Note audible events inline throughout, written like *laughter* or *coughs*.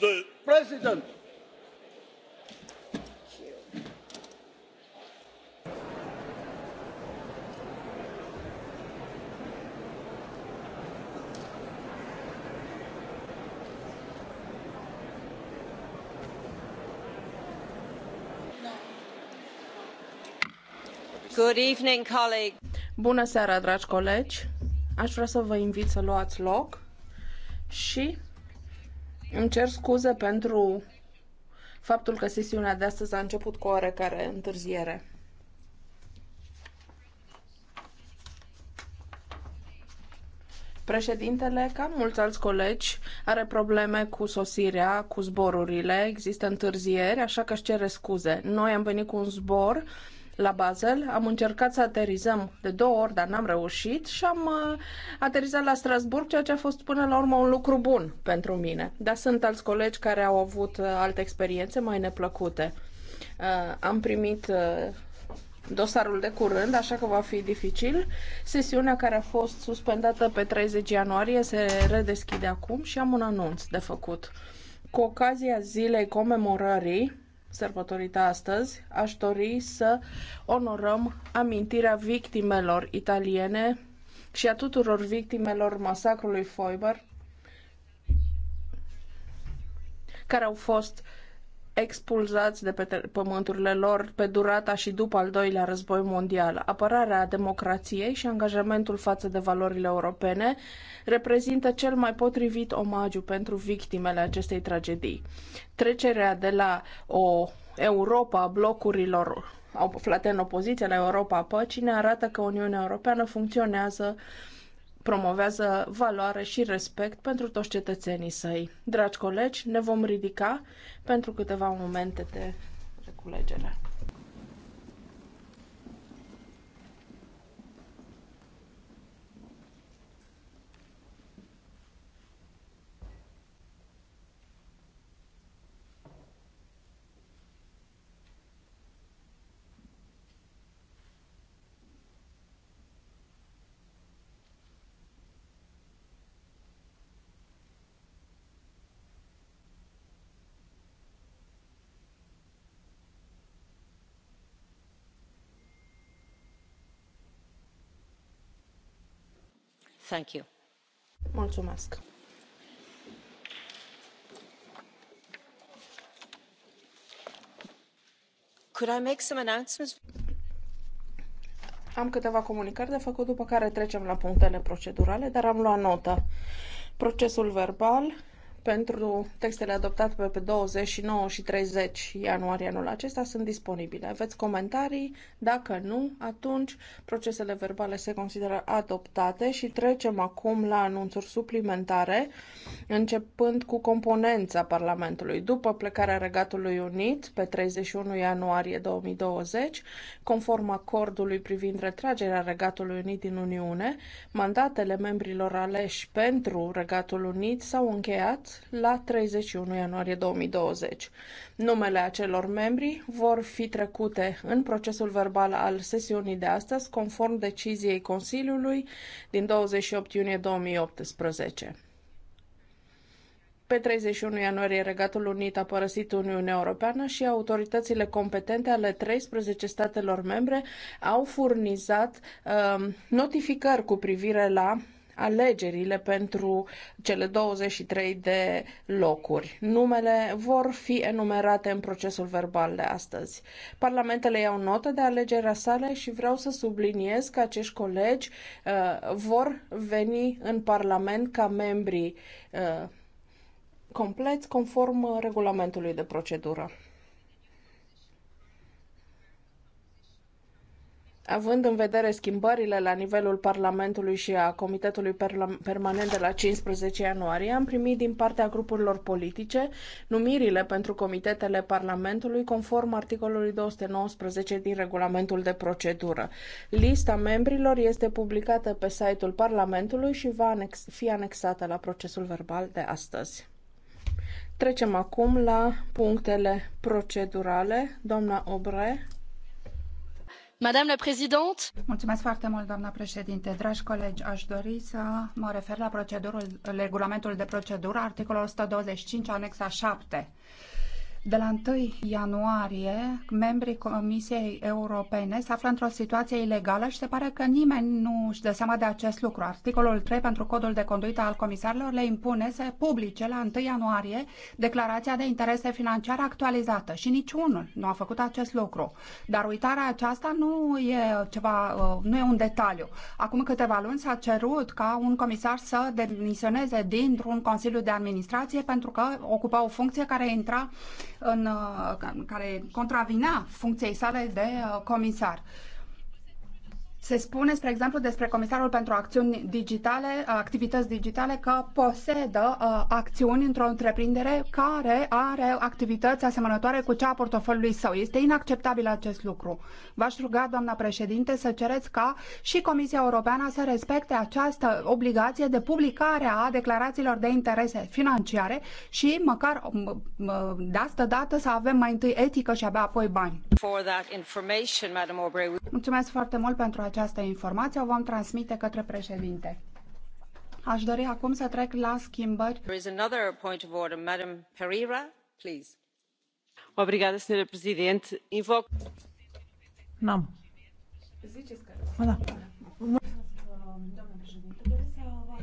the president. Good evening, colleague. Bună seara, dragi colegi. Aș vrea să vă invit să luați loc și îmi cer scuze pentru faptul că sesiunea de astăzi a început cu o oarecare întârziere. Președintele, ca mulți alți colegi, are probleme cu sosirea, cu zborurile, există întârzieri, așa că își cere scuze. Noi am venit cu un zbor uh, la Basel, am încercat să aterizăm de două ori, dar n-am reușit și am uh, aterizat la Strasburg, ceea ce a fost până la urmă un lucru bun pentru mine. Dar sunt alți colegi care au avut uh, alte experiențe mai neplăcute. Uh, am primit dosarul de curând, așa că va fi dificil. Sesiunea care a fost suspendată pe 30 ianuarie se redeschide acum și am un anunț de făcut. Cu ocazia zilei comemorării sărbătorită astăzi, aș dori să onorăm amintirea victimelor italiene și a tuturor victimelor masacrului Foiber care au fost expulzați de pe pământurile lor pe durata și după al doilea război mondial. Apărarea democrației și angajamentul față de valorile europene reprezintă cel mai potrivit omagiu pentru victimele acestei tragedii. Trecerea de la o Europa a blocurilor aflate în opoziție la Europa a păcii ne arată că Uniunea Europeană funcționează promovează valoare și respect pentru toți cetățenii săi. Dragi colegi, ne vom ridica pentru câteva momente de reculegere. Mulțumesc. Am câteva comunicări de făcut, după care trecem la punctele procedurale, dar am luat notă. Procesul verbal pentru textele adoptate pe 29 și 30 ianuarie anul acesta sunt disponibile. Aveți comentarii? Dacă nu, atunci procesele verbale se consideră adoptate și trecem acum la anunțuri suplimentare, începând cu componența Parlamentului. După plecarea Regatului Unit pe 31 ianuarie 2020, conform acordului privind retragerea Regatului Unit din Uniune, mandatele membrilor aleși pentru Regatul Unit s-au încheiat la 31 ianuarie 2020. Numele acelor membri vor fi trecute în procesul verbal al sesiunii de astăzi, conform deciziei Consiliului din 28 iunie 2018. Pe 31 ianuarie, Regatul Unit a părăsit Uniunea Europeană și autoritățile competente ale 13 statelor membre au furnizat uh, notificări cu privire la alegerile pentru cele 23 de locuri. Numele vor fi enumerate în procesul verbal de astăzi. Parlamentele iau notă de alegerea sale și vreau să subliniez că acești colegi uh, vor veni în Parlament ca membri uh, complet conform uh, regulamentului de procedură. având în vedere schimbările la nivelul Parlamentului și a Comitetului Permanent de la 15 ianuarie, am primit din partea grupurilor politice numirile pentru comitetele Parlamentului conform articolului 219 din regulamentul de procedură. Lista membrilor este publicată pe site-ul Parlamentului și va anex- fi anexată la procesul verbal de astăzi. Trecem acum la punctele procedurale. Doamna Obre, Mulțumesc foarte mult, doamnă președinte. Dragi colegi, aș dori să mă refer la regulamentul de procedură, articolul 125, anexa 7 de la 1 ianuarie, membrii Comisiei Europene se află într-o situație ilegală și se pare că nimeni nu își dă seama de acest lucru. Articolul 3 pentru codul de conduită al comisarilor le impune să publice la 1 ianuarie declarația de interese financiare actualizată și niciunul nu a făcut acest lucru. Dar uitarea aceasta nu e, ceva, uh, nu e un detaliu. Acum câteva luni s-a cerut ca un comisar să demisioneze dintr-un Consiliu de Administrație pentru că ocupa o funcție care intra în, uh, care contravina funcției sale de uh, comisar. Se spune, spre exemplu, despre Comisarul pentru Acțiuni Digitale, Activități Digitale, că posedă uh, acțiuni într-o întreprindere care are activități asemănătoare cu cea a portofoliului său. Este inacceptabil acest lucru. V-aș ruga, doamna președinte, să cereți ca și Comisia Europeană să respecte această obligație de publicare a declarațiilor de interese financiare și măcar um, uh, de asta dată să avem mai întâi etică și abia apoi bani. Mulțumesc foarte mult pentru acest această informație, o vom transmite către președinte. Aș dori acum să trec la schimbări. There is another point of order, Madam Pereira, please. Obrigada, senhora Presidente. Invoco. Não. Ziceți că... Da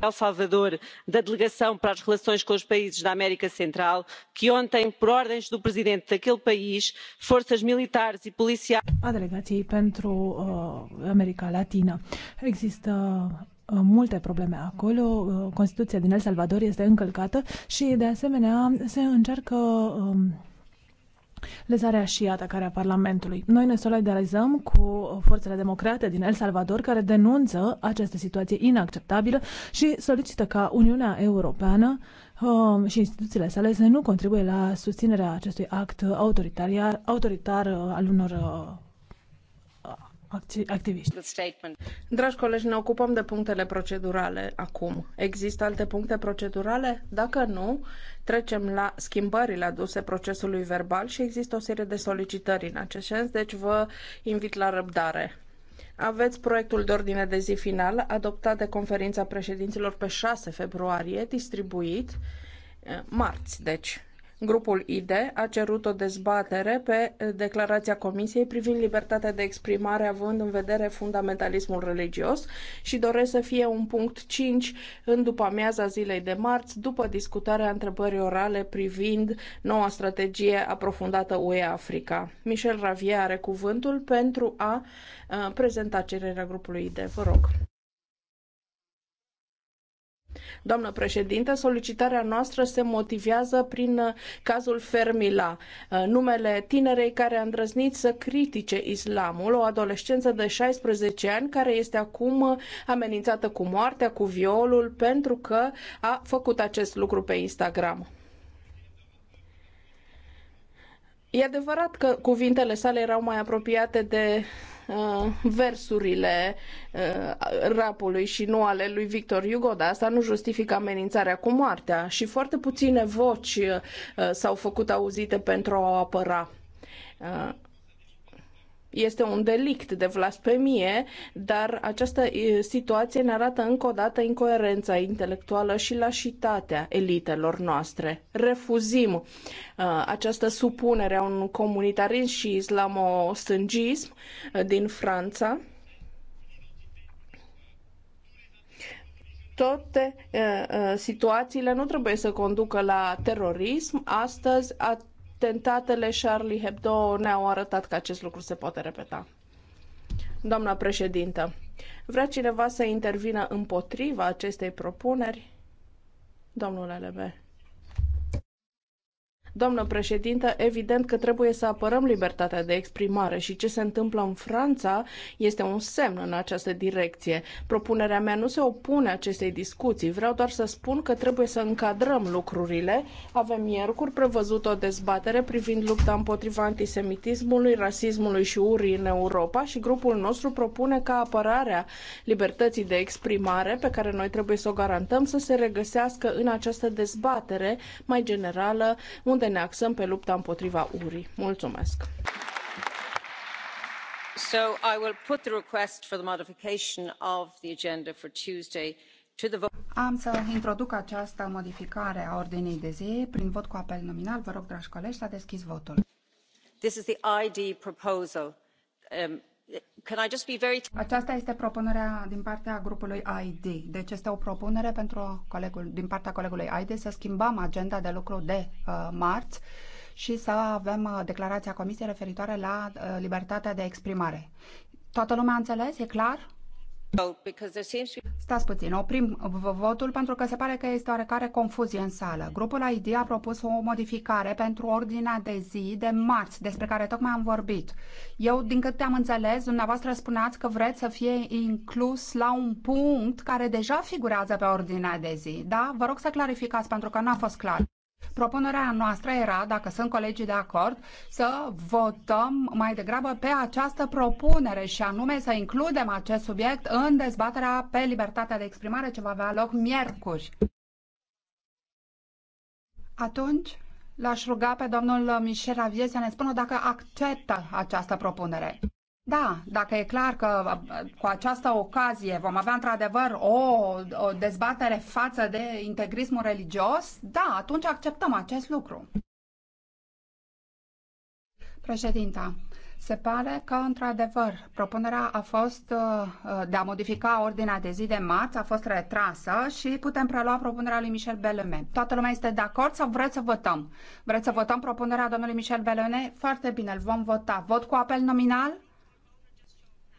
el salvador da delegação para as relações com os países da américa central que ontem por ordens do presidente daquele país forças militares e policiais. a delegației pentru uh, America Latină. Există uh, multe probleme acolo. Uh, Constituția din El Salvador este încălcată și, de asemenea, se încearcă um, lezarea și atacarea Parlamentului. Noi ne solidarizăm cu forțele democrate din El Salvador care denunță această situație inacceptabilă și solicită ca Uniunea Europeană um, și instituțiile sale să nu contribuie la susținerea acestui act autoritar, autoritar uh, al unor uh, activiști. Dragi colegi, ne ocupăm de punctele procedurale acum. Există alte puncte procedurale? Dacă nu, trecem la schimbările aduse procesului verbal și există o serie de solicitări în acest sens, deci vă invit la răbdare. Aveți proiectul de ordine de zi final adoptat de conferința președinților pe 6 februarie, distribuit eh, marți, deci Grupul ID a cerut o dezbatere pe declarația Comisiei privind libertatea de exprimare având în vedere fundamentalismul religios și doresc să fie un punct 5 în după amiaza zilei de marți, după discutarea întrebării orale privind noua strategie aprofundată UE-Africa. Michel Ravier are cuvântul pentru a prezenta cererea grupului ID. Vă rog. Doamnă președinte, solicitarea noastră se motivează prin uh, cazul Fermila, uh, numele tinerei care a îndrăznit să critique islamul, o adolescență de 16 ani care este acum uh, amenințată cu moartea, cu violul, pentru că a făcut acest lucru pe Instagram. E adevărat că cuvintele sale erau mai apropiate de Uh, versurile uh, rapului și nu ale lui Victor Hugo, dar asta nu justifică amenințarea cu moartea și foarte puține voci uh, s-au făcut auzite pentru a o apăra este un delict de blasfemie, dar această situație ne arată încă o dată incoerența intelectuală și lașitatea elitelor noastre. Refuzim uh, această supunere a un comunitarism și islamostângism uh, din Franța. toate uh, uh, situațiile nu trebuie să conducă la terorism. Astăzi, Tentatele Charlie Hebdo ne-au arătat că acest lucru se poate repeta. Doamna președintă, vrea cineva să intervină împotriva acestei propuneri? Domnule Lebe. Doamnă președintă, evident că trebuie să apărăm libertatea de exprimare și ce se întâmplă în Franța este un semn în această direcție. Propunerea mea nu se opune acestei discuții, vreau doar să spun că trebuie să încadrăm lucrurile. Avem miercuri prevăzut o dezbatere privind lupta împotriva antisemitismului, rasismului și urii în Europa și grupul nostru propune ca apărarea libertății de exprimare pe care noi trebuie să o garantăm să se regăsească în această dezbatere mai generală unde unde ne axăm pe lupta împotriva urii. Mulțumesc! So I will put the request for the modification of the agenda for Tuesday to the vote. Am să introduc această modificare a ordinii de zi prin vot cu apel nominal. Vă rog, dragi colegi, să deschis votul. This is the ID proposal. Um, aceasta este propunerea din partea grupului ID. Deci este o propunere pentru colegul, din partea colegului ID să schimbăm agenda de lucru de uh, marți și să avem uh, declarația Comisiei referitoare la uh, libertatea de exprimare. Toată lumea a înțeles? E clar? Stați puțin, oprim votul pentru că se pare că este oarecare confuzie în sală. Grupul ID a propus o modificare pentru ordinea de zi de marți, despre care tocmai am vorbit. Eu, din câte am înțeles, dumneavoastră spuneați că vreți să fie inclus la un punct care deja figurează pe ordinea de zi, da? Vă rog să clarificați, pentru că nu a fost clar. Propunerea noastră era, dacă sunt colegii de acord, să votăm mai degrabă pe această propunere și anume să includem acest subiect în dezbaterea pe libertatea de exprimare ce va avea loc miercuri. Atunci, l-aș ruga pe domnul Michel Avie să ne spună dacă acceptă această propunere. Da, dacă e clar că uh, uh, cu această ocazie vom avea într-adevăr o, o dezbatere față de integrismul religios, da, atunci acceptăm acest lucru. Președinta, se pare că, într-adevăr, propunerea a fost uh, de a modifica ordinea de zi de marți, a fost retrasă și putem prelua propunerea lui Michel Belume. Toată lumea este de acord sau vreți să votăm? Vreți să votăm propunerea domnului Michel Belume? Foarte bine, îl vom vota. Vot cu apel nominal?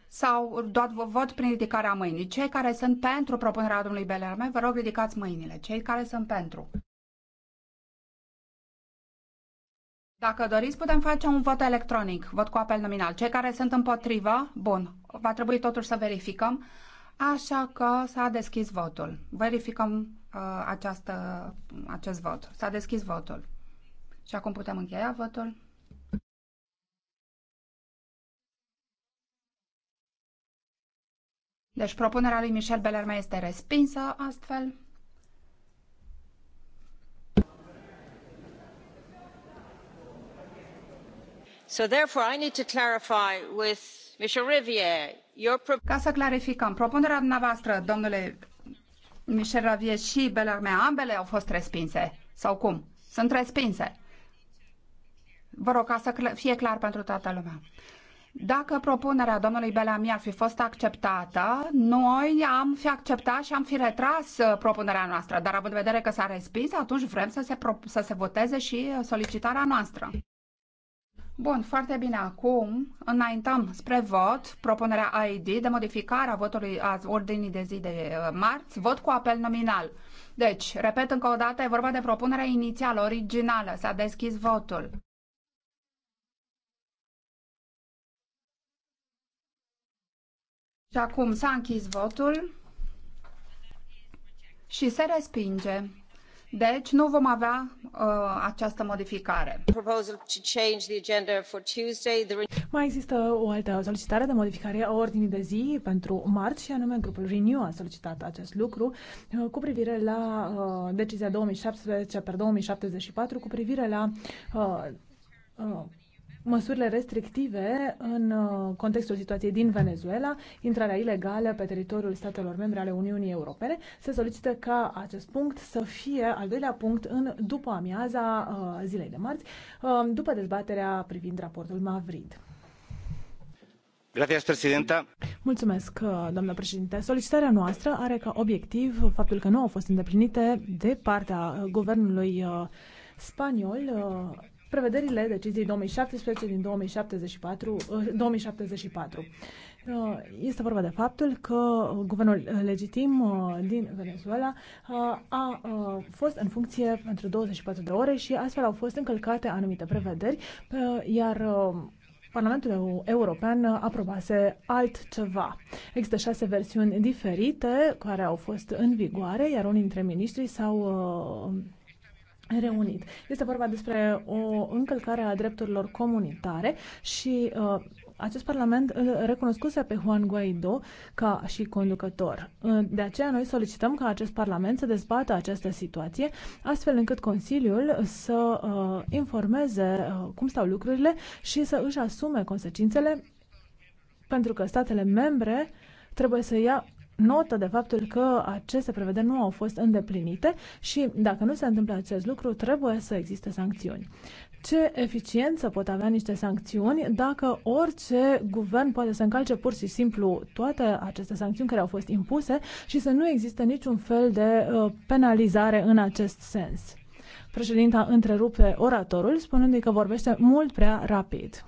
sau doar vă văd prin ridicarea mâinii. Cei care sunt pentru propunerea domnului Belerme, vă rog ridicați mâinile. Cei care sunt pentru. Dacă doriți, putem face un vot electronic, vot cu apel nominal. Cei care sunt împotrivă, bun, va trebui totuși să verificăm. Așa că s-a deschis votul. Verificăm uh, această, acest vot. S-a deschis votul. Și acum putem încheia votul. Deci propunerea lui Michel Belerme este respinsă astfel. So therefore I need to clarify with Michel Rivier your Ca să clarificăm, propunerea dumneavoastră, domnule Michel Ravier și Belerme, ambele au fost respinse. Sau cum? Sunt respinse. Vă rog ca să fie clar pentru toată lumea. Dacă propunerea domnului Bellamy ar fi fost acceptată, noi am fi acceptat și am fi retras uh, propunerea noastră, dar având în vedere că s-a respins, atunci vrem să se, să se voteze și uh, solicitarea noastră. Bun, foarte bine. Acum înaintăm spre vot propunerea AID de modificare a votului a ordinii de zi de uh, marți, vot cu apel nominal. Deci, repet încă o dată, e vorba de propunerea inițială, originală. S-a deschis votul. Și acum s-a închis votul și se respinge. Deci nu vom avea uh, această modificare. Mai există o altă solicitare de modificare a ordinii de zi pentru marți și anume grupul Renew a solicitat acest lucru uh, cu privire la uh, decizia 2017 per 2074 cu privire la uh, uh, măsurile restrictive în uh, contextul situației din Venezuela, intrarea ilegală pe teritoriul statelor membre ale Uniunii Europene. Se solicită ca acest punct să fie al doilea punct în după amiaza uh, zilei de marți, uh, după dezbaterea privind raportul Mavrid. Mulțumesc, doamnă președinte. Solicitarea noastră are ca obiectiv faptul că nu au fost îndeplinite de partea guvernului spaniol prevederile deciziei 2017 din 2074, 2074. Uh, uh, este vorba de faptul că guvernul legitim uh, din Venezuela a fost în funcție pentru 24 de ore și astfel au fost încălcate anumite prevederi, iar Parlamentul European aprobase altceva. Există șase versiuni diferite care au fost în vigoare, iar unii dintre miniștri s-au reunit. Este vorba despre o încălcare a drepturilor comunitare și uh, acest parlament îl recunoscuse pe Juan Guaido ca și conducător. Uh, de aceea noi solicităm ca acest parlament să dezbată această situație, astfel încât Consiliul să uh, informeze uh, cum stau lucrurile și să își asume consecințele, pentru că statele membre trebuie să ia notă de faptul că aceste prevederi nu au fost îndeplinite și dacă nu se întâmplă acest lucru, trebuie să existe sancțiuni. Ce eficiență pot avea niște sancțiuni dacă orice guvern poate să încalce pur și simplu toate aceste sancțiuni care au fost impuse și să nu existe niciun fel de uh, penalizare în acest sens? Președinta întrerupe oratorul spunându-i că vorbește mult prea rapid.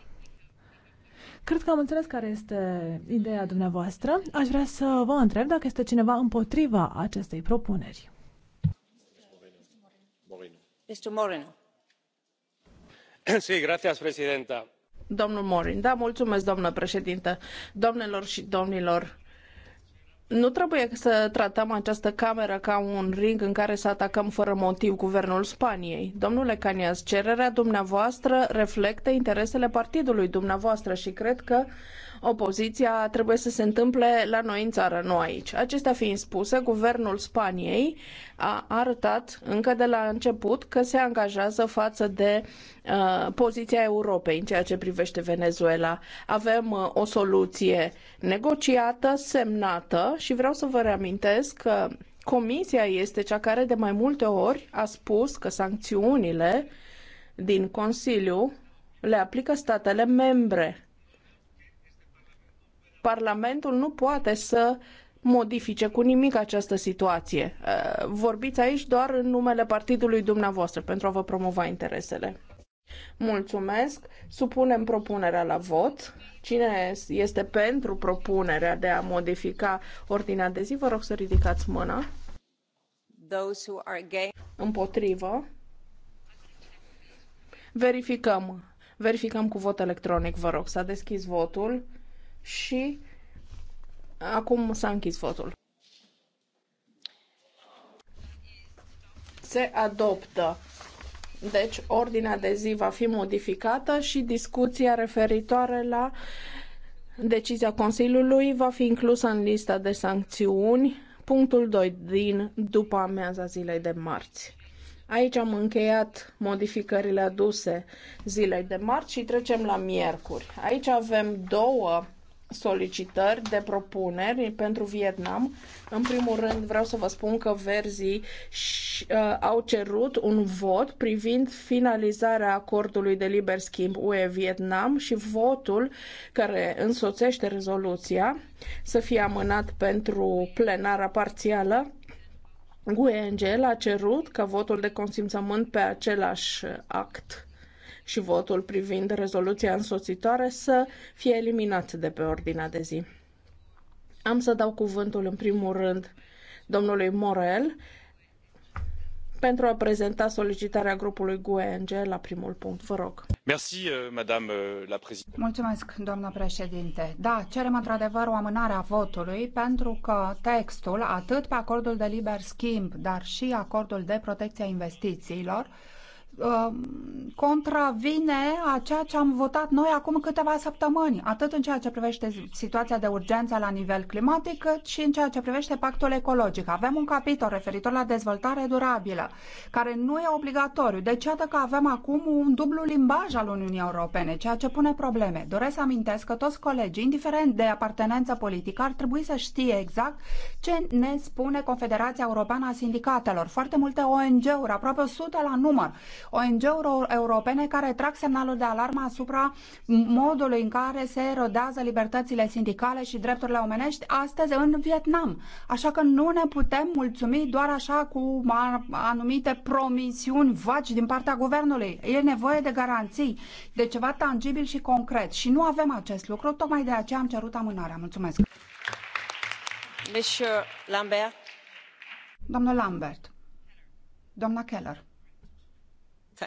Cred că am înțeles care este ideea dumneavoastră. Aș vrea să vă întreb dacă este cineva împotriva acestei propuneri. *clears throat* Sí, Morin, da, mulțumesc președinte domnilor și domnilor nu trebuie să tratăm această cameră ca un ring în care să atacăm fără motiv guvernul Spaniei. Domnule Canias, cererea dumneavoastră reflectă interesele partidului dumneavoastră și cred că opoziția trebuie să se întâmple la noi în țară, nu aici. Acestea fiind spuse, guvernul Spaniei a arătat încă de la început că se angajează față de uh, poziția Europei în ceea ce privește Venezuela. Avem uh, o soluție negociată, semnată și vreau să vă reamintesc că Comisia este cea care de mai multe ori a spus că sancțiunile din Consiliu le aplică statele membre Parlamentul nu poate să modifice cu nimic această situație. Uh, vorbiți aici doar în numele partidului dumneavoastră pentru a vă promova interesele. Mulțumesc. Supunem propunerea la vot. Cine este pentru propunerea de a modifica ordinea de zi, vă rog să ridicați mâna. Those who are gay. Împotrivă. Verificăm. Verificăm cu vot electronic, vă rog. S-a deschis votul și acum s-a închis votul. Se adoptă. Deci, ordinea de zi va fi modificată și discuția referitoare la decizia Consiliului va fi inclusă în lista de sancțiuni, punctul 2 din după amiaza zilei de marți. Aici am încheiat modificările aduse zilei de marți și trecem la miercuri. Aici avem două solicitări de propuneri pentru Vietnam. În primul rând vreau să vă spun că verzii uh, au cerut un vot privind finalizarea acordului de liber schimb UE-Vietnam și votul care însoțește rezoluția să fie amânat pentru plenara parțială gue a cerut ca votul de consimțământ pe același act și votul privind rezoluția însoțitoare să fie eliminat de pe ordinea de zi. Am să dau cuvântul în primul rând domnului Morel pentru a prezenta solicitarea grupului GUNG la primul punct. Vă rog. Merci, euh, madame euh, la Mulțumesc, doamnă președinte. Da, cerem într-adevăr o amânare a votului pentru că textul, atât pe acordul de liber schimb, dar și acordul de protecție a investițiilor, Um, contravine a ceea ce am votat noi acum câteva săptămâni, atât în ceea ce privește situația de urgență la nivel climatic, cât și în ceea ce privește pactul ecologic. Avem un capitol referitor la dezvoltare durabilă, care nu e obligatoriu. Deci, iată că avem acum un dublu limbaj al Uniunii Europene, ceea ce pune probleme. Doresc să amintesc că toți colegii, indiferent de apartenență politică, ar trebui să știe exact ce ne spune Confederația Europeană a Sindicatelor. Foarte multe ONG-uri, aproape 100 la număr, ONG-uri europene care trag semnalul de alarmă asupra modului în care se erodează libertățile sindicale și drepturile omenești astăzi în Vietnam. Așa că nu ne putem mulțumi doar așa cu anumite promisiuni vagi din partea guvernului. E nevoie de garanții, de ceva tangibil și concret. Și nu avem acest lucru, tocmai de aceea am cerut amânarea. Mulțumesc. Monsieur Lambert. Domnul Lambert. Doamna Keller. Um,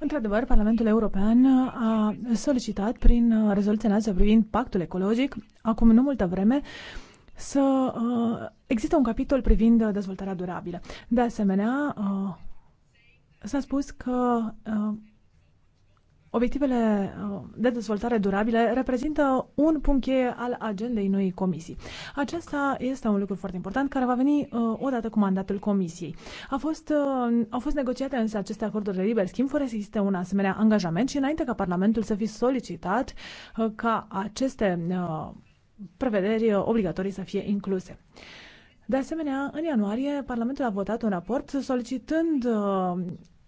într adevăr parlamentul european uh, a solicitat prin uh, rezoluția noastră privind pactul ecologic acum nu multă vreme să uh, există un capitol privind uh, dezvoltarea durabilă. De asemenea, uh, s-a spus că uh, Obiectivele uh, de dezvoltare durabile reprezintă un punct cheie al agendei noii comisii. Acesta este un lucru foarte important care va veni uh, odată cu mandatul comisiei. A fost, uh, au fost negociate însă aceste acorduri de liber schimb fără să existe un asemenea angajament și înainte ca Parlamentul să fi solicitat uh, ca aceste uh, prevederi uh, obligatorii să fie incluse. De asemenea, în ianuarie, Parlamentul a votat un raport solicitând uh,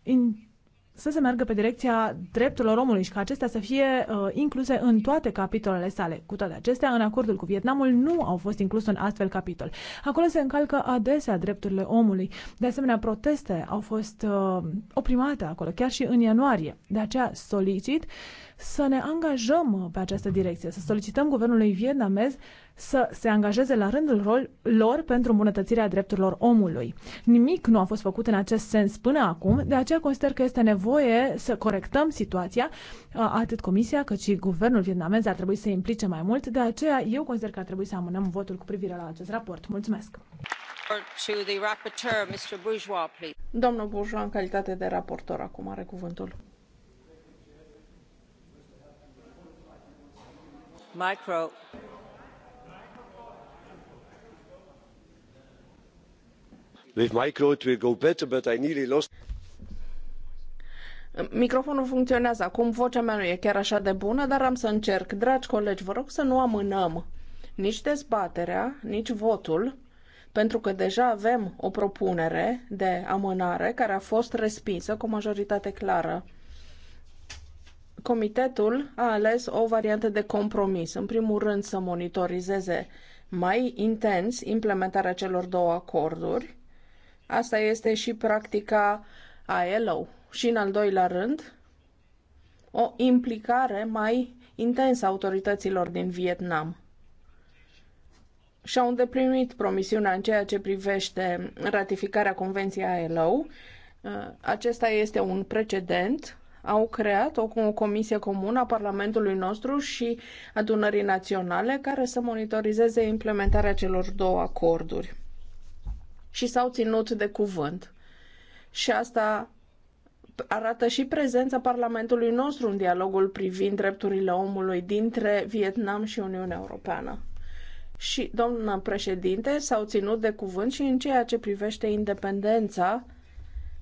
in, să se meargă pe direcția drepturilor omului și ca acestea să fie uh, incluse în toate capitolele sale. Cu toate acestea, în acordul cu Vietnamul nu au fost incluse în astfel capitol. Acolo se încalcă adesea drepturile omului. De asemenea, proteste au fost uh, oprimate acolo, chiar și în ianuarie. De aceea solicit uh, să ne angajăm uh, pe această direcție, să solicităm guvernului vietnamez să se angajeze la rândul lor pentru îmbunătățirea drepturilor omului. Nimic nu a fost făcut în acest sens până acum, de aceea consider că este nevoie să corectăm situația. Uh, atât Comisia cât și guvernul vietnamez ar trebui să se implice mai mult, de aceea eu consider că ar trebui să amânăm votul cu privire la acest raport. Mulțumesc! Domnul Bourgeois, în calitate de raportor, acum are cuvântul. Micro. With micro it will go better, but I nearly lost. Microfonul funcționează acum, vocea mea nu e chiar așa de bună, dar am să încerc. Dragi colegi, vă rog să nu amânăm nici dezbaterea, nici votul, pentru că deja avem o propunere de amânare care a fost respinsă cu o majoritate clară. Comitetul a ales o variantă de compromis. În primul rând să monitorizeze mai intens implementarea celor două acorduri. Asta este și practica ILO. Și în al doilea rând, o implicare mai intensă a autorităților din Vietnam și-au îndeplinit promisiunea în ceea ce privește ratificarea Convenției ILO. Uh, acesta este un precedent au creat o comisie comună a Parlamentului nostru și adunării naționale care să monitorizeze implementarea celor două acorduri. Și s-au ținut de cuvânt. Și asta arată și prezența Parlamentului nostru în dialogul privind drepturile omului dintre Vietnam și Uniunea Europeană. Și, domnul președinte, s-au ținut de cuvânt și în ceea ce privește independența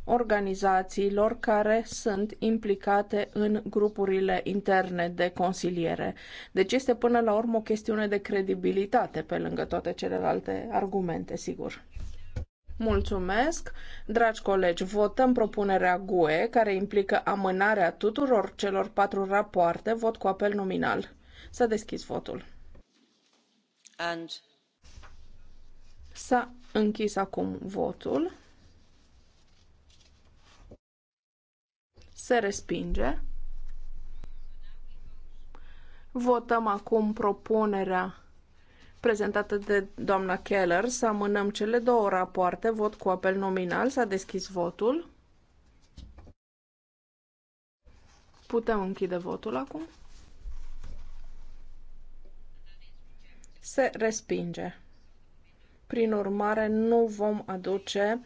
organizațiilor care sunt implicate în grupurile interne de consiliere. Deci este până la urmă o chestiune de credibilitate pe lângă toate celelalte argumente, sigur. Mulțumesc! Dragi colegi, votăm propunerea GUE, care implică amânarea tuturor celor patru rapoarte, vot cu apel nominal. S-a deschis votul. And... S-a închis acum votul. Se respinge. Votăm acum propunerea prezentată de doamna Keller să amânăm cele două rapoarte, vot cu apel nominal, s-a deschis votul. Putem închide votul acum. Se respinge. Prin urmare, nu vom aduce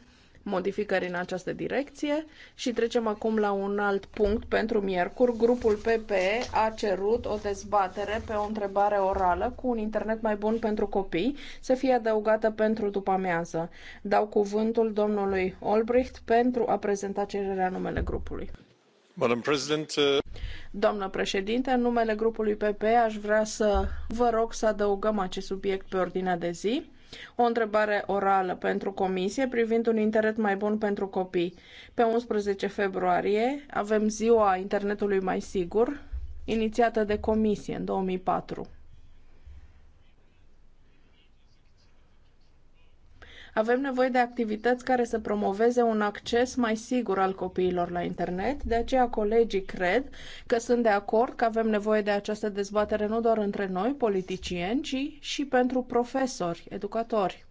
modificări în această direcție și trecem acum la un alt punct pentru miercuri. Grupul PPE a cerut o dezbatere pe o întrebare orală cu un internet mai bun pentru copii să fie adăugată pentru după amiază. Dau cuvântul domnului Olbricht pentru a prezenta cererea numele grupului. Uh, Doamnă președinte, în numele grupului PP aș vrea să vă rog să adăugăm acest subiect pe ordinea de zi o întrebare orală pentru comisie privind un internet mai bun pentru copii. Pe 11 februarie avem ziua internetului mai sigur, inițiată de comisie în 2004. Avem nevoie de activități care să promoveze un acces mai sigur al copiilor la internet, de aceea colegii cred că sunt de acord că avem nevoie de această dezbatere nu doar între noi, politicieni, ci și pentru profesori, educatori.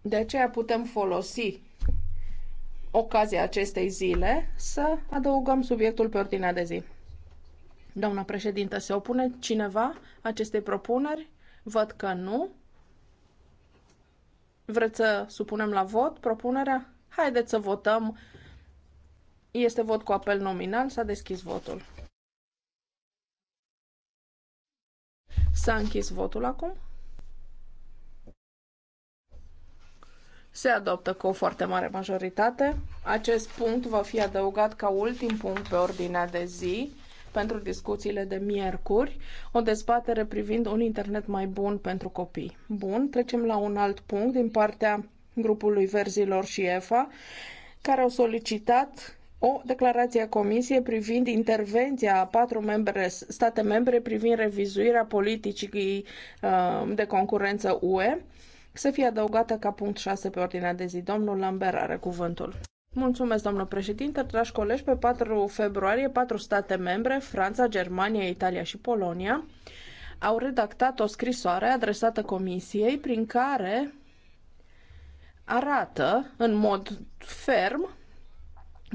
De aceea putem folosi ocazia acestei zile să adăugăm subiectul pe ordinea de zi. Doamna președintă, se opune cineva acestei propuneri? Văd că nu. Vreți să supunem la vot propunerea? Haideți să votăm. Este vot cu apel nominal, s-a deschis votul. S-a închis votul acum. Se adoptă cu o foarte mare majoritate. Acest punct va fi adăugat ca ultim punct pe ordinea de zi pentru discuțiile de miercuri, o dezbatere privind un internet mai bun pentru copii. Bun, trecem la un alt punct din partea grupului Verzilor și EFA, care au solicitat o declarație a Comisiei privind intervenția a patru membre, state membre privind revizuirea politicii uh, de concurență UE să fie adăugată ca punct 6 pe ordinea de zi. Domnul Lambert are cuvântul. Mulțumesc, doamnă președinte. Dragi colegi, pe 4 februarie, patru state membre, Franța, Germania, Italia și Polonia, au redactat o scrisoare adresată Comisiei prin care arată în mod ferm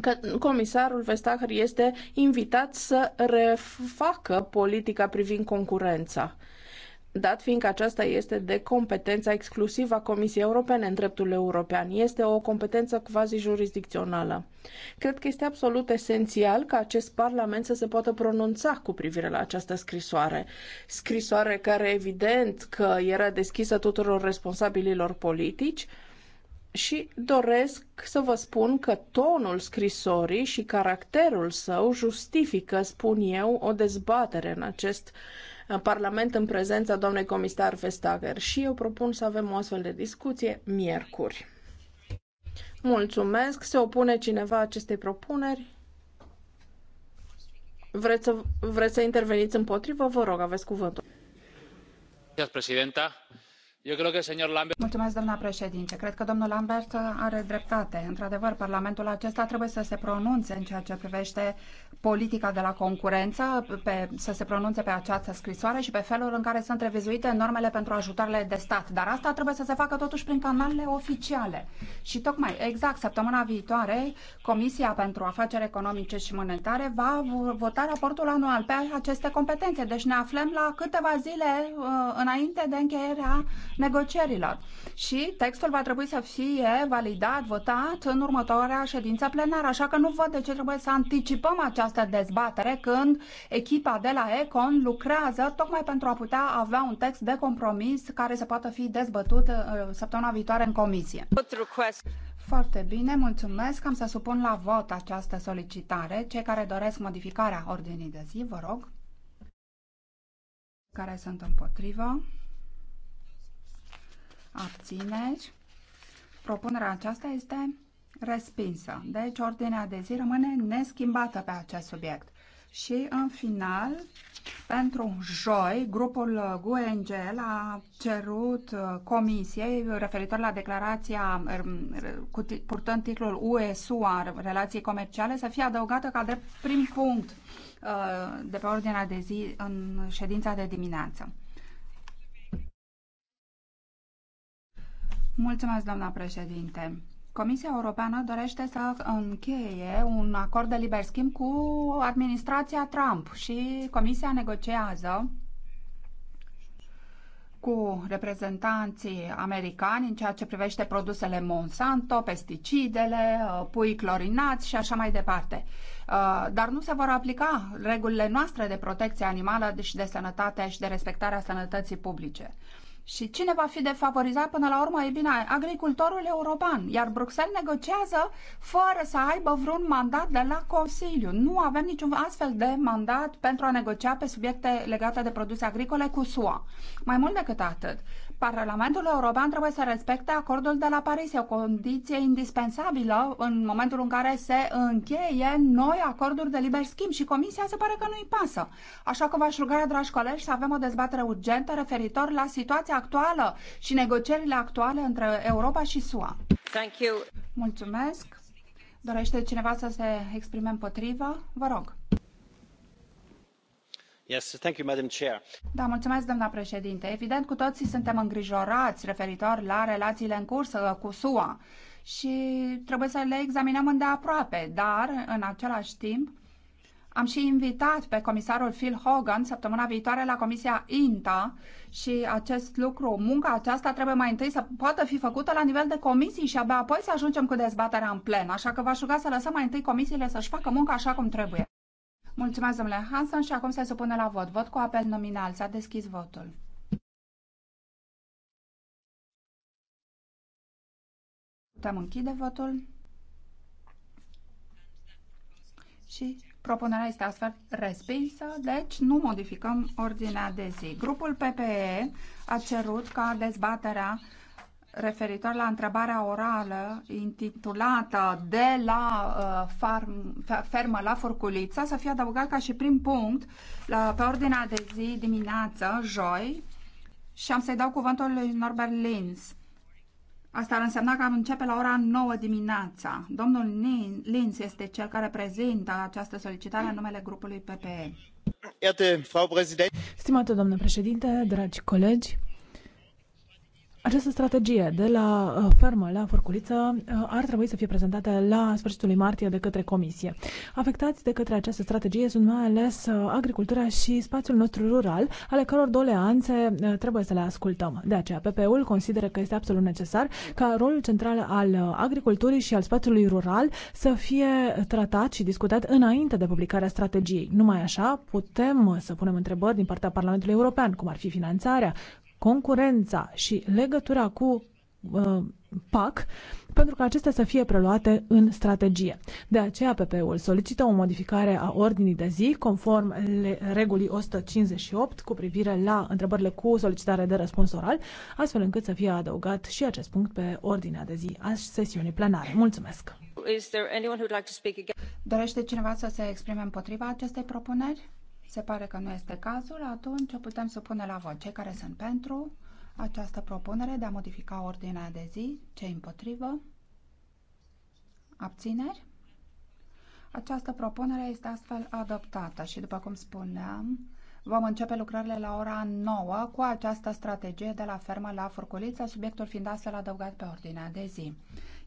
că comisarul Vestager este invitat să refacă politica privind concurența dat fiindcă aceasta este de competența exclusivă a Comisiei Europene în dreptul european. Este o competență quasi-jurisdicțională. Cred că este absolut esențial ca acest Parlament să se poată pronunța cu privire la această scrisoare. Scrisoare care evident că era deschisă tuturor responsabililor politici, și doresc să vă spun că tonul scrisorii și caracterul său justifică, spun eu, o dezbatere în acest uh, în Parlament în prezența doamnei comisar Vestager și eu propun să avem o astfel de discuție miercuri. Mulțumesc. Se opune cineva acestei propuneri? Vreți să, vreți să interveniți împotrivă? Vă rog, aveți cuvântul. Mulțumesc, Președinte doamnă doamna președinte. Cred că domnul Lambert are dreptate. Într-adevăr, Parlamentul acesta trebuie să se pronunțe în ceea ce privește politica de la concurență, să se pronunțe pe această scrisoare și pe felul în care sunt revizuite normele pentru ajutoarele de stat. Dar asta trebuie să se facă totuși prin canalele oficiale. Și tocmai, exact, săptămâna viitoare, Comisia pentru Afaceri Economice și Monetare va vota raportul anual pe aceste competențe. Deci ne aflăm la câteva zile uh, înainte de încheierea negocierilor. Și textul va trebui să fie validat, votat în următoarea ședință plenară, așa că nu văd de ce trebuie să anticipăm această dezbatere când echipa de la Econ lucrează tocmai pentru a putea avea un text de compromis care să poată fi dezbătut uh, săptămâna viitoare în comisie. Foarte bine, mulțumesc. Am să supun la vot această solicitare. Cei care doresc modificarea ordinii de zi, vă rog. Care sunt împotrivă? abțineri. Propunerea aceasta este respinsă. Deci ordinea de zi rămâne neschimbată pe acest subiect. Și în final, pentru joi, grupul GUNGL a cerut uh, comisiei referitor la declarația um, purtând titlul UE-SUA relații comerciale să fie adăugată ca de prim punct uh, de pe ordinea de zi în ședința de dimineață. Mulțumesc, doamna președinte. Comisia Europeană dorește să încheie un acord de liber schimb cu administrația Trump și Comisia negociază cu reprezentanții americani în ceea ce privește produsele Monsanto, pesticidele, uh, pui clorinați și așa mai departe. Uh, dar nu se vor aplica regulile noastre de protecție animală și de sănătate și de respectarea sănătății publice. Și cine va fi defavorizat până la urmă? E bine, agricultorul european. Iar Bruxelles negociază fără să aibă vreun mandat de la Consiliu. Nu avem niciun astfel de mandat pentru a negocia pe subiecte legate de produse agricole cu SUA. Mai mult decât atât, Parlamentul European trebuie să respecte acordul de la Paris. E o condiție indispensabilă în momentul în care se încheie noi acorduri de liber schimb și Comisia se pare că nu-i pasă. Așa că v-aș ruga, dragi colegi, să avem o dezbatere urgentă referitor la situația actuală și negocierile actuale între Europa și SUA. Thank you. Mulțumesc. Dorește cineva să se exprime împotriva? Vă rog doamnă președintă Da, mulțumesc, președinte. Evident, cu toții suntem îngrijorați referitor la relațiile în curs uh, cu SUA și trebuie să le examinăm îndeaproape, dar, în același timp, am și invitat pe comisarul Phil Hogan săptămâna viitoare la Comisia INTA și acest lucru, munca aceasta trebuie mai întâi să poată fi făcută la nivel de comisii și abia apoi să ajungem cu dezbaterea în plen. Așa că v-aș ruga să lăsăm mai întâi comisiile să-și facă munca așa cum trebuie. Mulțumesc, domnule Hanson, și acum se supune la vot. Vot cu apel nominal. S-a deschis votul. Putem închide votul. Și propunerea este astfel respinsă, deci nu modificăm ordinea de zi. Grupul PPE a cerut ca dezbaterea referitor la întrebarea orală intitulată de la uh, farm, fermă la furculiță să fie adăugat ca și prim punct la, pe ordinea de zi dimineață, joi, și am să-i dau cuvântul lui Norbert Linz. Asta ar însemna că am începe la ora 9 dimineața. Domnul Linz este cel care prezintă această solicitare în numele grupului PPE. Stimată doamnă președinte, dragi colegi, această strategie de la uh, fermă la furculiță uh, ar trebui să fie prezentată la sfârșitul lui martie de către Comisie. Afectați de către această strategie sunt mai ales uh, agricultura și spațiul nostru rural, ale căror doleanțe trebuie să le ascultăm. De aceea, ppu ul consideră că este absolut necesar ca rolul central al agriculturii și al spațiului rural să fie tratat și discutat înainte de publicarea strategiei. Numai așa putem să punem întrebări din partea Parlamentului European, cum ar fi finanțarea, concurența și legătura cu uh, PAC pentru ca acestea să fie preluate în strategie. De aceea PP-ul solicită o modificare a ordinii de zi conform regulii 158 cu privire la întrebările cu solicitare de răspuns oral, astfel încât să fie adăugat și acest punct pe ordinea de zi a sesiunii plenare. Mulțumesc! Dorește cineva să se exprime împotriva acestei propuneri? Se pare că nu este cazul, atunci o putem supune la vot. Cei care sunt pentru această propunere de a modifica ordinea de zi, cei împotrivă, abțineri. Această propunere este astfel adoptată și, după cum spuneam, vom începe lucrările la ora 9 cu această strategie de la fermă la furculiță, subiectul fiind astfel adăugat pe ordinea de zi.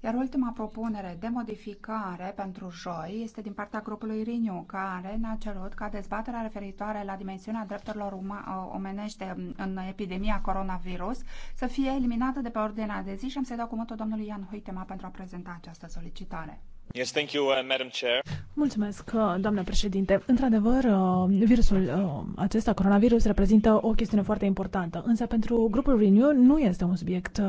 Iar ultima propunere de modificare pentru joi este din partea grupului Riniu care ne-a cerut ca dezbaterea referitoare la dimensiunea drepturilor uma- omenește în epidemia coronavirus să fie eliminată de pe ordinea de zi și am să-i dau cuvântul domnului Ian Huitema pentru a prezenta această solicitare. Yes, thank you, uh, Madam Chair. Mulțumesc, uh, doamnă președinte. Într-adevăr, uh, virusul acesta, coronavirus, reprezintă o chestiune foarte importantă, însă pentru grupul Renew nu este un subiect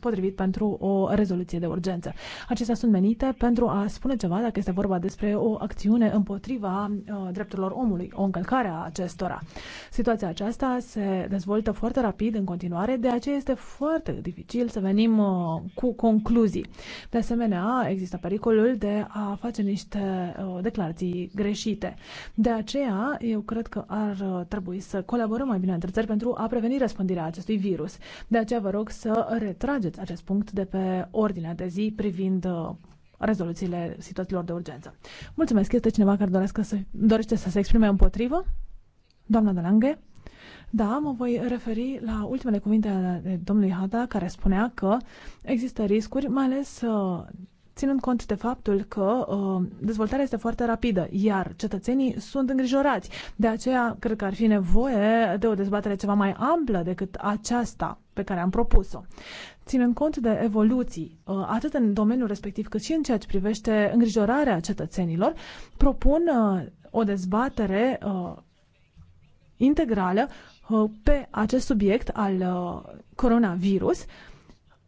potrivit pentru o rezoluție de urgență. Acestea sunt menite pentru a spune ceva dacă este vorba despre o acțiune împotriva uh, drepturilor omului, o încălcare a acestora. Situația aceasta se dezvoltă foarte rapid în continuare, de aceea este foarte dificil să venim uh, cu concluzii. De asemenea, există pericolul de a face niște uh, declarații greșite. De aceea, eu cred că ar trebui să colaborăm mai bine între țări pentru a preveni răspândirea acestui virus. De aceea vă rog să retrage retrageți acest punct de pe ordinea de zi privind uh, rezoluțiile situațiilor de urgență. Mulțumesc. Este cineva care să, dorește să se exprime împotrivă? Doamna de Lange? Da, mă voi referi la ultimele cuvinte ale domnului Hada, care spunea că există riscuri, mai ales uh, ținând cont de faptul că uh, dezvoltarea este foarte rapidă, iar cetățenii sunt îngrijorați. De aceea, cred că ar fi nevoie de o dezbatere ceva mai amplă decât aceasta pe care am propus-o ținând cont de evoluții, uh, atât în domeniul respectiv cât și în ceea ce privește îngrijorarea cetățenilor, propun uh, o dezbatere uh, integrală pe acest subiect al coronavirus,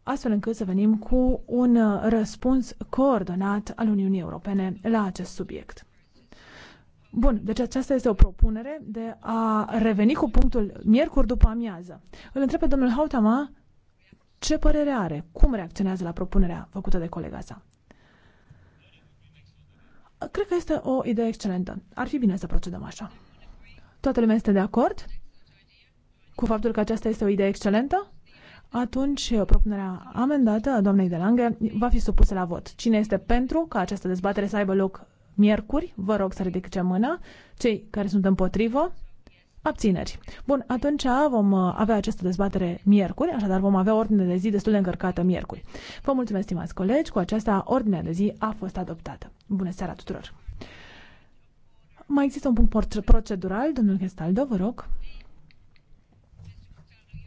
astfel încât să venim cu un răspuns coordonat al Uniunii Europene la acest subiect. Bun, deci aceasta este o propunere de a reveni cu punctul miercuri după amiază. Îl întreb pe domnul Hautama ce părere are, cum reacționează la propunerea făcută de colega sa. Cred că este o idee excelentă. Ar fi bine să procedăm așa. Toată lumea este de acord cu faptul că aceasta este o idee excelentă? Atunci, propunerea amendată a doamnei de Lange va fi supusă la vot. Cine este pentru ca această dezbatere să aibă loc miercuri? Vă rog să ridice mâna. Cei care sunt împotrivă? Abțineri. Bun, atunci vom uh, avea această dezbatere miercuri, așadar vom avea ordine de zi destul de încărcată miercuri. Vă mulțumesc, stimați colegi, cu aceasta ordinea de zi a fost adoptată. Bună seara tuturor! Mai există un punct procedural, domnul Gestaldo, vă rog.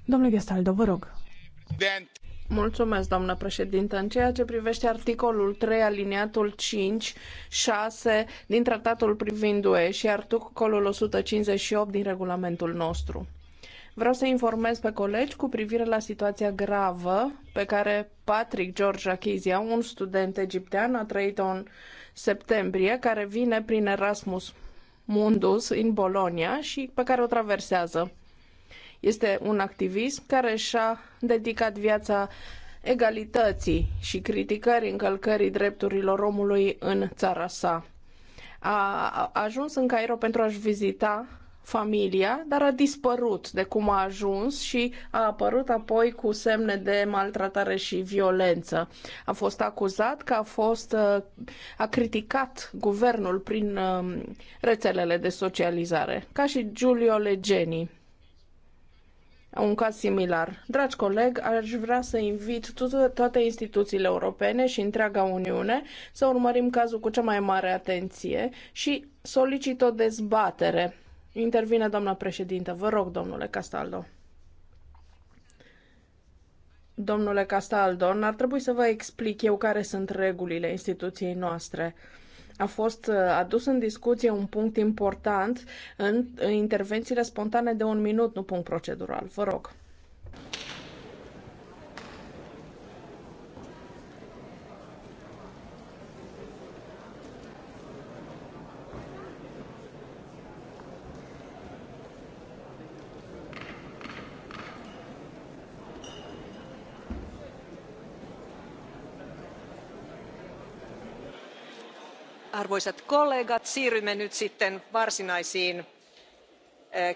Domnule Gestaldo, vă rog. Mulțumesc, doamnă președintă. În ceea ce privește articolul 3, aliniatul 5, 6 din tratatul privind UE și articolul 158 din regulamentul nostru. Vreau să informez pe colegi cu privire la situația gravă pe care Patrick George Achizia, un student egiptean, a trăit-o în septembrie, care vine prin Erasmus Mundus în Bolonia și pe care o traversează. Este un activist care și-a dedicat viața egalității și criticării încălcării drepturilor omului în țara sa. A ajuns în Cairo pentru a-și vizita familia, dar a dispărut de cum a ajuns și a apărut apoi cu semne de maltratare și violență. A fost acuzat că a fost uh, a criticat guvernul prin um, rețelele de socializare, ca și Giulio Legeni un caz similar. Dragi coleg, aș vrea să invit toate instituțiile europene și întreaga Uniune să urmărim cazul cu cea mai mare atenție și solicit o dezbatere. Intervine doamna președintă. Vă rog, domnule Castaldo. Domnule Castaldo, n-ar trebui să vă explic eu care sunt regulile instituției noastre a fost uh, adus în discuție un punct important în intervențiile spontane de un minut, nu punct procedural. Vă rog. arvoisat kollegat siirrymme nyt sitten varsinaisiin eh,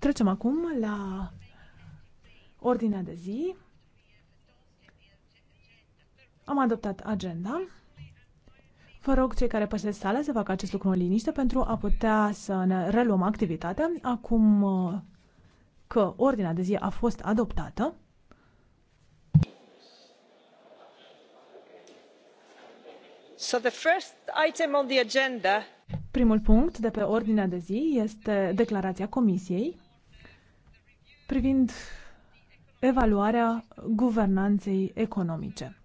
Trecem acum la ordinea de zi. Am adoptat agenda. Vă rog cei care păsesc sala să facă acest lucru în liniște pentru a putea să ne reluăm activitatea acum eh, că ordinea de zi a fost adoptată. Primul punct de pe ordinea de zi este declarația Comisiei privind evaluarea guvernanței economice.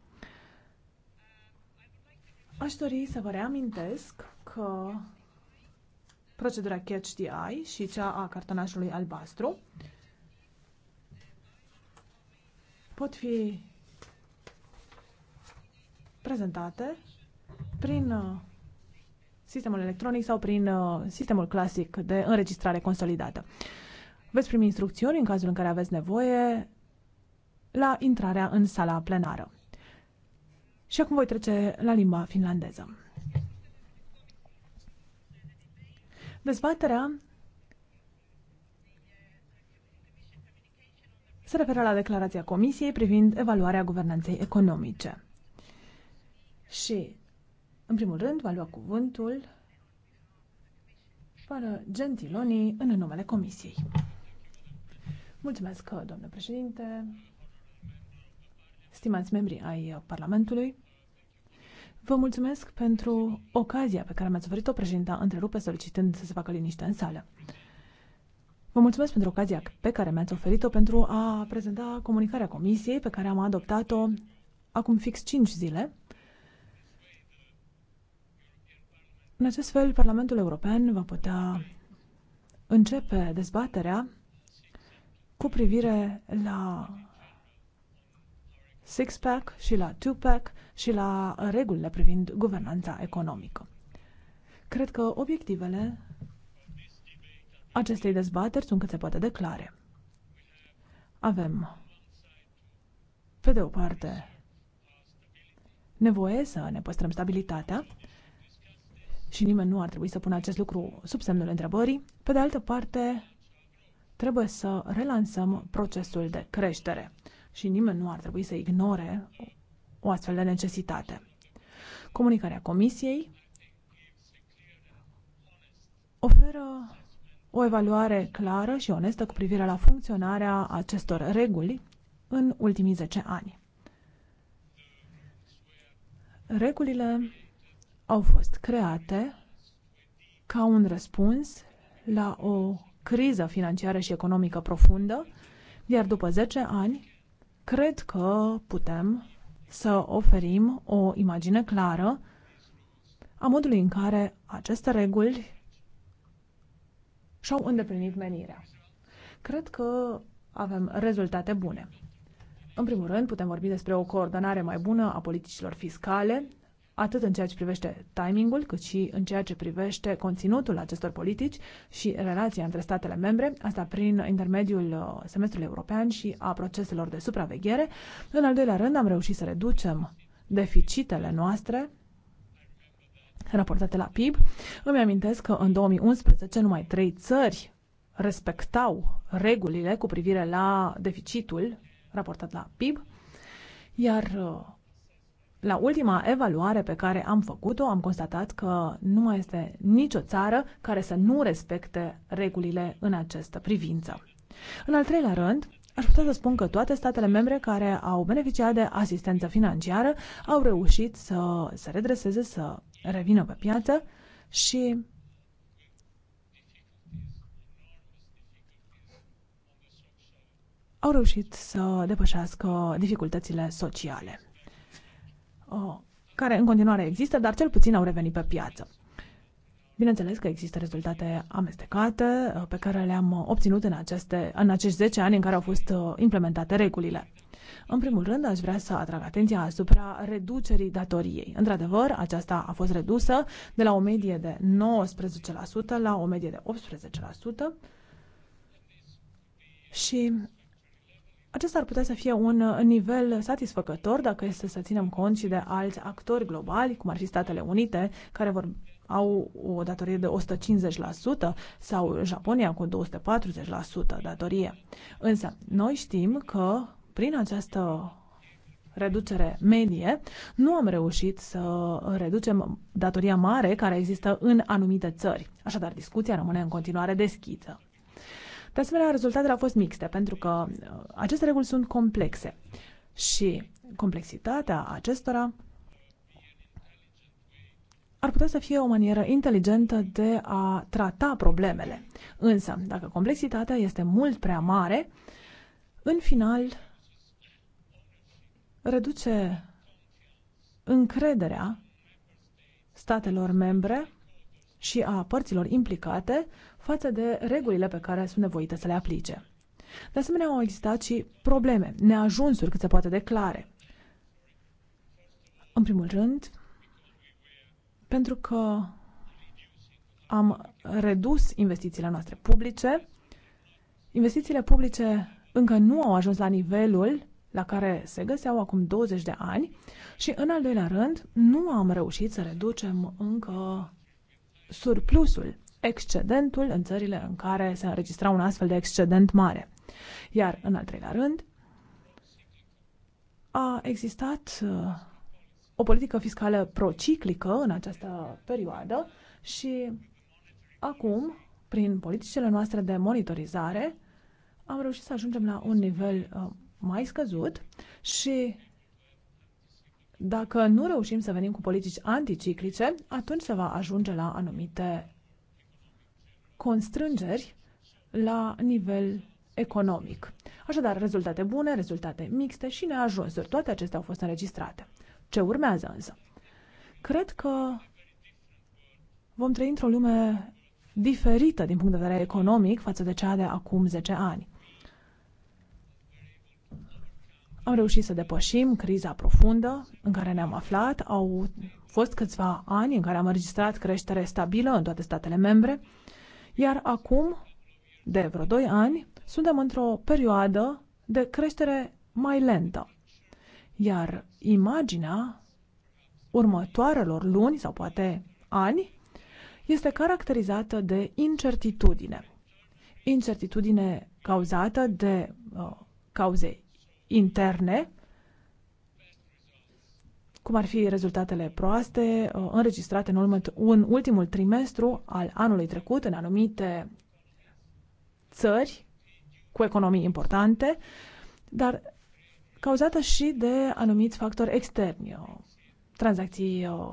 Aș dori să vă reamintesc că procedura Catch the Eye și cea a cartonașului albastru pot fi prezentate prin uh, sistemul electronic sau prin uh, sistemul clasic de înregistrare consolidată. Veți primi instrucțiuni în cazul în care aveți nevoie la intrarea în sala plenară. Și acum voi trece la limba finlandeză. Dezbaterea se referă la declarația Comisiei privind evaluarea guvernanței economice. Și în primul rând, va lua cuvântul fără Gentiloni în numele Comisiei. Mulțumesc, domnule președinte, stimați membri ai Parlamentului. Vă mulțumesc pentru ocazia pe care mi-ați oferit-o președinta întrerupe solicitând să se facă liniște în sală. Vă mulțumesc pentru ocazia pe care mi-ați oferit-o pentru a prezenta comunicarea Comisiei pe care am adoptat-o acum fix 5 zile În acest fel, Parlamentul European va putea începe dezbaterea cu privire la six-pack și la two-pack și la regulile privind guvernanța economică. Cred că obiectivele acestei dezbateri sunt cât se poate de clare. Avem, pe de o parte, nevoie să ne păstrăm stabilitatea, și nimeni nu ar trebui să pună acest lucru sub semnul întrebării. Pe de altă parte, trebuie să relansăm procesul de creștere și nimeni nu ar trebui să ignore o astfel de necesitate. Comunicarea Comisiei oferă o evaluare clară și onestă cu privire la funcționarea acestor reguli în ultimii 10 ani. Regulile au fost create ca un răspuns la o criză financiară și economică profundă, iar după 10 ani, cred că putem să oferim o imagine clară a modului în care aceste reguli și-au îndeplinit menirea. Cred că avem rezultate bune. În primul rând, putem vorbi despre o coordonare mai bună a politicilor fiscale, atât în ceea ce privește timingul, cât și în ceea ce privește conținutul acestor politici și relația între statele membre, asta prin intermediul uh, semestrului european și a proceselor de supraveghere. În al doilea rând, am reușit să reducem deficitele noastre raportate la PIB. Îmi amintesc că în 2011 numai trei țări respectau regulile cu privire la deficitul raportat la PIB, iar uh, la ultima evaluare pe care am făcut-o, am constatat că nu mai este nicio țară care să nu respecte regulile în această privință. În al treilea rând, aș putea să spun că toate statele membre care au beneficiat de asistență financiară au reușit să se redreseze, să revină pe piață și au reușit să depășească dificultățile sociale. Uh, care în continuare există, dar cel puțin au revenit pe piață. Bineînțeles că există rezultate amestecate uh, pe care le-am uh, obținut în, aceste, în acești 10 ani în care au fost implementate regulile. În primul rând, aș vrea să atrag atenția asupra reducerii datoriei. Într-adevăr, aceasta a fost redusă de la o medie de 19% la o medie de 18% și acesta ar putea să fie un uh, nivel satisfăcător dacă este să ținem cont și de alți actori globali, cum ar fi Statele Unite, care vor au o datorie de 150% sau Japonia cu 240% datorie. Însă, noi știm că prin această reducere medie, nu am reușit să reducem datoria mare care există în anumite țări. Așadar, discuția rămâne în continuare deschisă. De asemenea, rezultatele au fost mixte, pentru că uh, aceste reguli sunt complexe și complexitatea acestora ar putea să fie o manieră inteligentă de a trata problemele. Însă, dacă complexitatea este mult prea mare, în final reduce încrederea statelor membre și a părților implicate față de regulile pe care sunt nevoite să le aplice. De asemenea, au existat și probleme, neajunsuri cât se poate de clare. În primul rând, pentru că am redus investițiile noastre publice, investițiile publice încă nu au ajuns la nivelul la care se găseau acum 20 de ani și, în al doilea rând, nu am reușit să reducem încă surplusul, excedentul în țările în care se înregistra un astfel de excedent mare. Iar, în al treilea rând, a existat uh, o politică fiscală prociclică în această perioadă și acum, prin politicile noastre de monitorizare, am reușit să ajungem la un nivel uh, mai scăzut și dacă nu reușim să venim cu politici anticiclice, atunci se va ajunge la anumite constrângeri la nivel economic. Așadar, rezultate bune, rezultate mixte și neajunsuri, toate acestea au fost înregistrate. Ce urmează însă? Cred că vom trăi într-o lume diferită din punct de vedere economic față de cea de acum 10 ani. Am reușit să depășim criza profundă în care ne-am aflat. Au fost câțiva ani în care am înregistrat creștere stabilă în toate statele membre, iar acum, de vreo 2 ani, suntem într-o perioadă de creștere mai lentă. Iar imaginea următoarelor luni sau poate ani este caracterizată de incertitudine. Incertitudine cauzată de uh, cauze interne, cum ar fi rezultatele proaste uh, înregistrate în, urmă, în ultimul trimestru al anului trecut în anumite țări cu economii importante, dar cauzată și de anumiți factori externi, uh, tranzacții uh,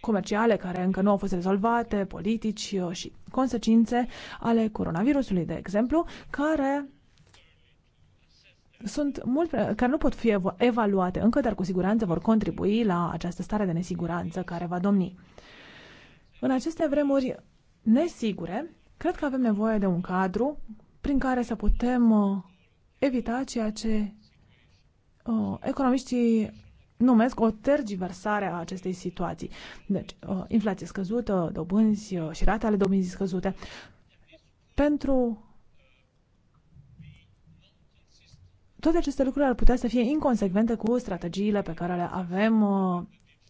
comerciale care încă nu au fost rezolvate, politici și consecințe ale coronavirusului, de exemplu, care sunt mult care nu pot fi evaluate încă, dar cu siguranță vor contribui la această stare de nesiguranță care va domni. În aceste vremuri nesigure, cred că avem nevoie de un cadru prin care să putem uh, evita ceea ce uh, economiștii numesc o tergiversare a acestei situații. Deci, uh, inflație scăzută, dobânzi uh, și rate ale dobânzii scăzute. Pentru toate aceste lucruri ar putea să fie inconsecvente cu strategiile pe care le avem uh,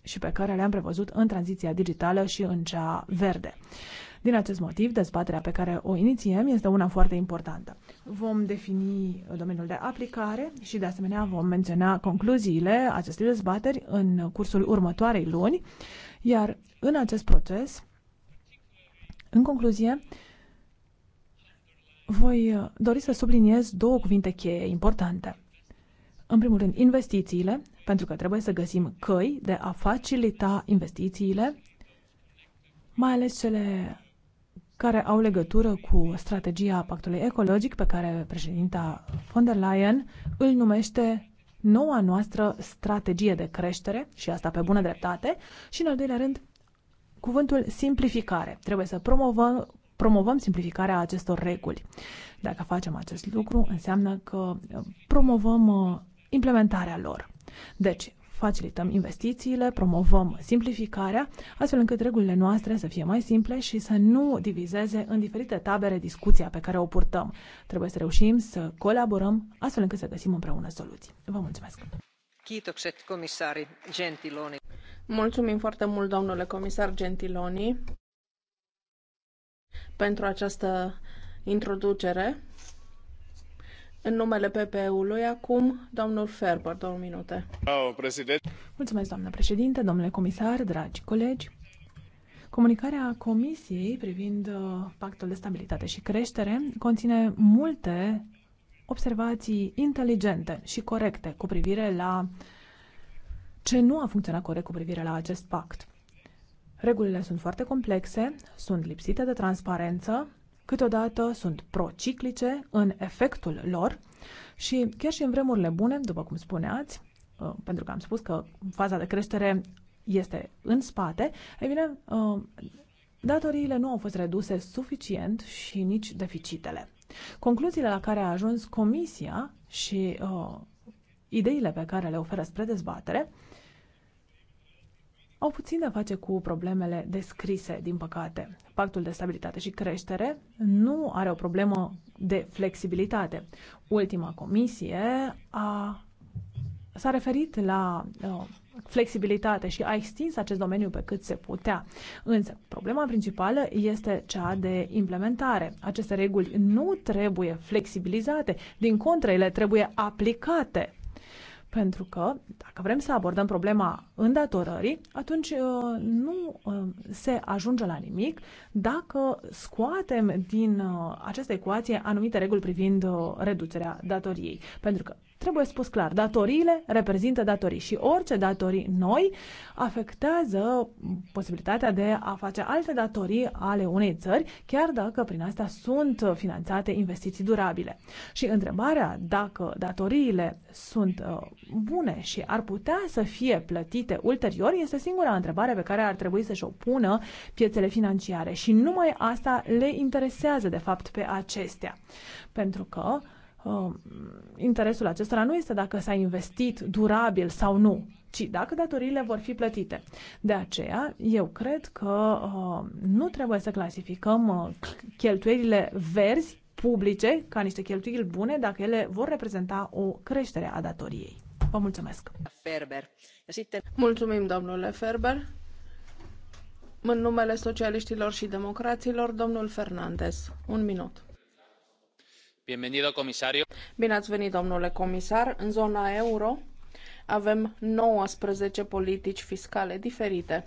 și pe care le-am prevăzut în tranziția digitală și în cea verde. Din acest motiv, dezbaterea pe care o inițiem este una foarte importantă. Vom defini uh, domeniul de aplicare și, de asemenea, vom menționa concluziile acestei dezbateri în cursul următoarei luni, iar în acest proces, în concluzie, voi uh, dori să subliniez două cuvinte cheie importante. În primul rând, investițiile, pentru că trebuie să găsim căi de a facilita investițiile, mai ales cele care au legătură cu strategia pactului ecologic pe care președinta von der Leyen îl numește noua noastră strategie de creștere și asta pe bună dreptate și în al doilea rând cuvântul simplificare. Trebuie să promovăm promovăm simplificarea acestor reguli. Dacă facem acest lucru, înseamnă că uh, promovăm uh, implementarea lor. Deci, facilităm investițiile, promovăm simplificarea, astfel încât regulile noastre să fie mai simple și să nu divizeze în diferite tabere discuția pe care o purtăm. Trebuie să reușim să colaborăm, astfel încât să găsim împreună soluții. Vă mulțumesc! Mulțumim foarte mult, domnule comisar Gentiloni pentru această introducere. În numele PPE-ului, acum, domnul Ferber, două minute. Mulțumesc, doamnă președinte, domnule comisar, dragi colegi. Comunicarea Comisiei privind uh, Pactul de Stabilitate și Creștere conține multe observații inteligente și corecte cu privire la ce nu a funcționat corect cu privire la acest pact. Regulile sunt foarte complexe, sunt lipsite de transparență, câteodată sunt prociclice în efectul lor și chiar și în vremurile bune, după cum spuneați, uh, pentru că am spus că faza de creștere este în spate, e bine, uh, datoriile nu au fost reduse suficient și nici deficitele. Concluziile la care a ajuns Comisia și uh, ideile pe care le oferă spre dezbatere au puțin de a face cu problemele descrise, din păcate. Pactul de stabilitate și creștere nu are o problemă de flexibilitate. Ultima comisie a, s-a referit la uh, flexibilitate și a extins acest domeniu pe cât se putea. Însă, problema principală este cea de implementare. Aceste reguli nu trebuie flexibilizate, din contră, ele trebuie aplicate. Pentru că, dacă vrem să abordăm problema îndatorării, atunci uh, nu uh, se ajunge la nimic dacă scoatem din uh, această ecuație anumite reguli privind reducerea datoriei. Pentru că trebuie spus clar, datoriile reprezintă datorii și orice datorii noi afectează posibilitatea de a face alte datorii ale unei țări, chiar dacă prin asta sunt finanțate investiții durabile. Și întrebarea dacă datoriile sunt bune și ar putea să fie plătite plătite ulterior este singura întrebare pe care ar trebui să-și o pună piețele financiare și numai asta le interesează de fapt pe acestea. Pentru că uh, interesul acestora nu este dacă s-a investit durabil sau nu, ci dacă datoriile vor fi plătite. De aceea, eu cred că uh, nu trebuie să clasificăm uh, cheltuielile verzi publice ca niște cheltuieli bune dacă ele vor reprezenta o creștere a datoriei. Vă mulțumesc! Ferber domnule Ferber. și Un minut. Bienvenido, comisario. Bine ați venit, domnule comisar. În zona euro avem 19 politici fiscale diferite.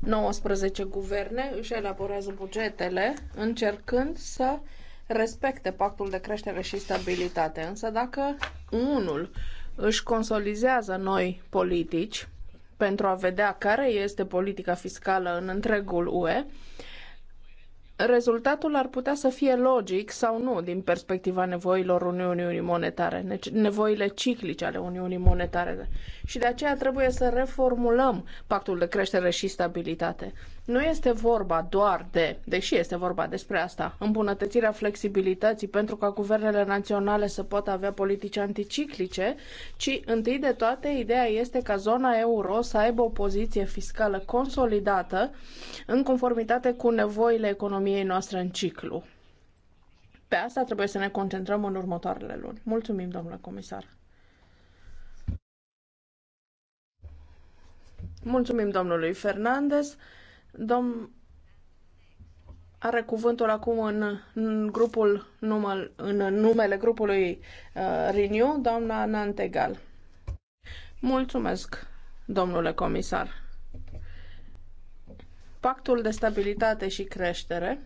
19 guverne își elaborează bugetele încercând să respecte pactul de creștere și stabilitate. Însă dacă unul își consolizează noi politici pentru a vedea care este politica fiscală în întregul UE Rezultatul ar putea să fie logic sau nu din perspectiva nevoilor Uniunii Monetare, nevoile ciclice ale Uniunii Monetare. Și de aceea trebuie să reformulăm pactul de creștere și stabilitate. Nu este vorba doar de, deși este vorba despre asta, îmbunătățirea flexibilității pentru ca guvernele naționale să poată avea politici anticiclice, ci întâi de toate ideea este ca zona euro să aibă o poziție fiscală consolidată în conformitate cu nevoile economiei economiei noastre în ciclu. Pe asta trebuie să ne concentrăm în următoarele luni. Mulțumim, domnule comisar. Mulțumim domnului Fernandez. Domn are cuvântul acum în, în grupul numel, în numele grupului uh, Renew, doamna Nantegal. Mulțumesc, domnule comisar. Pactul de stabilitate și creștere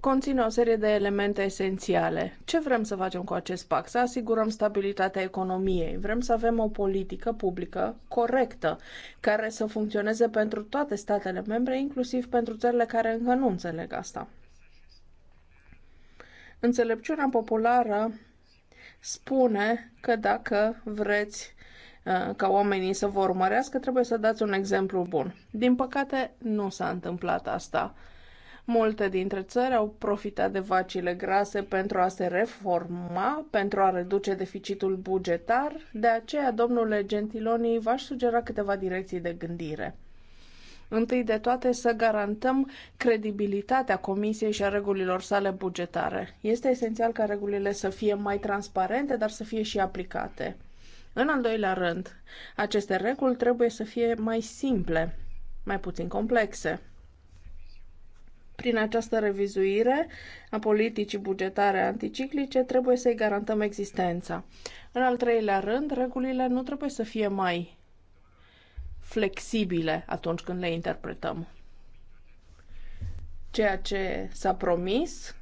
conține o serie de elemente esențiale. Ce vrem să facem cu acest pact? Să asigurăm stabilitatea economiei. Vrem să avem o politică publică corectă, care să funcționeze pentru toate statele membre, inclusiv pentru țările care încă nu înțeleg asta. Înțelepciunea populară spune că dacă vreți Uh, ca oamenii să vă urmărească, trebuie să dați un exemplu bun. Din păcate, nu s-a întâmplat asta. Multe dintre țări au profitat de vacile grase pentru a se reforma, pentru a reduce deficitul bugetar, de aceea, domnule Gentiloni, v-aș sugera câteva direcții de gândire. Întâi de toate să garantăm credibilitatea Comisiei și a regulilor sale bugetare. Este esențial ca regulile să fie mai transparente, dar să fie și aplicate. În al doilea rând, aceste reguli trebuie să fie mai simple, mai puțin complexe. Prin această revizuire a politicii bugetare anticiclice trebuie să-i garantăm existența. În al treilea rând, regulile nu trebuie să fie mai flexibile atunci când le interpretăm. Ceea ce s-a promis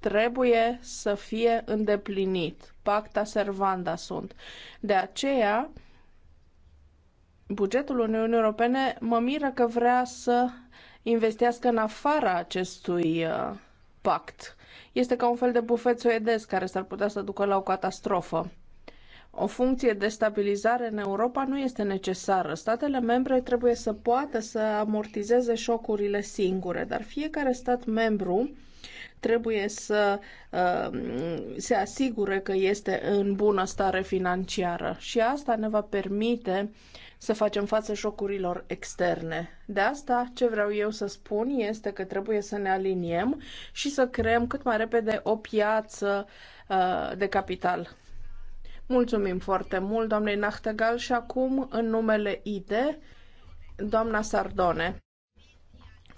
trebuie să fie îndeplinit. Pacta servanda sunt. De aceea, bugetul Uniunii Europene mă miră că vrea să investească în afara acestui uh, pact. Este ca un fel de bufet suedez care s-ar putea să ducă la o catastrofă. O funcție de stabilizare în Europa nu este necesară. Statele membre trebuie să poată să amortizeze șocurile singure, dar fiecare stat membru trebuie să uh, se asigure că este în bună stare financiară și asta ne va permite să facem față șocurilor externe. De asta ce vreau eu să spun este că trebuie să ne aliniem și să creăm cât mai repede o piață uh, de capital. Mulțumim foarte mult, doamnei Nachtegal, și acum, în numele IDE, doamna Sardone.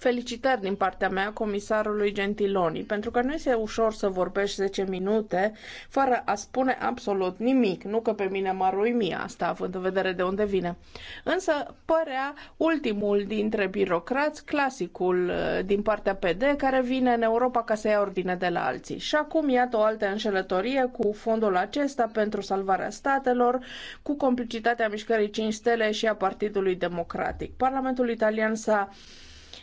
Felicitări din partea mea comisarului Gentiloni, pentru că nu este ușor să vorbești 10 minute fără a spune absolut nimic, nu că pe mine m-ar uimi asta, având în vedere de unde vine. Însă părea ultimul dintre birocrați, clasicul uh, din partea PD, care vine în Europa ca să ia ordine de la alții. Și acum, iată o altă înșelătorie cu fondul acesta pentru salvarea statelor, cu complicitatea mișcării 5 stele și a Partidului Democratic. Parlamentul italian s-a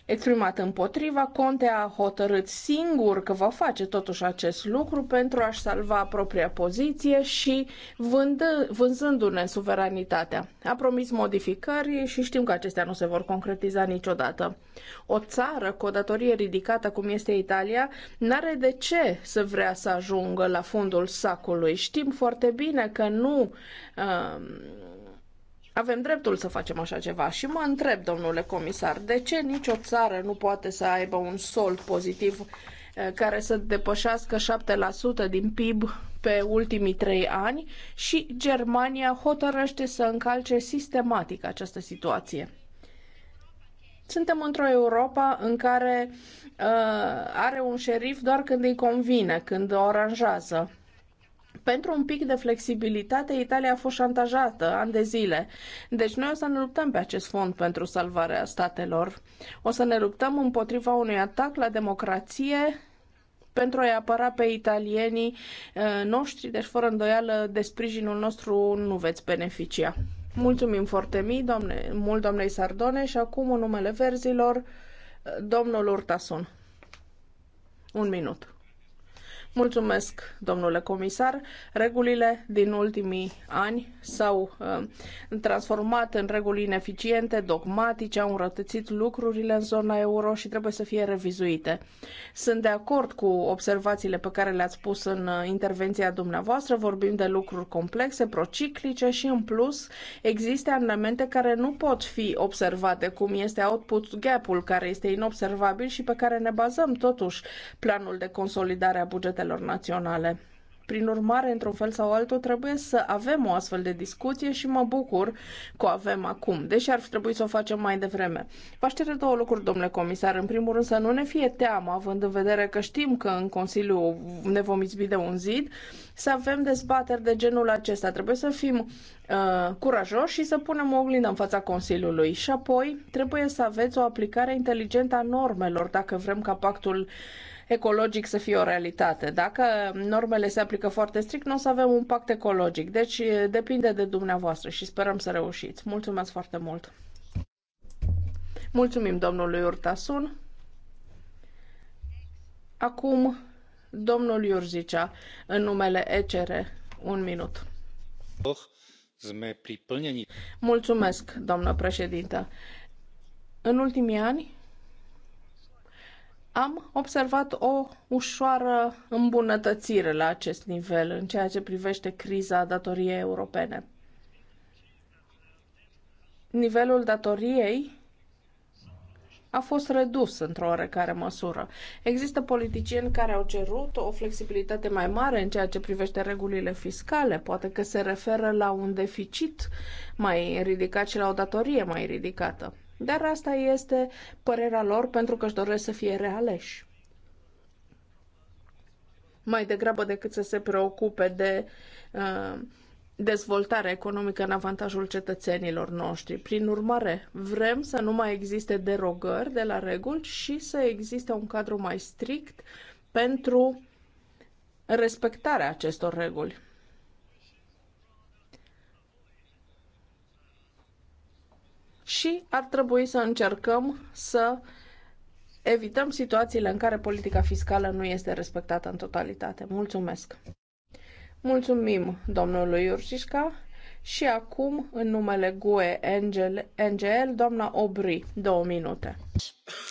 exprimat împotriva, Conte a hotărât singur că va face totuși acest lucru pentru a-și salva propria poziție și vândă, vânzându-ne suveranitatea. A promis modificări și știm că acestea nu se vor concretiza niciodată. O țară cu o datorie ridicată cum este Italia n-are de ce să vrea să ajungă la fundul sacului. Știm foarte bine că nu uh, avem dreptul să facem așa ceva și mă întreb, domnule comisar, de ce nicio țară nu poate să aibă un sold pozitiv eh, care să depășească 7% din PIB pe ultimii trei ani și Germania hotărăște să încalce sistematic această situație. Suntem într-o Europa în care uh, are un șerif doar când îi convine, când o aranjează pentru un pic de flexibilitate, Italia a fost șantajată ani de zile. Deci noi o să ne luptăm pe acest fond pentru salvarea statelor. O să ne luptăm împotriva unui atac la democrație pentru a-i apăra pe italienii uh, noștri, deci fără îndoială de sprijinul nostru nu veți beneficia. Mulțumim foarte mii, doamne, mult doamnei Sardone și acum în numele verzilor, uh, domnul Urtasun. Un minut. Mulțumesc, domnule comisar. Regulile din ultimii ani s-au uh, transformat în reguli ineficiente, dogmatice, au înrătățit lucrurile în zona euro și trebuie să fie revizuite. Sunt de acord cu observațiile pe care le-ați pus în uh, intervenția dumneavoastră. Vorbim de lucruri complexe, prociclice și, în plus, există elemente care nu pot fi observate, cum este output gap-ul, care este inobservabil și pe care ne bazăm, totuși, planul de consolidare a bugetelor parlamentelor naționale. Prin urmare, într-un fel sau altul, trebuie să avem o astfel de discuție și mă bucur că o avem acum, deși ar fi trebuit să o facem mai devreme. V-aș cere două lucruri, domnule comisar. În primul rând, să nu ne fie teamă, având în vedere că știm că în Consiliu ne vom izbi de un zid, să avem dezbateri de genul acesta. Trebuie să fim uh, curajoși și să punem o oglindă în fața Consiliului. Și apoi, trebuie să aveți o aplicare inteligentă a normelor, dacă vrem ca pactul uh, ecologic să fie o realitate. Dacă normele se aplică foarte strict, nu o să avem un pact ecologic. Deci depinde de dumneavoastră și sperăm să reușiți. Mulțumesc foarte mult! Mulțumim domnului Urtasun. Acum, domnul Iurzicea, în numele ECR, un minut. Mulțumesc, doamnă președintă. În ultimii ani, am observat o ușoară îmbunătățire la acest nivel în ceea ce privește criza datoriei europene. Nivelul datoriei a fost redus într-o oarecare măsură. Există politicieni care au cerut o flexibilitate mai mare în ceea ce privește regulile fiscale, poate că se referă la un deficit mai ridicat și la o datorie mai ridicată. Dar asta este părerea lor pentru că își doresc să fie realeși. Mai degrabă decât să se preocupe de uh, dezvoltarea economică în avantajul cetățenilor noștri. Prin urmare, vrem să nu mai existe derogări de la reguli și să existe un cadru mai strict pentru respectarea acestor reguli. și ar trebui să încercăm să evităm situațiile în care politica fiscală nu este respectată în totalitate. Mulțumesc! Mulțumim domnului Iurcișca și acum, în numele GUE NGL, NGL doamna Obri, două minute.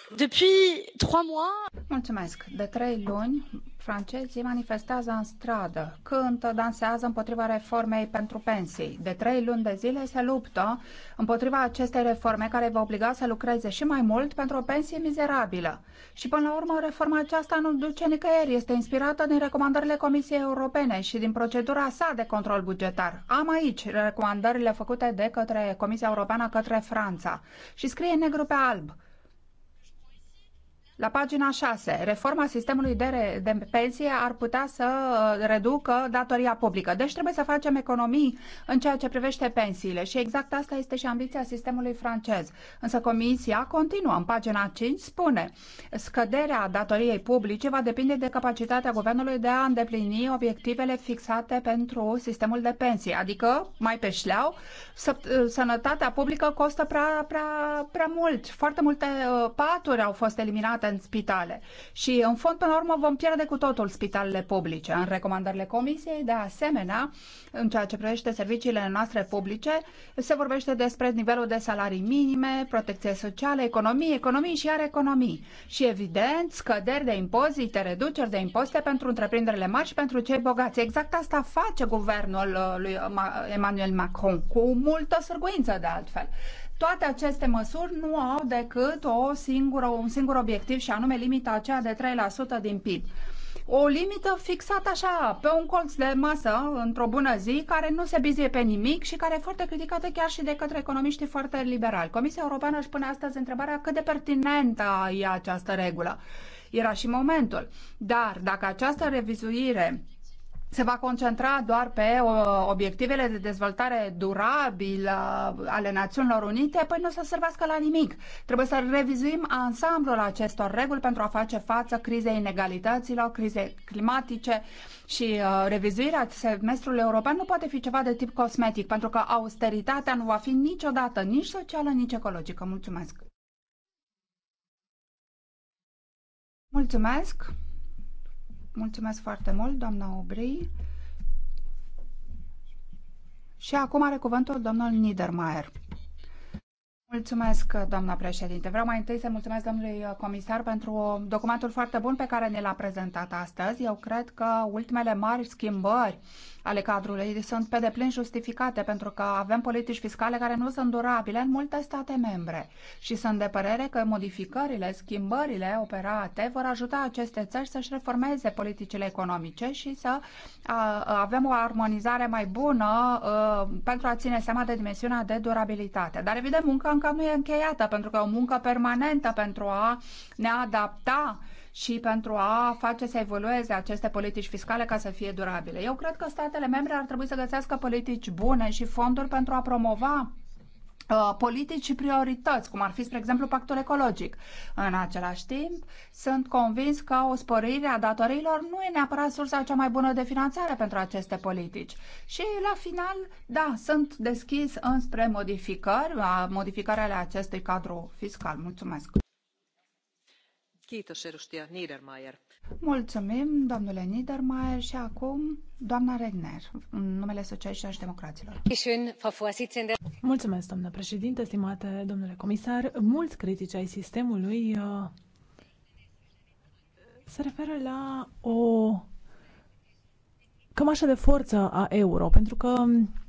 Depuis mois... Mulțumesc! De trei luni, francezii manifestează în stradă, cântă, dansează împotriva reformei pentru pensii. De trei luni de zile se luptă împotriva acestei reforme care va obliga să lucreze și mai mult pentru o pensie mizerabilă. Și până la urmă, reforma aceasta nu duce nicăieri. Este inspirată din recomandările Comisiei Europene și din procedura sa de control bugetar. Am aici recomandările făcute de către Comisia Europeană către Franța. Și scrie negru pe alb la pagina 6, reforma sistemului de, de pensie ar putea să reducă datoria publică. Deci trebuie să facem economii în ceea ce privește pensiile și exact asta este și ambiția sistemului francez. Însă comisia continuă. În pagina 5 spune scăderea datoriei publice va depinde de capacitatea guvernului de a îndeplini obiectivele fixate pentru sistemul de pensie. Adică, mai pe șleau, sănătatea publică costă prea, prea, prea mult. Foarte multe uh, paturi au fost eliminate implementate în spitale. Și, în fond, până la urmă, vom pierde cu totul spitalele publice. În recomandările Comisiei, de asemenea, în ceea ce privește serviciile noastre publice, se vorbește despre nivelul de salarii minime, protecție socială, economie, economii și iar economii. Și, evident, scăderi de impozite, reduceri de impozite pentru întreprinderile mari și pentru cei bogați. Exact asta face guvernul lui Emmanuel Macron, cu multă sârguință, de altfel. Toate aceste măsuri nu au decât o singură, un singur obiectiv și anume limita aceea de 3% din PIB o limită fixată așa, pe un colț de masă, într-o bună zi, care nu se bizie pe nimic și care e foarte criticată chiar și de către economiștii foarte liberali. Comisia Europeană își pune astăzi întrebarea cât de pertinentă e această regulă. Era și momentul. Dar dacă această revizuire se va concentra doar pe uh, obiectivele de dezvoltare durabilă ale Națiunilor Unite, păi nu o să servească la nimic. Trebuie să revizuim ansamblul acestor reguli pentru a face față crizei inegalităților, crizei climatice și uh, revizuirea semestrului european nu poate fi ceva de tip cosmetic, pentru că austeritatea nu va fi niciodată nici socială, nici ecologică. Mulțumesc! Mulțumesc! Mulțumesc foarte mult, doamna Obrei. Și acum are cuvântul domnul Niedermayer. Mulțumesc, doamna președinte. Vreau mai întâi să mulțumesc domnului comisar pentru documentul foarte bun pe care ne l-a prezentat astăzi. Eu cred că ultimele mari schimbări ale cadrului sunt pe deplin justificate pentru că avem politici fiscale care nu sunt durabile în multe state membre și sunt de părere că modificările, schimbările operate vor ajuta aceste țări să-și reformeze politicile economice și să avem o armonizare mai bună pentru a ține seama de dimensiunea de durabilitate. Dar evident, munca încă nu e încheiată, pentru că e o muncă permanentă pentru a ne adapta și pentru a face să evolueze aceste politici fiscale ca să fie durabile. Eu cred că statele membre ar trebui să găsească politici bune și fonduri pentru a promova Uh, politici și priorități, cum ar fi, spre exemplu, pactul ecologic. În același timp, sunt convins că o sporire a datoriilor nu e neapărat sursa cea mai bună de finanțare pentru aceste politici. Și, la final, da, sunt deschis înspre modificări, modificarea ale acestui cadru fiscal. Mulțumesc! Mulțumim, domnule Niedermayer, și acum doamna Regner, în numele Socialiștilor și Democraților. Mulțumesc, doamnă președinte, stimate domnule comisar. Mulți critici ai sistemului uh, se referă la o cămașă de forță a euro, pentru că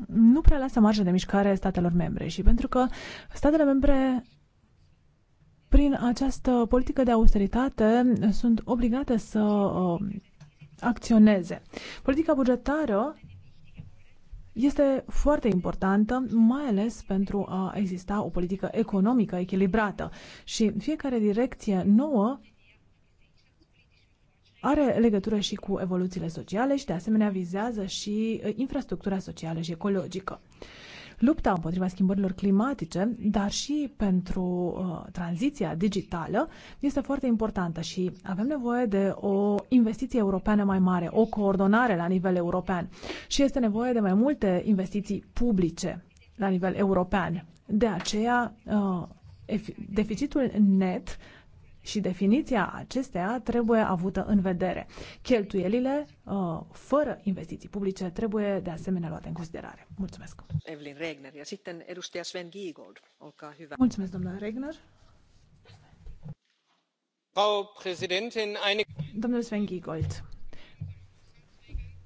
nu prea lasă marge de mișcare statelor membre și pentru că statele membre prin această politică de austeritate eh, sunt obligate să eh, acționeze. Politica bugetară este foarte importantă, mai ales pentru a exista o politică economică echilibrată și fiecare direcție nouă are legătură și cu evoluțiile sociale și de asemenea vizează și eh, infrastructura socială și ecologică lupta împotriva schimbărilor climatice, dar și pentru uh, tranziția digitală, este foarte importantă și avem nevoie de o investiție europeană mai mare, o coordonare la nivel european și este nevoie de mai multe investiții publice la nivel european. De aceea, uh, deficitul net și definiția acesteia trebuie avută în vedere. Cheltuielile uh, fără investiții publice trebuie de asemenea luate în considerare. Mulțumesc! Evelyn Regner ja sitten edustaja Sven Giegold, olkaa hyvä. Mulțumesc, domnule Regner. Frau Präsidentin, eine... Domnul Sven Giegold,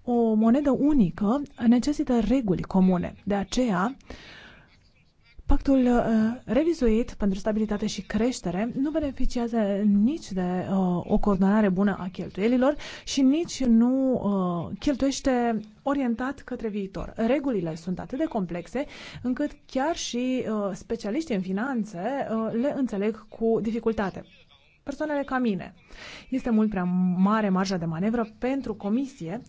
o monedă unică necesită reguli comune. De aceea, uh, Pactul uh, revizuit pentru stabilitate și creștere nu beneficiază nici de uh, o coordonare bună a cheltuielilor și nici nu uh, cheltuiește orientat către viitor. Regulile sunt atât de complexe încât chiar și specialiștii în finanțe le înțeleg cu dificultate persoanele ca mine. Este mult prea mare marja de manevră pentru comisie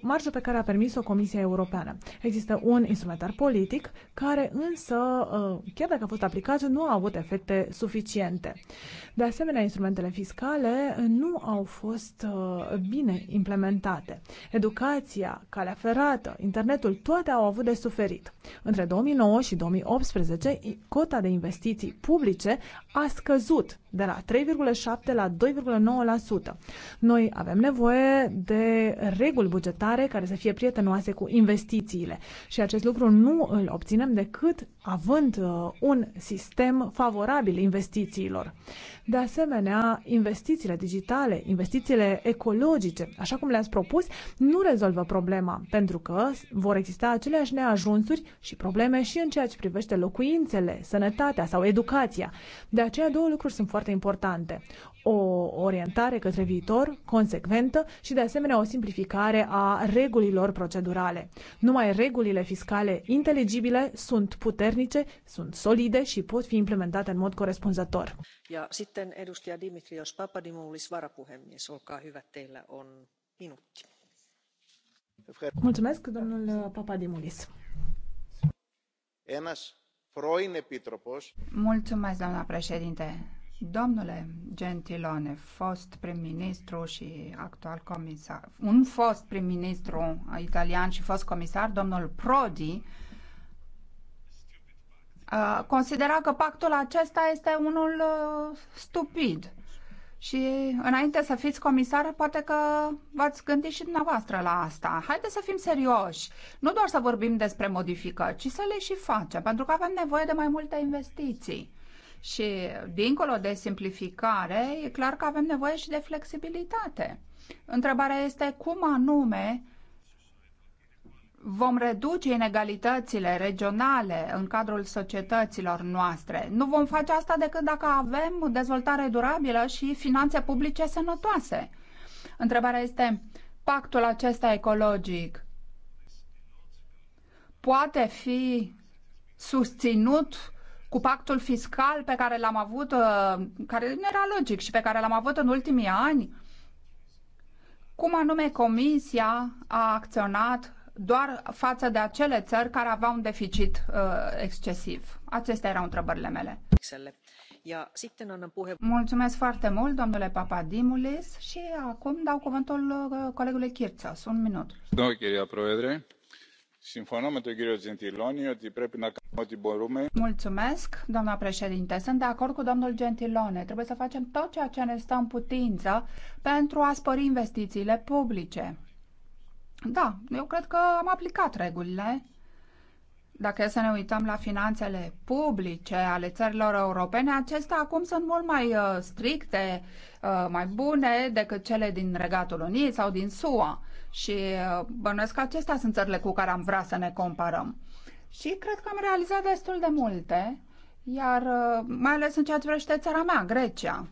marjă pe care a permis-o Comisia Europeană. Există un instrumentar politic care însă, ă, chiar dacă a fost aplicat, nu a avut efecte suficiente. De asemenea, instrumentele fiscale nu au fost ă, bine implementate. Educația, calea ferată, internetul, toate au avut de suferit. Între 2009 și 2018, cota de investiții publice a scăzut de la 3,7 la 2,9%. Noi avem nevoie de reguli bugetare care să fie prietenoase cu investițiile și acest lucru nu îl obținem decât având uh, un sistem favorabil investițiilor. De asemenea, investițiile digitale, investițiile ecologice, așa cum le-ați propus, nu rezolvă problema, pentru că vor exista aceleași neajunsuri și probleme și în ceea ce privește locuințele, sănătatea sau educația. De aceea, două lucruri sunt foarte foarte importante. O orientare către viitor, consecventă și de asemenea o simplificare a regulilor procedurale. Numai regulile fiscale inteligibile sunt puternice, sunt solide și pot fi implementate în mod corespunzător. Ja sitten edustaja Dimitrios Papadimoulis, varapuhemies, olkaa hyvä, teillä on minuutti. Mulțumesc, domnul Papadimulis. Mulțumesc, doamna președinte. Domnule Gentilone, fost prim-ministru și actual comisar, un fost prim-ministru italian și fost comisar, domnul Prodi, considera că pactul acesta este unul stupid. Și înainte să fiți comisar, poate că v-ați gândit și dumneavoastră la asta. Haideți să fim serioși. Nu doar să vorbim despre modificări, ci să le și facem, pentru că avem nevoie de mai multe investiții. Și dincolo de simplificare, e clar că avem nevoie și de flexibilitate. Întrebarea este cum anume vom reduce inegalitățile regionale în cadrul societăților noastre. Nu vom face asta decât dacă avem dezvoltare durabilă și finanțe publice sănătoase. Întrebarea este, pactul acesta ecologic poate fi susținut cu pactul fiscal pe care l-am avut, uh, care nu era logic și pe care l-am avut în ultimii ani, cum anume Comisia a acționat doar față de acele țări care aveau un deficit uh, excesiv? Acestea erau întrebările mele. Mulțumesc foarte mult, domnule Papadimulis, și acum dau cuvântul uh, colegului Kirțos. Un minut. Domnul da, Chiria Provedre, Mulțumesc, doamna președinte. Sunt de acord cu domnul Gentilone. Trebuie să facem tot ceea ce ne stă în putință pentru a spori investițiile publice. Da, eu cred că am aplicat regulile. Dacă e să ne uităm la finanțele publice ale țărilor europene, acestea acum sunt mult mai uh, stricte, uh, mai bune decât cele din Regatul Unit sau din SUA. Și uh, bănuiesc că acestea sunt țările cu care am vrea să ne comparăm. Și cred că am realizat destul de multe, iar uh, mai ales în ceea ce vrește țara mea, Grecia.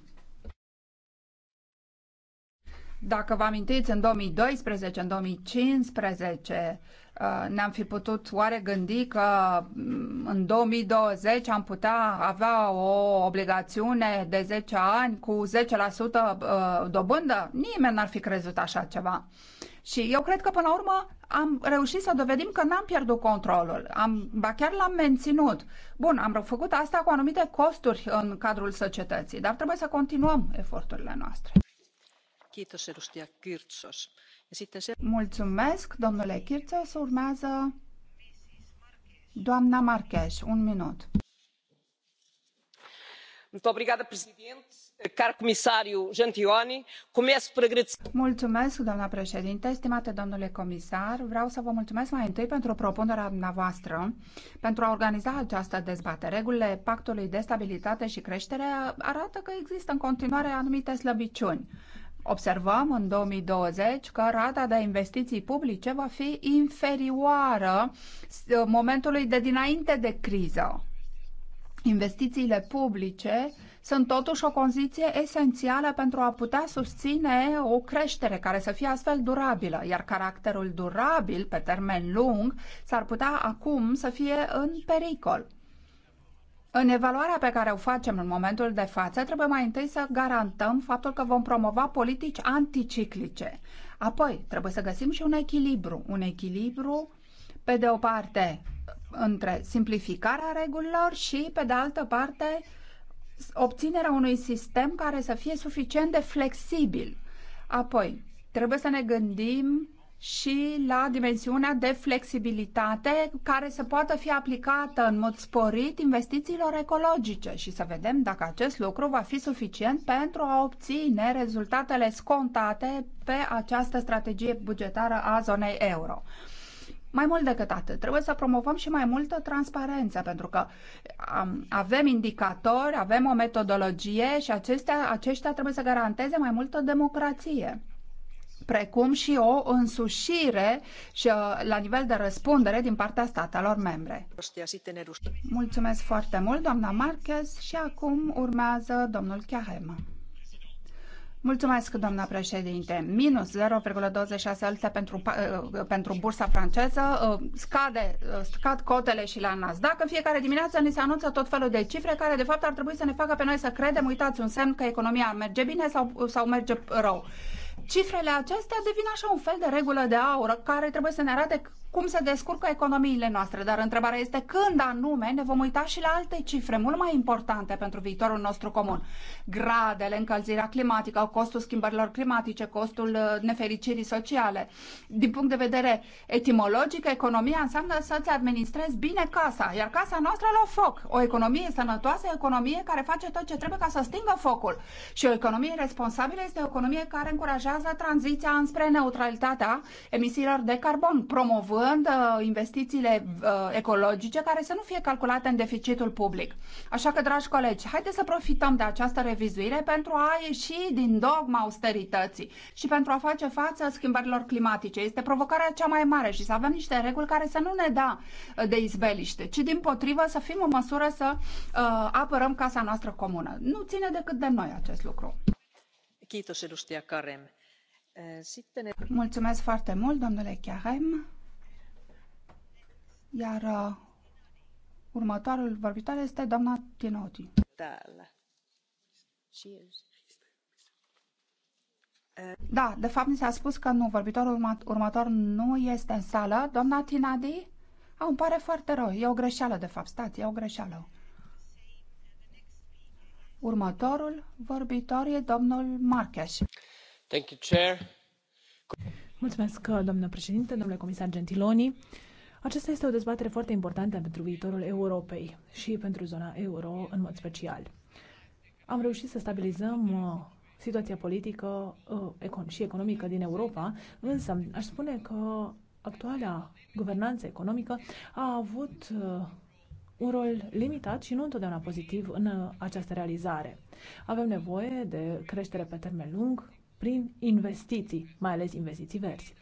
Dacă vă amintiți, în 2012, în 2015, uh, ne-am fi putut oare gândi că mm, în 2020 am putea avea o obligațiune de 10 ani cu 10% dobândă? Nimeni n-ar fi crezut așa ceva. Și eu cred că, până la urmă, am reușit să dovedim că n-am pierdut controlul, am, ba chiar l-am menținut. Bun, am făcut asta cu anumite costuri în cadrul societății, dar trebuie să continuăm eforturile noastre. Mulțumesc, domnule să Urmează doamna Marcheș. Un minut. Muito obrigada, presidente doamnă președintă stimate domnule comisar vreau să vă mulțumesc mai întâi pentru propunerea dumneavoastră pentru a organiza această dezbatere. Regulile pactului de stabilitate și creștere arată că există în continuare anumite slăbiciuni. Observăm în 2020 că rata de investiții publice va fi inferioară uh, momentului de dinainte de criză. Investițiile publice uh, sunt totuși o condiție esențială pentru a putea susține o creștere care să fie astfel durabilă, iar caracterul durabil pe termen lung s-ar putea acum să fie în pericol. În evaluarea pe care o facem în momentul de față, trebuie mai întâi să garantăm faptul că vom promova politici anticiclice. Apoi, trebuie să găsim și un echilibru. Un echilibru, pe de o parte, între simplificarea regulilor și, pe de altă parte, obținerea unui sistem care să fie suficient de flexibil. Apoi, trebuie să ne gândim și la dimensiunea de flexibilitate care să poată fi aplicată în mod sporit investițiilor ecologice și să vedem dacă acest lucru va fi suficient pentru a obține rezultatele scontate pe această strategie bugetară a zonei euro. Mai mult decât atât, trebuie să promovăm și mai multă transparență, pentru că avem indicatori, avem o metodologie și acestea, aceștia trebuie să garanteze mai multă democrație precum și o însușire și uh, la nivel de răspundere din partea statelor membre. Mulțumesc foarte mult, doamna Marquez, și acum urmează domnul Chiahema. Mulțumesc, doamna președinte. Minus 0,26 pentru, eh, pentru bursa franceză, eh, scade, eh, scad cotele și la Nasdaq. În fiecare dimineață ni se anunță tot felul de cifre care, de fapt, ar trebui să ne facă pe noi să credem, uitați, un semn că economia merge bine sau, sau merge rău. Cifrele acestea devin așa un fel de regulă de aur care trebuie să ne arate cum se descurcă economiile noastre, dar întrebarea este când anume ne vom uita și la alte cifre mult mai importante pentru viitorul nostru comun. Gradele, încălzirea climatică, costul schimbărilor climatice, costul uh, nefericirii sociale. Din punct de vedere etimologic, economia înseamnă să-ți administrezi bine casa, iar casa noastră la foc. O economie sănătoasă, o economie care face tot ce trebuie ca să stingă focul. Și o economie responsabilă este o economie care încurajează tranziția înspre neutralitatea emisiilor de carbon, promovând promovând uh, investițiile uh, ecologice care să nu fie calculate în deficitul public. Așa că, dragi colegi, haideți să profităm de această revizuire pentru a ieși din dogma austerității și pentru a face față schimbărilor climatice. Este provocarea cea mai mare și să avem niște reguli care să nu ne da de izbeliște, ci din potrivă să fim în măsură să uh, apărăm casa noastră comună. Nu ține decât de noi acest lucru. Eh, Mulțumesc foarte mult, domnule Chiarem. Iar uh, următorul vorbitor este doamna Tinoti. Da, uh. da, de fapt ni s-a spus că nu, vorbitorul următor nu este în sală. Doamna Tinadi? A, îmi pare foarte rău, e o greșeală de fapt, stați, e o greșeală. Următorul vorbitor e domnul Marcheș. Thank you, Chair. Mulțumesc, domnule președinte, domnule comisar Gentiloni. Aceasta este o dezbatere foarte importantă pentru viitorul Europei și pentru zona euro în mod special. Am reușit să stabilizăm uh, situația politică uh, și economică din Europa, însă aș spune că actuala guvernanță economică a avut uh, un rol limitat și nu întotdeauna pozitiv în această realizare. Avem nevoie de creștere pe termen lung prin investiții, mai ales investiții verzi.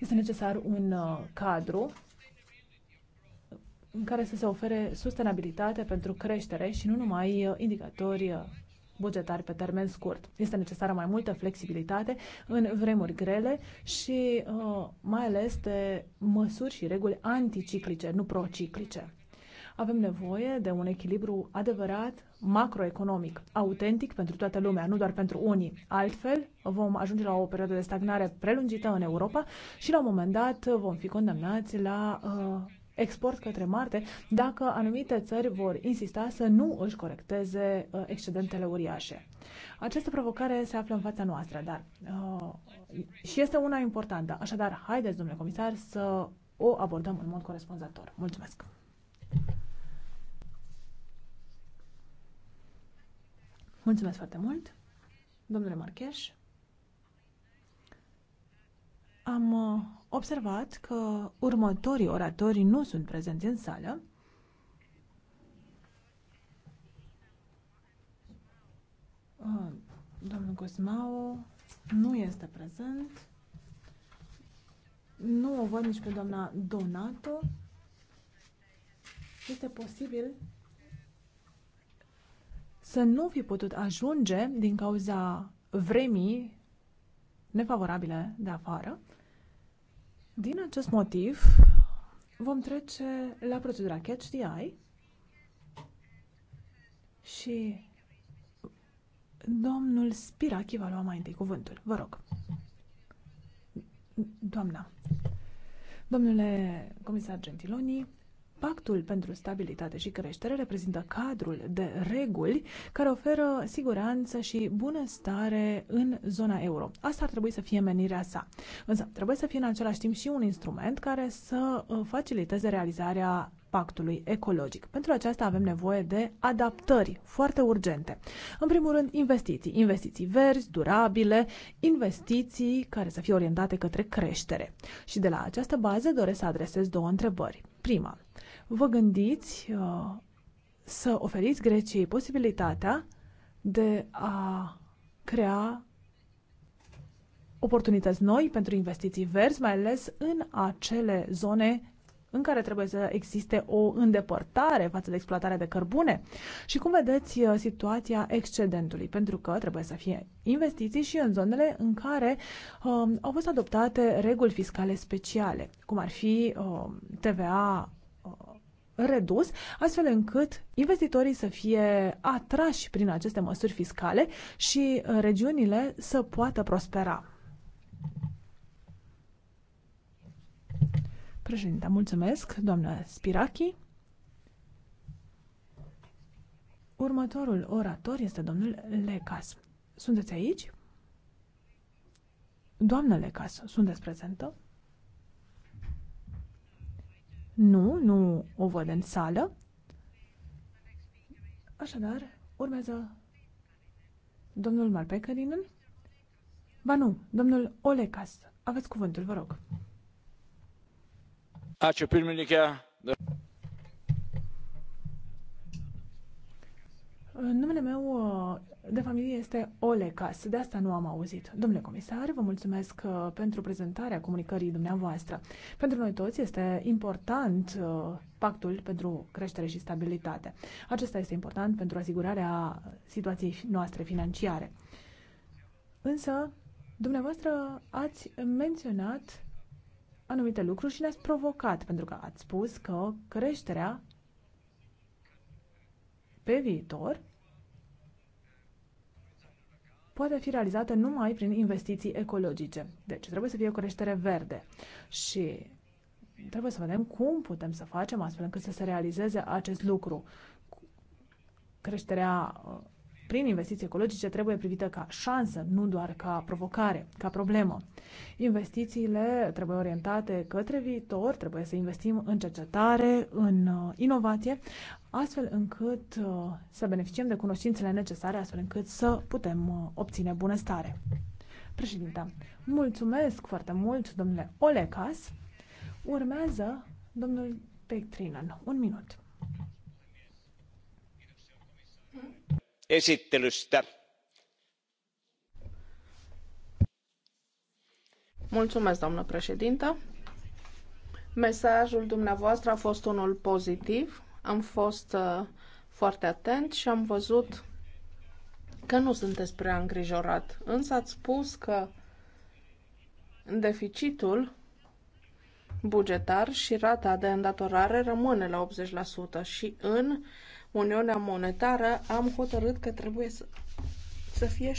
Este necesar un uh, cadru în care să se ofere sustenabilitate pentru creștere și nu numai uh, indicatori uh, bugetari pe termen scurt. Este necesară mai multă flexibilitate în vremuri grele și uh, mai ales de măsuri și reguli anticiclice, nu prociclice. Avem nevoie de un echilibru adevărat macroeconomic, autentic pentru toată lumea, nu doar pentru unii. Altfel, vom ajunge la o perioadă de stagnare prelungită în Europa și la un moment dat vom fi condamnați la uh, export către Marte dacă anumite țări vor insista să nu își corecteze uh, excedentele uriașe. Această provocare se află în fața noastră, dar uh, și este una importantă. Așadar, haideți, domnule comisar, să o abordăm în mod corespunzător. Mulțumesc! Mulțumesc foarte mult, domnule Marcheș. Am uh, observat că următorii oratori nu sunt prezenți în sală. Uh, domnul Cosmau nu este prezent. Nu o văd nici pe doamna Donato. Este posibil să nu fi putut ajunge din cauza vremii nefavorabile de afară. Din acest motiv, vom trece la procedura Catch the Eye și domnul Spirachi va lua mai întâi cuvântul. Vă rog. Doamna. Domnule comisar Gentiloni, Pactul pentru stabilitate și creștere reprezintă cadrul de reguli care oferă siguranță și bunăstare în zona euro. Asta ar trebui să fie menirea sa. Însă trebuie să fie în același timp și un instrument care să uh, faciliteze realizarea pactului ecologic. Pentru aceasta avem nevoie de adaptări foarte urgente. În primul rând, investiții. Investiții verzi, durabile, investiții care să fie orientate către creștere. Și de la această bază doresc să adresez două întrebări. Prima, vă gândiți uh, să oferiți Greciei posibilitatea de a crea oportunități noi pentru investiții verzi, mai ales în acele zone în care trebuie să existe o îndepărtare față de exploatarea de cărbune? Și cum vedeți uh, situația excedentului? Pentru că trebuie să fie investiții și în zonele în care um, au fost adoptate reguli fiscale speciale, cum ar fi um, TVA redus, astfel încât investitorii să fie atrași prin aceste măsuri fiscale și uh, regiunile să poată prospera. Președinte, mulțumesc, doamna Spirachi. Următorul orator este domnul Lecas. Sunteți aici? Doamna Lecas, sunteți prezentă? Nu, nu o văd în sală. Așadar, urmează domnul Malpecarinen. Ba nu, domnul Olecas. Aveți cuvântul, vă rog. Ace pirmininkė. numele meu de familie este Olecas. De asta nu am auzit. Domnule comisar, vă mulțumesc uh, pentru prezentarea comunicării dumneavoastră. Pentru noi toți este important uh, pactul pentru creștere și stabilitate. Acesta este important pentru asigurarea situației noastre financiare. Însă, dumneavoastră ați menționat anumite lucruri și ne-ați provocat, pentru că ați spus că creșterea pe viitor poate fi realizată numai prin investiții ecologice. Deci trebuie să fie o creștere verde și trebuie să vedem cum putem să facem astfel încât să se realizeze acest lucru. Creșterea uh, prin investiții ecologice trebuie privită ca șansă, nu doar ca provocare, ca problemă. Investițiile trebuie orientate către viitor, trebuie să investim în cercetare, în uh, inovație, astfel încât uh, să beneficiem de cunoștințele necesare, astfel încât să putem uh, obține bunăstare. Președinte, mulțumesc foarte mult, domnule Olecas. Urmează domnul Pektrinan. Un minut. Esittelystä. Mulțumesc, doamnă președintă. Mesajul dumneavoastră a fost unul pozitiv am fost uh, foarte atent și am văzut că nu sunteți prea îngrijorat, însă ați spus că deficitul bugetar și rata de îndatorare rămâne la 80% și în Uniunea Monetară am hotărât că trebuie să, să fie 60%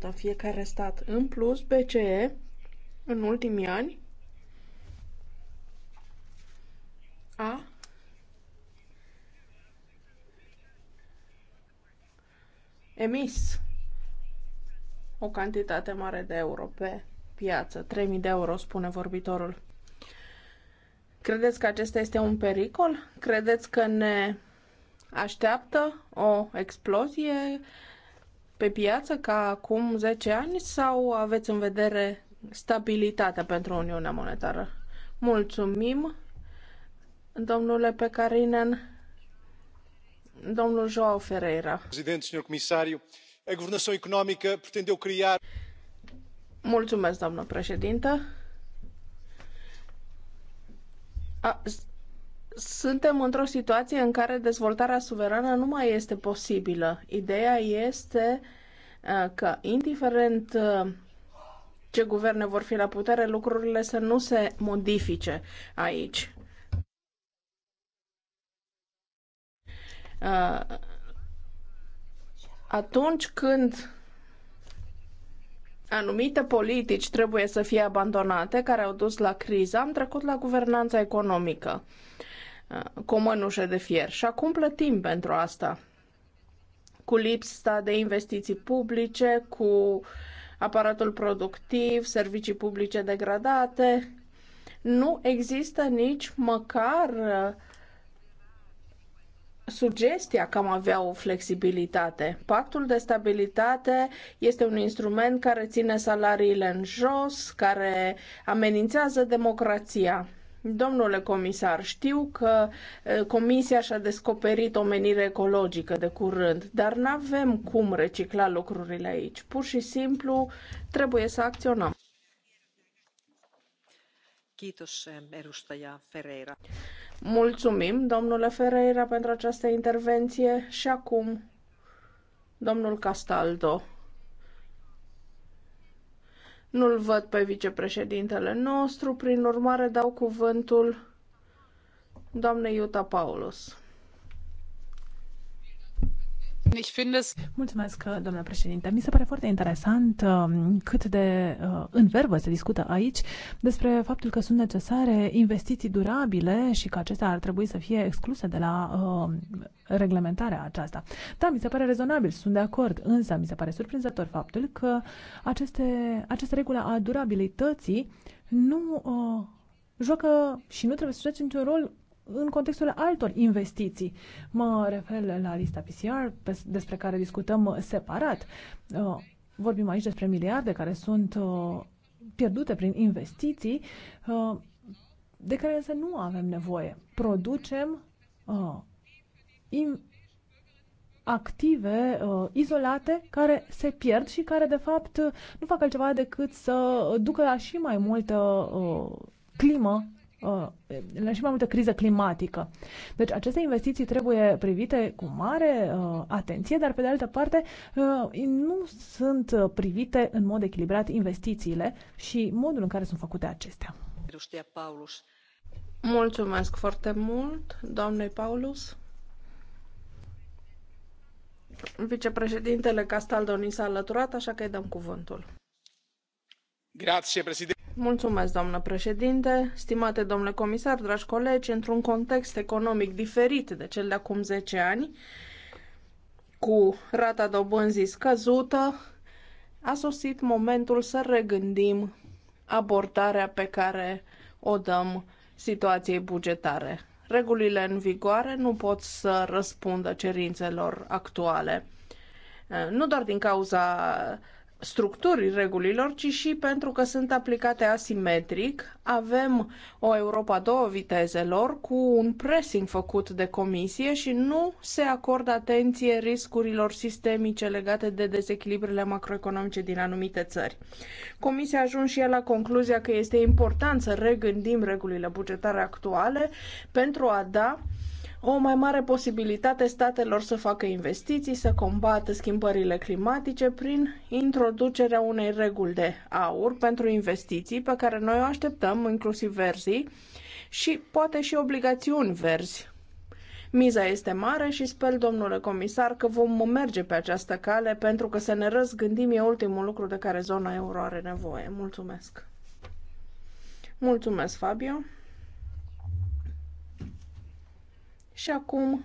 în fiecare stat. În plus, BCE în ultimii ani a emis o cantitate mare de euro pe piață. 3.000 de euro, spune vorbitorul. Credeți că acesta este un pericol? Credeți că ne așteaptă o explozie pe piață ca acum 10 ani sau aveți în vedere stabilitatea pentru Uniunea Monetară? Mulțumim, domnule Pecarinen. Domnul João Ferreira. Președinte, domnul comisar, a economică económica crea criar... Mulțumesc, doamnă președintă. A, suntem într-o situație în care dezvoltarea suverană nu mai este posibilă. Ideea este că, indiferent ce guverne vor fi la putere, lucrurile să nu se modifice aici. Uh, atunci când anumite politici trebuie să fie abandonate, care au dus la criză, am trecut la guvernanța economică uh, cu o de fier. Și acum plătim pentru asta. Cu lipsa de investiții publice, cu aparatul productiv, servicii publice degradate. Nu există nici măcar uh, sugestia că am avea o flexibilitate. Pactul de stabilitate este un instrument care ține salariile în jos, care amenințează democrația. Domnule comisar, știu că Comisia și-a descoperit o menire ecologică de curând, dar nu avem cum recicla lucrurile aici. Pur și simplu trebuie să acționăm. Ferreira. Mulțumim, domnule Ferreira, pentru această intervenție și acum domnul Castaldo. Nu-l văd pe vicepreședintele nostru, prin urmare dau cuvântul doamnei Iuta Paulus. Mulțumesc, domnule președinte. Mi se pare foarte interesant um, cât de uh, în verbă se discută aici despre faptul că sunt necesare investiții durabile și că acestea ar trebui să fie excluse de la um, reglementarea aceasta. Da, mi se pare rezonabil, sunt de acord, însă mi se pare surprinzător faptul că aceste, această regulă a durabilității nu uh, joacă și nu trebuie să joace niciun rol în contextul altor investiții. Mă refer la lista PCR, despre care discutăm separat. Uh, vorbim aici despre miliarde care sunt uh, pierdute prin investiții, uh, de care însă nu avem nevoie. Producem active izolate care se pierd și care de fapt nu fac altceva decât să ducă la și mai multă climă Uh, la și mai multă criză climatică. Deci aceste investiții trebuie privite cu mare uh, atenție, dar pe de altă parte uh, nu sunt uh, privite în mod echilibrat investițiile și modul în care sunt făcute acestea. Mulțumesc foarte mult, doamnei Paulus. Vicepreședintele Castaldo ni s-a alăturat, așa că îi dăm cuvântul. Grazie, președinte. Mulțumesc, doamnă președinte, stimate domnule comisar, dragi colegi, într-un context economic diferit de cel de acum 10 ani, cu rata dobânzii scăzută, a sosit momentul să regândim abordarea pe care o dăm situației bugetare. Regulile în vigoare nu pot să răspundă cerințelor actuale. Nu doar din cauza structurii regulilor, ci și pentru că sunt aplicate asimetric. Avem o Europa două vitezelor cu un pressing făcut de comisie și nu se acordă atenție riscurilor sistemice legate de dezechilibrele macroeconomice din anumite țări. Comisia a ajuns și ea la concluzia că este important să regândim regulile bugetare actuale pentru a da o mai mare posibilitate statelor să facă investiții, să combată schimbările climatice prin introducerea unei reguli de aur pentru investiții pe care noi o așteptăm, inclusiv verzii, și poate și obligațiuni verzi. Miza este mare și sper, domnule comisar, că vom merge pe această cale pentru că să ne răzgândim e ultimul lucru de care zona euro are nevoie. Mulțumesc! Mulțumesc, Fabio! Și acum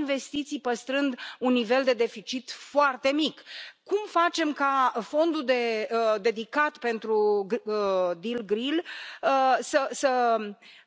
investiții păstrând un nivel de deficit foarte mic cum facem ca fondul uh, dedicat pentru uh, deal green uh, să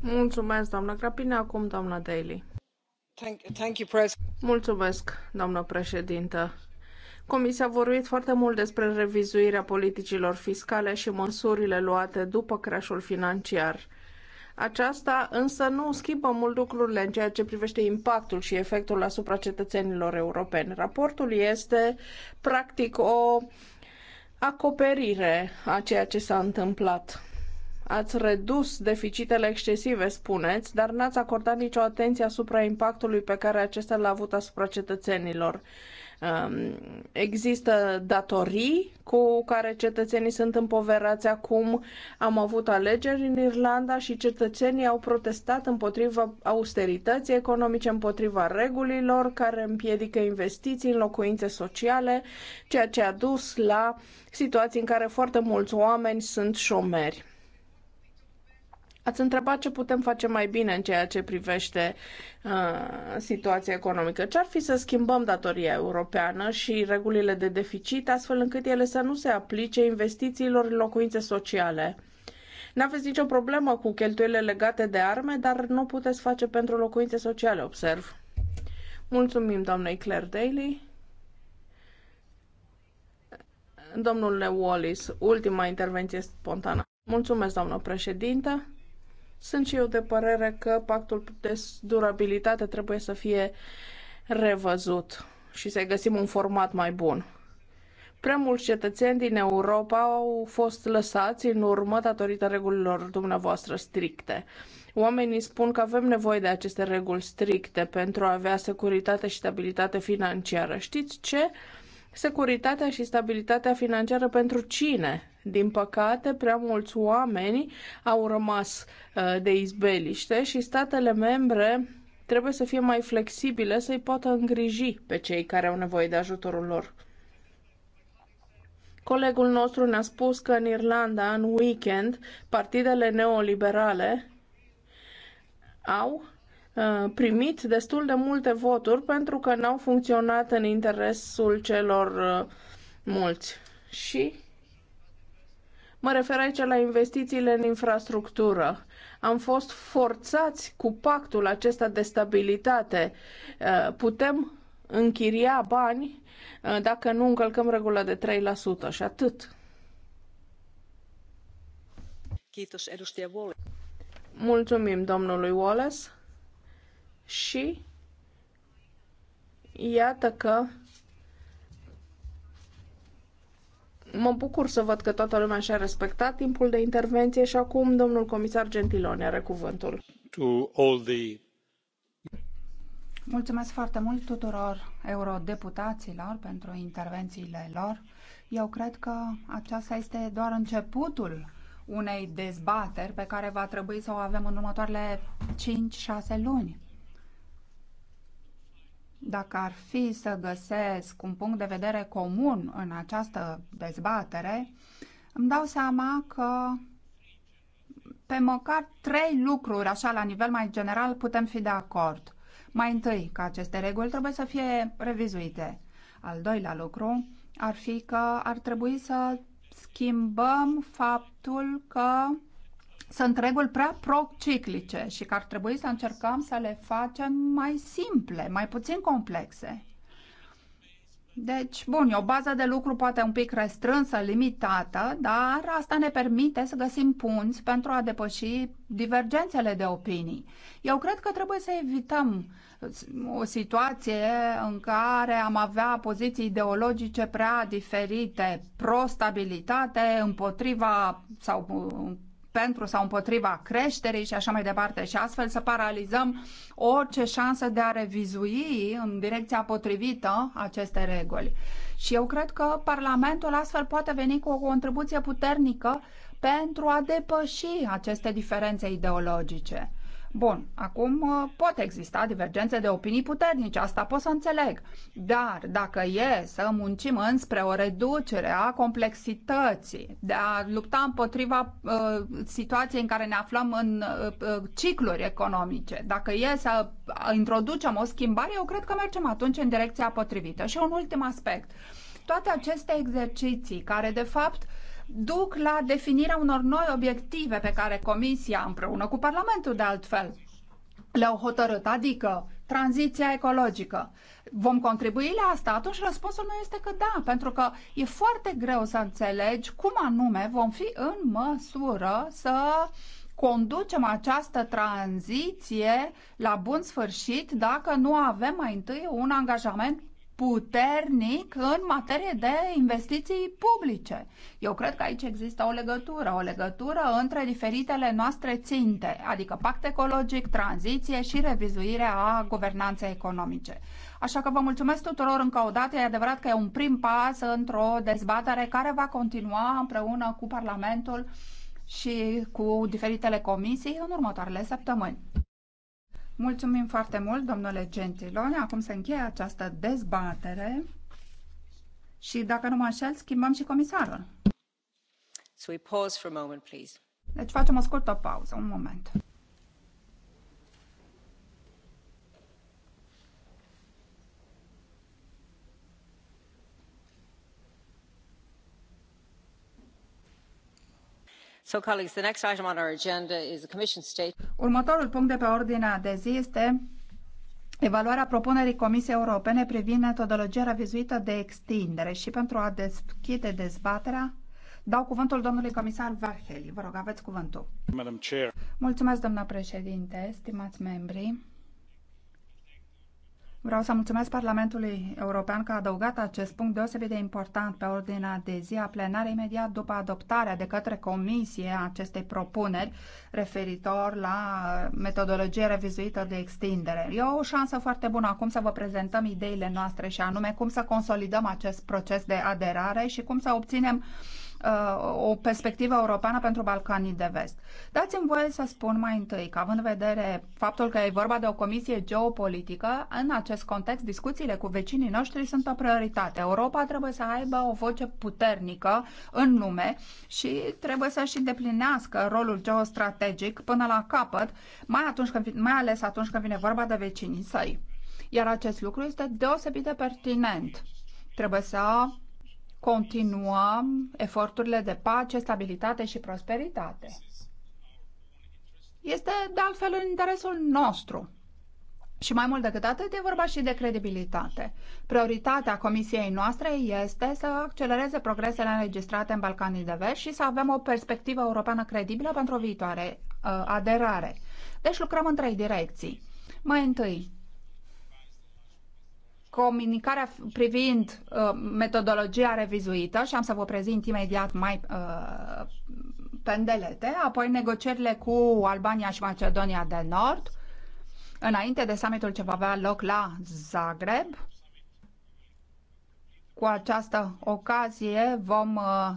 Mulțumesc, doamnă Grapini. Acum, doamna Daly. Mulțumesc, doamnă președintă. Comisia a vorbit foarte mult despre revizuirea politicilor fiscale și măsurile luate după crashul financiar. Aceasta însă nu schimbă mult lucrurile în ceea ce privește impactul și efectul asupra cetățenilor europeni. Raportul este practic o acoperire a ceea ce s-a întâmplat. Ați redus deficitele excesive, spuneți, dar n-ați acordat nicio atenție asupra impactului pe care acesta l-a avut asupra cetățenilor. Um, există datorii cu care cetățenii sunt împoverați acum. Am avut alegeri în Irlanda și cetățenii au protestat împotriva austerității economice, împotriva regulilor care împiedică investiții în locuințe sociale, ceea ce a dus la situații în care foarte mulți oameni sunt șomeri. Ați întrebat ce putem face mai bine în ceea ce privește uh, situația economică. Ce ar fi să schimbăm datoria europeană și regulile de deficit, astfel încât ele să nu se aplice investițiilor în locuințe sociale? n aveți nicio problemă cu cheltuielile legate de arme, dar nu puteți face pentru locuințe sociale, observ. Mulțumim, doamnei Claire Daly. Domnule Wallis, ultima intervenție spontană. Mulțumesc, doamnă președintă. Sunt și eu de părere că pactul de durabilitate trebuie să fie revăzut și să găsim un format mai bun. Prea mulți cetățeni din Europa au fost lăsați în urmă datorită regulilor dumneavoastră stricte. Oamenii spun că avem nevoie de aceste reguli stricte pentru a avea securitate și stabilitate financiară. Știți ce? securitatea și stabilitatea financiară pentru cine? Din păcate, prea mulți oameni au rămas uh, de izbeliște și statele membre trebuie să fie mai flexibile să-i poată îngriji pe cei care au nevoie de ajutorul lor. Colegul nostru ne-a spus că în Irlanda, în weekend, partidele neoliberale au Uh, primit destul de multe voturi pentru că n-au funcționat în interesul celor uh, mulți. Și mă refer aici la investițiile în infrastructură. Am fost forțați cu pactul acesta de stabilitate. Uh, putem închiria bani dacă nu încălcăm regula de 3% și atât. Mulțumim domnului Wallace și iată că mă bucur să văd că toată lumea și-a respectat timpul de intervenție și acum domnul comisar Gentiloni are cuvântul. To all the... Mulțumesc foarte mult tuturor eurodeputaților pentru intervențiile lor. Eu cred că aceasta este doar începutul unei dezbateri pe care va trebui să o avem în următoarele 5-6 luni. Dacă ar fi să găsesc un punct de vedere comun în această dezbatere, îmi dau seama că pe măcar trei lucruri, așa la nivel mai general, putem fi de acord. Mai întâi, că aceste reguli trebuie să fie revizuite. Al doilea lucru ar fi că ar trebui să schimbăm faptul că sunt reguli prea prociclice și că ar trebui să încercăm să le facem mai simple, mai puțin complexe. Deci, bun, e o bază de lucru poate un pic restrânsă, limitată, dar asta ne permite să găsim punți pentru a depăși divergențele de opinii. Eu cred că trebuie să evităm o situație în care am avea poziții ideologice prea diferite, pro-stabilitate, împotriva sau pentru sau împotriva creșterii și așa mai departe și astfel să paralizăm orice șansă de a revizui în direcția potrivită aceste reguli. Și eu cred că Parlamentul astfel poate veni cu o contribuție puternică pentru a depăși aceste diferențe ideologice. Bun, acum uh, pot exista divergențe de opinii puternice, asta pot să înțeleg. Dar dacă e să muncim înspre o reducere a complexității, de a lupta împotriva uh, situației în care ne aflăm în uh, uh cicluri economice, dacă e să introducem o schimbare, eu cred că mergem atunci în direcția potrivită. Și un ultim aspect. Toate aceste exerciții care, de fapt, uh, duc la definirea unor noi obiective pe care Comisia, împreună cu Parlamentul de altfel, le-au hotărât, adică tranziția ecologică. Vom contribui la asta? Atunci răspunsul meu este că da, pentru că e foarte greu să înțelegi cum anume vom fi în măsură să conducem această tranziție la bun sfârșit dacă nu avem mai întâi un angajament puternic în materie de investiții publice. Eu cred că aici există o legătură, o legătură între diferitele noastre ținte, adică pact ecologic, tranziție și revizuirea a guvernanței economice. Așa că vă mulțumesc tuturor încă o dată. E adevărat că e un prim pas într-o dezbatere care va continua împreună cu Parlamentul și cu diferitele comisii în următoarele săptămâni. Mulțumim foarte mult, domnule Gentilon. Acum se încheie această dezbatere și, dacă nu mă înșel, schimbăm și comisarul. So we pause for a moment, please. Deci facem o scurtă pauză, un moment. Următorul punct de pe ordinea de zi este evaluarea propunerii Comisiei Europene privind metodologia revizuită de extindere și pentru a deschide dezbaterea dau cuvântul domnului comisar Varhelyi. Vă rog, aveți cuvântul. Mulțumesc, doamnă președinte, stimați membri. Vreau să mulțumesc Parlamentului European că a adăugat acest punct deosebit de important pe ordinea de zi a plenarei imediat după adoptarea de către Comisie a acestei propuneri referitor la metodologie revizuită de extindere. E o șansă foarte bună acum să vă prezentăm ideile noastre și anume cum să consolidăm acest proces de aderare și cum să obținem uh, Uh, o perspectivă europeană pentru Balcanii de Vest. Dați-mi voie să spun mai întâi că, având în vedere faptul că e vorba de o comisie geopolitică, în acest context, discuțiile cu vecinii noștri sunt o prioritate. Europa trebuie să aibă o voce puternică în lume și trebuie să și deplinească rolul geostrategic până la capăt, mai, atunci când, mai ales atunci când vine vorba de vecinii săi. Iar acest lucru este deosebit de pertinent. Trebuie să continuăm eforturile de pace, stabilitate și prosperitate. Este de altfel în interesul nostru. Și mai mult decât atât, e vorba și de credibilitate. Prioritatea comisiei noastre este să accelereze progresele înregistrate în Balcanii de Vest și să avem o perspectivă europeană credibilă pentru o viitoare uh, aderare. Deci lucrăm în trei direcții. Mai întâi, comunicarea privind uh, metodologia revizuită și am să vă prezint imediat mai uh, pendelete, apoi negocierile cu Albania și Macedonia de Nord, înainte de summitul ce va avea loc la Zagreb. Cu această ocazie vom uh,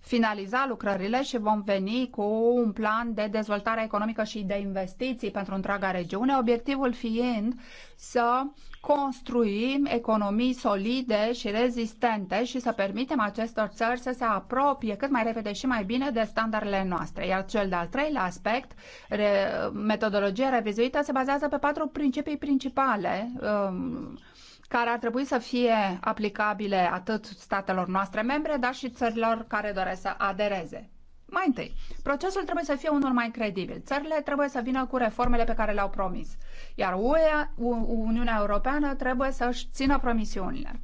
finaliza lucrările și vom veni cu un plan de dezvoltare economică și de investiții pentru întreaga regiune, obiectivul fiind să construim economii solide și rezistente și să permitem acestor țări să se apropie cât mai repede și mai bine de standardele noastre. Iar cel de-al treilea aspect, re, metodologia revizuită, se bazează pe patru principii principale. Um, care ar trebui să fie aplicabile atât statelor noastre membre, dar și țărilor care doresc să adereze. Mai întâi, procesul trebuie să fie unul mai credibil. Țările trebuie să vină cu reformele pe care le-au promis, iar UE, Uniunea Europeană trebuie să-și țină promisiunile.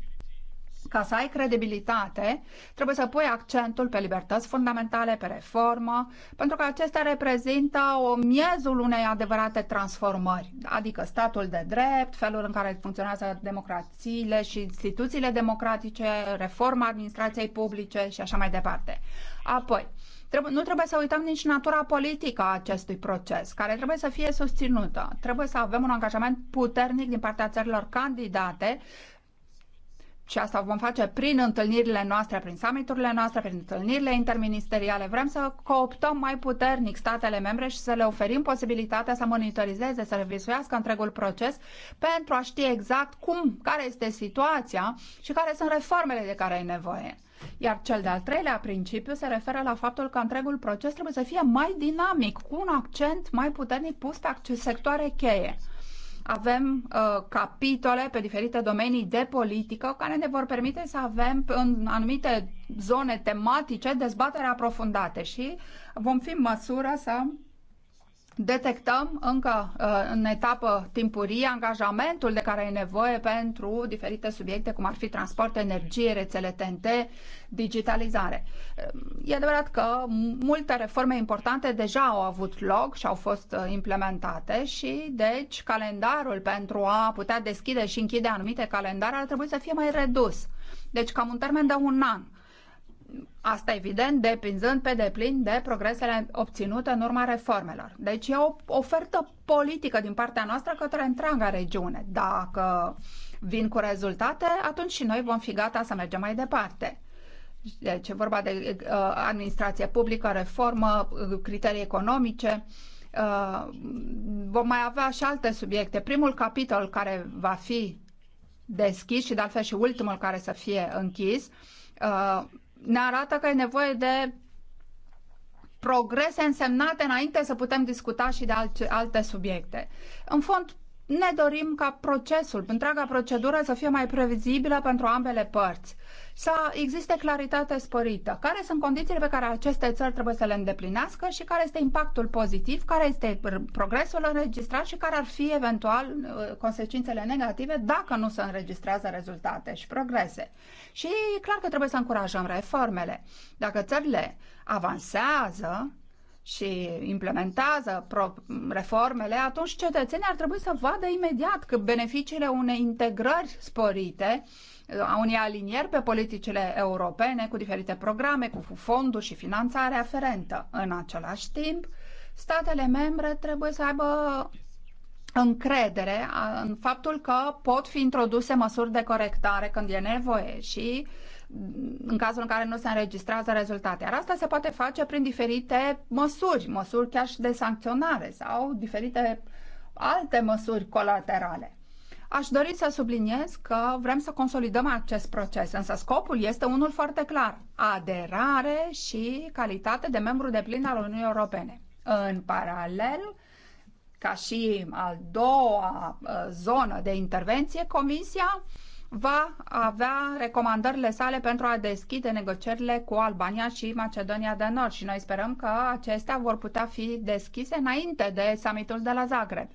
Ca să ai credibilitate, trebuie să pui accentul pe libertăți fundamentale, pe reformă, pentru că acestea reprezintă o miezul unei adevărate transformări, adică statul de drept, felul în care funcționează democrațiile și instituțiile democratice, reforma administrației publice și așa mai departe. Apoi, Trebuie, nu trebuie să uităm nici natura politică a acestui proces, care trebuie să fie susținută. Trebuie să avem un angajament puternic din partea țărilor candidate și asta vom face prin întâlnirile noastre, prin summiturile noastre, prin întâlnirile interministeriale. Vrem să cooptăm mai puternic statele membre și să le oferim posibilitatea să monitorizeze, să revizuiască întregul proces pentru a ști exact cum, care este situația și care sunt reformele de care ai nevoie. Iar cel de-al treilea principiu se referă la faptul că întregul proces trebuie să fie mai dinamic, cu un accent mai puternic pus pe sectoare cheie avem uh, capitole pe diferite domenii de politică care ne vor permite să avem în anumite zone tematice dezbatere aprofundate și vom fi în măsură să detectăm încă uh, în etapă timpurie angajamentul de care e nevoie pentru diferite subiecte, cum ar fi transport, energie, rețele TNT, digitalizare. Uh, e adevărat că multe reforme importante deja au avut loc și au fost uh, implementate și, deci, calendarul pentru a putea deschide și închide anumite calendare ar trebui să fie mai redus. Deci, cam un termen de un an Asta, evident, depinzând pe deplin de progresele obținute în urma reformelor. Deci e o ofertă politică din partea noastră către întreaga regiune. Dacă vin cu rezultate, atunci și noi vom fi gata să mergem mai departe. Deci e vorba de uh, administrație publică, reformă, uh, criterii economice. Uh, vom mai avea și alte subiecte. Primul capitol care va fi deschis și de altfel și ultimul care să fie închis uh, ne arată că e nevoie de progrese însemnate înainte să putem discuta și de alte, alte subiecte. În fond, ne dorim ca procesul, întreaga procedură să fie mai previzibilă pentru ambele părți să existe claritate sporită. Care sunt condițiile pe care aceste țări trebuie să le îndeplinească și care este impactul pozitiv, care este progresul înregistrat și care ar fi eventual uh, consecințele negative dacă nu se înregistrează rezultate și progrese. Și e clar că trebuie să încurajăm reformele. Dacă țările avansează, și implementează reformele, atunci cetățenii ar trebui să vadă imediat că beneficiile unei integrări sporite a unei alinieri pe politicile europene cu diferite programe, cu fonduri și finanțare aferentă. În același timp, statele membre trebuie să aibă încredere în faptul că pot fi introduse măsuri de corectare când e nevoie și mm, în cazul în care nu se înregistrează rezultate. Iar asta se poate face prin diferite măsuri, măsuri chiar și de sancționare sau diferite alte măsuri colaterale. Aș dori să subliniez că vrem să consolidăm acest proces, însă scopul este unul foarte clar, aderare și calitate de membru de plin al Uniunii Europene. În paralel, ca și al doua uh, zonă de intervenție, Comisia va avea recomandările sale pentru a deschide negocierile cu Albania și Macedonia de Nord și noi sperăm că acestea vor putea fi deschise înainte de summitul de la Zagreb.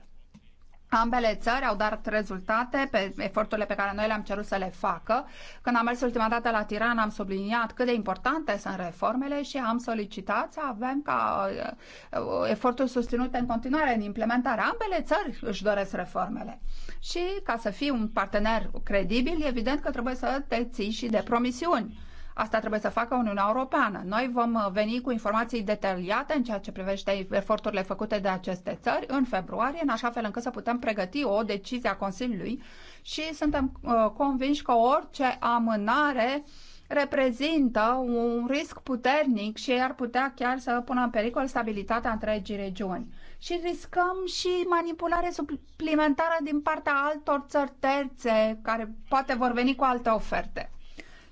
Ambele țări au dat rezultate pe eforturile pe care noi le-am cerut să le facă. Când am mers ultima dată la Tirana, am subliniat cât de importante sunt reformele și am solicitat să avem ca uh, eforturi susținute în continuare în implementare. Ambele țări își doresc reformele. Și ca să fii un partener credibil, evident că trebuie să te ții și de promisiuni Asta trebuie să facă Uniunea Europeană. Noi vom uh, veni cu informații detaliate în ceea ce privește eforturile făcute de aceste țări în februarie, în așa fel încât să putem pregăti o decizie a Consiliului și suntem uh, convinși că orice amânare reprezintă un risc puternic și ar putea chiar să pună în pericol stabilitatea întregii regiuni. Și riscăm și manipulare suplimentară din partea altor țări terțe care poate vor veni cu alte oferte.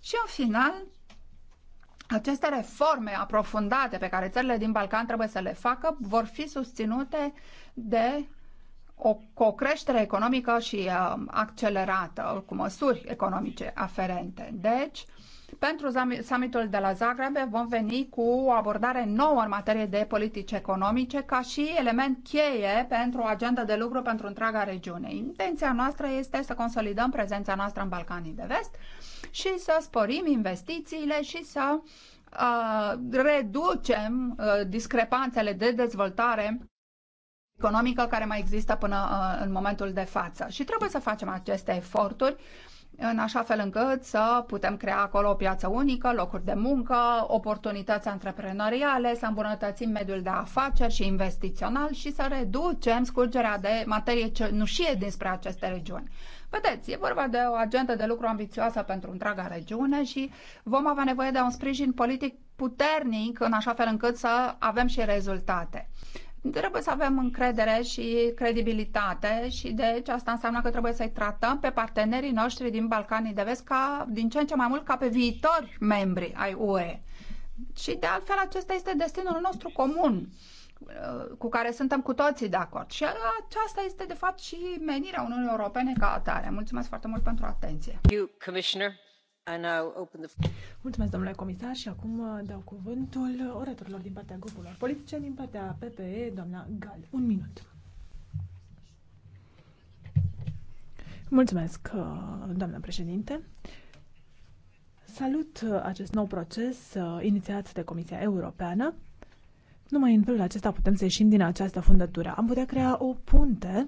Și în final, aceste reforme aprofundate pe care țările din Balcan trebuie să le facă vor fi susținute de o, cu o creștere economică și uh, accelerată, cu măsuri economice aferente. Deci, uh, pentru summitul de la Zagreb vom veni cu o abordare nouă în materie de politici economice ca și element cheie pentru o agenda de lucru pentru întreaga regiune. Intenția noastră este să consolidăm prezența noastră în Balcanii de Vest și să sporim investițiile și să uh, reducem uh, discrepanțele de dezvoltare economică care mai există până uh, în momentul de față. Și trebuie să facem aceste eforturi uh, în așa fel încât să putem crea acolo o piață unică, locuri de muncă, oportunități antreprenoriale, să îmbunătățim mediul de afaceri și investițional și să reducem scurgerea de materie cenușie dinspre aceste regiuni. Vedeți, e vorba de o agendă de lucru ambițioasă pentru întreaga regiune și vom avea nevoie de un sprijin politic puternic în așa fel încât să avem și rezultate trebuie să avem încredere și credibilitate și deci asta înseamnă că trebuie să-i tratăm pe partenerii noștri din Balcanii de Vest ca din ce în ce mai mult ca pe viitori membri ai UE. Și de altfel acesta este destinul nostru comun uh, cu care suntem cu toții de acord. Și aceasta este, de fapt, și menirea Uniunii Europene ca atare. Mulțumesc foarte mult pentru atenție. You, Commissioner. Mulțumesc, domnule comisar, și acum uh, dau cuvântul oratorilor din partea grupurilor politice, din partea PPE, doamna Gal. Un minut. Mulțumesc, uh, doamna președinte. Salut uh, acest nou proces inițiat de Comisia Europeană. Numai în felul acesta putem să ieșim din această fundătură. Am putea crea o punte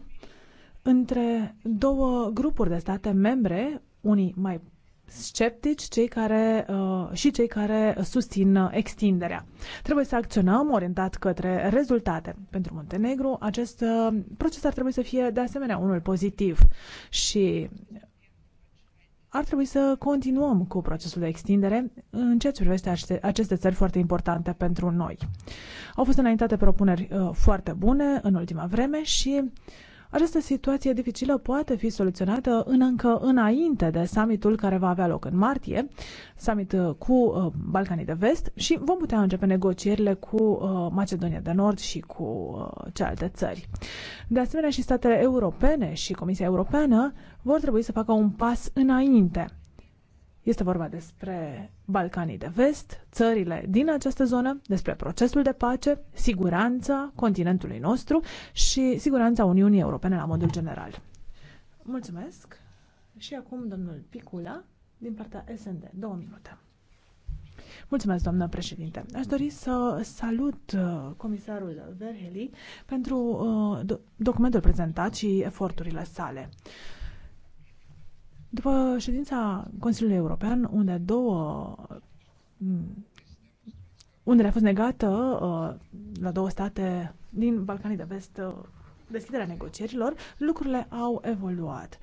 între două grupuri de state membre, unii mai sceptici cei care, uh, și cei care susțin uh, extinderea. Trebuie să acționăm orientat către rezultate. Pentru Muntenegru, acest uh, proces ar trebui să fie de asemenea unul pozitiv și ar trebui să continuăm cu procesul de extindere în ceea ce privește aceste țări foarte importante pentru noi. Au fost înaintate propuneri uh, foarte bune în ultima vreme și uh, această situație dificilă poate fi soluționată în încă înainte de summitul care va avea loc în martie, summit uh, cu uh, Balcanii de Vest și vom putea începe negocierile cu uh, Macedonia de Nord și cu uh, celelalte țări. De asemenea și statele europene și Comisia Europeană vor trebui să facă un pas înainte este vorba despre Balcanii de Vest, țările din această zonă, despre procesul de pace, siguranța continentului nostru și siguranța Uniunii Europene la modul general. Mulțumesc! Și acum domnul Picula din partea SND. Două minute. Mulțumesc, doamnă președinte. Aș dori să salut uh, comisarul Verheli pentru uh, documentul prezentat și eforturile sale. După ședința Consiliului European, unde două unde a fost negată uh, la două state din Balcanii de Vest uh, deschiderea negocierilor, lucrurile au evoluat.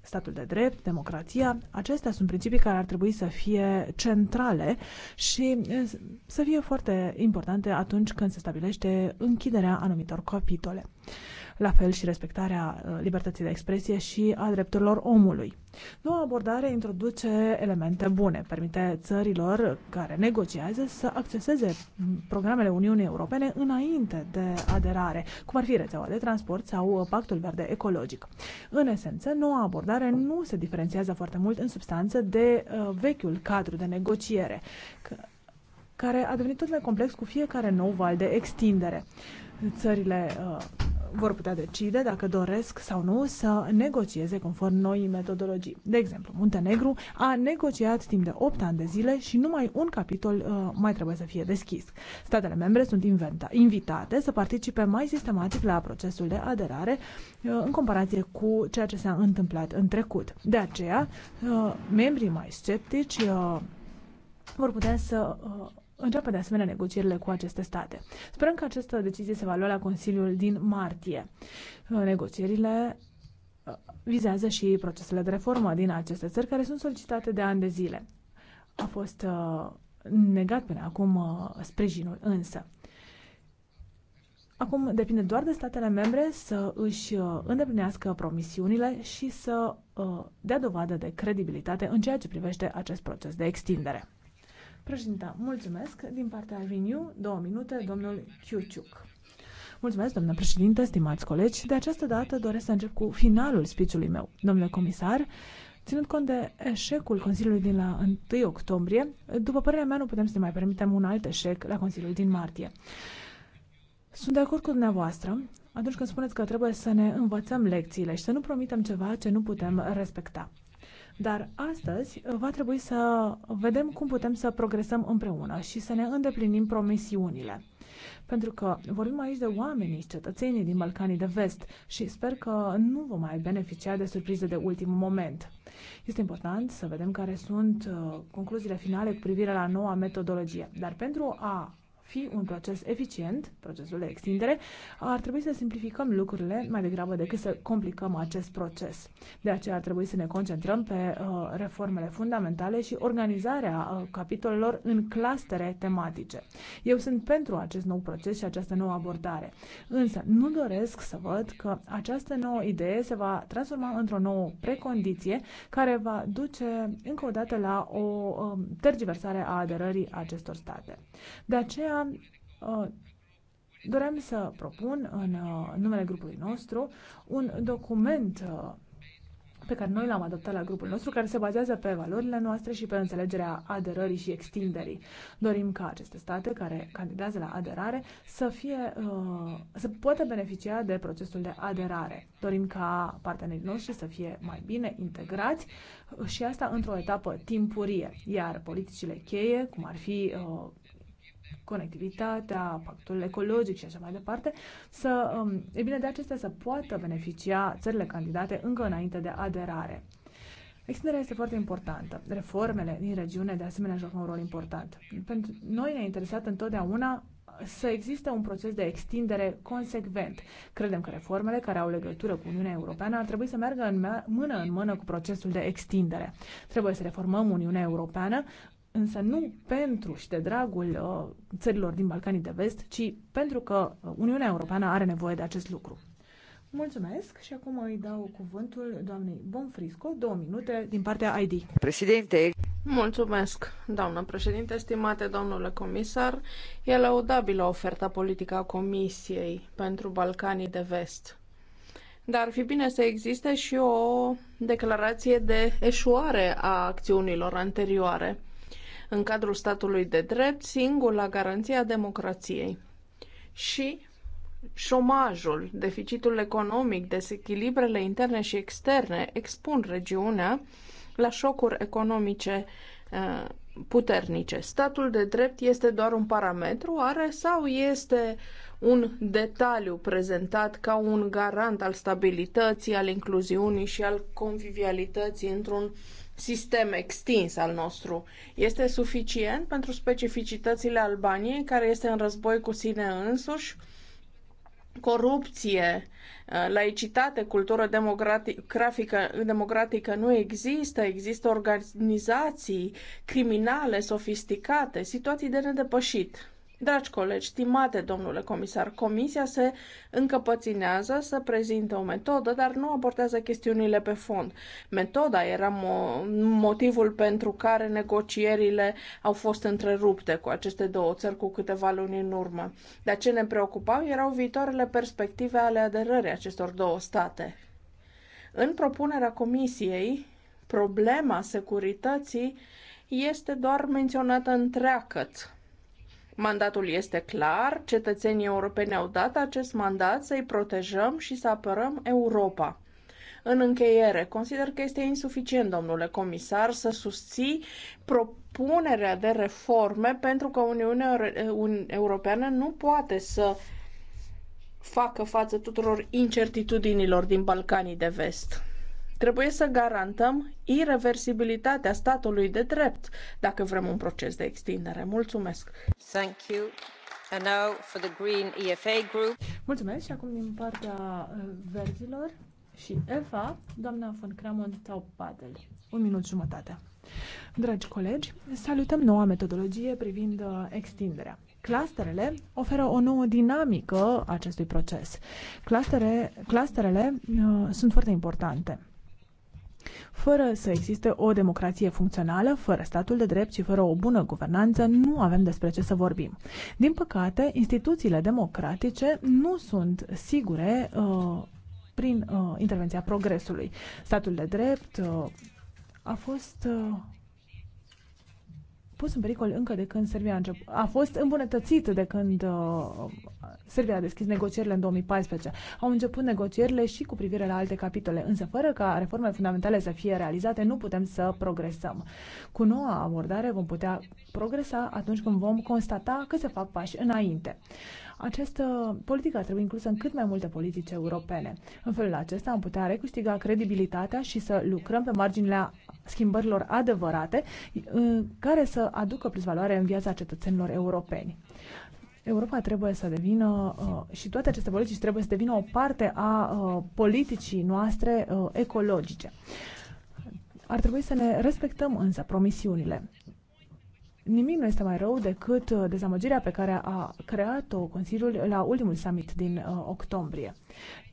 Statul de drept, democrația, acestea sunt principii care ar trebui să fie centrale și uh, să fie foarte importante atunci când se stabilește închiderea anumitor capitole la fel și respectarea uh, libertății de expresie și a drepturilor omului. Noua abordare introduce elemente bune, permite țărilor care negociază să acceseze mm, programele Uniunii Europene înainte de aderare, cum ar fi rețeaua de transport sau uh, pactul verde ecologic. În esență, noua abordare nu se diferențiază foarte mult în substanță de uh, vechiul cadru de negociere, care a devenit tot mai complex cu fiecare nou val de extindere. Țările uh, vor putea decide dacă doresc sau nu să negocieze conform noii metodologii. De exemplu, Muntenegru a negociat timp de 8 ani de zile și numai un capitol uh, mai trebuie să fie deschis. Statele membre sunt inventa, invitate să participe mai sistematic la procesul de aderare uh, în comparație cu ceea ce s-a întâmplat în trecut. De aceea, uh, membrii mai sceptici uh, vor putea să uh, începe de asemenea negocierile cu aceste state. Sperăm că această decizie se va lua la Consiliul din martie. Uh, negocierile uh, vizează și procesele de reformă din aceste țări care sunt solicitate de ani de zile. A fost uh, negat până acum sprijinul însă. Acum depinde doar de statele membre să își îndeplinească promisiunile și să dea dovadă de credibilitate în ceea ce privește acest proces de extindere. Președinta, mulțumesc. Din partea Renew, două minute, domnul Chiuciuc. Mulțumesc, doamnă președinte, stimați colegi. De această dată doresc să încep cu finalul speech meu. Domnule comisar, Ținând cont de eșecul Consiliului din la 1 octombrie, după părerea mea nu putem să ne mai permitem un alt eșec la Consiliul din martie. Sunt de acord cu dumneavoastră atunci când spuneți că trebuie să ne învățăm lecțiile și să nu promitem ceva ce nu putem respecta. Dar astăzi uh, va trebui să vedem cum putem să progresăm împreună și să ne îndeplinim promisiunile. Pentru că vorbim aici de oamenii, cetățenii din Balcanii de Vest și sper că nu vom mai beneficia de surprize de ultim moment. Este important să vedem care sunt uh, concluziile finale cu privire la noua metodologie. Dar pentru a fi un proces eficient, procesul de extindere, ar trebui să simplificăm lucrurile mai degrabă decât să complicăm acest proces. De aceea ar trebui să ne concentrăm pe uh, reformele fundamentale și organizarea uh, capitolelor în clastere tematice. Eu sunt pentru acest nou proces și această nouă abordare, însă nu doresc să văd că această nouă idee se va transforma într-o nouă precondiție care va duce încă o dată la o um, tergiversare a aderării acestor state. De aceea Uh, dorem să propun uh, în numele grupului nostru un document uh, pe care noi l-am adoptat la grupul nostru, care se bazează pe valorile noastre și pe înțelegerea aderării și extinderii. Dorim ca aceste state care candidează la aderare să, fie, să poată beneficia de procesul de aderare. Dorim ca partenerii noștri să fie mai bine integrați și asta într-o etapă timpurie, iar politicile cheie, cum ar fi conectivitatea, pactul ecologic și așa mai departe, să, um, e bine, de acestea să poată beneficia țările candidate încă înainte de aderare. Extinderea este foarte importantă. Reformele din regiune, de asemenea, joacă un rol important. Pentru noi ne-a interesat întotdeauna să existe un proces de extindere consecvent. Credem că reformele care au legătură cu Uniunea Europeană ar trebui să meargă în mână în mână cu procesul de extindere. Trebuie să reformăm Uniunea Europeană însă nu pentru și de dragul uh, țărilor din Balcanii de Vest, ci pentru că uh, Uniunea Europeană are nevoie de acest lucru. Mulțumesc și acum îi dau cuvântul doamnei Bonfrisco, două minute din partea ID. Președinte. Mulțumesc, doamnă președinte, stimate domnule comisar. E laudabilă oferta politică a Comisiei pentru Balcanii de Vest dar ar fi bine să existe și o declarație de eșuare a acțiunilor anterioare. În cadrul statului de drept, singura garanție a democrației. Și șomajul, deficitul economic, desechilibrele interne și externe expun regiunea la șocuri economice uh, puternice. Statul de drept este doar un parametru, are sau este un detaliu prezentat ca un garant al stabilității, al incluziunii și al convivialității într-un sistem extins al nostru este suficient pentru specificitățile Albaniei, care este în război cu sine însuși, corupție, uh, laicitate, cultură democratică, democratică nu există, există organizații criminale sofisticate, situații de nedepășit. Dragi colegi, stimate domnule comisar, comisia se încăpăținează să prezinte o metodă, dar nu abordează chestiunile pe fond. Metoda era mo- motivul pentru care negocierile au fost întrerupte cu aceste două țări cu câteva luni în urmă. Dar ce ne preocupau erau viitoarele perspective ale aderării acestor două state. În propunerea comisiei, problema securității este doar menționată întreagăt Mandatul este clar, cetățenii europeni au dat acest mandat să-i protejăm și să apărăm Europa. În încheiere, consider că este insuficient, domnule comisar, să susții propunerea de reforme pentru că Uniunea Europeană nu poate să facă față tuturor incertitudinilor din Balcanii de Vest. Trebuie să garantăm irreversibilitatea statului de drept dacă vrem un proces de extindere. Mulțumesc! Thank you. And now for the Green EFA group. Mulțumesc și acum din partea uh, verzilor și EFA, doamna von Cramon Taupadel. Un minut jumătate. Dragi colegi, salutăm noua metodologie privind uh, extinderea. Clusterele oferă o nouă dinamică acestui proces. Clustere, clusterele uh, sunt foarte importante. Fără să existe o democrație funcțională, fără statul de drept și fără o bună guvernanță, nu avem despre ce să vorbim. Din păcate, instituțiile democratice nu sunt sigure uh, prin uh, intervenția progresului. Statul de drept uh, a fost uh, pus în pericol încă de când Serbia a, început, a fost îmbunătățit de când uh, Serbia a deschis negocierile în 2014. Au început negocierile și cu privire la alte capitole, însă fără ca reformele fundamentale să fie realizate, nu putem să progresăm. Cu noua abordare vom putea progresa atunci când vom constata că se fac pași înainte. Această politică ar trebui inclusă în cât mai multe politici europene. În felul acesta am putea recâștiga credibilitatea și să lucrăm pe marginea schimbărilor adevărate uh, care să aducă plus valoare în viața cetățenilor europeni. Europa trebuie să devină uh, și toate aceste politici trebuie să devină o parte a uh, politicii noastre ecologice. Ar trebui să ne respectăm însă promisiunile. Nimic nu este mai rău decât uh, dezamăgirea pe care a creat-o Consiliul la ultimul summit din uh, octombrie.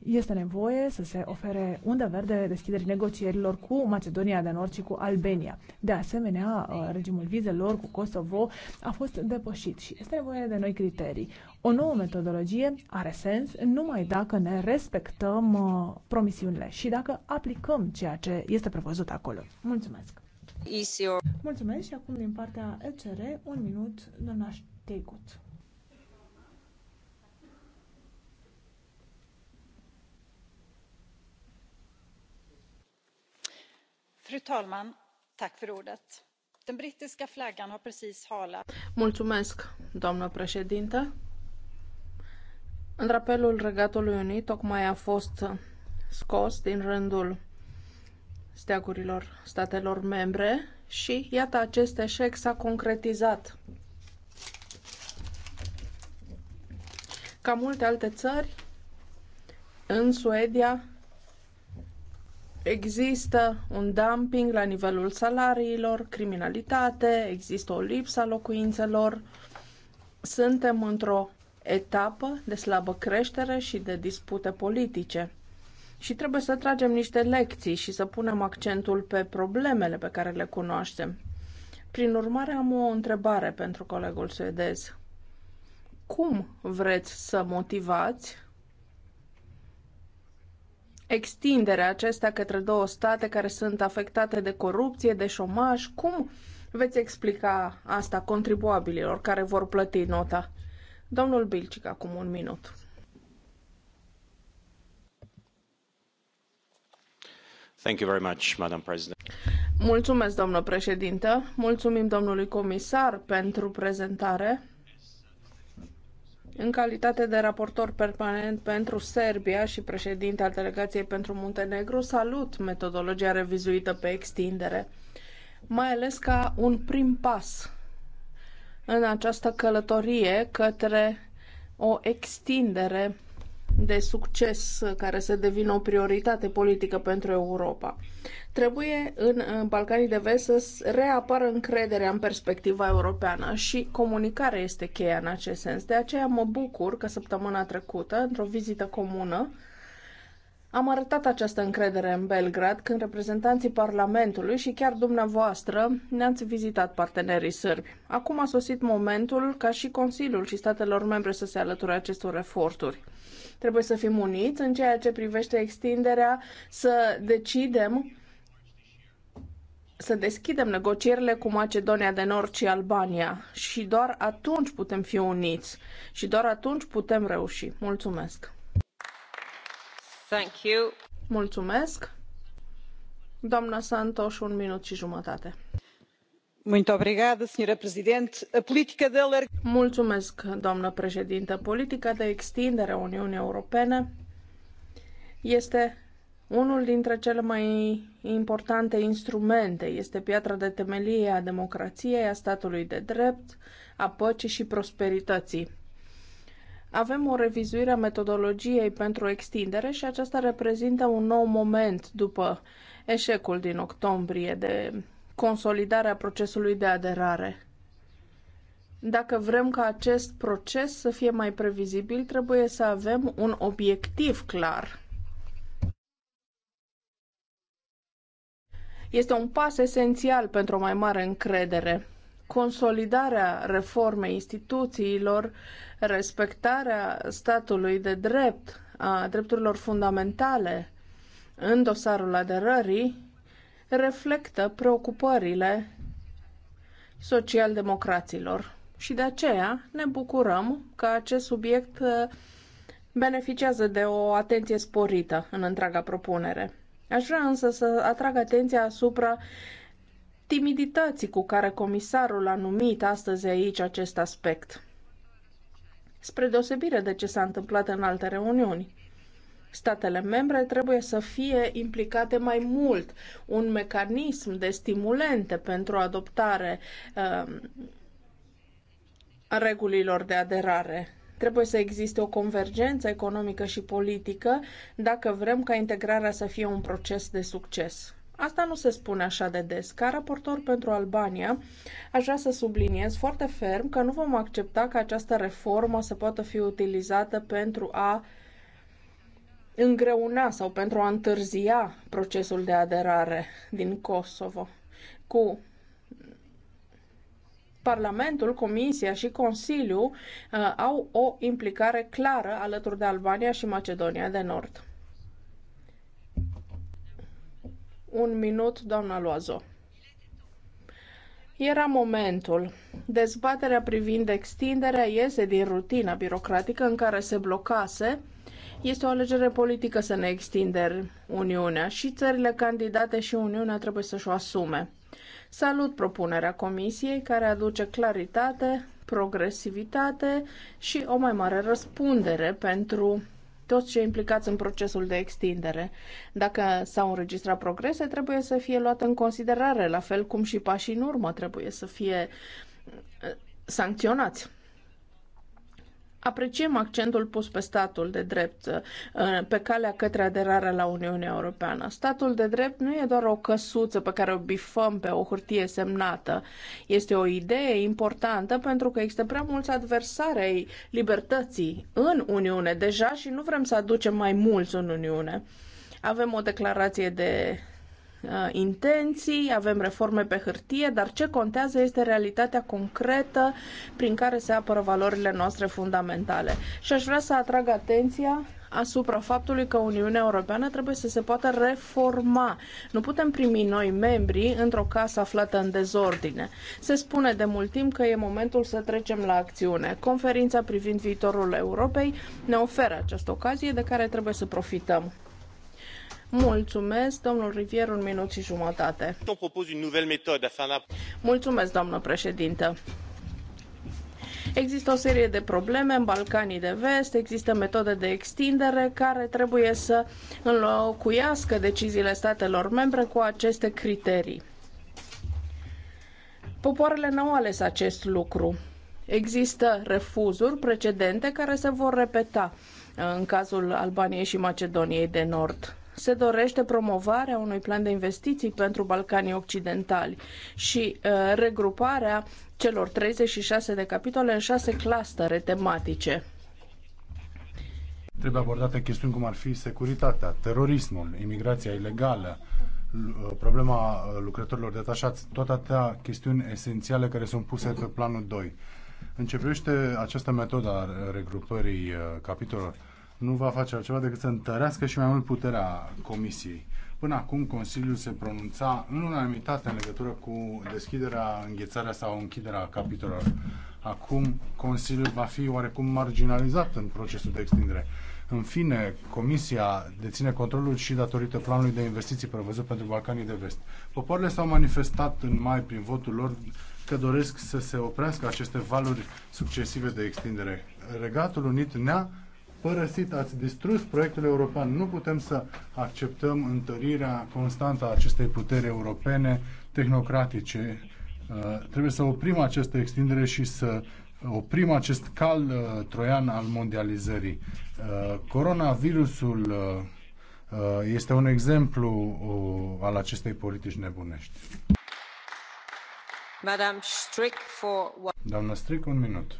Este nevoie să se ofere undă verde deschiderii negocierilor cu Macedonia de Nord și cu Albania. De asemenea, uh, regimul vizelor cu Kosovo a fost depășit și este nevoie de noi criterii. O nouă metodologie are sens numai dacă ne respectăm uh, promisiunile și dacă aplicăm ceea ce este prevăzut acolo. Mulțumesc! Mulțumesc și acum din partea ECR, un minut, doamna Ștegut. Fru talman, tack för ordet. Den brittiska flaggan har precis halat. Mulțumesc, doamnă președintă. Drapelul Regatului Unit tocmai a fost scos din rândul steagurilor statelor membre și iată acest eșec s-a concretizat. Ca multe alte țări, în Suedia există un dumping la nivelul salariilor, criminalitate, există o lipsă a locuințelor. Suntem într-o etapă de slabă creștere și de dispute politice și trebuie să tragem niște lecții și să punem accentul pe problemele pe care le cunoaștem. Prin urmare, am o întrebare pentru colegul suedez. Cum vreți să motivați extinderea acestea către două state care sunt afectate de corupție, de șomaj? Cum veți explica asta contribuabililor care vor plăti nota? Domnul Bilcic, acum un minut. domnule președinte Mulțumesc, Mulțumim domnului comisar pentru prezentare. În calitate de raportor permanent pentru Serbia și președinte al delegației pentru Muntenegru, salut metodologia revizuită pe extindere, mai ales ca un prim pas în această călătorie către o extindere de succes care să devină o prioritate politică pentru Europa. Trebuie în, în Balcanii de Vest să reapară încrederea în perspectiva europeană și comunicarea este cheia în acest sens. De aceea mă bucur că săptămâna trecută, într-o vizită comună, am arătat această încredere în Belgrad când reprezentanții Parlamentului și chiar dumneavoastră ne-ați vizitat partenerii sârbi. Acum a sosit momentul ca și Consiliul și statelor membre să se alăture acestor eforturi. Trebuie să fim uniți în ceea ce privește extinderea, să decidem să deschidem negocierile cu Macedonia de Nord și Albania și doar atunci putem fi uniți și doar atunci putem reuși. Mulțumesc! Thank you. Mulțumesc! Doamna Santos, un minut și jumătate. Da doamnă președintă. Politica de extindere a Uniunii Europene este unul dintre cele mai importante instrumente. Este piatra de temelie a democrației, a statului de drept, a păcii și prosperității. Avem o revizuire a metodologiei pentru extindere și aceasta reprezintă un nou moment după eșecul din octombrie de consolidarea procesului de aderare. Dacă vrem ca acest proces să fie mai previzibil, trebuie să avem un obiectiv clar. Este un pas esențial pentru o mai mare încredere consolidarea reformei instituțiilor, respectarea statului de drept, a drepturilor fundamentale în dosarul aderării, reflectă preocupările socialdemocraților și de aceea ne bucurăm că acest subiect uh, beneficiază de o atenție sporită în întreaga propunere. Aș vrea însă să atrag atenția asupra timidității cu care comisarul a numit astăzi aici acest aspect, spre deosebire de ce s-a întâmplat în alte reuniuni statele membre trebuie să fie implicate mai mult, un mecanism de stimulente pentru adoptare um, regulilor de aderare. Trebuie să existe o convergență economică și politică dacă vrem ca integrarea să fie un proces de succes. Asta nu se spune așa de des. Ca raportor pentru Albania, aș vrea să subliniez foarte ferm că nu vom accepta ca această reformă să poată fi utilizată pentru a uh, îngreuna sau pentru a întârzia procesul de aderare din Kosovo cu Parlamentul, Comisia și Consiliul uh, au o implicare clară alături de Albania și Macedonia de Nord. Un minut, doamna Loazo. Era momentul. Dezbaterea privind extinderea iese din rutina birocratică în care se blocase este o alegere politică să ne extindem Uniunea și țările candidate și Uniunea trebuie să-și o asume. Salut propunerea Comisiei care aduce claritate, progresivitate și o mai mare răspundere pentru toți cei implicați în procesul de extindere. Dacă s-au înregistrat progrese, trebuie să fie luate în considerare, la fel cum și pașii în urmă trebuie să fie uh, sancționați. Apreciem accentul pus pe statul de drept uh, pe calea către aderarea la Uniunea Europeană. Statul de drept nu e doar o căsuță pe care o bifăm pe o hârtie semnată. Este o idee importantă pentru că există prea mulți adversari ai libertății în Uniune deja și nu vrem să aducem mai mulți în Uniune. Avem o declarație de uh, intenții, avem reforme pe hârtie, dar ce contează este realitatea concretă prin care se apără valorile noastre fundamentale. Și aș vrea să atrag atenția asupra faptului că Uniunea Europeană trebuie să se poată reforma. Nu putem primi noi membri într-o casă aflată în dezordine. Se spune de mult timp că e momentul să trecem la acțiune. Conferința privind viitorul Europei ne oferă această ocazie de care trebuie să profităm. Mulțumesc, domnul Rivier, un minut și jumătate. Mulțumesc, doamnă președintă. Există o serie de probleme în Balcanii de Vest, există metode de extindere care trebuie să înlocuiască deciziile statelor membre cu aceste criterii. Popoarele n-au ales acest lucru. Există refuzuri precedente care se vor repeta în cazul Albaniei și Macedoniei de Nord se dorește promovarea unui plan de investiții pentru Balcanii Occidentali și uh, regruparea celor 36 de capitole în șase clastere tematice. Trebuie abordate chestiuni cum ar fi securitatea, terorismul, imigrația ilegală, uh, problema uh, lucrătorilor detașați, toate atâtea chestiuni esențiale care sunt puse pe planul 2. Începește această metodă a regrupării uh, capitolelor nu va face altceva decât să întărească și mai mult puterea Comisiei. Până acum, Consiliul se pronunța în unanimitate în legătură cu deschiderea, înghețarea sau închiderea capitolelor. Acum, Consiliul va fi oarecum marginalizat în procesul de extindere. În fine, Comisia deține controlul și datorită planului de investiții prevăzut pentru Balcanii de Vest. Popoarele s-au manifestat în mai prin votul lor că doresc să se oprească aceste valuri succesive de extindere. Regatul Unit ne-a părăsit, ați distrus proiectul european. Nu putem să acceptăm întărirea constantă a acestei puteri europene tehnocratice. Uh, trebuie să oprim această extindere și să oprim acest cal uh, troian al mondializării. Uh, coronavirusul este un exemplu al acestei politici nebunești. Madam Strick for... Doamna Strick, un minut.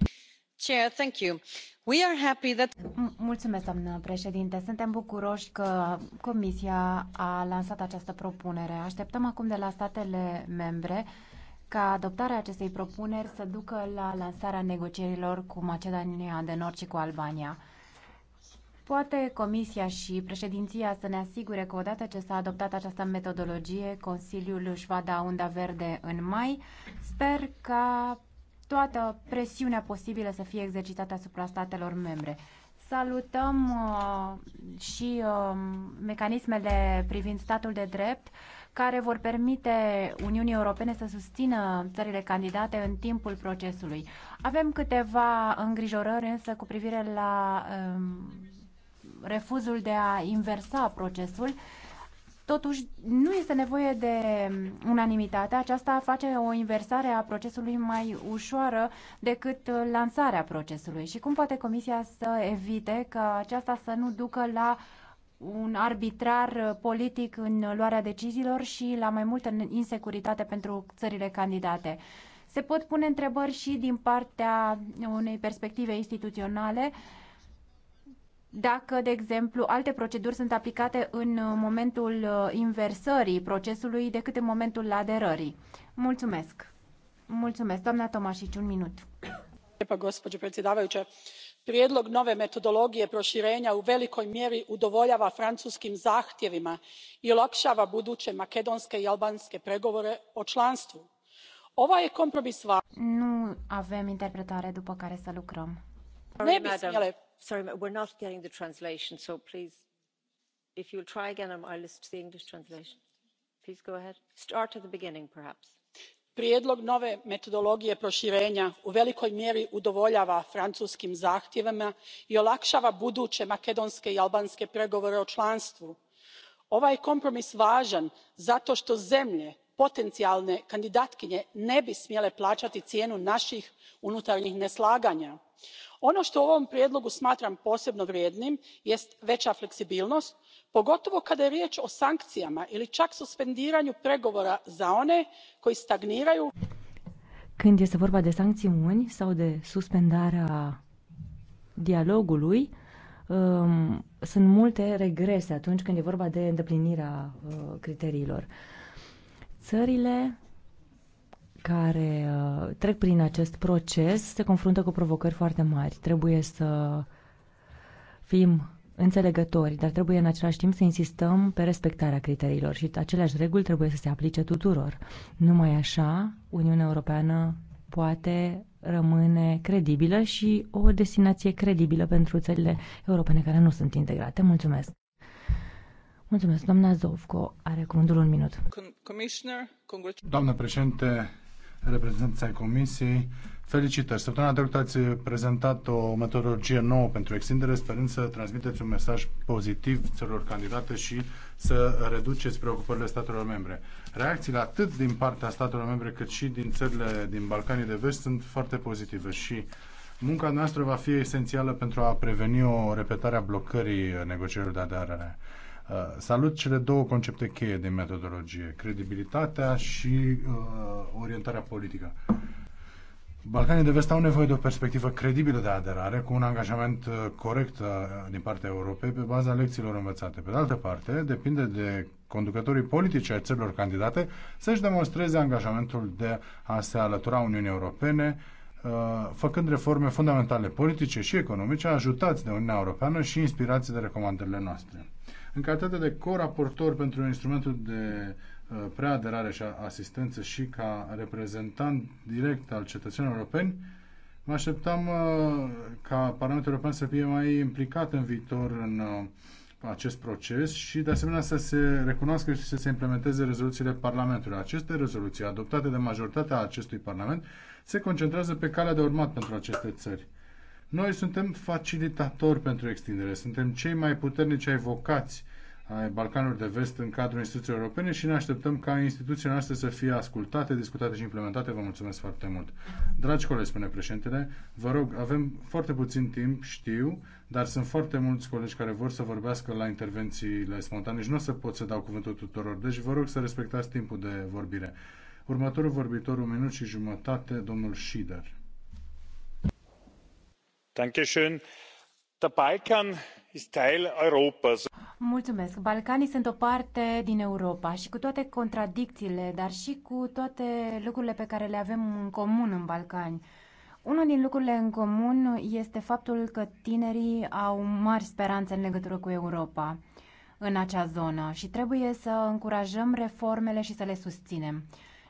Chair, thank you. Mulțumesc, doamnă președinte. Suntem bucuroși că Comisia a lansat această propunere. Așteptăm acum de la statele membre ca adoptarea acestei propuneri să ducă la lansarea negocierilor cu Macedonia de Nord și cu Albania. Poate Comisia și președinția să ne asigure că odată ce s-a adoptat această metodologie, Consiliul își va da unda verde în mai. Sper ca toată presiunea posibilă să fie exercitată asupra statelor membre. Salutăm uh, și uh, mecanismele privind statul de drept care vor permite Uniunii Europene să susțină țările candidate în timpul procesului. Avem câteva îngrijorări însă cu privire la um, refuzul de a inversa procesul Totuși, nu este nevoie de unanimitate. Aceasta face o inversare a procesului mai ușoară decât lansarea procesului. Și cum poate Comisia să evite ca aceasta să nu ducă la un arbitrar politic în luarea deciziilor și la mai multă insecuritate pentru țările candidate? Se pot pune întrebări și din partea unei perspective instituționale uh, dacă, de exemplu, alte proceduri sunt aplicate în uh, momentul uh, inversării procesului decât în momentul aderării. Mulțumesc. Mulțumesc, doamna Tomașici, un minut. prijedlog nove metodologije proširenja u velikoj mjeri udovoljava francuskim zahtjevima i olakšava buduće makedonske i albanske pregovore o članstvu. ovaj je kompromis važan. nu avem interpretare după care să lucrăm. ne bi smjele sorry we're not getting the translation so please if you'll try again and um, i'll list the english translation. please go ahead. start at the beginning perhaps. prijedlog nove metodologije proširenja u velikoj mjeri udovoljava francuskim zahtjevima i olakšava buduće makedonske i albanske pregovore o članstvu. ovaj je kompromis važan zato što zemlje potencijalne kandidatkinje ne bi smjele plaćati cijenu naših unutarnjih neslaganja ono to u ovom prijedlogu smatram posebno vrijednim jest vea fleksibilnost pogotovo kada je rije o sankcijama ili ak suspendiranju pregovora za one koji stagniraju când este vorba de sancțiuni sau de suspendarea dialogului, um, sunt multe regrese atunci când e vorba de îndeplinirea uh, criteriilor. Țările care uh, trec prin acest proces se confruntă cu provocări foarte mari. Trebuie să fim înțelegători, dar trebuie în același timp să insistăm pe respectarea criteriilor și aceleași reguli trebuie să se aplice tuturor. Numai așa Uniunea Europeană poate rămâne credibilă și o destinație credibilă pentru țările europene care nu sunt integrate. Mulțumesc! Mulțumesc, doamna Zovco. Are cuvântul un minut. Doamnă președinte, reprezentanții ai Comisiei. Felicitări! Săptămâna trecută ați prezentat o metodologie nouă pentru extindere, sperând să transmiteți un mesaj pozitiv celor candidate și să reduceți preocupările statelor membre. Reacțiile atât din partea statelor membre cât și din țările din Balcanii de Vest sunt foarte pozitive și munca noastră va fi esențială pentru a preveni o repetare a blocării negocierilor de aderare. Uh, salut cele două concepte cheie de metodologie, credibilitatea și uh, orientarea politică. Balcanii de vest au nevoie de o perspectivă credibilă de aderare, cu un angajament uh, corect uh, din partea Europei pe baza lecțiilor învățate. Pe de altă parte, depinde de conducătorii politici ai țărilor candidate să-și demonstreze angajamentul de a se alătura Uniunii Europene, făcând reforme fundamentale politice și economice, ajutați de Uniunea Europeană și inspirați de recomandările noastre. În calitate de co-raportor pentru instrumentul de uh, preaderare și asistență și ca reprezentant direct al cetățenilor europeni, mă așteptam uh, ca Parlamentul European să fie mai implicat în viitor în uh, acest proces și, de asemenea, să se recunoască și să se implementeze rezoluțiile Parlamentului. Aceste rezoluții, adoptate de majoritatea acestui Parlament, se concentrează pe calea de urmat pentru aceste țări. Noi suntem facilitatori pentru extindere, suntem cei mai puternici ai vocați ai Balcanului de Vest în cadrul instituțiilor europene și ne așteptăm ca instituția noastră să fie ascultate, discutate și implementate. Vă mulțumesc foarte mult. Dragi colegi, spune președintele, vă rog, avem foarte puțin timp, știu, dar sunt foarte mulți colegi care vor să vorbească la intervențiile spontane și nu o să pot să dau cuvântul tuturor, deci vă rog să respectați timpul de vorbire. Următorul vorbitor, un minut și jumătate, domnul Schieder. Mulțumesc. Balcanii sunt o parte din Europa și cu toate contradicțiile, dar și cu toate lucrurile pe care le avem în comun în Balcani. Unul din lucrurile în comun este faptul că tinerii au mari speranțe în legătură cu Europa în acea zonă și trebuie să încurajăm reformele și să le susținem.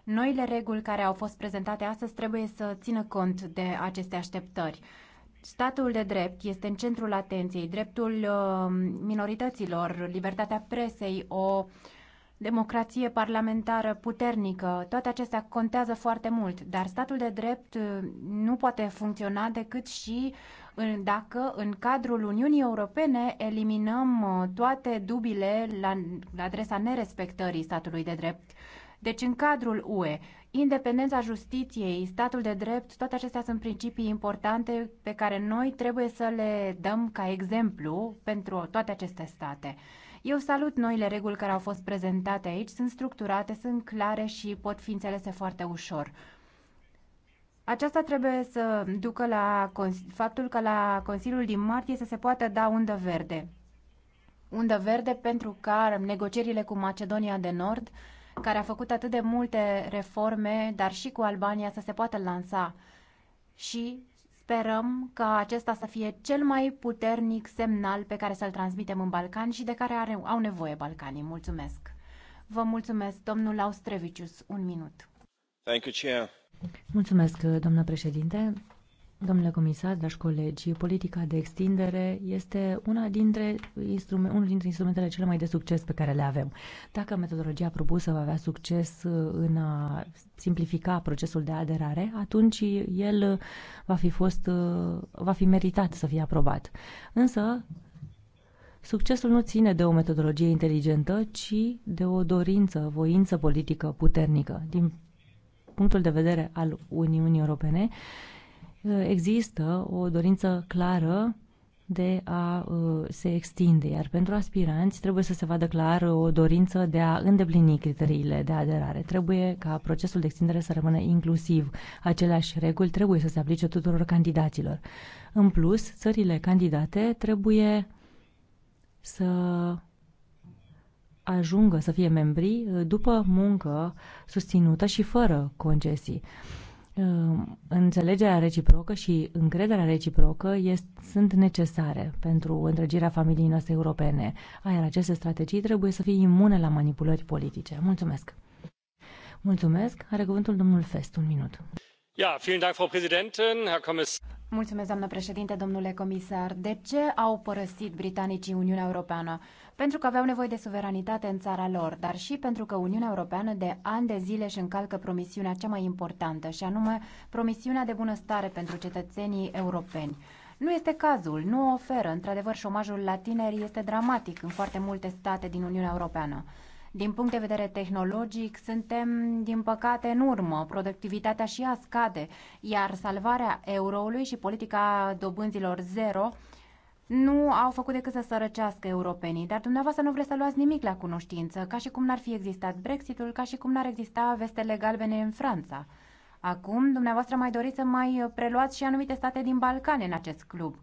Noile reguli care au fost prezentate astăzi trebuie să țină cont de aceste așteptări. Statul de drept este în centrul atenției, dreptul uh, minorităților, libertatea presei, o democrație parlamentară puternică, toate acestea contează foarte mult, dar statul de drept uh, nu poate funcționa decât și în, dacă în cadrul Uniunii Europene eliminăm uh, toate dubile la, la adresa nerespectării statului de drept. Deci în cadrul UE Independența justiției, statul de drept, toate acestea sunt principii importante pe care noi trebuie să le dăm ca exemplu pentru toate aceste state. Eu salut noile reguli care au fost prezentate aici, sunt structurate, sunt clare și pot fi înțelese foarte ușor. Aceasta trebuie să ducă la faptul că la Consiliul din martie să se poată da undă verde. Undă verde pentru ca negocierile cu Macedonia de Nord care a făcut atât de multe reforme, dar și cu Albania, să se poată lansa. Și sperăm ca acesta să fie cel mai puternic semnal pe care să-l transmitem în Balcani și de care are, au nevoie Balcanii. Mulțumesc! Vă mulțumesc, domnul Austrevicius. Un minut. Thank you, Chair. Mulțumesc, domnule președinte. Domnule comisar, dragi colegi, politica de extindere este una dintre unul dintre instrumentele cele mai de succes pe care le avem. Dacă metodologia propusă va avea succes uh, în a simplifica procesul de aderare, atunci el va fi, fost, uh, va fi meritat să fie aprobat. Însă, succesul nu ține de o metodologie inteligentă, ci de o dorință, voință politică puternică. Din punctul de vedere al Uniunii Europene, există o dorință clară de a uh, se extinde, iar pentru aspiranți trebuie să se vadă clar o dorință de a îndeplini criteriile de aderare. Trebuie ca procesul de extindere să rămână inclusiv. Aceleași reguli trebuie să se aplice tuturor candidaților. În plus, țările candidate trebuie să ajungă să fie membri uh, după muncă susținută și fără concesii. Ehm, înțelegerea reciprocă și încrederea reciprocă este, sunt necesare pentru întregirea familiei noastre europene, iar aceste strategii trebuie să fie imune la manipulări politice. Mulțumesc! Mulțumesc! Are cuvântul domnul Fest, un minut. Mulțumesc, doamnă președinte, domnule comisar. De ce au părăsit britanicii Uniunea Europeană? Pentru că aveau nevoie de suveranitate în țara lor, dar și pentru că Uniunea Europeană de ani de zile își încalcă promisiunea cea mai importantă, și anume promisiunea de bunăstare pentru cetățenii europeni. Nu este cazul, nu o oferă. Într-adevăr, șomajul la tineri este dramatic în foarte multe state din Uniunea Europeană. Din punct de vedere tehnologic, suntem, din păcate, în urmă. Productivitatea și ea scade, iar salvarea euroului și politica dobânzilor zero nu au făcut decât să sărăcească europenii, dar dumneavoastră nu vreți să luați nimic la cunoștință, ca și cum n-ar fi existat Brexitul, ca și cum n-ar exista vestele galbene în Franța. Acum, dumneavoastră mai doriți să mai preluați și anumite state din Balcane în acest club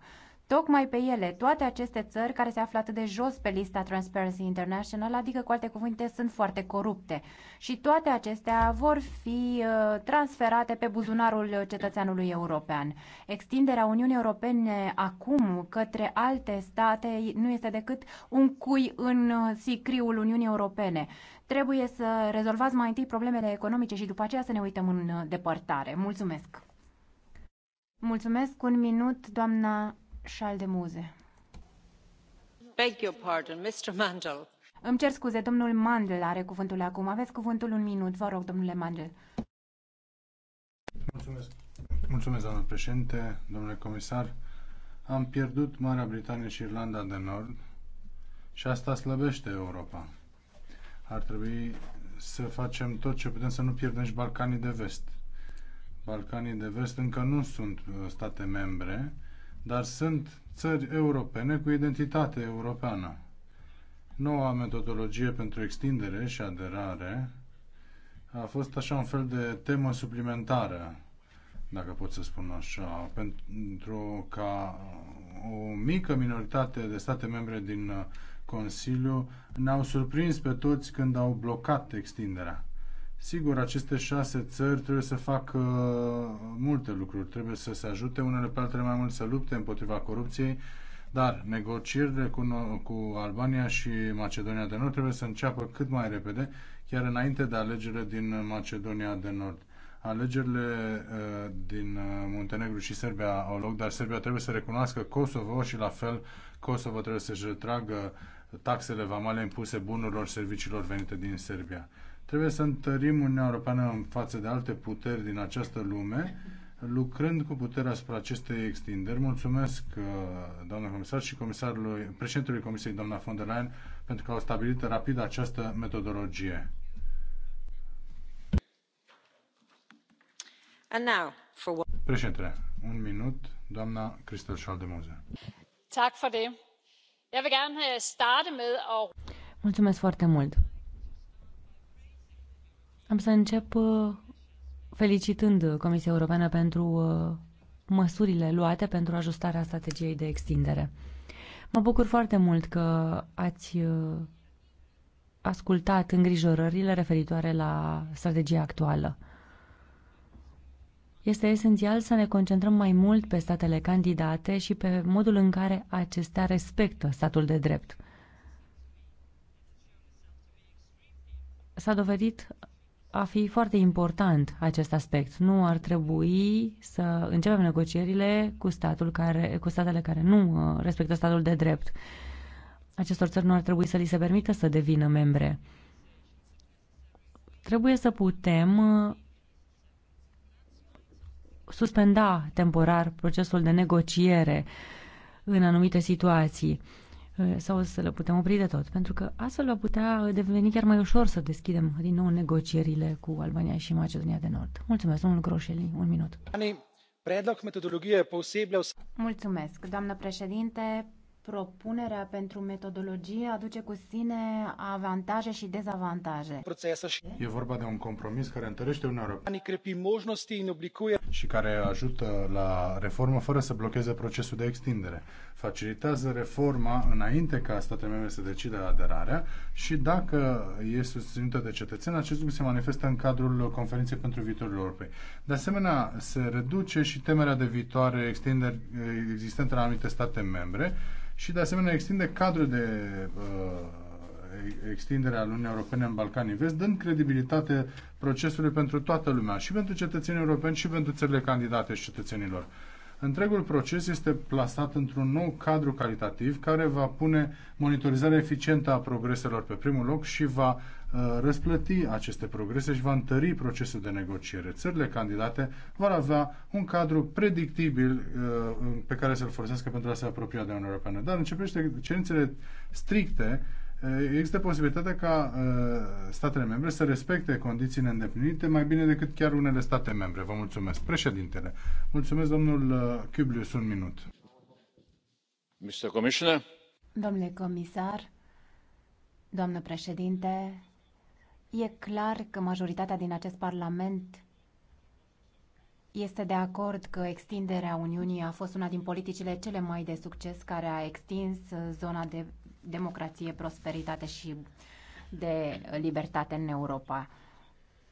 tocmai pe ele, toate aceste țări care se află atât de jos pe lista Transparency International, adică cu alte cuvinte sunt foarte corupte. Și toate acestea vor fi uh, transferate pe buzunarul cetățeanului european. Extinderea Uniunii Europene acum către alte state nu este decât un cui în uh, sicriul Uniunii Europene. Trebuie să rezolvați mai întâi problemele economice și după aceea să ne uităm în uh, depărtare. Mulțumesc! Mulțumesc un minut, doamna Schaldemuse. Îmi cer scuze, domnul Mandel are cuvântul acum. Aveți cuvântul un minut, vă rog, domnule Mandel. Mulțumesc. Mulțumesc, doamnă președinte, domnule comisar. Am pierdut Marea Britanie și Irlanda de Nord și asta slăbește Europa. Ar trebui să facem tot ce putem să nu pierdem și Balcanii de Vest. Balcanii de Vest încă nu sunt uh, state membre dar sunt țări europene cu identitate europeană. Noua metodologie pentru extindere și aderare a fost așa un fel de temă suplimentară, dacă pot să spun așa, pentru ca o mică minoritate de state membre din Consiliu ne-au surprins pe toți când au blocat extinderea. Sigur, aceste șase țări trebuie să facă uh, multe lucruri. Trebuie să se ajute unele pe altele mai mult să lupte împotriva corupției, dar negocierile cu, cu Albania și Macedonia de Nord trebuie să înceapă cât mai repede, chiar înainte de alegerile din Macedonia de Nord. Alegerile uh, din uh, Muntenegru și Serbia au loc, dar Serbia trebuie să recunoască Kosovo și la fel Kosovo trebuie să-și retragă taxele vamale impuse bunurilor serviciilor venite din Serbia. Trebuie să întărim Uniunea Europeană în față de alte puteri din această lume, lucrând cu puterea asupra acestei extinderi. Mulțumesc, uh, doamnă comisar, și comisarului, președintelui Comisiei, doamna von der Leyen, pentru că au stabilit rapid această metodologie. And now, for... Președintele, un minut, doamna Cristel Schaldemose. Tak det. Øh, med Mulțumesc foarte mult. Am să încep uh, felicitând Comisia Europeană pentru uh, măsurile luate pentru ajustarea strategiei de extindere. Mă bucur foarte mult că ați uh, ascultat îngrijorările referitoare la strategia actuală. Este esențial să ne concentrăm mai mult pe statele candidate și pe modul în care acestea respectă statul de drept. S-a dovedit a fi foarte important acest aspect. Nu ar trebui să începem negocierile cu, statul care, cu statele care nu uh, respectă statul de drept. Acestor țări nu ar trebui să li se permită să devină membre. Trebuie să putem uh, suspenda temporar procesul de negociere în anumite situații Eh, sau să le putem opri de tot, pentru că astfel va putea eh, deveni chiar mai ușor să deschidem din nou negocierile cu Albania și Macedonia de Nord. Mulțumesc, domnul Groșeli, un minut. Mulțumesc, doamnă președinte propunerea pentru metodologie aduce cu sine avantaje și dezavantaje. E vorba de un compromis care întărește Uniunea Europeană și care ajută la reformă fără să blocheze procesul de extindere. Facilitează reforma înainte ca statele membre să decidă aderarea și dacă e susținută de cetățeni, acest lucru se manifestă în cadrul conferinței pentru viitorul Europei. De asemenea, se reduce și temerea de viitoare extinderi eh, existente la anumite state membre, și de asemenea extinde cadrul de uh, al Uniunii Europene în Balcanii Vest, dând credibilitate procesului pentru toată lumea, și pentru cetățenii europeni, și pentru țările candidate și cetățenilor. Întregul proces este plasat într-un nou cadru calitativ care va pune monitorizarea eficientă a progreselor pe primul loc și va Uh, răsplăti aceste progrese și va întări procesul de negociere. Țările candidate vor avea un cadru predictibil uh, pe care să-l folosească pentru a se apropia de Uniunea Europeană. Dar începește cerințele stricte uh, Există posibilitatea ca statele membre să respecte condițiile îndeplinite mai bine decât chiar unele state membre. Vă mulțumesc. Președintele, mulțumesc domnul Cublius, un minut. Mr. Commissioner. Domnule comisar, doamnă președinte, E clar că majoritatea din acest Parlament este de acord că extinderea Uniunii a fost una din politicile cele mai de succes care a extins zona de democrație, prosperitate și de libertate în Europa.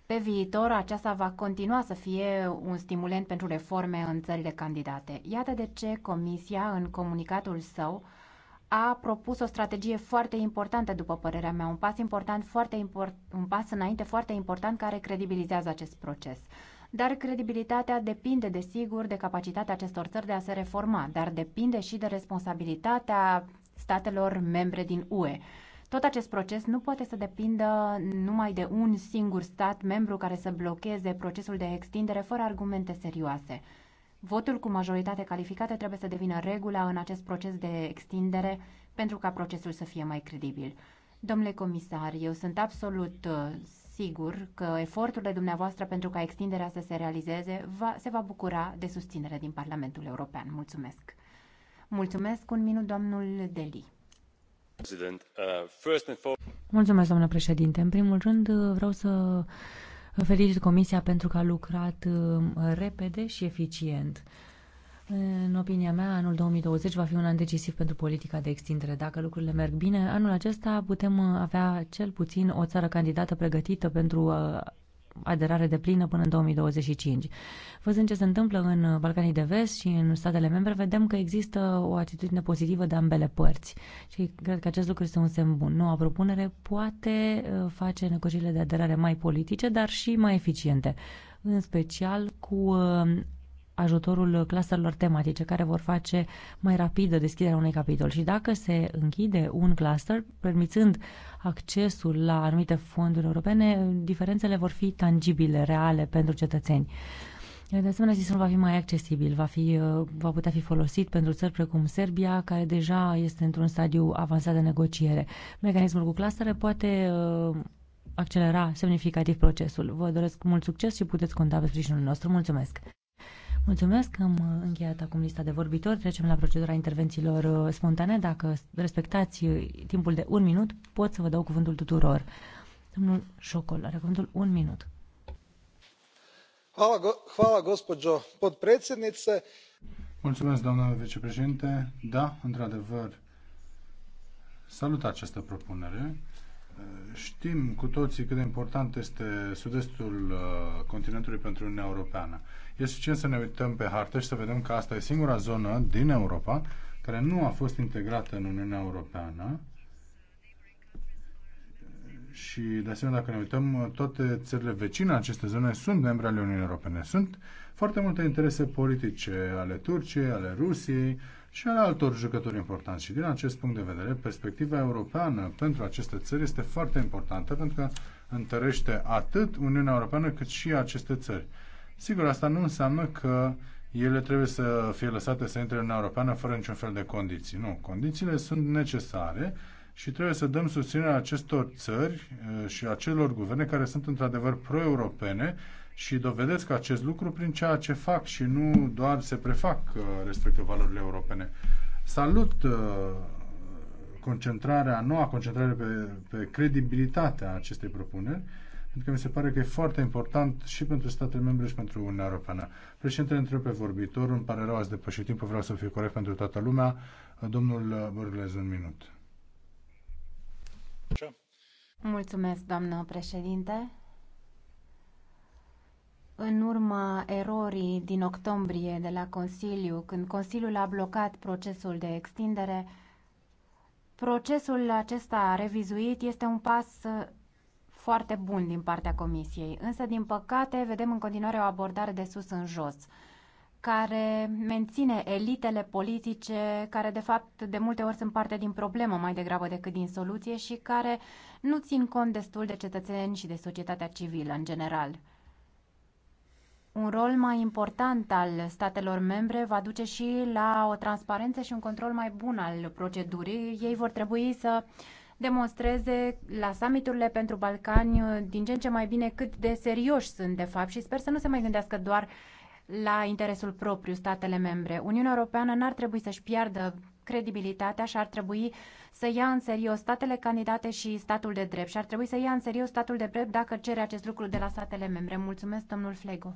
Pe viitor, aceasta va continua să fie un stimulent pentru reforme în țările candidate. Iată de ce Comisia, în comunicatul său, a propus o strategie foarte importantă, după părerea mea, un pas important, foarte import, un pas înainte foarte important care credibilizează acest proces. Dar credibilitatea depinde, desigur, de capacitatea acestor țări de a se reforma, dar depinde și de responsabilitatea statelor membre din UE. Tot acest proces nu poate să depindă numai de un singur stat membru care să blocheze procesul de extindere fără argumente serioase. Votul cu majoritate calificată trebuie să devină regula în acest proces de extindere pentru ca procesul să fie mai credibil. Domnule comisar, eu sunt absolut uh, sigur că eforturile dumneavoastră pentru ca extinderea să se realizeze va, se va bucura de susținere din Parlamentul European. Mulțumesc! Mulțumesc un minut, domnul Deli. Uh, Mulțumesc, domnule președinte. În primul rând, uh, vreau să Felicit Comisia pentru că a lucrat um, repede și eficient. În opinia mea, anul 2020 va fi un an decisiv pentru politica de extindere. Dacă lucrurile merg bine, anul acesta putem uh, avea cel puțin o țară candidată pregătită pentru uh, aderare de plină până în 2025. Văzând ce se întâmplă în Balcanii de Vest și în statele membre, vedem că există o atitudine pozitivă de ambele părți și cred că acest lucru este un semn bun. Noua propunere poate uh, face negocierile de aderare mai politice, dar și mai eficiente, în special cu uh, ajutorul clusterelor tematice care vor face mai rapidă deschiderea unui capitol și dacă se închide un cluster, permițând accesul la anumite fonduri europene, diferențele vor fi tangibile, reale pentru cetățeni. De asemenea, sistemul va fi mai accesibil, va, fi, va putea fi folosit pentru țări precum Serbia, care deja este într-un stadiu avansat de negociere. Mecanismul cu clastere poate uh, accelera semnificativ procesul. Vă doresc mult succes și puteți conta pe sprijinul nostru. Mulțumesc! Mulțumesc, am uh, încheiat acum lista de vorbitori. Trecem la procedura intervențiilor uh, spontane. Dacă respectați uh, timpul de un minut, pot să vă dau cuvântul tuturor. Domnul Șocol are cuvântul un minut. Hvala, gospođo podpredsednice. Mulțumesc, doamnă vicepreședinte. Da, într-adevăr, salut această propunere Știm cu toții cât de important este sud-estul uh, continentului pentru Uniunea Europeană. E suficient să ne uităm pe hartă și să vedem că asta e singura zonă din Europa care nu a fost integrată în Uniunea Europeană și, de asemenea, dacă ne uităm, toate țările vecine aceste zone sunt membre ale Uniunii Europene. Sunt foarte multe interese politice ale Turciei, ale Rusiei, și ale altor jucători importanți. Și din acest punct de vedere, perspectiva europeană pentru aceste țări este foarte importantă pentru că întărește atât Uniunea Europeană cât și aceste țări. Sigur, asta nu înseamnă că ele trebuie să fie lăsate să intre în Uniunea Europeană fără niciun fel de condiții. Nu, condițiile sunt necesare și trebuie să dăm susținerea acestor țări eh, și acelor guverne care sunt într-adevăr pro-europene și dovedesc acest lucru prin ceea ce fac și nu doar se prefac uh, respectiv valorile europene. Salut uh, concentrarea, noua concentrare pe, pe credibilitatea acestei propuneri, pentru că mi se pare că e foarte important și pentru statele membre și pentru Uniunea Europeană. Președintele pe vorbitor, îmi pare rău, ați depășit timpul, vreau să fiu corect pentru toată lumea. Domnul uh, Bărlez, un minut. Ce? Mulțumesc, doamnă președinte în urma erorii din octombrie de la Consiliu, când Consiliul a blocat procesul de extindere, procesul acesta revizuit este un pas uh, foarte bun din partea Comisiei, însă, din păcate, vedem în continuare o abordare de sus în jos, care menține elitele politice, care, de fapt, de multe ori sunt parte din problemă mai degrabă decât din soluție și care nu țin cont destul de cetățeni și de societatea civilă în general un rol mai important al statelor membre va duce și la o transparență și un control mai bun al procedurii. Ei vor trebui să demonstreze la summiturile pentru Balcani din ce în ce mai bine cât de serioși sunt de fapt și sper să nu se mai gândească doar la interesul propriu statele membre. Uniunea Europeană n-ar trebui să-și piardă credibilitatea și ar trebui să ia în serios statele candidate și statul de drept și ar trebui să ia în serios statul de drept dacă cere acest lucru de la statele membre. Mulțumesc, domnul Flego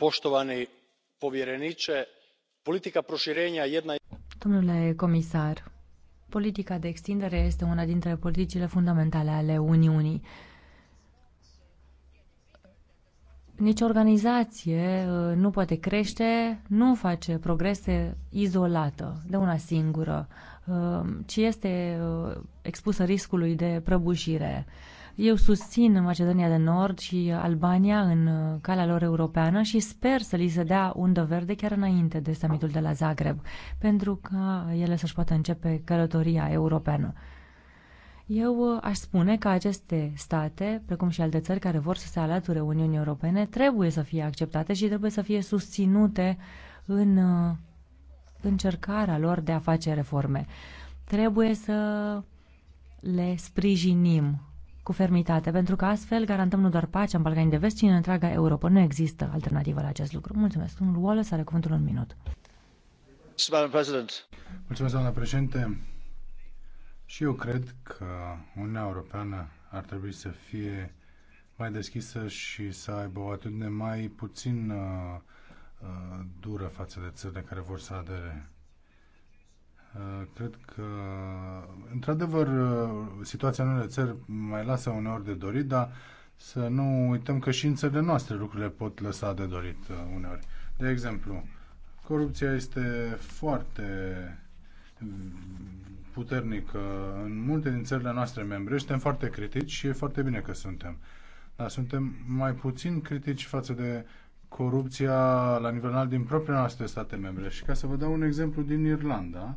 poštovani povjereniče politica proširenja jedna Domnule comisar, politica de extindere este una dintre politicile fundamentale ale Uniunii. Nici organizație uh, nu poate crește, nu face progrese izolată, de una singură, uh, ci este uh, expusă riscului de prăbușire. Eu susțin Macedonia de Nord și Albania în uh, calea lor europeană și sper să li se dea undă verde chiar înainte de summitul de la Zagreb, pentru ca ele să-și poată începe călătoria europeană. Eu uh, aș spune că aceste state, precum și alte țări care vor să se alăture Uniunii Europene, trebuie să fie acceptate și trebuie să fie susținute în uh, încercarea lor de a face reforme. Trebuie să le sprijinim cu fermitate, pentru că astfel garantăm nu doar pacea în Balcanii de Vest, ci în întreaga Europa. Nu există alternativă la acest lucru. Mulțumesc. Domnul Wallace are cuvântul un minut. Mulțumesc, doamna președinte. Și eu cred că Uniunea Europeană ar trebui să fie mai deschisă și să aibă o atitudine mai puțin uh, uh, dură față de țările care vor să adere Uh, cred că, într-adevăr, uh, situația în unele țări mai lasă uneori de dorit, dar să nu uităm că și în țările noastre lucrurile pot lăsa de dorit uh, uneori. De exemplu, corupția este foarte puternică în multe din țările noastre membre. Suntem foarte critici și e foarte bine că suntem. Dar suntem mai puțin critici față de corupția la nivel înalt din propriile noastre state membre. Și ca să vă dau un exemplu din Irlanda,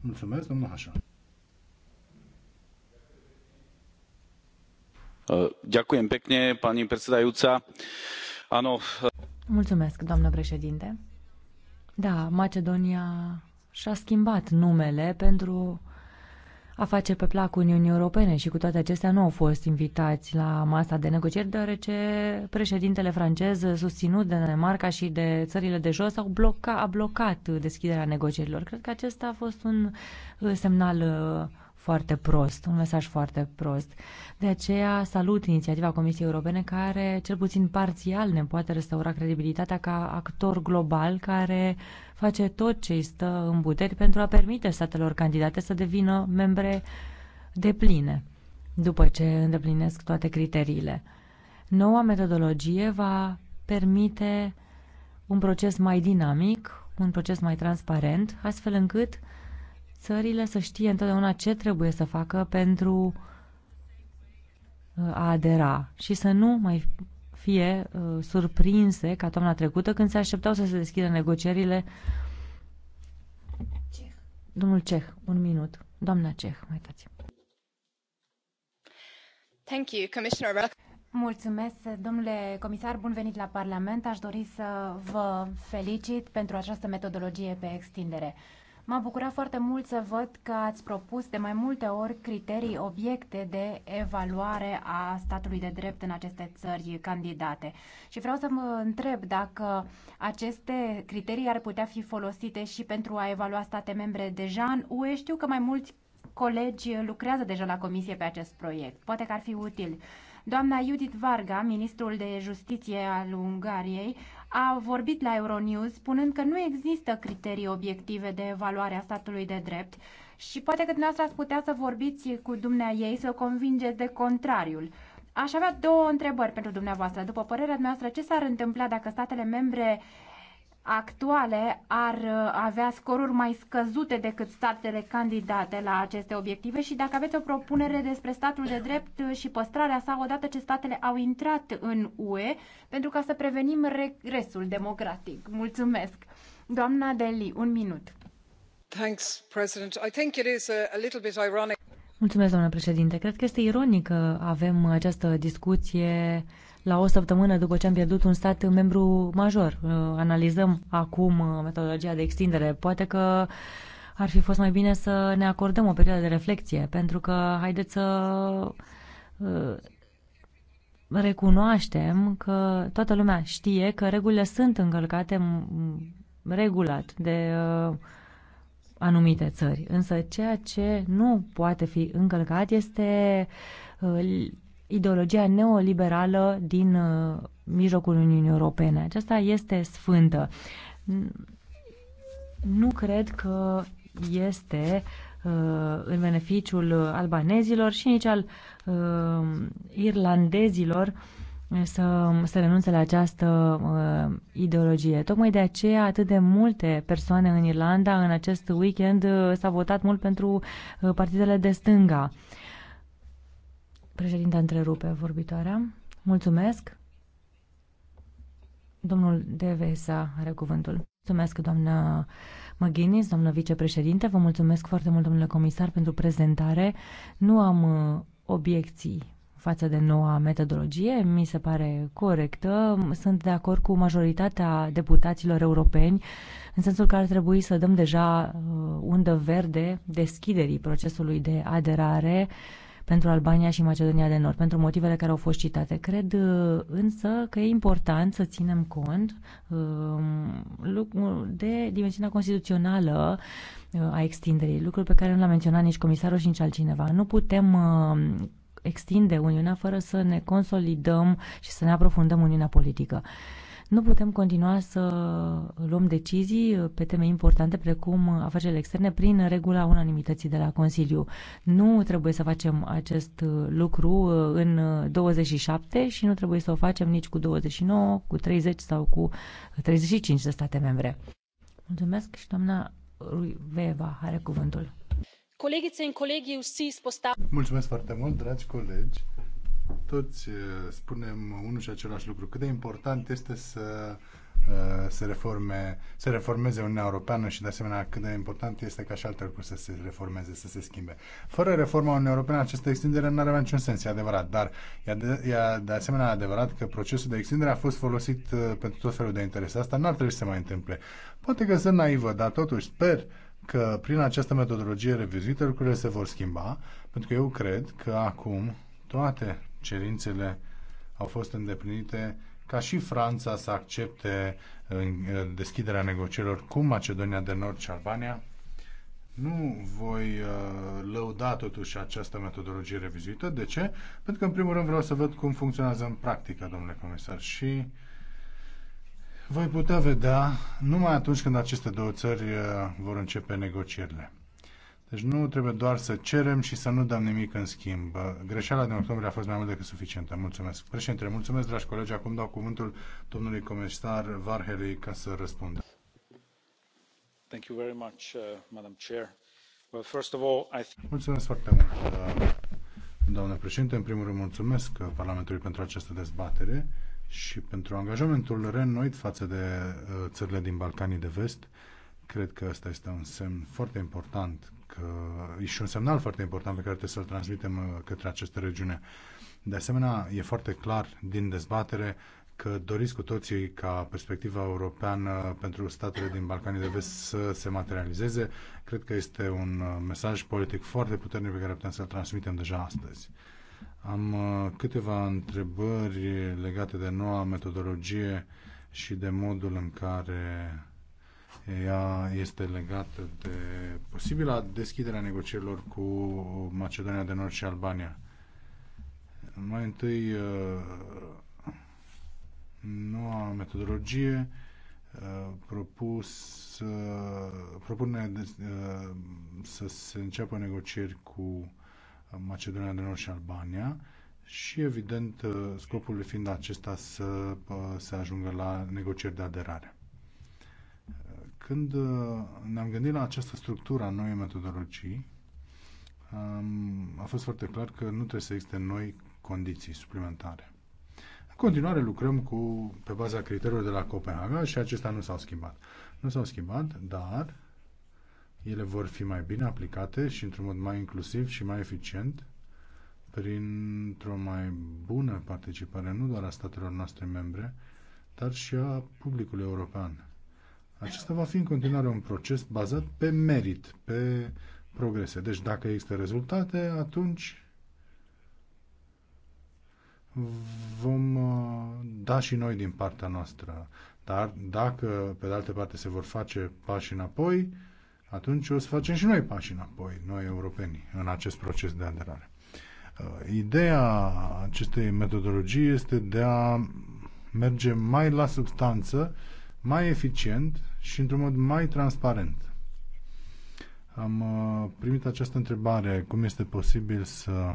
Mulțumesc, domnul Heschel. Uh, Ďakujem pekne, pani predsedajúca. Uh, președinte. Da, Macedonia și-a schimbat numele pentru a face pe plac Uniunii Europene și cu toate acestea nu au fost invitați la masa de negocieri, deoarece președintele francez susținut de Danemarca și de țările de jos au bloca, a blocat deschiderea negocierilor. Cred că acesta a fost un uh, semnal uh, foarte prost, un mesaj foarte prost. De aceea salut inițiativa Comisiei Europene care, cel puțin parțial, ne poate restaura credibilitatea ca actor global care face tot ce îi stă în puteri pentru a permite statelor candidate să devină membre de pline, după ce îndeplinesc toate criteriile. Noua metodologie va permite un proces mai dinamic, un proces mai transparent, astfel încât țările să știe întotdeauna ce trebuie să facă pentru uh, a adera și să nu mai fie uh, surprinse ca toamna trecută când se așteptau să se deschidă negocierile. Ceh. Domnul Ceh, un minut. Doamna Ceh, mai uitați. Thank you, Commissioner. Mulțumesc, domnule comisar, bun venit la Parlament. Aș dori să vă felicit pentru această metodologie pe extindere. Uh, M-a bucurat foarte mult să văd că ați propus de mai multe ori criterii obiecte de evaluare a statului de drept în aceste țări candidate. Și vreau să mă întreb dacă aceste criterii ar putea fi folosite și pentru a evalua state membre deja în UE. Știu că mai mulți colegi lucrează deja la comisie pe acest proiect. Poate că ar fi util. Doamna Judith Varga, ministrul de justiție al Ungariei, a vorbit la Euronews spunând că nu există criterii obiective de evaluare a statului de drept și poate că dumneavoastră ați putea să vorbiți cu dumnea ei să o convingeți de contrariul. Aș avea două întrebări pentru dumneavoastră. După părerea dumneavoastră, ce s-ar întâmpla dacă statele membre actuale ar uh, avea scoruri mai scăzute decât statele candidate la aceste obiective și dacă aveți o propunere despre statul de drept uh, și păstrarea sa odată ce statele au intrat în UE pentru ca să prevenim regresul democratic. Mulțumesc. Doamna Deli, un minut. Thanks, President. I think it is a, little bit ironic. Mulțumesc, doamnă președinte. Cred că este ironic că avem această discuție uh, la o săptămână după ce am pierdut un stat membru major. Uh, analizăm acum uh, metodologia de extindere. Poate că ar fi fost mai bine să ne acordăm o perioadă de reflexie, pentru că haideți să uh, recunoaștem că toată lumea știe că regulile sunt încălcate regulat de anumite țări. Însă ceea ce nu poate fi încălcat este ideologia neoliberală din uh, mijlocul Uniunii Europene. Aceasta este sfântă. Nu cred că este uh, în beneficiul albanezilor și nici al uh, irlandezilor să, să renunțe la această uh, ideologie. Tocmai de aceea atât de multe persoane în Irlanda în acest weekend uh, s au votat mult pentru uh, partidele de stânga. Uh, Președinte întrerupe vorbitoarea. Mulțumesc. Domnul Devesa are cuvântul. Mulțumesc, doamnă McGuinness, doamnă vicepreședinte. Vă mulțumesc foarte mult, domnule comisar, pentru prezentare. Nu am uh, obiecții față de noua metodologie, mi se pare corectă. Sunt de acord cu majoritatea deputaților europeni, în sensul că ar trebui să dăm deja uh, undă verde deschiderii procesului de aderare uh, pentru Albania și Macedonia de Nord, pentru motivele care au fost citate. Cred uh, însă că e important să ținem cont um, uh, de dimensiunea constituțională uh, a extinderii, lucruri pe care nu l-a menționat nici comisarul și nici altcineva. Nu putem extinde Uniunea fără să ne consolidăm și să ne aprofundăm Uniunea politică. Nu putem continua să luăm decizii uh, pe teme importante precum uh, afacerile externe prin regula unanimității de la Consiliu. Nu trebuie să facem acest uh, lucru în 27 și nu trebuie să o facem nici cu 29, cu 30 sau cu 35 de state membre. Mulțumesc și doamna Veva are cuvântul. Mulțumesc foarte mult, dragi colegi toți uh, spunem unul și același lucru, cât de important este să uh, se, reforme, să reformeze Uniunea Europeană și, de asemenea, cât de important este ca și alte lucruri să se reformeze, să se schimbe. Fără reforma Uniunii Europene, această extindere nu avea niciun sens, e adevărat, dar e de, e de asemenea adevărat că procesul de extindere a fost folosit uh, pentru tot felul de interese. Asta n-ar trebui să se mai întâmple. Poate că sunt naivă, dar totuși sper că prin această metodologie revizuită lucrurile se vor schimba, pentru că eu cred că acum toate cerințele au fost îndeplinite ca și Franța să accepte deschiderea negocierilor cu Macedonia de Nord și Albania. Nu voi uh, lăuda totuși această metodologie revizuită. De ce? Pentru că, în primul rând, vreau să văd cum funcționează în practică, domnule comisar. Și voi putea vedea numai atunci când aceste două țări uh, vor începe negocierile. Deci nu trebuie doar să cerem și să nu dăm nimic în schimb. Greșeala din octombrie a fost mai mult decât suficientă. Mulțumesc. Președinte, mulțumesc, dragi colegi. Acum dau cuvântul domnului comisar Varhelei ca să răspundă. Thank you very much, uh, Madam Chair. Well, first of all, I th- mulțumesc foarte mult, uh, doamnă președinte. În primul rând, mulțumesc Parlamentului pentru această dezbatere și pentru angajamentul renoit față de uh, țările din Balcanii de Vest. Cred că asta este un semn foarte important că e și un semnal foarte important pe care trebuie să-l transmitem uh, către această regiune. De asemenea, e foarte clar din dezbatere că doriți cu toții ca perspectiva europeană pentru statele din Balcanii de Vest să se materializeze. Cred că este un uh, mesaj politic foarte puternic pe care putem să-l transmitem deja astăzi. Am uh, câteva întrebări legate de noua metodologie și de modul în care ea este legată de posibila deschiderea negocierilor cu Macedonia de Nord și Albania. Mai întâi, uh, noua metodologie uh, propus uh, propune să se înceapă negocieri cu Macedonia de Nord și Albania și evident scopul fiind acesta să se ajungă la negocieri de aderare. Când uh, ne-am gândit la această structură a noii metodologii, a fost foarte clar că nu trebuie să existe noi condiții suplimentare. În continuare lucrăm cu, pe baza criteriilor de la Copenhaga și acestea nu s-au schimbat. Nu s-au schimbat, dar ele vor fi mai bine aplicate și într-un mod mai inclusiv și mai eficient printr-o mai bună participare nu doar a statelor noastre membre, dar și a publicului european. Acesta va fi în continuare un proces bazat pe merit, pe progrese. Deci dacă există rezultate, atunci vom uh, da și noi din partea noastră. Dar dacă, pe de altă parte, se vor face pași înapoi, atunci o să facem și noi pași înapoi, noi europeni, în acest proces de aderare. Uh, ideea acestei metodologii este de a merge mai la substanță, mai eficient și într-un mod mai transparent. Am uh, primit această întrebare, cum este posibil să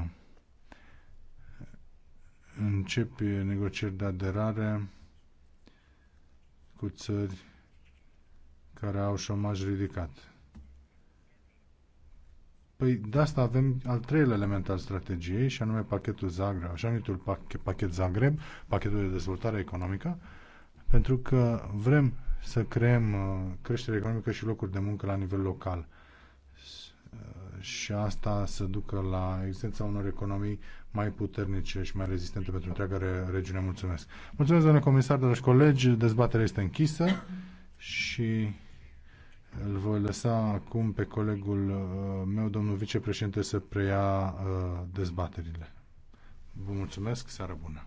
începi negocieri de aderare cu țări care au șomaj ridicat. Păi de asta avem al treilea element al strategiei și anume pachetul Zagreb, așa numitul pachet, pachet Zagreb, pachetul de dezvoltare economică, pentru că vrem să creăm uh, creștere economică și locuri de muncă la nivel local. Uh, și asta să ducă la existența unor economii mai puternice și mai rezistente pentru întreaga regiune. Mulțumesc! Mulțumesc, domnule comisar, dragi colegi, dezbaterea este închisă și îl voi lăsa acum pe colegul uh, meu, domnul vicepreședinte, să preia dezbaterile. Vă mulțumesc, seară bună!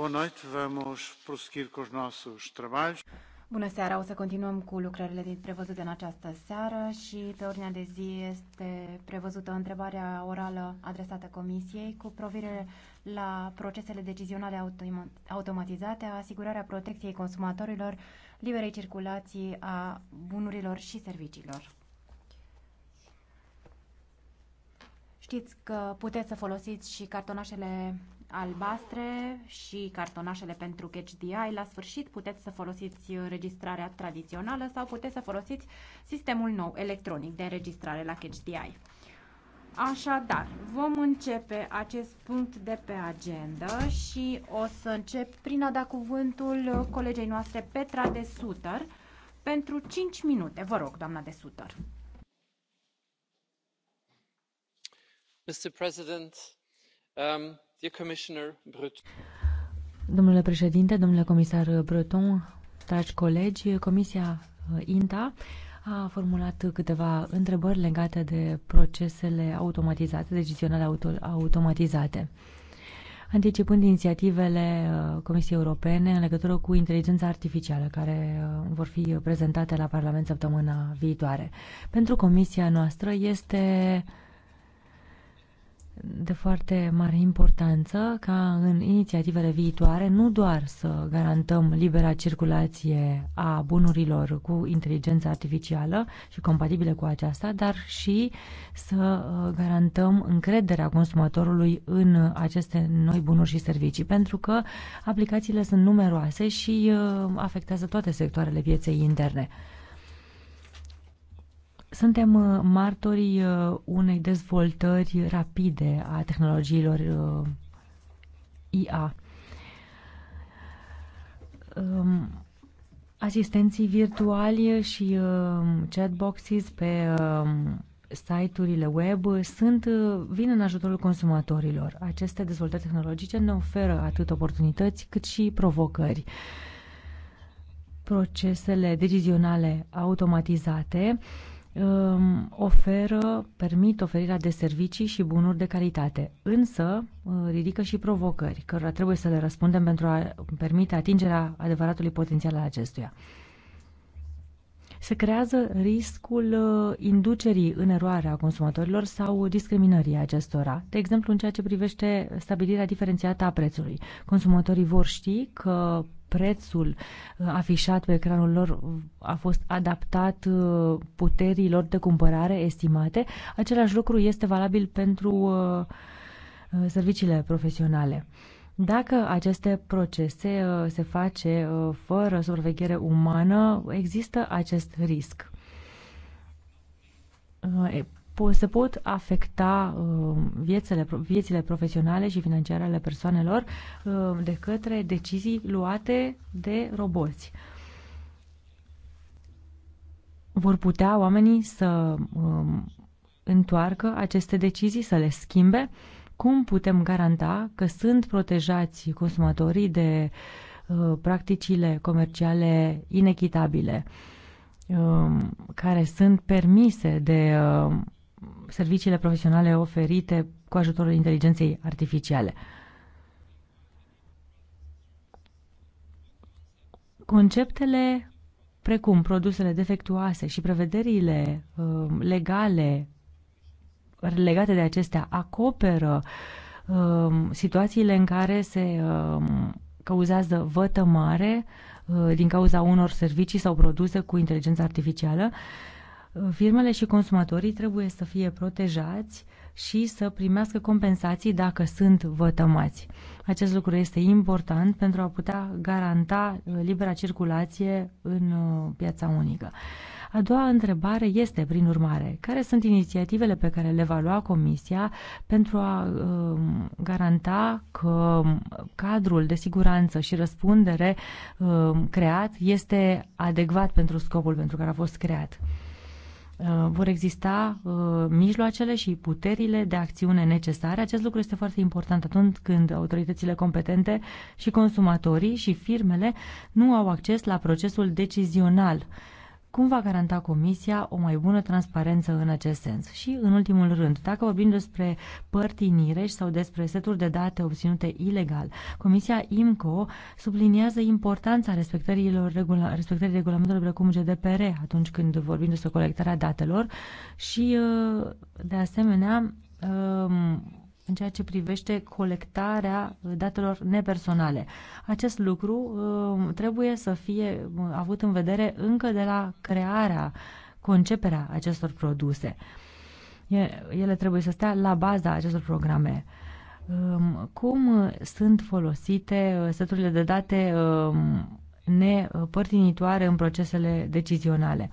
Boa noite, vamos prosseguir com os nossos trabalhos. Bună seara, o să continuăm cu lucrările prevăzute în această seară și pe ordinea de zi este prevăzută întrebarea orală adresată Comisiei cu provire la procesele decizionale automatizate, asigurarea protecției consumatorilor, liberei circulații a bunurilor și serviciilor. Știți că puteți să folosiți și cartonașele albastre și cartonașele pentru HDI. La sfârșit puteți să folosiți registrarea tradițională sau puteți să folosiți sistemul nou electronic de înregistrare la HDI. Așadar, vom începe acest punct de pe agenda și o să încep prin a da cuvântul colegei noastre Petra de Sutăr pentru 5 minute. Vă rog, doamna de Sutăr. Mr. President, um, Domnule președinte, domnule comisar Breton, dragi colegi, Comisia uh, INTA a formulat câteva întrebări legate de procesele automatizate, decizionale auto automatizate. Anticipând inițiativele uh, Comisiei Europene în legătură cu inteligența artificială, care uh, vor fi prezentate la Parlament săptămâna viitoare. Pentru Comisia noastră este de foarte mare importanță ca în inițiativele viitoare nu doar să garantăm libera circulație a bunurilor cu inteligență artificială și compatibile cu aceasta, dar și să uh, garantăm încrederea consumatorului în aceste noi bunuri și servicii, pentru că aplicațiile sunt numeroase și uh, afectează toate sectoarele vieței interne. Suntem uh, martorii uh, unei dezvoltări rapide a tehnologiilor uh, IA. Um, asistenții virtuali și chatboxes pe um, site-urile web sunt, vin în ajutorul consumatorilor. Aceste dezvoltări tehnologice ne oferă atât oportunități cât și provocări. Procesele decizionale automatizate uh, Um, oferă, permit oferirea de servicii și bunuri de calitate, însă uh, ridică și provocări, cărora trebuie să le răspundem pentru a permite atingerea adevăratului potențial al acestuia. Se creează riscul uh, inducerii în eroare a consumatorilor sau discriminării acestora. De exemplu, în ceea ce privește stabilirea diferențiată a prețului. Consumatorii vor ști că prețul uh, afișat pe ecranul lor a fost adaptat uh, puterilor de cumpărare estimate, același lucru este valabil pentru uh, serviciile profesionale. Dacă aceste procese se face fără supraveghere umană, există acest risc se pot afecta uh, viețile, viețile profesionale și financiare ale persoanelor uh, de către decizii luate de roboți. Vor putea oamenii să um, întoarcă aceste decizii, să le schimbe? Cum putem garanta că sunt protejați consumatorii de uh, practicile comerciale inechitabile? Um, care sunt permise de serviciile profesionale oferite cu ajutorul inteligenței artificiale. Conceptele precum produsele defectuoase și prevederile uh, legale legate de acestea acoperă uh, situațiile în care se uh, cauzează vătămare uh, din cauza unor servicii sau produse cu inteligență artificială. Uh, firmele și consumatorii trebuie să fie protejați și să primească compensații dacă sunt vătămați. Acest lucru este important pentru a putea garanta uh, libera circulație în uh, piața unică. A doua întrebare este, prin urmare, care sunt inițiativele pe care le va lua Comisia pentru a uh, garanta că cadrul de siguranță și răspundere uh, creat este adecvat pentru scopul pentru care a fost creat? Uh, vor exista uh, mijloacele și puterile de acțiune necesare. Acest lucru este foarte important atunci când autoritățile competente și consumatorii și firmele nu au acces la procesul decizional cum va garanta Comisia o mai bună transparență în acest sens? Și, în ultimul rând, dacă vorbim despre părtinire sau despre seturi de date obținute ilegal, Comisia IMCO subliniază importanța respectărilor regula, respectării regulamentelor precum GDPR atunci când vorbim despre colectarea datelor și, uh, de asemenea, um, în ceea ce privește colectarea uh, datelor nepersonale. Acest lucru uh, trebuie să fie uh, avut în vedere încă de la crearea, conceperea acestor produse. Ele trebuie să stea la baza acestor programe. Um, cum sunt folosite seturile de date um, nepărtinitoare în procesele decizionale?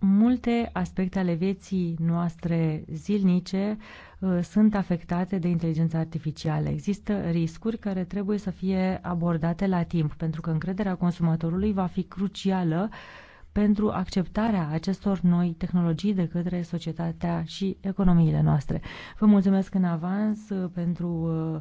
multe aspecte ale vieții noastre zilnice uh, sunt afectate de inteligența artificială. Există riscuri care trebuie să fie abordate la timp, pentru că încrederea consumatorului va fi crucială pentru acceptarea acestor noi tehnologii de către societatea și economiile noastre. Vă mulțumesc în avans uh, pentru uh,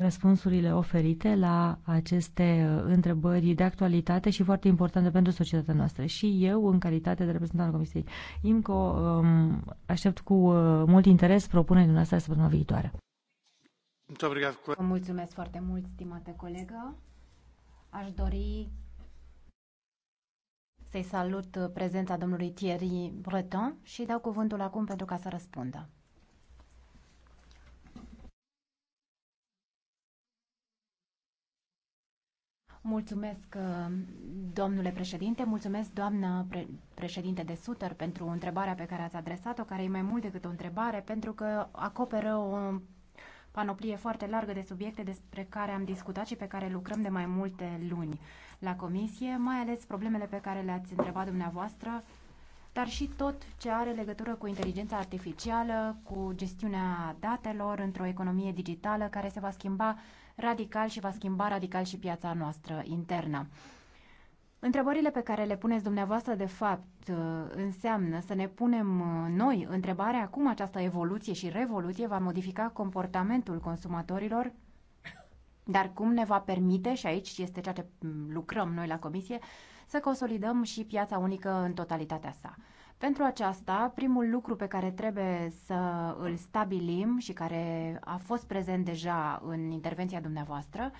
răspunsurile oferite la aceste uh, întrebări de actualitate și foarte importante pentru societatea noastră. Și eu, în calitate de reprezentant al Comisiei IMCO, um, aștept cu uh, mult interes propunerea noastre săptămâna viitoare. Vă mulțumesc foarte mult, stimată colegă. Aș dori să-i salut prezența domnului Thierry Breton și dau cuvântul acum pentru ca să răspundă. Mulțumesc, uh, domnule președinte, mulțumesc, doamnă pre președinte de Suter, pentru întrebarea pe care ați adresat-o, care e mai mult decât o întrebare, pentru că acoperă o panoplie foarte largă de subiecte despre care am discutat și pe care lucrăm de mai multe luni la comisie, mai ales problemele pe care le-ați întrebat dumneavoastră, dar și tot ce are legătură cu inteligența artificială, cu gestiunea datelor într-o economie digitală care se va schimba radical și va schimba radical și piața noastră internă. Întrebările pe care le puneți dumneavoastră, de fapt, uh, înseamnă să ne punem uh, noi întrebarea cum această evoluție și revoluție va modifica comportamentul consumatorilor, dar cum ne va permite, și aici este ceea ce mm, lucrăm noi la Comisie, să consolidăm și piața unică în totalitatea sa. Pentru aceasta, primul lucru pe care trebuie să îl stabilim și care a fost prezent deja în intervenția dumneavoastră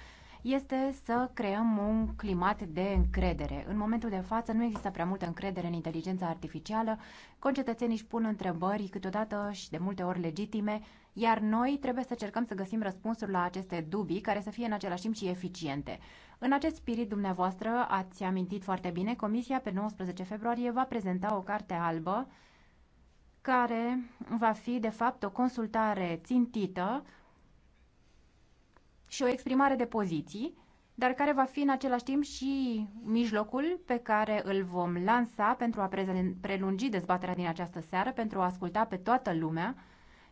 este să creăm un climat de încredere. În momentul de față nu există prea multă încredere în inteligența artificială, concetățenii își pun întrebări câteodată și de multe ori legitime, iar noi trebuie să cercăm să găsim răspunsuri la aceste dubii care să fie în același timp și eficiente. În acest spirit, dumneavoastră, ați amintit foarte bine, Comisia pe 19 februarie va prezenta o carte albă care va fi, de fapt, o consultare țintită și o exprimare de poziții, dar care va fi în același timp și mijlocul pe care îl vom lansa pentru a prelungi dezbaterea din această seară, pentru a asculta pe toată lumea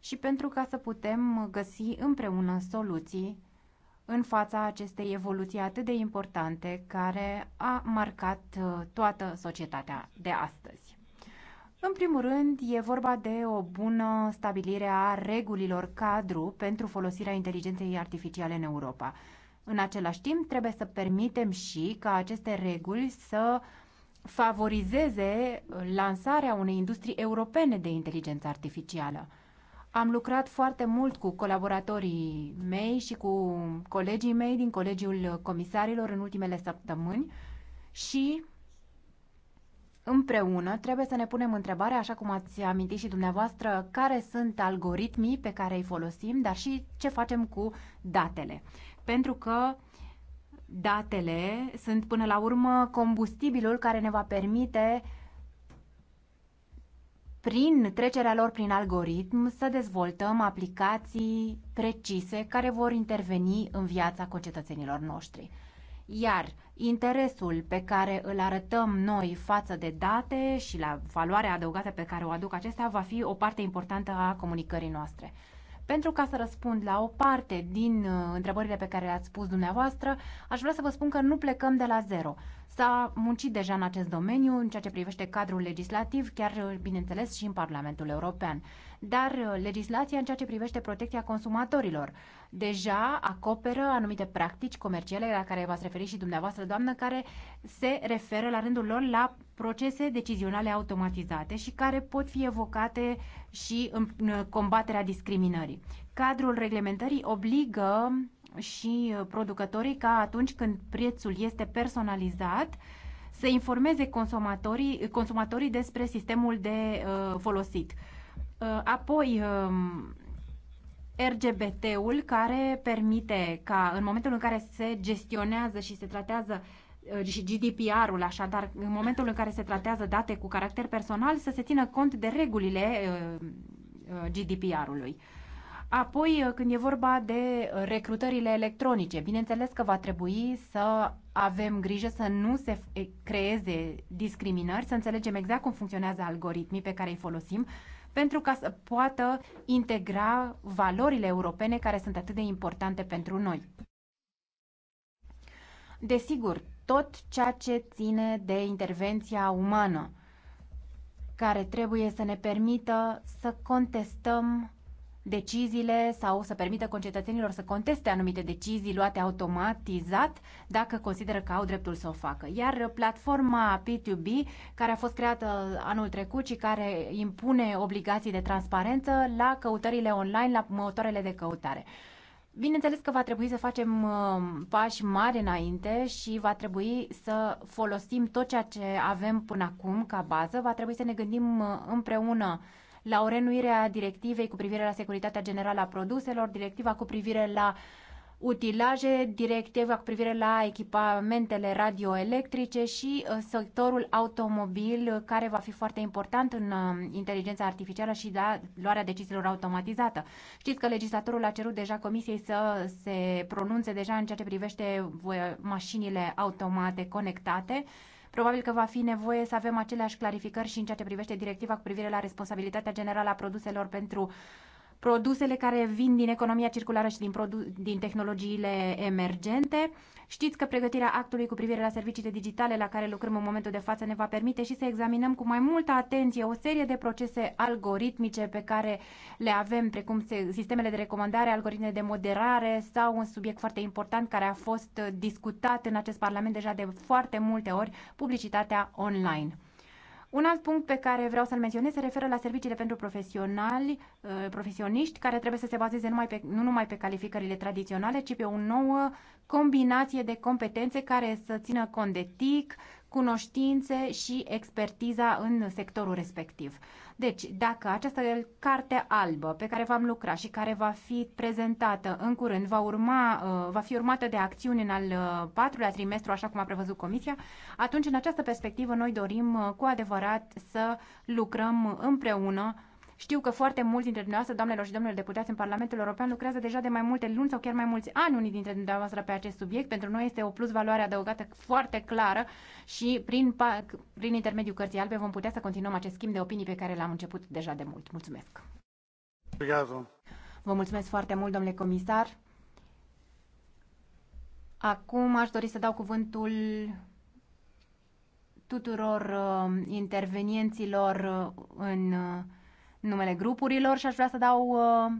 și pentru ca să putem găsi împreună soluții în fața acestei evoluții atât de importante care a marcat uh, toată societatea de astăzi. În primul rând, e vorba de o bună stabilire a regulilor cadru pentru folosirea inteligenței artificiale în Europa. În același timp, trebuie să permitem și ca aceste reguli să favorizeze lansarea unei industrii europene de inteligență artificială. Am lucrat foarte mult cu colaboratorii mei și cu colegii mei din Colegiul Comisarilor în ultimele săptămâni și împreună trebuie să ne punem întrebarea, așa cum ați amintit și dumneavoastră, care sunt algoritmii pe care îi folosim, dar și ce facem cu datele. Pentru că datele sunt până la urmă combustibilul care ne va permite uh, prin trecerea lor prin algoritm, să dezvoltăm aplicații precise care vor interveni în viața concetățenilor noștri. Iar interesul pe care îl arătăm noi față de date și la valoarea adăugată pe care o aduc acestea va fi o parte importantă a comunicării noastre. Pentru ca să răspund la o parte din uh, întrebările pe care le-ați spus dumneavoastră, aș vrea să vă spun că nu plecăm de la zero. S-a muncit deja în acest domeniu, în ceea ce privește cadrul legislativ, chiar, bineînțeles, și în Parlamentul European. Dar uh, legislația în ceea ce privește protecția consumatorilor deja acoperă anumite practici comerciale la care v-ați referit și dumneavoastră, doamnă, care se referă la rândul lor la procese decizionale automatizate și care pot fi evocate și în combaterea discriminării. Cadrul reglementării obligă și uh, producătorii ca atunci când prețul este personalizat să informeze consumatorii, consumatorii despre sistemul de uh, folosit. Uh, apoi, uh, um, RGBT-ul care permite ca în momentul în care se gestionează și se tratează uh, și GDPR-ul, așadar, în momentul în care se tratează date cu caracter personal, să se țină cont de regulile uh, GDPR-ului. Apoi, uh, când e vorba de uh, recrutările electronice, bineînțeles că va trebui să avem grijă să nu se creeze discriminări, să înțelegem exact cum funcționează algoritmii pe care îi folosim, pentru ca să poată integra valorile europene care sunt atât de importante pentru noi. Desigur, tot ceea ce ține de intervenția umană, care trebuie să ne permită să contestăm deciziile sau să permită concetățenilor să conteste anumite decizii luate automatizat dacă consideră că au dreptul să o facă. Iar platforma P2B, care a fost creată anul trecut și care impune obligații de transparență la căutările online, la motoarele de căutare. Bineînțeles că va trebui să facem uh, pași mari înainte și va trebui să folosim tot ceea ce avem până acum ca bază. Va trebui să ne gândim uh, împreună la o renuire a directivei cu privire la securitatea generală a produselor, directiva cu privire la utilaje, directiva cu privire la echipamentele radioelectrice și uh, sectorul automobil, uh, care va fi foarte important în uh, inteligența artificială și da, luarea deciziilor automatizată. Știți că legislatorul a cerut deja comisiei să se pronunțe deja în ceea ce privește mașinile automate conectate Probabil că va fi nevoie să avem aceleași clarificări și în ceea ce privește directiva cu privire la responsabilitatea generală a produselor pentru uh, produsele care vin din economia circulară și din, din tehnologiile emergente. Știți că pregătirea actului cu privire la serviciile digitale la care lucrăm în momentul de față ne va permite și să examinăm cu mai multă atenție o serie de procese algoritmice pe care le avem, precum sistemele de recomandare, algoritme de moderare sau un subiect foarte important care a fost discutat în acest Parlament deja de foarte multe ori, publicitatea online. Un alt punct pe care vreau să-l menționez se referă la serviciile pentru profesionali, uh, profesioniști, care trebuie să se bazeze numai pe, nu numai pe calificările tradiționale, ci pe o nouă combinație de competențe care să țină cont de TIC, cunoștințe și expertiza în sectorul respectiv. Deci, dacă această carte albă pe care v-am lucrat și care va fi prezentată în curând va, urma, uh, va fi urmată de acțiuni în al uh, patrulea trimestru, așa cum a prevăzut Comisia, atunci, în această perspectivă, noi dorim uh, cu adevărat să lucrăm împreună știu că foarte mulți dintre dumneavoastră, doamnelor și domnilor deputați în Parlamentul European, lucrează deja de mai multe luni sau chiar mai mulți ani unii dintre dumneavoastră pe acest subiect. Pentru noi este o plus valoare adăugată foarte clară și prin, prin intermediul cărții albe vom putea să continuăm acest schimb de opinii pe care l-am început deja de mult. Mulțumesc! Vă mulțumesc foarte mult, domnule comisar. Acum aș dori să dau cuvântul tuturor uh, intervenienților uh, în uh, numele grupurilor și aș vrea să dau uh,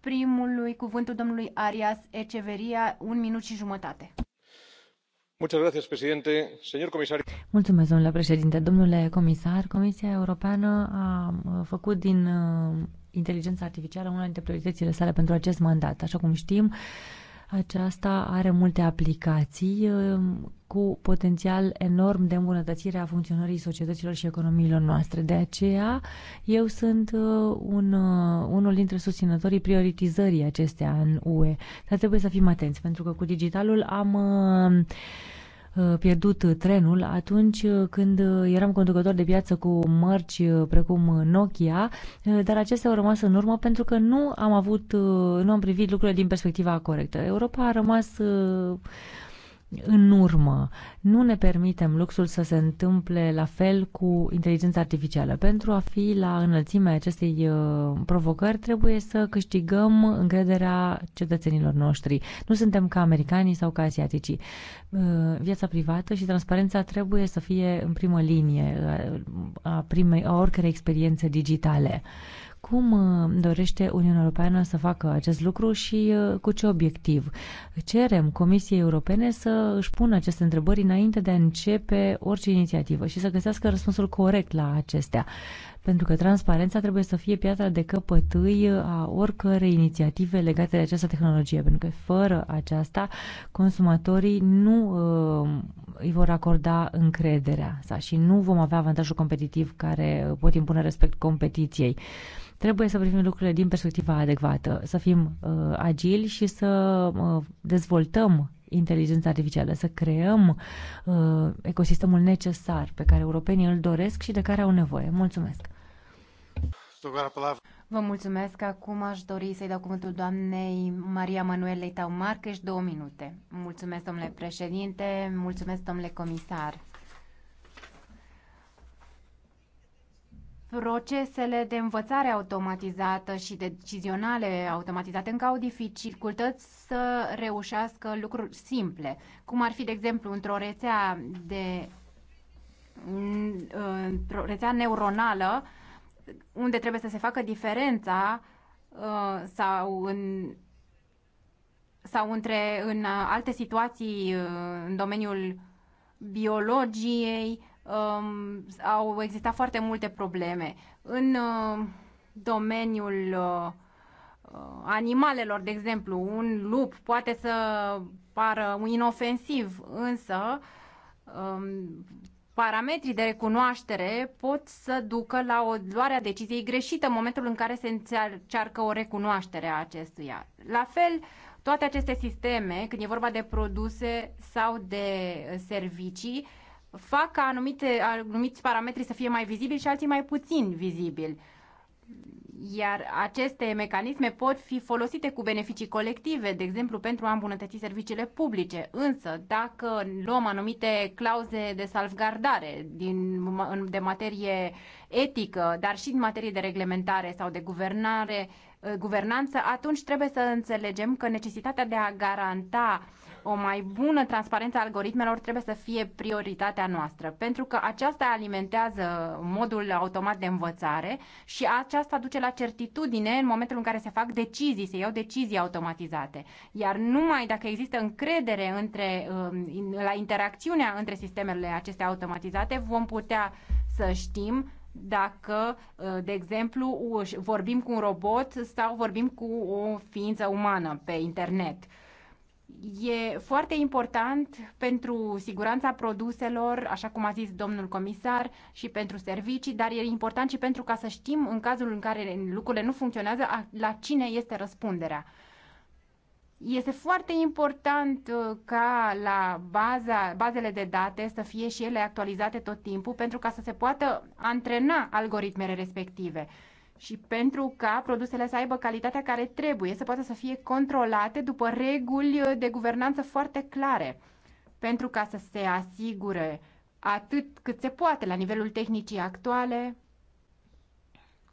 primului cuvântul domnului Arias Eceveria, un minut și jumătate. Mulțumesc, domnule președinte. Domnule comisar, Comisia Europeană a uh, făcut din uh, inteligența artificială una dintre prioritățile sale pentru acest mandat. Așa cum știm, uh, aceasta are multe aplicații uh, cu potențial enorm de îmbunătățire a funcționării societăților și economiilor noastre. De aceea, eu sunt uh, un, uh, unul dintre susținătorii prioritizării acestea în UE. Dar trebuie să fim atenți, pentru că cu digitalul am Uh, pierdut trenul atunci uh, când uh, eram conducător de piață cu mărci precum Nokia, dar acestea au rămas în urmă pentru că nu am avut, nu am privit lucrurile din perspectiva corectă. Europa a rămas în urmă. Nu ne permitem luxul să se întâmple la fel cu inteligența artificială. Pentru a fi la înălțimea acestei uh, provocări, trebuie să câștigăm încrederea cetățenilor noștri. Nu suntem ca americanii sau ca asiaticii. Uh, viața privată și transparența trebuie să fie în primă linie uh, a, primei, a oricărei experiențe digitale. Cum uh, dorește Uniunea Europeană să facă acest lucru și uh, cu ce obiectiv? Cerem Comisiei Europene să își pună aceste întrebări înainte de a începe orice inițiativă și să găsească răspunsul corect la acestea pentru că transparența trebuie să fie piatra de căpătâi a oricărei inițiative legate de această tehnologie, pentru că fără aceasta consumatorii nu uh, îi vor acorda încrederea sa și nu vom avea avantajul competitiv care pot impune respect competiției. Trebuie să privim lucrurile din perspectiva adecvată, să fim uh, agili și să uh, dezvoltăm inteligența artificială, să creăm uh, ecosistemul necesar pe care europenii îl doresc și de care au nevoie. Mulțumesc! Vă mulțumesc. Acum aș dori să-i dau cuvântul doamnei Maria Manuelei Taumarcheș, două minute. Mulțumesc, domnule președinte, mulțumesc, domnule comisar. procesele de învățare automatizată și decizionale automatizate încă au dificultăți să reușească lucruri simple, cum ar fi, de exemplu, într-o rețea de într-o rețea neuronală unde trebuie să se facă diferența uh, sau în sau între în uh, alte situații uh, în domeniul biologiei um, au existat foarte multe probleme. În domeniul animalelor, de exemplu, un lup poate să pară inofensiv, însă um, parametrii de recunoaștere pot să ducă la o luare a deciziei greșită în momentul în care se încearcă o recunoaștere a acestuia. La fel, toate aceste sisteme, când e vorba de produse sau de servicii, fac ca anumite, anumiți parametri să fie mai vizibili și alții mai puțin vizibili iar aceste mecanisme pot fi folosite cu beneficii colective, de exemplu pentru a îmbunătăți serviciile publice. Însă, dacă luăm anumite clauze de salvgardare din, de materie etică, dar și în materie de reglementare sau de guvernare, eh, guvernanță, atunci trebuie să înțelegem că necesitatea de a garanta uh, o mai bună transparență a algoritmelor trebuie să fie prioritatea noastră, pentru că aceasta alimentează modul automat de învățare și aceasta duce la certitudine în momentul în care se fac decizii, se iau decizii automatizate. Iar numai dacă există încredere între, um, la interacțiunea între sistemele acestea automatizate, vom putea să știm dacă, uh, de exemplu, vorbim cu un robot sau vorbim cu o ființă umană pe internet. E foarte important pentru siguranța produselor, așa cum a zis domnul comisar, și pentru servicii, dar e important și pentru ca să știm, în cazul în care lucrurile nu funcționează, la cine este răspunderea. Este foarte important uh, ca la baza, bazele de date să fie și ele actualizate tot timpul pentru ca să se poată antrena algoritmele respective și pentru ca produsele să aibă calitatea care trebuie, să poată să fie controlate după reguli de guvernanță foarte clare, pentru ca să se asigure atât cât se poate la nivelul tehnicii actuale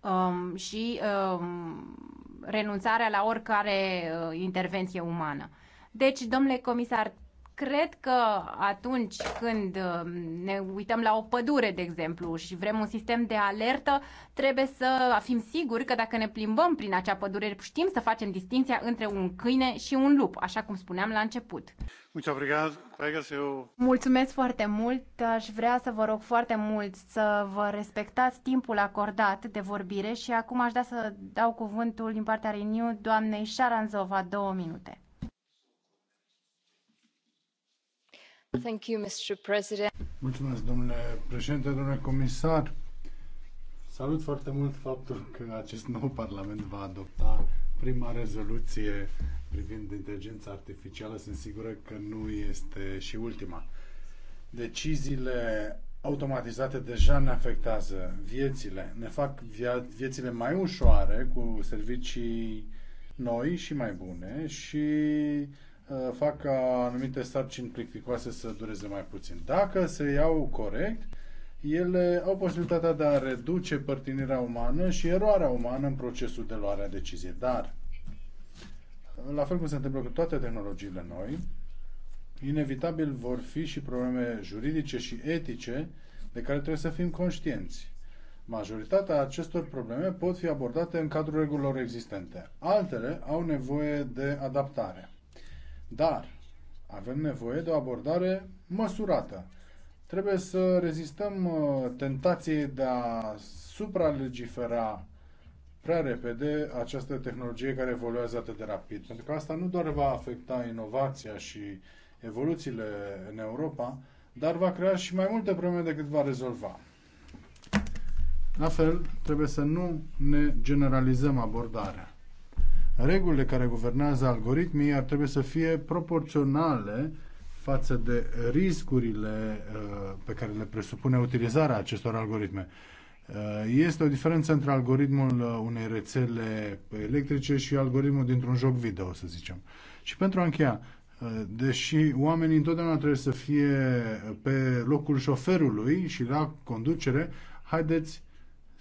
um, și um, renunțarea la oricare uh, intervenție umană. Deci, domnule comisar cred că atunci când um, ne uităm la o pădure, de exemplu, și vrem un sistem de alertă, trebuie să fim siguri că dacă ne plimbăm prin acea pădure, știm să facem distinția între un câine și un lup, așa cum spuneam la început. Mulțumesc foarte mult. Aș vrea să vă rog foarte mult să vă respectați timpul acordat de vorbire și acum aș da să dau cuvântul din partea Renew doamnei Șaranzova, două minute. Mulțumesc, domnule președinte, domnule comisar. Salut foarte mult faptul că acest nou Parlament va adopta prima rezoluție privind inteligența artificială. Sunt sigură că nu este și ultima. Deciziile automatizate deja ne afectează viețile, ne fac via- viețile mai ușoare cu servicii noi și mai bune și Eh, fac ca anumite sarcini plicticoase să dureze mai puțin. Dacă se iau corect, ele au posibilitatea de a reduce părtinirea umană și eroarea umană în procesul de luare a deciziei. Dar, la fel cum se întâmplă cu toate tehnologiile noi, inevitabil vor fi și probleme juridice și etice de care trebuie să fim conștienți. Majoritatea acestor probleme pot fi abordate în cadrul regulilor existente. Altele au nevoie de adaptare. Dar avem nevoie de o abordare măsurată. Trebuie să rezistăm uh, tentației de a supralegifera prea repede această tehnologie care evoluează atât de rapid. Pentru că asta nu doar va afecta inovația și evoluțiile în Europa, dar va crea și mai multe probleme decât va rezolva. La fel, trebuie să nu ne generalizăm abordarea regulile care guvernează algoritmii ar trebui să fie proporționale față de riscurile uh, pe care le presupune utilizarea acestor algoritme. Uh, este o diferență între algoritmul uh, unei rețele electrice și algoritmul dintr-un joc video, să zicem. Și pentru a încheia, deși oamenii întotdeauna trebuie să fie pe locul șoferului și la conducere, haideți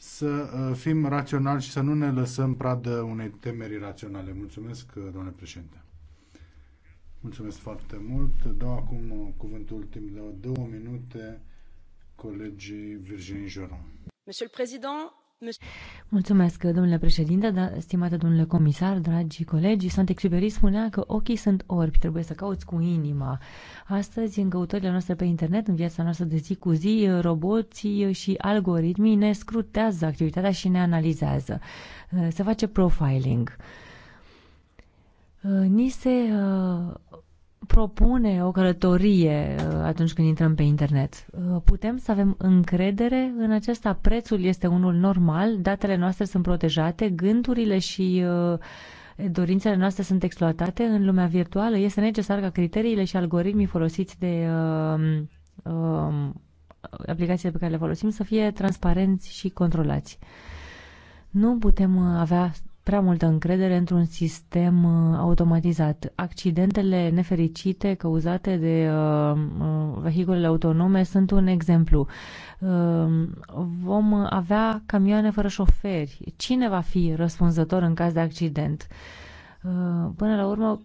să uh, fim raționali și să nu ne lăsăm pradă unei temeri raționale. Mulțumesc, uh, domnule președinte. Mulțumesc foarte mult. Dau acum uh, cuvântul timp de două minute colegii Virginie Joron. Monsieur le Président, Mulțumesc, domnule președinte, da, stimate domnule comisar, dragi colegi. Saint-Exupéry spunea că ochii sunt orbi, trebuie să cauți cu inima. Astăzi, în căutările noastre pe internet, în viața noastră de zi cu zi, roboții și algoritmii ne scrutează activitatea și ne analizează. Se face profiling. Ni se uh, propune o călătorie uh, atunci când intrăm pe internet. Uh, putem să avem încredere în acesta? Prețul este unul normal, datele noastre sunt protejate, gândurile și uh, dorințele noastre sunt exploatate în lumea virtuală. Este necesar ca criteriile și algoritmii folosiți de uh, uh, aplicațiile pe care le folosim să fie transparenți și controlați. Nu putem avea prea multă încredere într-un sistem uh, automatizat. Accidentele nefericite cauzate de uh, uh, vehiculele autonome sunt un exemplu. Vom avea camioane fără șoferi. Cine va fi răspunzător în caz de accident? Până la urmă,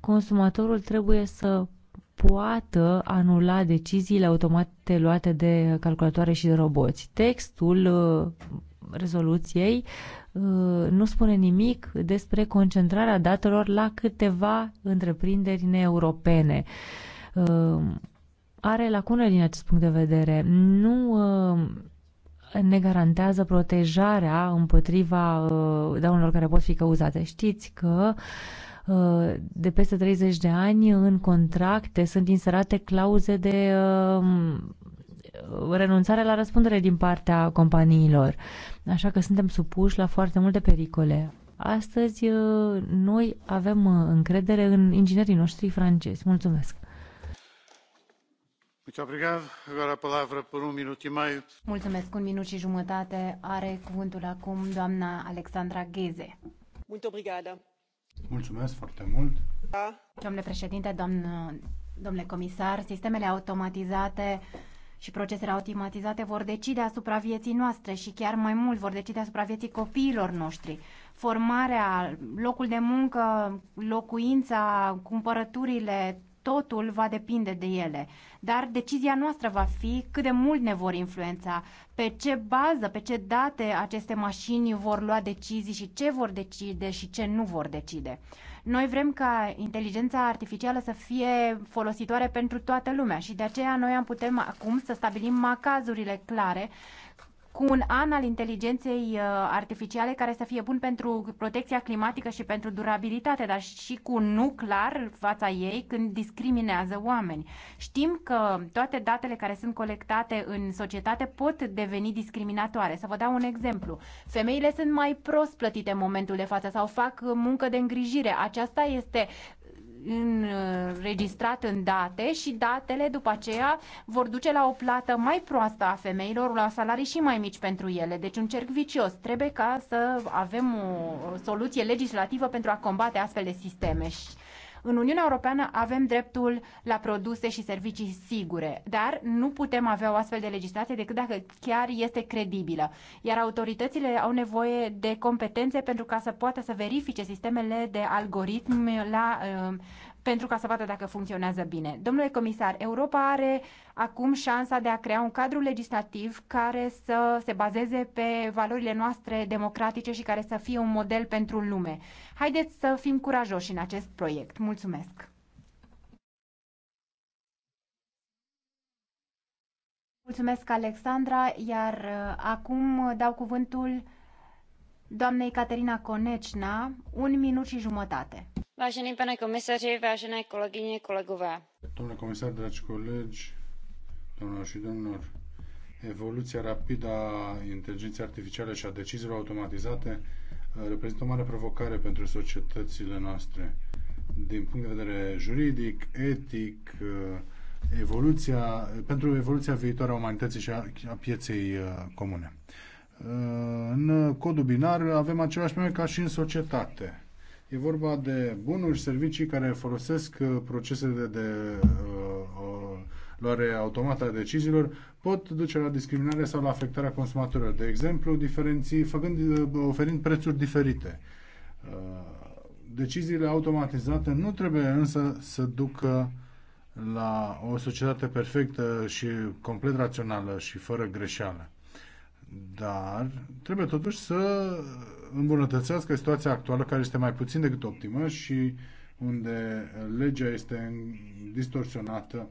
consumatorul trebuie să poată anula deciziile automate luate de calculatoare și de roboți. Textul rezoluției Uh, nu spune nimic despre concentrarea datelor la câteva întreprinderi neeuropene. Uh, are lacune din acest punct de vedere. Nu uh, ne garantează protejarea împotriva daunelor care pot fi cauzate. Știți că de peste 30 de ani în contracte sunt inserate clauze de renunțare la răspundere din partea companiilor. Așa că suntem supuși la foarte multe pericole. Astăzi uh, noi avem uh, încredere în inginerii noștri francezi. Mulțumesc! Um Mulțumesc. Un minut și jumătate are cuvântul acum doamna Alexandra Gheze. Mulțumesc foarte mult. Domnule președinte, domn, domnule comisar, sistemele automatizate și procesele automatizate vor decide asupra vieții noastre și chiar mai mult vor decide asupra vieții copiilor noștri. Formarea, locul de muncă, locuința, cumpărăturile, totul va depinde de ele. Dar decizia noastră va fi cât de mult ne vor influența, pe ce bază, pe ce date aceste mașini vor lua decizii și ce vor decide și ce nu vor decide. Noi vrem ca inteligența artificială să fie folositoare pentru toată lumea și de aceea noi am putem acum să stabilim macazurile clare cu un an al inteligenței uh, artificiale care să fie bun pentru protecția climatică și pentru durabilitate, dar și cu nu clar fața ei când discriminează oameni. Știm că toate datele care sunt colectate în societate pot deveni discriminatoare. Să vă dau un exemplu. Femeile sunt mai prost plătite în momentul de față sau fac muncă de îngrijire. Aceasta este înregistrat în date și datele după aceea vor duce la o plată mai proastă a femeilor, la salarii și mai mici pentru ele. Deci un cerc vicios. Trebuie ca să avem o soluție legislativă pentru a combate astfel de sisteme. Și în Uniunea Europeană avem dreptul la produse și servicii sigure, dar nu putem avea o astfel de legislație decât dacă chiar este credibilă. Iar autoritățile au nevoie de competențe pentru ca să poată să verifice sistemele de algoritmi la uh, pentru ca să vadă dacă funcționează bine. Domnule comisar, Europa are acum șansa de a crea un cadru legislativ care să se bazeze pe valorile noastre democratice și care să fie un model pentru lume. Haideți să fim curajoși în acest proiect. Mulțumesc! Mulțumesc, Alexandra, iar uh, acum dau cuvântul doamnei Caterina Conecna, un minut și jumătate. Vážený pane komisaři, vážené kolegyně, kolegové. Domnule comisar, dragi colegi, domnilor și domnilor, evoluția rapidă a inteligenței artificiale și a deciziilor automatizate uh, reprezintă o mare provocare pentru societățile noastre. Din punct de vedere juridic, etic, uh, evoluția, pentru evoluția viitoare a umanității și a, a pieței uh, comune. În codul binar avem același probleme ca și în societate. E vorba de bunuri și servicii care folosesc uh, procesele de, de uh, luare automată a deciziilor pot duce la discriminare sau la afectarea consumatorilor. De exemplu, diferenții, făcând, uh, oferind prețuri diferite. Uh, deciziile automatizate nu trebuie însă să ducă la o societate perfectă și complet rațională și fără greșeală. Dar trebuie totuși să îmbunătățească situația actuală, care este mai puțin decât optimă și unde legea este distorsionată.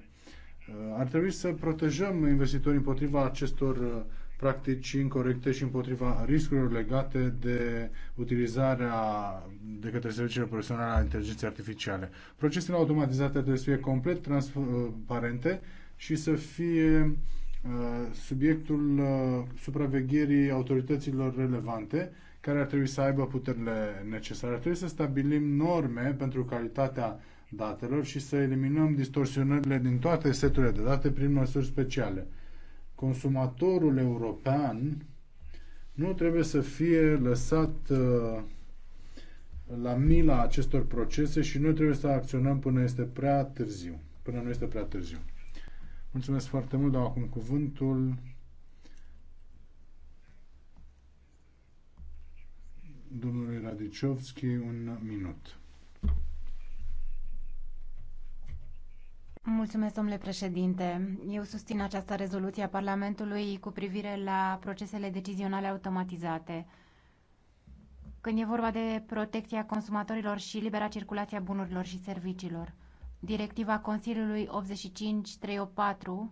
Uh, ar trebui să protejăm investitorii împotriva acestor uh, practici incorrecte și împotriva riscurilor legate de utilizarea de către serviciile profesionale a inteligenței artificiale. Procesele automatizate trebuie să fie complet transparente și să fie uh, subiectul supravegherii autorităților relevante care ar trebui să aibă puterile necesare. Ar trebui să stabilim norme pentru calitatea datelor și să eliminăm distorsionările din toate seturile de date prin măsuri speciale. Consumatorul european nu trebuie să fie lăsat uh, la mila acestor procese și noi trebuie să acționăm până este prea târziu. Până nu este prea târziu. Mulțumesc foarte mult, dau acum cuvântul domnului Radicovski, un minut. Mulțumesc, domnule președinte. Eu susțin această rezoluție a Parlamentului cu privire la procesele decizionale automatizate. Când e vorba de protecția consumatorilor și libera circulație a bunurilor și serviciilor, directiva Consiliului 85384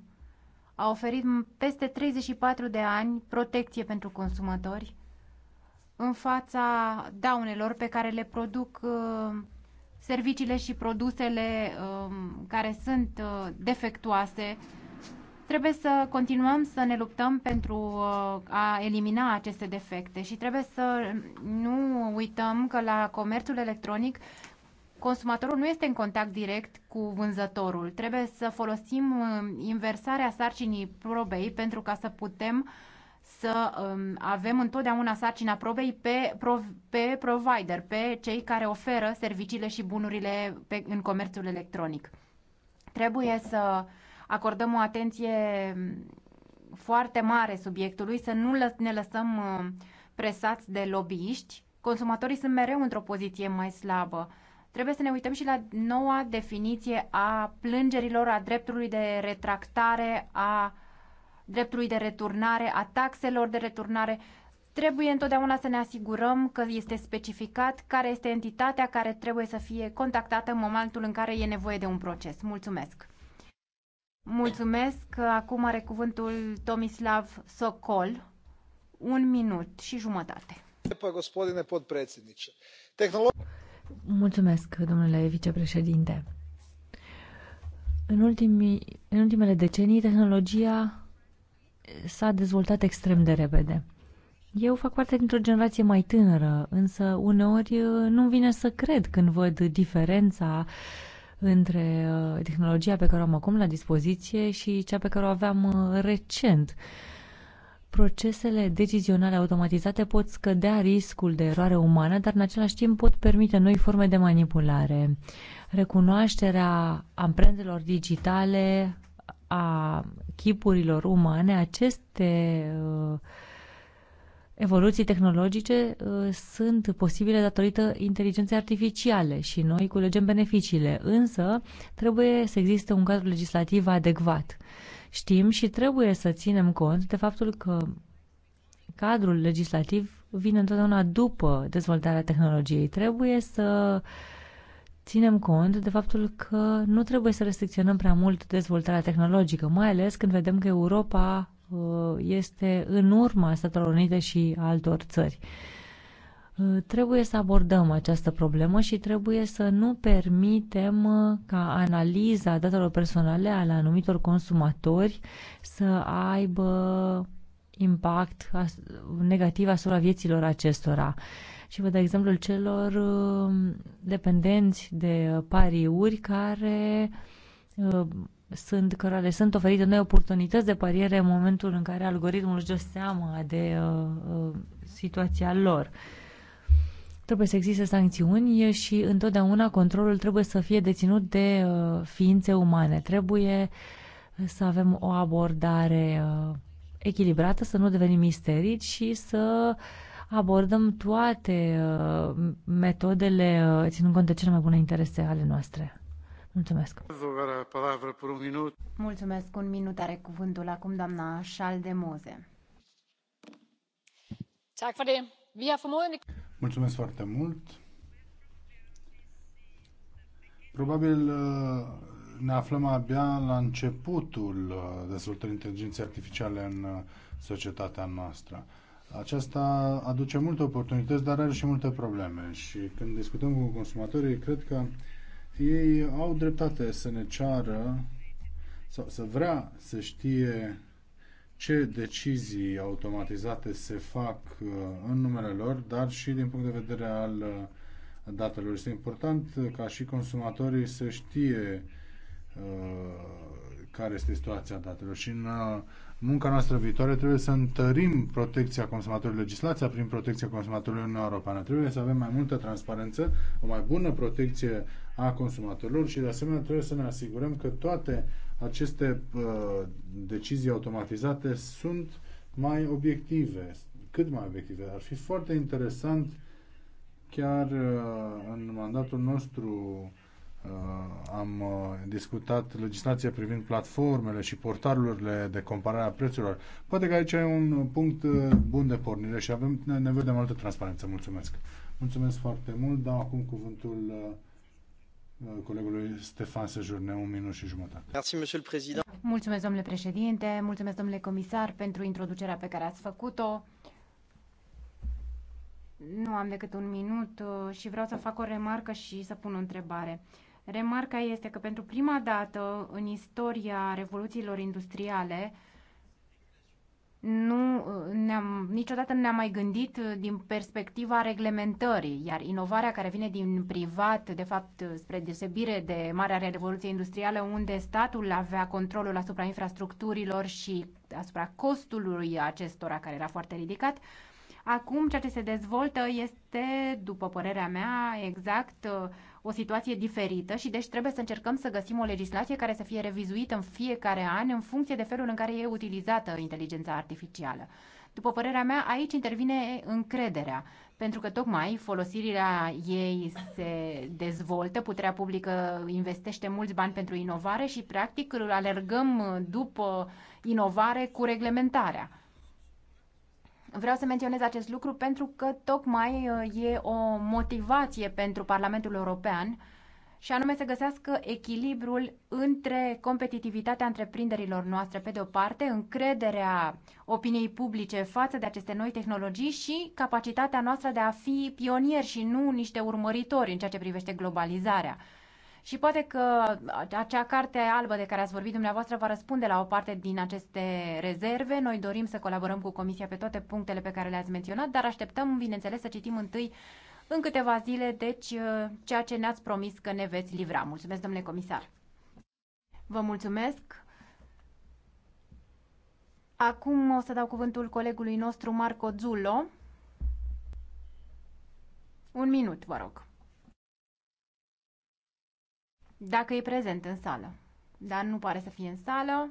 a oferit peste 34 de ani protecție pentru consumatori în fața daunelor pe care le produc uh, serviciile și produsele um, care sunt uh, defectuoase. Trebuie să continuăm să ne luptăm pentru uh, a elimina aceste defecte și trebuie să nu uităm că la comerțul electronic consumatorul nu este în contact direct cu vânzătorul. Trebuie să folosim inversarea sarcinii probei pentru ca să putem uh, să um, avem întotdeauna sarcina probei pe, pe provider, pe cei care oferă serviciile și bunurile pe, în comerțul electronic. Trebuie să acordăm o atenție foarte mare subiectului, să nu ne lăsăm uh, presați de lobbyiști. Consumatorii sunt mereu într-o poziție mai slabă. Trebuie să ne uităm și la noua definiție a plângerilor, a dreptului de retractare, a dreptului de returnare, a taxelor de returnare. Trebuie întotdeauna să ne asigurăm că este specificat care este entitatea care trebuie să fie contactată în momentul în care e nevoie de un proces. Mulțumesc! Mulțumesc! Acum are cuvântul Tomislav Sokol. Un minut și jumătate. Mulțumesc, domnule vicepreședinte. În, ultimii, în ultimele decenii, tehnologia s-a dezvoltat extrem de repede. Eu fac parte dintr-o generație mai tânără, însă uneori uh, nu vine să cred când văd diferența între uh, tehnologia pe care o am acum la dispoziție și cea pe care o aveam uh, recent. Procesele decizionale automatizate pot scădea riscul de eroare umană, dar în același timp pot permite noi forme de manipulare. Recunoașterea amprentelor digitale a chipurilor umane, aceste uh, evoluții tehnologice uh, sunt posibile datorită inteligenței artificiale și noi culegem beneficiile, însă trebuie să existe un cadru legislativ adecvat. Știm și trebuie să ținem cont de faptul că cadrul legislativ vine întotdeauna după dezvoltarea tehnologiei. Trebuie să uh, ținem cont de faptul că nu trebuie să restricționăm prea mult dezvoltarea tehnologică, mai ales când vedem că Europa uh, este în urma Statelor Unite și altor țări. Uh, trebuie să abordăm această problemă și trebuie să nu permitem uh, ca analiza datelor personale ale anumitor consumatori să aibă impact negativ asupra vieților acestora și vă dau exemplul celor um, dependenți de pariuri care um, sunt, cărora le sunt oferite noi oportunități de pariere în momentul în care algoritmul își dă seama de uh, uh, situația lor. Trebuie să existe sancțiuni și întotdeauna controlul trebuie să fie deținut de uh, ființe umane. Trebuie să avem o abordare echilibrată, să nu devenim isterici și să uh, abordăm toate uh, metodele uh, ținând cont de cele mai bune interese ale noastre. Mulțumesc. Mulțumesc. Un minut are cuvântul acum doamna de Moze. Mulțumesc foarte mult. Probabil uh, ne aflăm abia la începutul dezvoltării inteligenței artificiale în societatea noastră. Aceasta aduce multe oportunități, dar are și multe probleme. Și când discutăm cu consumatorii, cred că ei au dreptate să ne ceară sau să vrea să știe ce decizii automatizate se fac uh, în numele lor, dar și din punct de vedere al uh, datelor. Este important ca și consumatorii să știe uh, care este situația datelor. Și în munca noastră viitoare trebuie să întărim protecția consumatorului, legislația prin protecția consumatorului în Europeană. Trebuie să avem mai multă transparență, o mai bună protecție a consumatorilor și de asemenea trebuie să ne asigurăm că toate aceste uh, decizii automatizate sunt mai obiective, cât mai obiective. Ar fi foarte interesant chiar uh, în mandatul nostru Uh, am uh, discutat legislația privind platformele și portalurile de comparare a prețurilor. Poate că aici e un punct uh, bun de pornire și avem nevoie de multă transparență. Mulțumesc! Mulțumesc foarte mult. Dau acum cuvântul colegului Stefan Sejurne, un minut și jumătate. Mulțumesc, domnule președinte, mulțumesc, domnule comisar, pentru introducerea pe care ați făcut-o. Nu am decât un minut și vreau să fac o remarcă și să pun o întrebare. Remarca este că pentru prima dată în istoria revoluțiilor industriale nu ne-am, niciodată nu ne-am mai gândit din perspectiva reglementării, iar inovarea care vine din privat, de fapt spre deosebire de Marea Revoluție Industrială, unde statul avea controlul asupra infrastructurilor și asupra costului acestora, care era foarte ridicat, Acum, ceea ce se dezvoltă este, după părerea mea, exact o situație diferită și deci trebuie să încercăm să găsim o legislație care să fie revizuită în fiecare an în funcție de felul în care e utilizată inteligența artificială. După părerea mea, aici intervine încrederea, pentru că tocmai folosirea ei se dezvoltă, puterea publică investește mulți bani pentru inovare și, practic, alergăm după inovare cu reglementarea. Vreau să menționez acest lucru pentru că tocmai uh, e o motivație pentru Parlamentul European și anume să găsească echilibrul între competitivitatea întreprinderilor noastre, pe de o parte, încrederea opiniei publice față de aceste noi tehnologii și capacitatea noastră de a fi pionieri și nu niște urmăritori în ceea ce privește globalizarea. Și poate că acea carte albă de care ați vorbit dumneavoastră va răspunde la o parte din aceste rezerve. Noi dorim să colaborăm cu Comisia pe toate punctele pe care le-ați menționat, dar așteptăm, bineînțeles, să citim întâi în câteva zile, deci, uh, ceea ce ne-ați promis că ne veți livra. Mulțumesc, domnule comisar. Vă mulțumesc. Acum o să dau cuvântul colegului nostru Marco Zullo. Un minut, vă rog dacă e prezent în sală. Dar nu pare să fie în sală.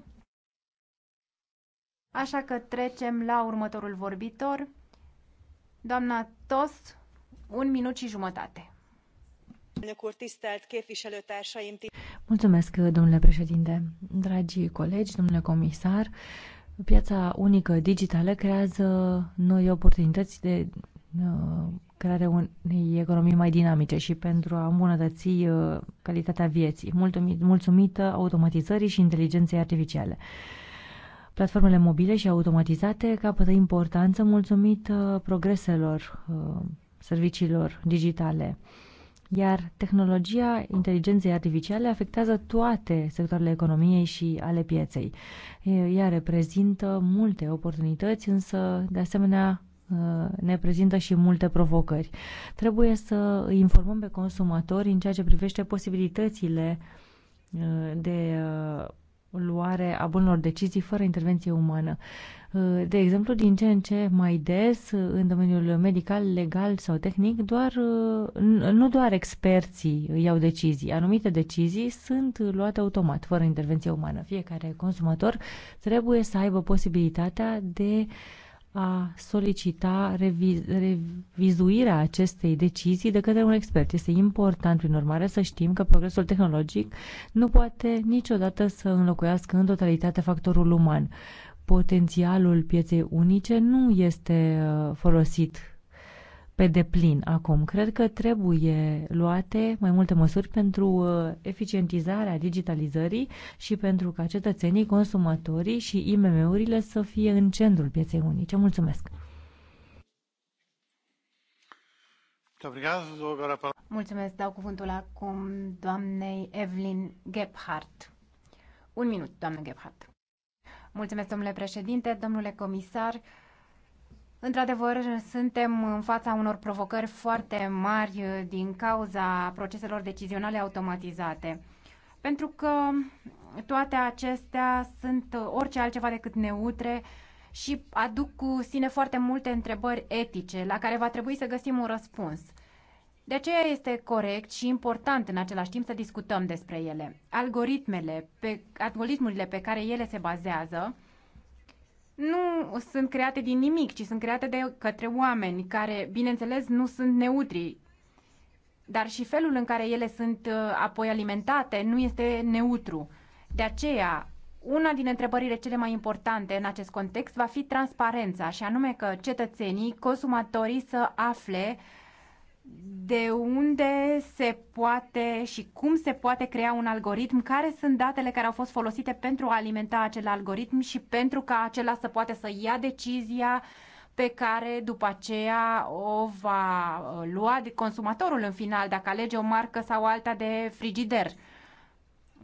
Așa că trecem la următorul vorbitor. Doamna Tost, un minut și jumătate. Mulțumesc, domnule președinte, dragi colegi, domnule comisar. Piața unică digitală creează noi oportunități de uh, crearea unei economii mai dinamice și pentru a îmbunătăți uh, calitatea vieții, mulțumită automatizării și inteligenței artificiale. Platformele mobile și automatizate capătă importanță mulțumită uh, progreselor uh, serviciilor digitale iar tehnologia inteligenței artificiale afectează toate sectoarele economiei și ale pieței. Ea reprezintă multe oportunități, însă, de asemenea, Uh, ne prezintă și multe provocări. Trebuie să informăm pe consumatori în ceea ce privește posibilitățile uh, de uh, luare a bunelor decizii fără intervenție umană. De exemplu, din ce în ce mai des, în domeniul medical, legal sau tehnic, doar, nu doar experții iau decizii. Anumite decizii sunt luate automat, fără intervenție umană. Fiecare consumator trebuie să aibă posibilitatea de uh, a solicita reviz revizuirea acestei decizii de către un expert. Este important, prin urmare, să știm că progresul tehnologic nu poate niciodată să înlocuiască în totalitate factorul uman. Potențialul pieței unice nu este uh, folosit pe deplin acum. Cred că trebuie luate mai multe măsuri pentru uh, eficientizarea digitalizării și pentru ca cetățenii, consumatorii și IMM-urile să fie în centrul pieței unice. Mulțumesc! Mulțumesc, dau cuvântul acum doamnei Evelyn Gebhardt. Un minut, doamnă Gebhardt. Mulțumesc, domnule președinte, domnule comisar. Într-adevăr, suntem în fața unor provocări foarte mari uh, din cauza proceselor decizionale automatizate. Pentru că toate acestea sunt uh, orice altceva decât neutre și aduc cu sine foarte multe întrebări etice la care va trebui să găsim un răspuns. De aceea este corect și important în același timp să discutăm despre ele. Algoritmele, pe, algoritmurile pe care ele se bazează, nu sunt create din nimic, ci sunt create de către oameni care, bineînțeles, nu sunt neutri, dar și felul în care ele sunt uh, apoi alimentate nu este neutru. De aceea, una din întrebările cele mai importante în acest context va fi transparența, și anume că cetățenii, consumatorii să afle uh, de unde se poate și cum se poate crea un algoritm, care sunt datele care au fost folosite pentru a alimenta acel algoritm și pentru ca acela să poată să ia decizia pe care după aceea o va uh, lua de consumatorul în final, dacă alege o marcă sau alta de frigider.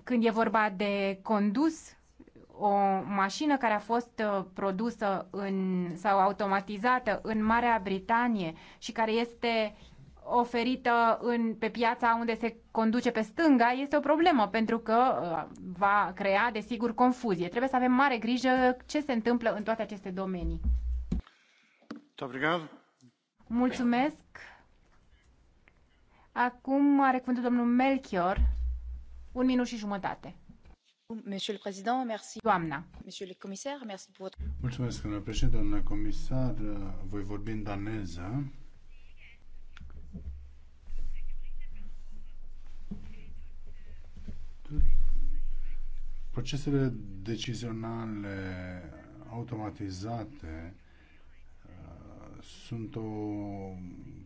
Când e vorba de condus, o mașină care a fost uh, produsă în, sau automatizată în Marea Britanie și care este oferită în, pe piața unde se conduce pe stânga este o problemă pentru că uh, va crea, desigur, confuzie. Trebuie să avem mare grijă ce se întâmplă în toate aceste domenii. Mulțumesc. Acum are cuvântul domnul Melchior. Un minut și jumătate. Doamna. Mulțumesc, domnule președinte, domnule comisar. Voi vorbi în daneză. procesele decizionale automatizate uh, sunt o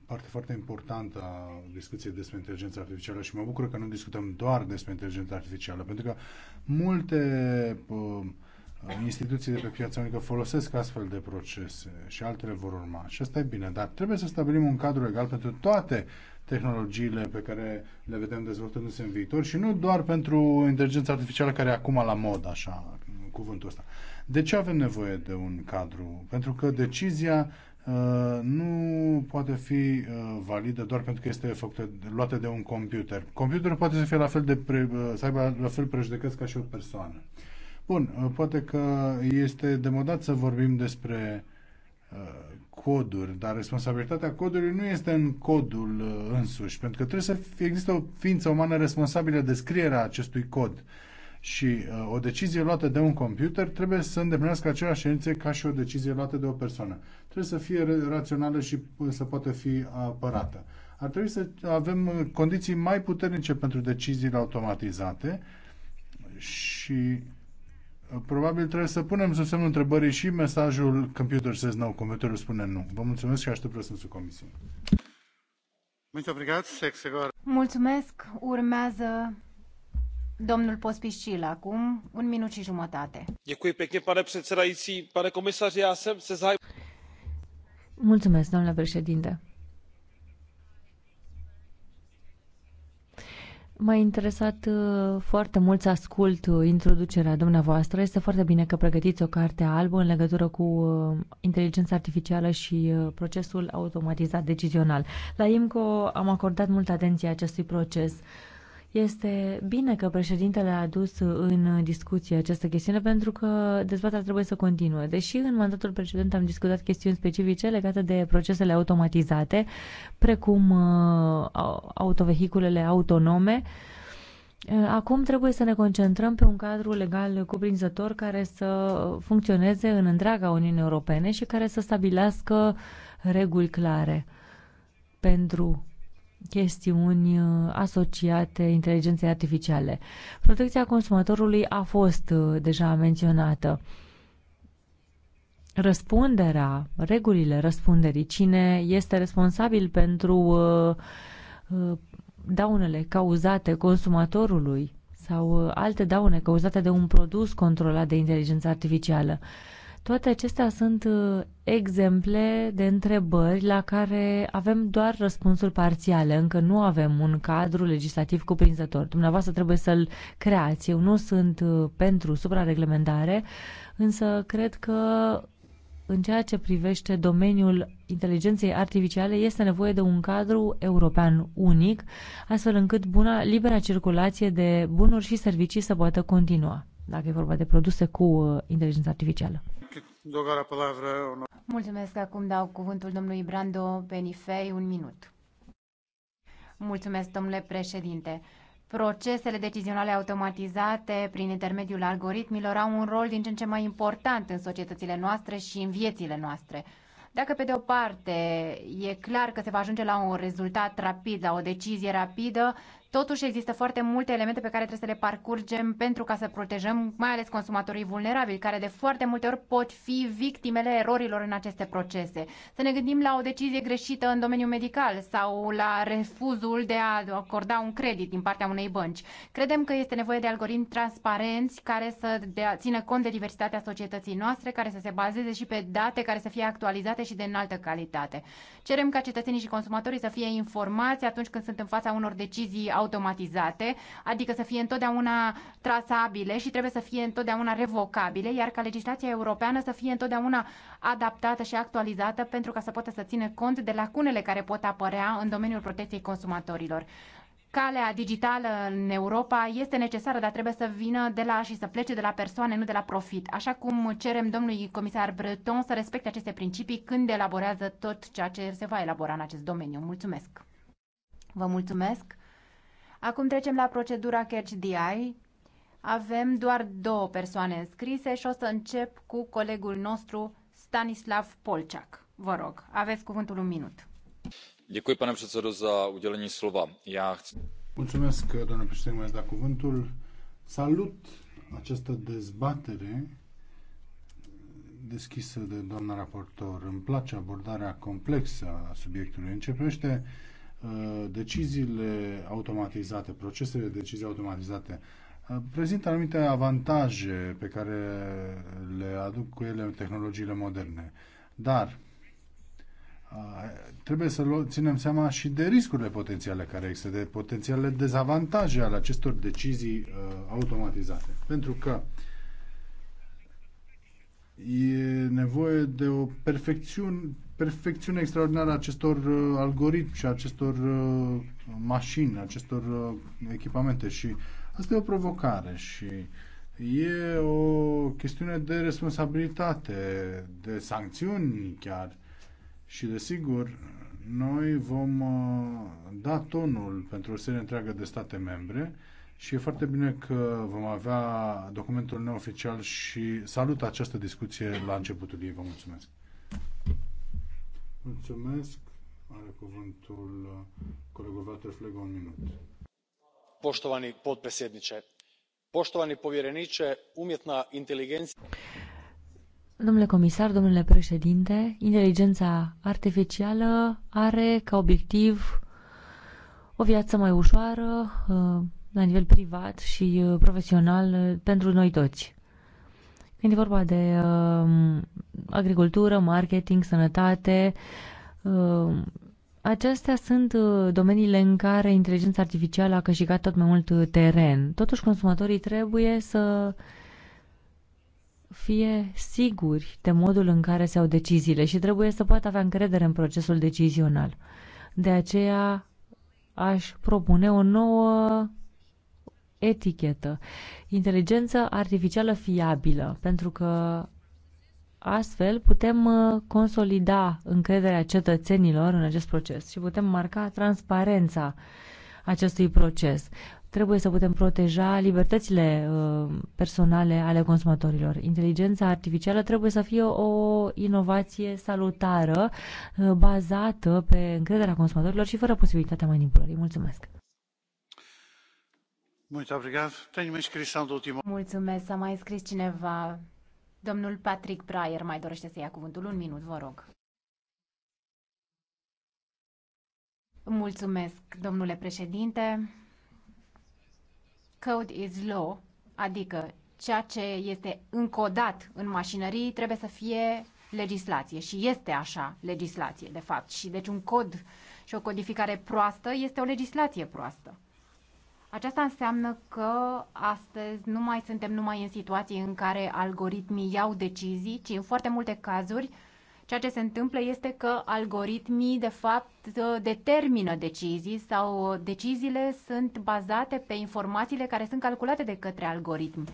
parte foarte importantă a discuției despre inteligența artificială și mă bucur că nu discutăm doar despre inteligența artificială, pentru că multe uh, instituții de pe piața unică folosesc astfel de procese și altele vor urma. Și asta e bine, dar trebuie să stabilim un cadru legal pentru toate tehnologiile pe care le vedem dezvoltându-se în viitor și nu doar pentru inteligența artificială care e acum la mod, așa, cuvântul ăsta. De ce avem nevoie de un cadru? Pentru că decizia uh, nu poate fi uh, validă doar pentru că este făcută, luată de un computer. Computerul poate să fie la fel de pre, uh, să aibă la fel prejudecăți ca și o persoană. Bun, uh, poate că este demodat să vorbim despre Uh, coduri, dar responsabilitatea codului nu este în codul uh, însuși, pentru că trebuie să fie, există o ființă umană responsabilă de scrierea acestui cod. Și uh, o decizie luată de un computer trebuie să îndeplinească aceleași cerințe ca și o decizie luată de o persoană. Trebuie să fie rațională și uh, să poată fi apărată. Ar trebui să avem condiții mai puternice pentru deciziile automatizate și Probabil trebuie să punem sub semnul întrebării și mesajul computer says no, computerul spune nu. Vă mulțumesc și aștept răspunsul comisiei. Mulțumesc. Urmează domnul Pospișil acum, un minut și jumătate. Děkuji pěkně, pane předsedající. Pane komisaři, já jsem se Mulțumesc, domnule președinte. M-a interesat uh, foarte mult să ascult uh, introducerea dumneavoastră. Este foarte bine că pregătiți o carte albă în legătură cu uh, inteligența artificială și procesul automatizat decizional. La IMCO am acordat multă atenție acestui proces. Este bine că președintele a adus în discuție această chestiune pentru că dezbaterea trebuie să continue. Deși în mandatul precedent am discutat chestiuni specifice legate de procesele automatizate, precum uh, autovehiculele autonome, uh, Acum trebuie să ne concentrăm pe un cadru legal cuprinzător care să funcționeze în întreaga Uniune Europene și care să stabilească reguli clare pentru chestiuni uh, asociate inteligenței artificiale. Protecția consumatorului a fost uh, deja menționată. Răspunderea, regulile răspunderii, cine este responsabil pentru uh, daunele cauzate consumatorului sau alte daune cauzate de un produs controlat de inteligență artificială. Toate acestea sunt uh, exemple de întrebări la care avem doar răspunsuri parțiale. Încă nu avem un cadru legislativ cuprinzător. Dumneavoastră trebuie să-l creați. Eu nu sunt uh, pentru suprareglementare, însă cred că în ceea ce privește domeniul inteligenței artificiale, este nevoie de un cadru european unic, astfel încât buna, libera circulație de bunuri și servicii să poată continua, dacă e vorba de produse cu uh, inteligență artificială. Mulțumesc. Acum dau cuvântul domnului Brando Benifei, un minut. Mulțumesc, domnule președinte. Procesele decizionale automatizate prin intermediul algoritmilor au un rol din ce în ce mai important în societățile noastre și în viețile noastre. Dacă, pe de o parte, e clar că se va ajunge la un rezultat rapid, la o decizie rapidă, Totuși există foarte multe elemente pe care trebuie să le parcurgem pentru ca să protejăm mai ales consumatorii vulnerabili, care de foarte multe ori pot fi victimele erorilor în aceste procese. Să ne gândim la o decizie greșită în domeniul medical sau la refuzul de a acorda un credit din partea unei bănci. Credem că este nevoie de algoritmi transparenți care să dea, țină cont de diversitatea societății noastre, care să se bazeze și pe date care să fie actualizate și de înaltă calitate. Cerem ca cetățenii și consumatorii să fie informați atunci când sunt în fața unor decizii automatizate, adică să fie întotdeauna trasabile și trebuie să fie întotdeauna revocabile, iar ca legislația europeană să fie întotdeauna adaptată și actualizată pentru ca să poată să ține cont de lacunele care pot apărea în domeniul protecției consumatorilor calea digitală în Europa este necesară, dar trebuie să vină de la și să plece de la persoane, nu de la profit. Așa cum cerem domnului comisar Breton să respecte aceste principii când elaborează tot ceea ce se va elabora în acest domeniu. Mulțumesc! Vă mulțumesc! Acum trecem la procedura Catch Avem doar două persoane înscrise și o să încep cu colegul nostru Stanislav Polciak. Vă rog, aveți cuvântul un minut. Děkuji, pane předsedo, za udělení slova. Já chci... Mulțumesc, doamne președinte, mai dat cuvântul. Salut această dezbatere deschisă de doamna raportor. Îmi place abordarea complexă a subiectului. Începește Uh, deciziile automatizate, procesele de decizii automatizate, uh, prezintă anumite avantaje pe care le aduc cu ele tehnologiile moderne. Dar uh, trebuie să ținem seama și de riscurile potențiale care există, de potențiale dezavantaje ale acestor decizii automatizate. Pentru că e nevoie de o perfecțiune, perfecțiunea extraordinară a acestor uh, algoritmi și acestor uh, mașini, acestor uh, echipamente și asta e o provocare și e o chestiune de responsabilitate, de sancțiuni chiar și desigur noi vom uh, da tonul pentru o serie întreagă de state membre și e foarte bine că vom avea documentul neoficial și salut această discuție la începutul ei. Vă mulțumesc! Mulțumesc. Are cuvântul uh, colegul Vater Flego un minut. Poștovani potpredsjedniče, poștovani povjereniče, umjetna inteligencija... Domnule comisar, domnule președinte, inteligența artificială are ca obiectiv o viață mai ușoară uh, la nivel privat și uh, profesional pentru noi toți. Când e vorba de uh, agricultură, marketing, sănătate, uh, acestea sunt uh, domeniile în care inteligența artificială a câștigat tot mai mult uh, teren. Totuși, consumatorii trebuie să fie siguri de modul în care se au deciziile și trebuie să poată avea încredere în procesul decizional. De aceea aș propune o nouă etichetă, inteligență artificială fiabilă, pentru că astfel putem uh, consolida încrederea cetățenilor în acest proces și putem marca transparența acestui proces. Trebuie să putem proteja libertățile uh, personale ale consumatorilor. Inteligența artificială trebuie să fie o inovație salutară, uh, bazată pe încrederea consumatorilor și fără posibilitatea manipulării. Mulțumesc! Mulțumesc. S-a mai înscris cineva. Domnul Patrick Breyer mai dorește să ia cuvântul. Un minut, vă rog. Mulțumesc, domnule președinte. Code is law, adică ceea ce este încodat în mașinării trebuie să fie legislație și este așa legislație, de fapt. Și deci un cod și o codificare proastă este o legislație proastă. Aceasta înseamnă că astăzi nu mai suntem numai în situații în care algoritmii iau decizii, ci în foarte multe cazuri ceea ce se întâmplă este că algoritmii de fapt determină decizii sau deciziile sunt bazate pe informațiile care sunt calculate de către algoritmi.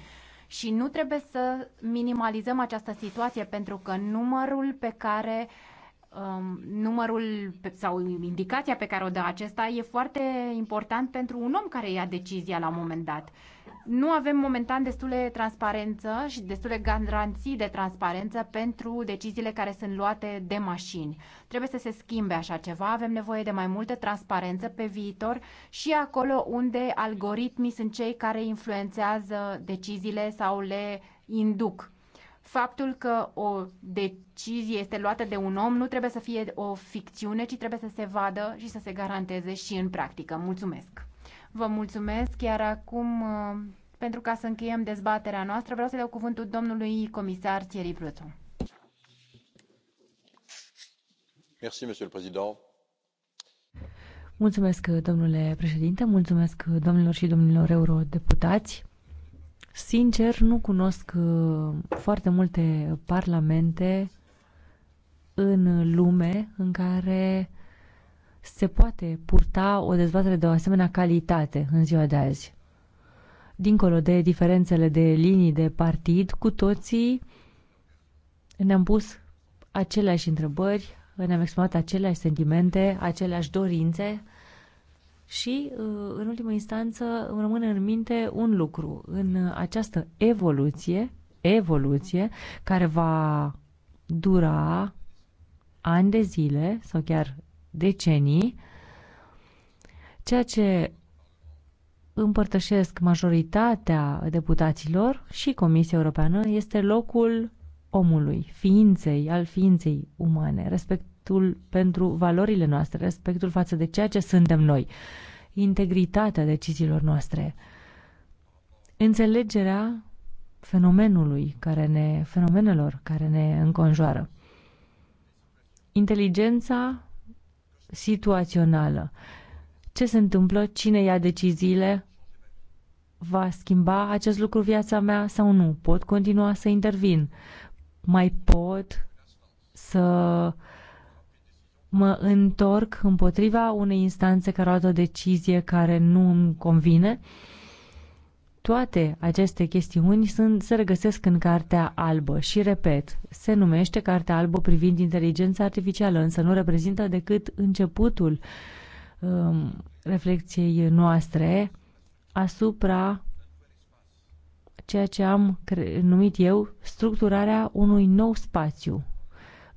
Și nu trebuie să minimalizăm această situație pentru că numărul pe care uh, um, numărul sau indicația pe care o dă acesta e foarte important pentru un om care ia decizia la un moment dat. Nu avem momentan destule transparență și destule garanții de transparență pentru deciziile care sunt luate de mașini. Trebuie să se schimbe așa ceva, avem nevoie de mai multă transparență pe viitor și acolo unde algoritmii sunt cei care influențează deciziile sau le induc faptul că o decizie este luată de un om nu trebuie să fie o ficțiune, ci trebuie să se vadă și să se garanteze și în practică. Mulțumesc! Vă mulțumesc, iar acum, uh, pentru ca să încheiem dezbaterea noastră, vreau să dau cuvântul domnului comisar Thierry Breton. Merci, monsieur le président. Mulțumesc, domnule președinte, mulțumesc domnilor și domnilor eurodeputați. Sincer, nu cunosc uh, foarte multe parlamente în lume în care se poate purta o dezbatere de o asemenea calitate în ziua de azi. Dincolo de diferențele de linii de partid, cu toții ne-am pus aceleași întrebări, ne-am exprimat aceleași sentimente, aceleași dorințe și, uh, în ultimă instanță, îmi rămâne în minte un lucru. În uh, această evoluție, evoluție care va dura ani de zile sau chiar decenii, ceea ce împărtășesc majoritatea deputaților și Comisia Europeană este locul omului, ființei, al ființei umane, respect, respectul pentru valorile noastre, respectul față de ceea ce suntem noi, integritatea deciziilor noastre, înțelegerea fenomenului care ne, fenomenelor care ne înconjoară. Inteligența situațională. Ce se întâmplă, cine ia deciziile, va schimba acest lucru viața mea sau nu? Pot continua să intervin? Mai pot să mă întorc împotriva unei instanțe care a luat o decizie care nu îmi convine. Toate aceste chestiuni sunt, se regăsesc în Cartea Albă și, repet, se numește Cartea Albă privind inteligența artificială, însă nu reprezintă decât începutul um, reflexiei noastre asupra ceea ce am numit eu structurarea unui nou spațiu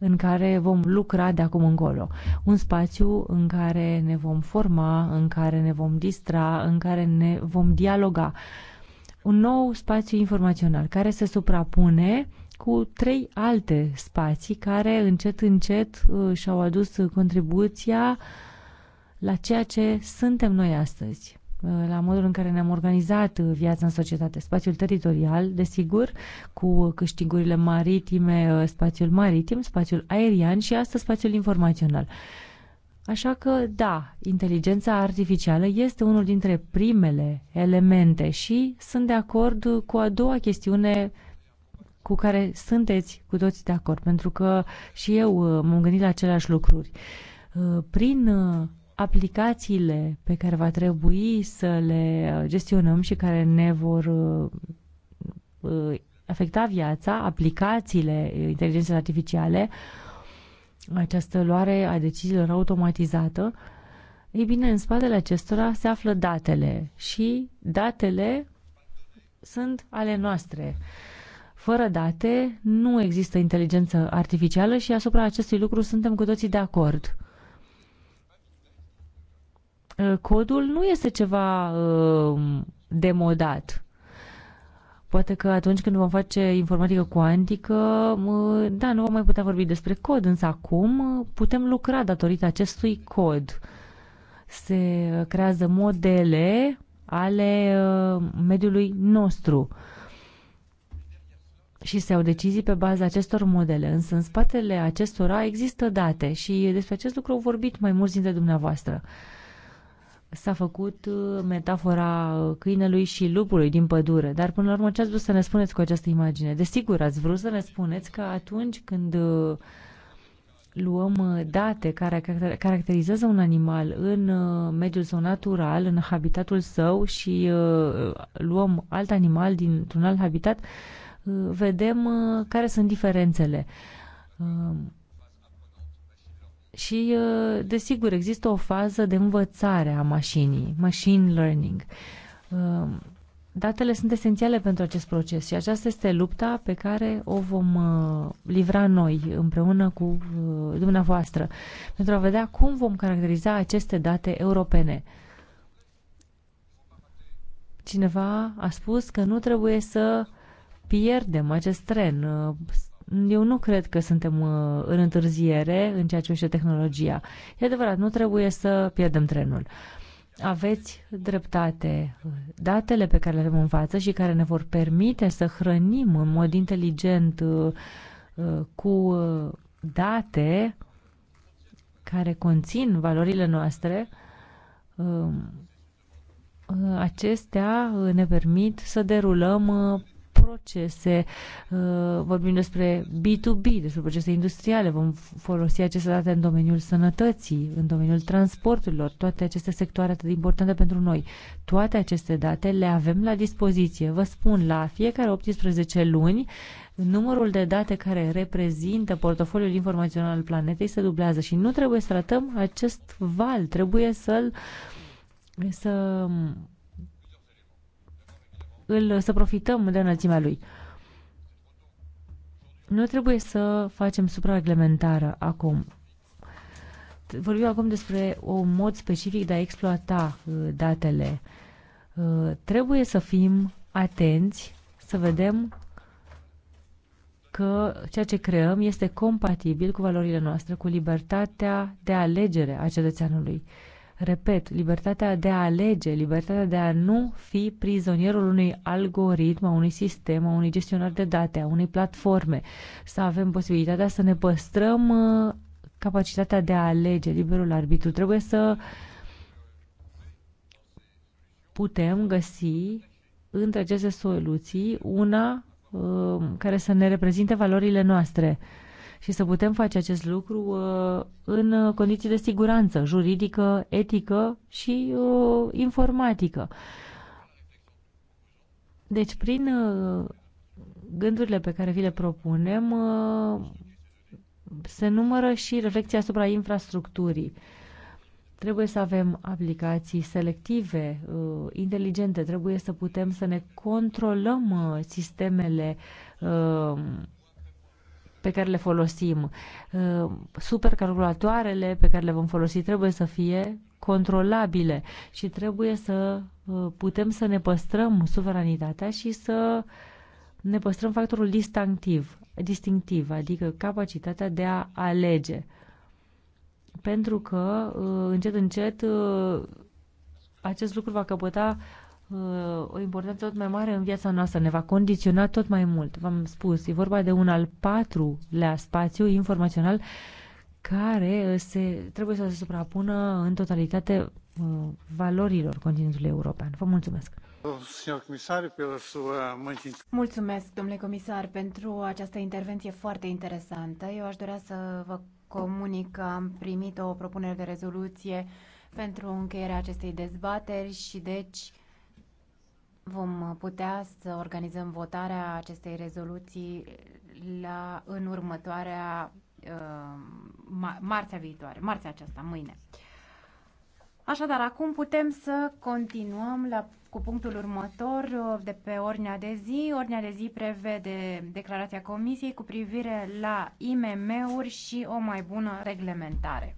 în care vom lucra de acum încolo. Un spațiu în care ne vom forma, în care ne vom distra, în care ne vom dialoga. Un nou spațiu informațional care se suprapune cu trei alte spații care încet încet uh, și-au adus contribuția la ceea ce suntem noi astăzi. Uh, la modul în care ne-am organizat uh, viața în societate. Spațiul teritorial, desigur, cu câștigurile maritime, uh, spațiul maritim, spațiul aerian și astăzi spațiul informațional. Așa că, da, inteligența artificială este unul dintre primele elemente și sunt de acord cu a doua chestiune cu care sunteți cu toți de acord, pentru că și eu m-am gândit la aceleași lucruri. Prin aplicațiile pe care va trebui să le uh, gestionăm și care ne vor uh, uh, afecta viața, aplicațiile inteligenței artificiale, această luare a deciziilor automatizată, ei bine, în spatele acestora se află datele și datele sunt ale noastre. Fără date nu există inteligență artificială și asupra acestui lucru suntem cu toții de acord. Uh, codul nu este ceva uh, demodat. Poate că atunci când vom face informatică cuantică, uh, da, nu vom mai putea vorbi despre cod, însă acum putem lucra datorită acestui cod. Se creează modele ale mediului nostru și se au decizii pe baza acestor modele, însă în spatele acestora există date și despre acest lucru au vorbit mai mulți dintre dumneavoastră. Uh, s-a făcut uh, metafora uh, câinelui și lupului din pădure, dar până la urmă ce ați vrut să ne spuneți cu această imagine? Desigur, ați vrut să ne spuneți că atunci când uh, luăm date care caracterizează un animal în mediul său natural, în habitatul său și luăm alt animal dintr-un alt habitat, vedem care sunt diferențele. Și, uh, desigur, există o fază de învățare a mașinii, machine learning. Um, datele sunt esențiale pentru acest proces și aceasta este lupta pe care o vom uh, livra noi împreună cu uh, dumneavoastră pentru a vedea cum vom caracteriza aceste date europene. Cineva a spus că nu trebuie să pierdem acest tren, eu nu cred că suntem uh, în întârziere în ceea ce este tehnologia. E adevărat, nu trebuie să pierdem trenul. Aveți dreptate. Datele pe care le avem în față și care ne vor permite să hrănim în mod inteligent uh, uh, cu date care conțin valorile noastre, um, acestea ne permit să derulăm procese, uh, vorbim despre B2B, despre procese industriale, vom folosi aceste date în domeniul sănătății, în domeniul transporturilor, toate aceste sectoare atât de importante pentru noi. Toate aceste date le avem la dispoziție. Vă spun, la fiecare 18 luni, numărul de date care reprezintă portofoliul informațional al planetei se dublează și nu trebuie să ratăm acest val, trebuie să-l să îl, să profităm de înălțimea lui. Nu trebuie să facem suprareglementară acum. Vorbim acum despre un mod specific de a exploata uh, datele. Uh, trebuie să fim atenți, să vedem că ceea ce creăm este compatibil cu valorile noastre, cu libertatea de alegere a cetățeanului. Repet, libertatea de a alege, libertatea de a nu fi prizonierul unui algoritm, a unui sistem, a unui gestionar de date, a unei platforme. Să avem posibilitatea să ne păstrăm uh, capacitatea de a alege, liberul arbitru. Trebuie să putem găsi între aceste soluții una uh, care să ne reprezinte valorile noastre și să putem face acest lucru uh, în uh, condiții de siguranță juridică, etică și uh, informatică. Deci, prin gândurile pe care vi le propunem, se numără și reflexia asupra infrastructurii. Trebuie să avem aplicații selective, inteligente, trebuie să putem să ne controlăm sistemele pe care le folosim. Uh, supercalculatoarele pe care le vom folosi trebuie să fie controlabile și trebuie să uh, putem să ne păstrăm suveranitatea și să ne păstrăm factorul distinctiv, distinctiv adică capacitatea de a alege. Pentru că, uh, încet, încet, acest lucru va căpăta Uh, o importanță tot mai mare în viața noastră, ne va condiționa tot mai mult. V-am spus, e vorba de un al patrulea spațiu informațional care se, trebuie să se suprapună în totalitate uh, valorilor continentului european. Vă mulțumesc! Mulțumesc, domnule comisar, pentru această intervenție foarte interesantă. Eu aș dorea să vă comunic că am primit o propunere de rezoluție pentru încheierea acestei dezbateri și deci Vom putea să organizăm votarea acestei rezoluții la, în următoarea uh, marțea viitoare, marțea aceasta, mâine. Așadar, acum putem să continuăm la, cu punctul următor uh, de pe ordinea de zi. Ordinea de zi prevede declarația Comisiei cu privire la IMM-uri și o mai bună reglementare.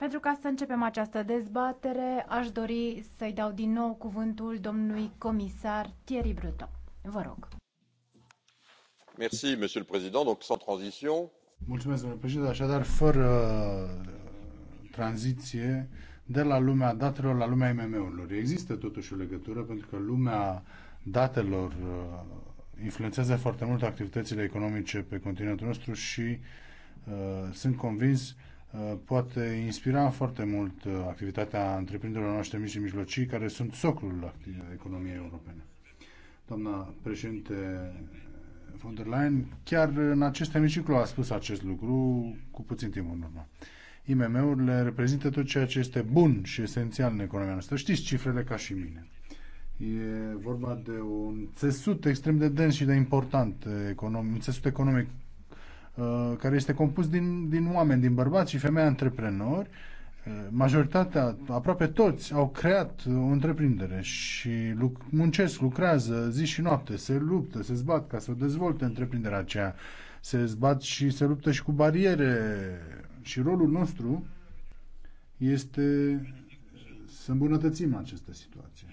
Pentru ca să începem această dezbatere, aș dori să-i dau din nou cuvântul domnului comisar Thierry Bruto. Vă rog. Merci, monsieur le président. Donc, sans transition. Mulțumesc, domnule președinte. Așadar, fără uh, tranziție de la lumea datelor la lumea IMM-urilor. Există totuși o legătură pentru că lumea datelor uh, influențează foarte mult activitățile economice pe continentul nostru și uh, sunt convins uh, Uh, poate inspira foarte mult uh, activitatea întreprinderilor noastre mici și mijlocii, care sunt socrul economiei europene. Doamna președinte von der Leyen, chiar în acest emiciclu a spus acest lucru cu puțin timp în urmă. IMM-urile reprezintă tot ceea ce este bun și esențial în economia noastră. Știți cifrele ca și mine. E vorba de un țesut extrem de dens și de important economic, un țesut economic Uh, care este compus din, din oameni, din bărbați și femei antreprenori, uh, majoritatea, aproape toți, au creat o întreprindere și luc- muncesc, lucrează zi și noapte, se luptă, se zbat ca să o dezvolte întreprinderea aceea, se zbat și se luptă și cu bariere. Și rolul nostru este să îmbunătățim această situație.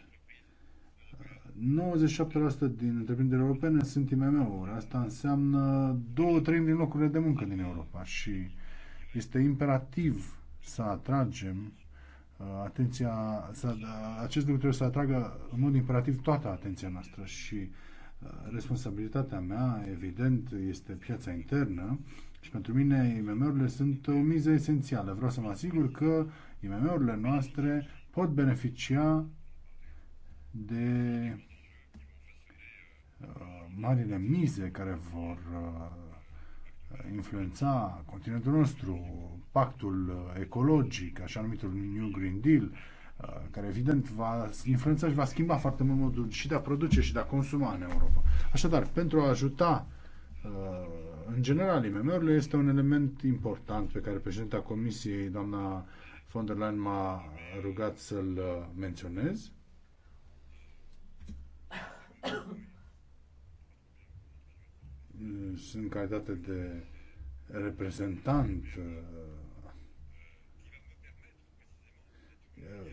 97% din întreprinderile europene sunt IMM-uri. Asta înseamnă două treimi din locurile de muncă din Europa și este imperativ să atragem uh, atenția, să, uh, acest lucru trebuie să atragă în mod imperativ toată atenția noastră și uh, responsabilitatea mea, evident, este piața internă și pentru mine IMM-urile sunt o miză esențială. Vreau să mă asigur că IMM-urile noastre pot beneficia de Uh, marile mize care vor uh, influența continentul nostru, pactul uh, ecologic, așa numitul New Green Deal, care evident va influența și va schimba foarte mult modul și de a produce și de a consuma în Europa. Așadar, pentru a ajuta în general IMM-urile este un element important pe care președinta Comisiei, doamna von der Leyen, m-a rugat să-l menționez. *coughs* în calitate de reprezentant uh, uh,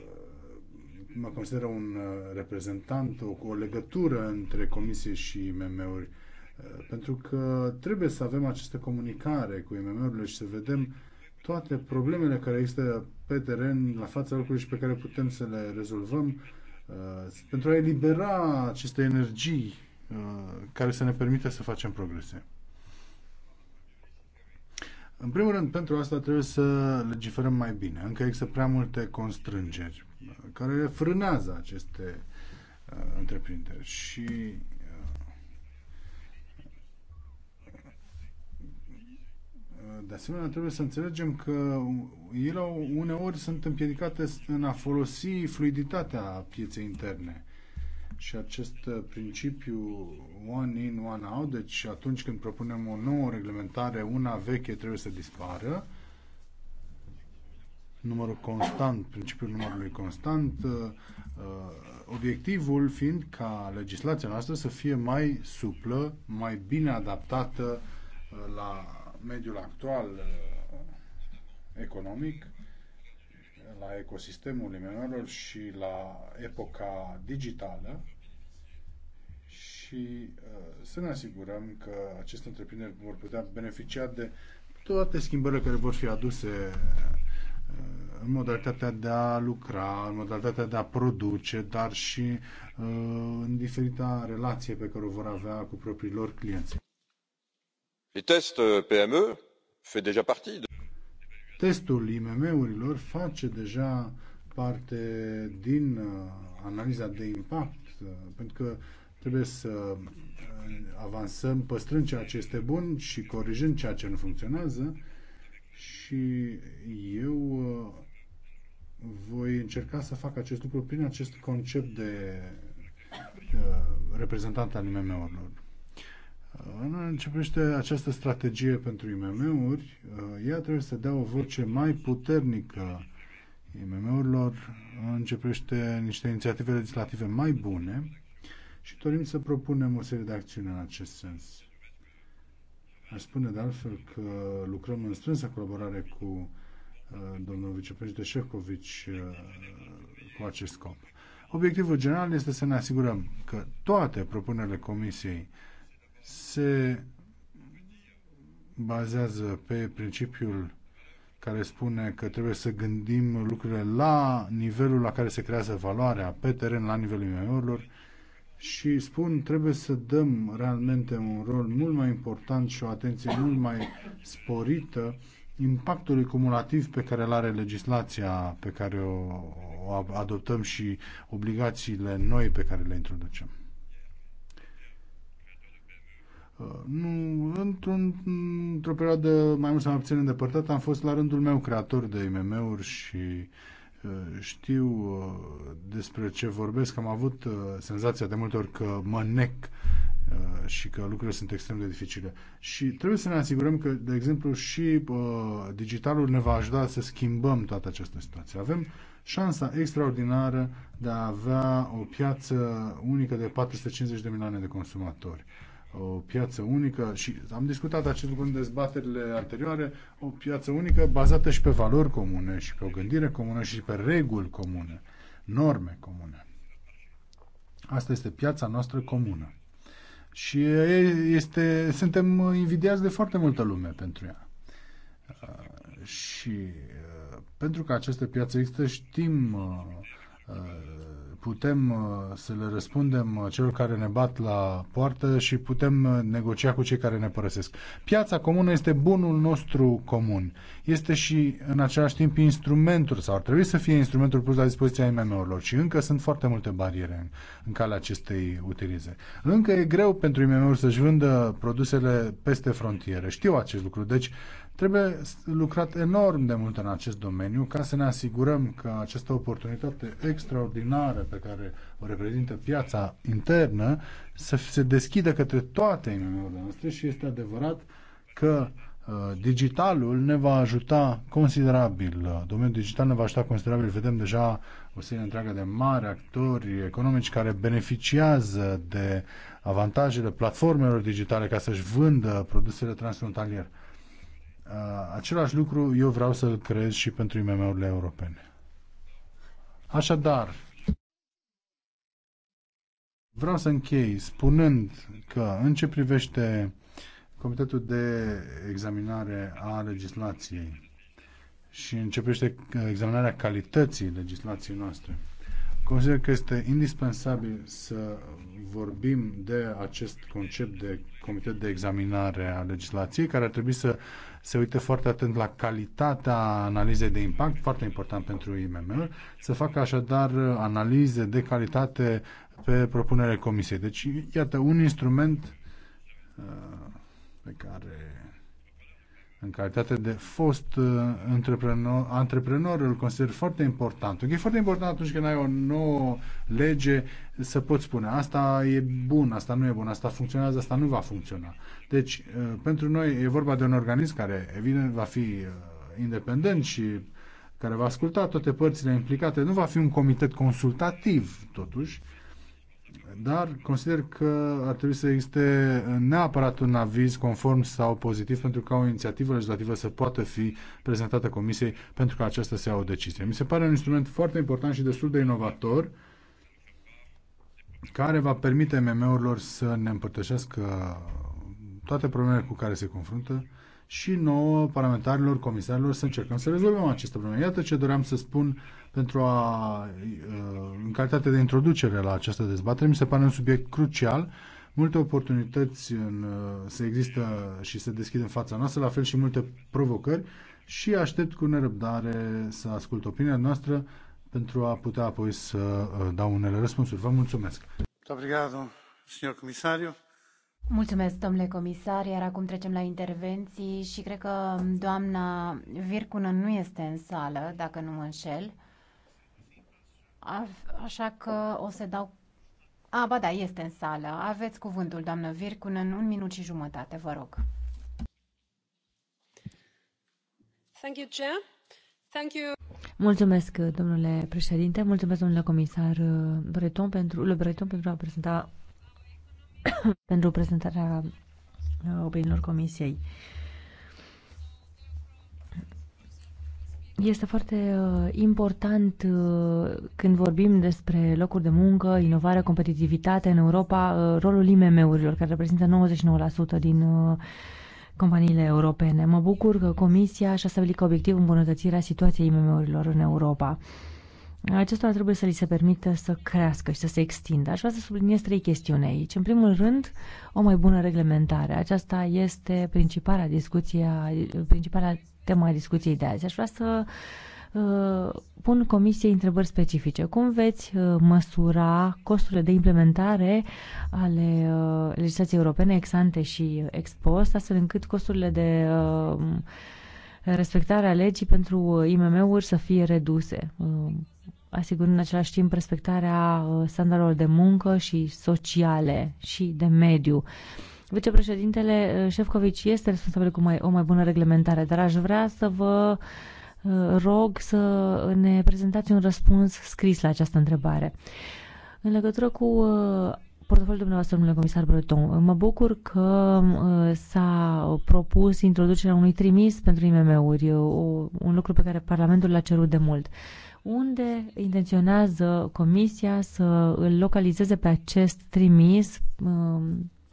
mă consideră un uh, reprezentant, o, o legătură între comisie și IMM-uri, pentru că trebuie să avem această comunicare cu IMM-urile și să vedem toate problemele care există pe teren, la fața locului și pe care putem să le rezolvăm, pentru a elibera aceste energii Uh, care să ne permită să facem progrese. În primul rând, pentru asta trebuie să legiferăm mai bine. Încă există prea multe constrângeri care frânează aceste uh, întreprinderi și uh, de asemenea trebuie să înțelegem că ele uneori sunt împiedicate în a folosi fluiditatea pieței interne și acest uh, principiu one in, one out, deci atunci când propunem o nouă reglementare, una veche trebuie să dispară, numărul constant, principiul numărului constant, uh, uh, obiectivul fiind ca legislația noastră să fie mai suplă, mai bine adaptată la mediul actual economic, la ecosistemul imm și la epoca digitală, și uh, să ne asigurăm că aceste întreprinderi vor putea beneficia de toate schimbările care vor fi aduse uh, în modalitatea de a lucra, în modalitatea de a produce, dar și uh, în diferita relație pe care o vor avea cu propriilor clienți. Les euh, PME fait déjà partie de... Testul IMM-urilor face deja parte din analiza de impact, pentru că Trebuie să uh, avansăm păstrând ceea ce este bun și corijând ceea ce nu funcționează și eu uh, voi încerca să fac acest lucru prin acest concept de uh, reprezentant al IMM-urilor. În începește această strategie pentru IMM-uri, ea trebuie să dea o voce mai puternică IMM-urilor, începește niște inițiative legislative mai bune, și dorim să propunem o serie de acțiuni în acest sens. Aș spune de altfel că lucrăm în strânsă colaborare cu uh, domnul vicepreședinte Șecovici uh, cu acest scop. Obiectivul general este să ne asigurăm că toate propunerile Comisiei se bazează pe principiul care spune că trebuie să gândim lucrurile la nivelul la care se creează valoarea, pe teren, la nivelul imm și spun trebuie să dăm realmente un rol mult mai important și o atenție mult mai sporită impactului cumulativ pe care îl are legislația pe care o, o adoptăm și obligațiile noi pe care le introducem. Uh, nu, într-un, într-o perioadă mai mult sau mai puțin îndepărtată am fost la rândul meu creator de IMM-uri și uh, știu uh, despre ce vorbesc. Am avut uh, senzația de multe ori că mă nec uh, și că lucrurile sunt extrem de dificile. Și trebuie să ne asigurăm că, de exemplu, și digitalul ne va ajuta să schimbăm toată această situație. Avem șansa extraordinară de a avea o piață unică de 450 de milioane de consumatori o piață unică și am discutat acest lucru în dezbaterile anterioare, o piață unică bazată și pe valori comune și pe o gândire comună și pe reguli comune, norme comune. Asta este piața noastră comună. Și este, suntem invidiați de foarte multă lume pentru ea. Și uh, pentru că această piață există, știm uh, uh, putem uh, să le răspundem uh, celor care ne bat la poartă și putem uh, negocia cu cei care ne părăsesc. Piața comună este bunul nostru comun. Este și în același timp instrumentul sau ar trebui să fie instrumentul pus la dispoziția IMM-urilor și încă sunt foarte multe bariere în, în calea acestei utilize. Încă e greu pentru IMM-uri să-și vândă produsele peste frontiere. Știu acest lucru, deci Trebuie lucrat enorm de mult în acest domeniu ca să ne asigurăm că această oportunitate extraordinară pe care o reprezintă piața internă să se deschidă către toate imm noastre și este adevărat că uh, digitalul ne va ajuta considerabil, uh, domeniul digital ne va ajuta considerabil, vedem deja o serie întreagă de mari actori economici care beneficiază de avantajele platformelor digitale ca să-și vândă produsele transfrontaliere. Același lucru eu vreau să-l creez și pentru IMM-urile europene. Așadar, vreau să închei spunând că în ce privește Comitetul de Examinare a Legislației și în ce privește uh, examinarea calității legislației noastre, consider că este indispensabil să vorbim de acest concept de Comitet de Examinare a Legislației, care ar trebui să se uite foarte atent la calitatea analizei de impact, foarte important pentru imm să facă așadar analize de calitate pe propunerea Comisiei. Deci, iată, un instrument uh, pe care în calitate de fost uh, antreprenor, antreprenor, îl consider foarte important. E foarte important atunci când ai o nouă lege să poți spune asta e bun, asta nu e bun, asta funcționează, asta nu va funcționa. Deci, uh, pentru noi e vorba de un organism care, evident, va fi uh, independent și care va asculta toate părțile implicate. Nu va fi un comitet consultativ, totuși, dar consider că ar trebui să existe neapărat un aviz conform sau pozitiv pentru ca o inițiativă legislativă să poată fi prezentată Comisiei pentru ca aceasta să ia o decizie. Mi se pare un instrument foarte important și destul de inovator care va permite MM-urilor să ne împărtășească toate problemele cu care se confruntă și nouă parlamentarilor, comisarilor să încercăm să rezolvăm aceste probleme. Iată ce doream să spun pentru a, uh, în calitate de introducere la această dezbatere, mi se pare un subiect crucial. Multe oportunități în, uh, se există și se deschid în fața noastră, la fel și multe provocări și aștept cu nerăbdare să ascult opinia noastră pentru a putea apoi să uh, dau unele răspunsuri. Vă mulțumesc! Obrigado, signor comisario. Mulțumesc, domnule comisar, iar acum trecem la intervenții și cred că doamna Vircună nu este în sală, dacă nu mă înșel. Așa că o să dau... A, ba da, este în sală. Aveți cuvântul, doamnă în un minut și jumătate, vă rog. Thank you, Chair. Thank you. Mulțumesc, domnule președinte, mulțumesc, domnule comisar Breton, pentru, le Breton pentru a prezenta *coughs* pentru prezentarea uh, opiniilor comisiei. Uh, Este foarte uh, important uh, când vorbim despre locuri de muncă, inovare, competitivitate în Europa, uh, rolul IMM-urilor, care reprezintă 99% din uh, companiile europene. Mă bucur că Comisia și-a stabilit ca obiectiv îmbunătățirea situației IMM-urilor în Europa. Acestora trebuie să li se permită să crească și să se extindă. Aș vrea să subliniez trei chestiuni aici. În primul rând, o mai bună reglementare. Aceasta este principala discuție, principala tema discuției de azi. Aș vrea să uh, pun comisiei întrebări specifice. Cum veți uh, măsura costurile de implementare ale uh, legislației europene ex ante și ex post, astfel încât costurile de uh, respectare a legii pentru uh, IMM-uri să fie reduse? Uh, asigurând în același timp respectarea standardelor de muncă și sociale și de mediu. Uh, Vicepreședintele eh, Șefcovici este responsabil cu mai, o mai bună reglementare, dar aș vrea să vă eh, rog să ne prezentați un răspuns scris la această întrebare. În legătură cu eh, portofoliul dumneavoastră, domnule comisar Breton, mă bucur că s-a propus introducerea unui trimis pentru IMM-uri, un lucru pe care Parlamentul l-a cerut de mult. Unde intenționează Comisia să îl localizeze pe acest trimis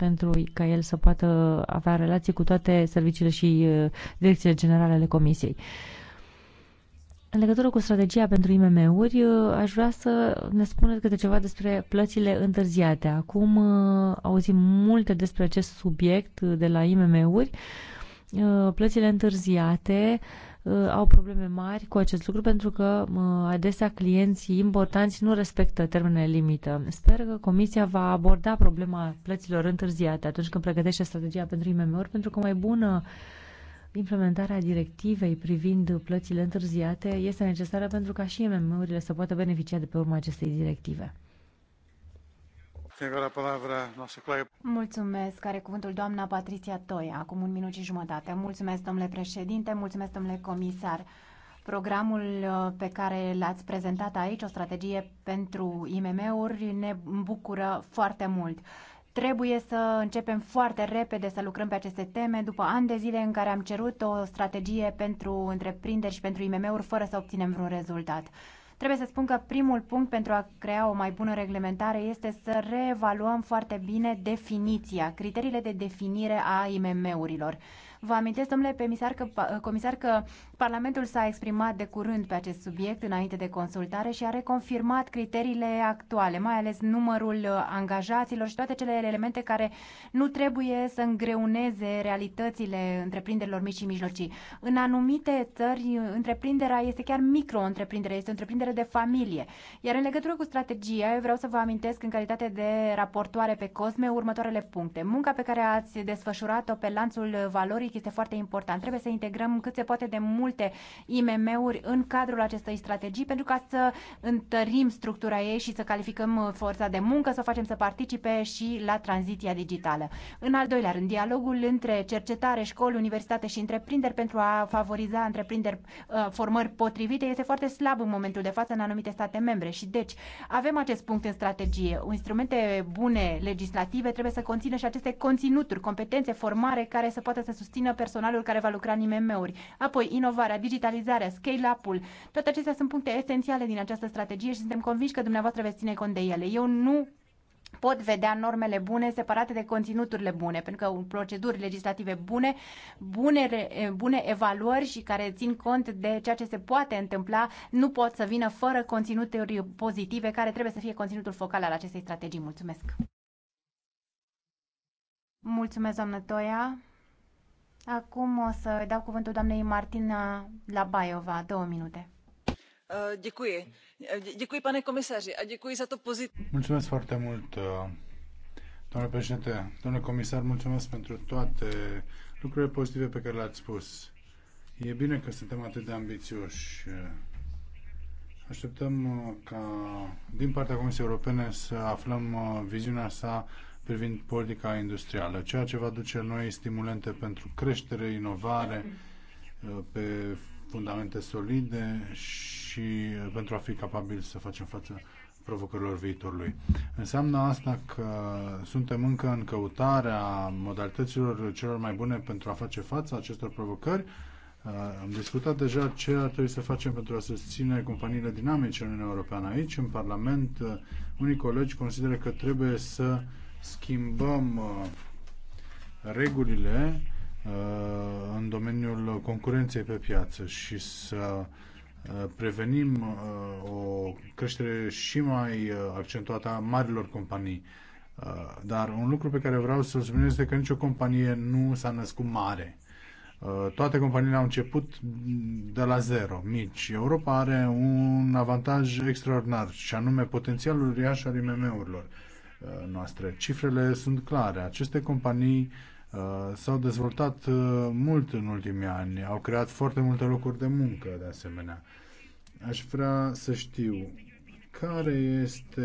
pentru ca el să poată avea relații cu toate serviciile și uh, direcțiile generale ale Comisiei. În legătură cu strategia pentru IMM-uri, uh, aș vrea să ne spuneți câte ceva despre plățile întârziate. Acum uh, auzim multe despre acest subiect de la IMM-uri. Plățile întârziate uh, Uh, au probleme mari cu acest lucru pentru că uh, adesea clienții importanți nu respectă termenele limită. Sper că Comisia va aborda problema plăților întârziate atunci când pregătește strategia pentru IMM-uri pentru că mai bună implementarea directivei privind plățile întârziate este necesară pentru ca și IMM-urile să poată beneficia de pe urma acestei directive. Mulțumesc. Are cuvântul doamna Patricia Toia, acum un minut și jumătate. Mulțumesc, domnule președinte, mulțumesc, domnule comisar. Programul uh, pe care l-ați prezentat aici, o strategie pentru IMM-uri, ne bucură foarte mult. Trebuie să începem foarte repede să lucrăm pe aceste teme după ani de zile în care am cerut o strategie pentru întreprinderi și pentru IMM-uri fără să obținem vreun rezultat. Trebuie să spun că primul punct pentru a crea o mai bună reglementare este să reevaluăm foarte bine definiția, criteriile de definire a IMM-urilor. Vă amintesc, domnule comisar că, comisar, că Parlamentul s-a exprimat de curând pe acest subiect înainte de consultare și a reconfirmat criteriile actuale, mai ales numărul uh, angajaților și toate cele elemente care nu trebuie să îngreuneze realitățile întreprinderilor mici și mijlocii. În anumite țări, întreprinderea este chiar micro-întreprindere, este o întreprindere de familie. Iar în legătură cu strategia, eu vreau să vă amintesc în calitate de raportoare pe COSME următoarele puncte. Munca pe care ați desfășurat-o pe lanțul valorii juridic este foarte important. Trebuie să integrăm cât se poate de multe IMM-uri în cadrul acestei strategii pentru ca să întărim structura ei și să calificăm uh, forța de muncă, să o facem să participe și la tranziția digitală. În al doilea rând, dialogul între cercetare, școli, universitate și întreprinderi pentru a favoriza întreprinderi uh, formări potrivite este foarte slab în momentul de față în anumite state membre și deci avem acest punct în strategie. Instrumente bune legislative trebuie să conțină și aceste conținuturi, competențe, formare care să poată să susțină susțină personalul care va lucra în IMM-uri. Apoi, inovarea, digitalizarea, scale-up-ul, toate acestea sunt puncte esențiale din această strategie și suntem convinși că dumneavoastră veți ține cont de ele. Eu nu pot vedea normele bune separate de conținuturile bune, pentru că proceduri legislative bune, bune, bune evaluări și care țin cont de ceea ce se poate întâmpla, nu pot să vină fără conținuturi pozitive, care trebuie să fie conținutul focal al acestei strategii. Mulțumesc! Mulțumesc, doamnă Toia! Acum o să dau cuvântul doamnei Martina Labaiova, două minute. Uh, děkuji. Uh, děkuji, pane komisaři, a děkuji za to Mulțumesc foarte mult, uh, domnule președinte. Domnule comisar, mulțumesc pentru toate lucrurile pozitive pe care le-ați spus. E bine că suntem atât de ambițioși. Așteptăm ca din partea Comisiei Europene să aflăm viziunea sa privind politica industrială, ceea ce va duce noi stimulente pentru creștere, inovare pe fundamente solide și pentru a fi capabili să facem față provocărilor viitorului. Înseamnă asta că suntem încă în căutarea modalităților celor mai bune pentru a face față acestor provocări. Am discutat deja ce ar trebui să facem pentru a susține companiile dinamice în Uniunea Europeană. Aici, în Parlament, unii colegi consideră că trebuie să uh, schimbăm uh, regulile uh, în domeniul concurenței pe piață și să uh, prevenim o creștere și mai accentuată a marilor companii. Dar un lucru pe care vreau să-l subliniez este că nicio companie nu s-a născut mare. Toate companiile au început de la zero, mici. Europa are un avantaj extraordinar și anume potențialul uriaș al IMM-urilor noastre. Cifrele sunt clare. Aceste companii uh, s-au dezvoltat uh, mult în ultimii ani, au creat foarte multe locuri de muncă, de asemenea. Aș vrea să știu care este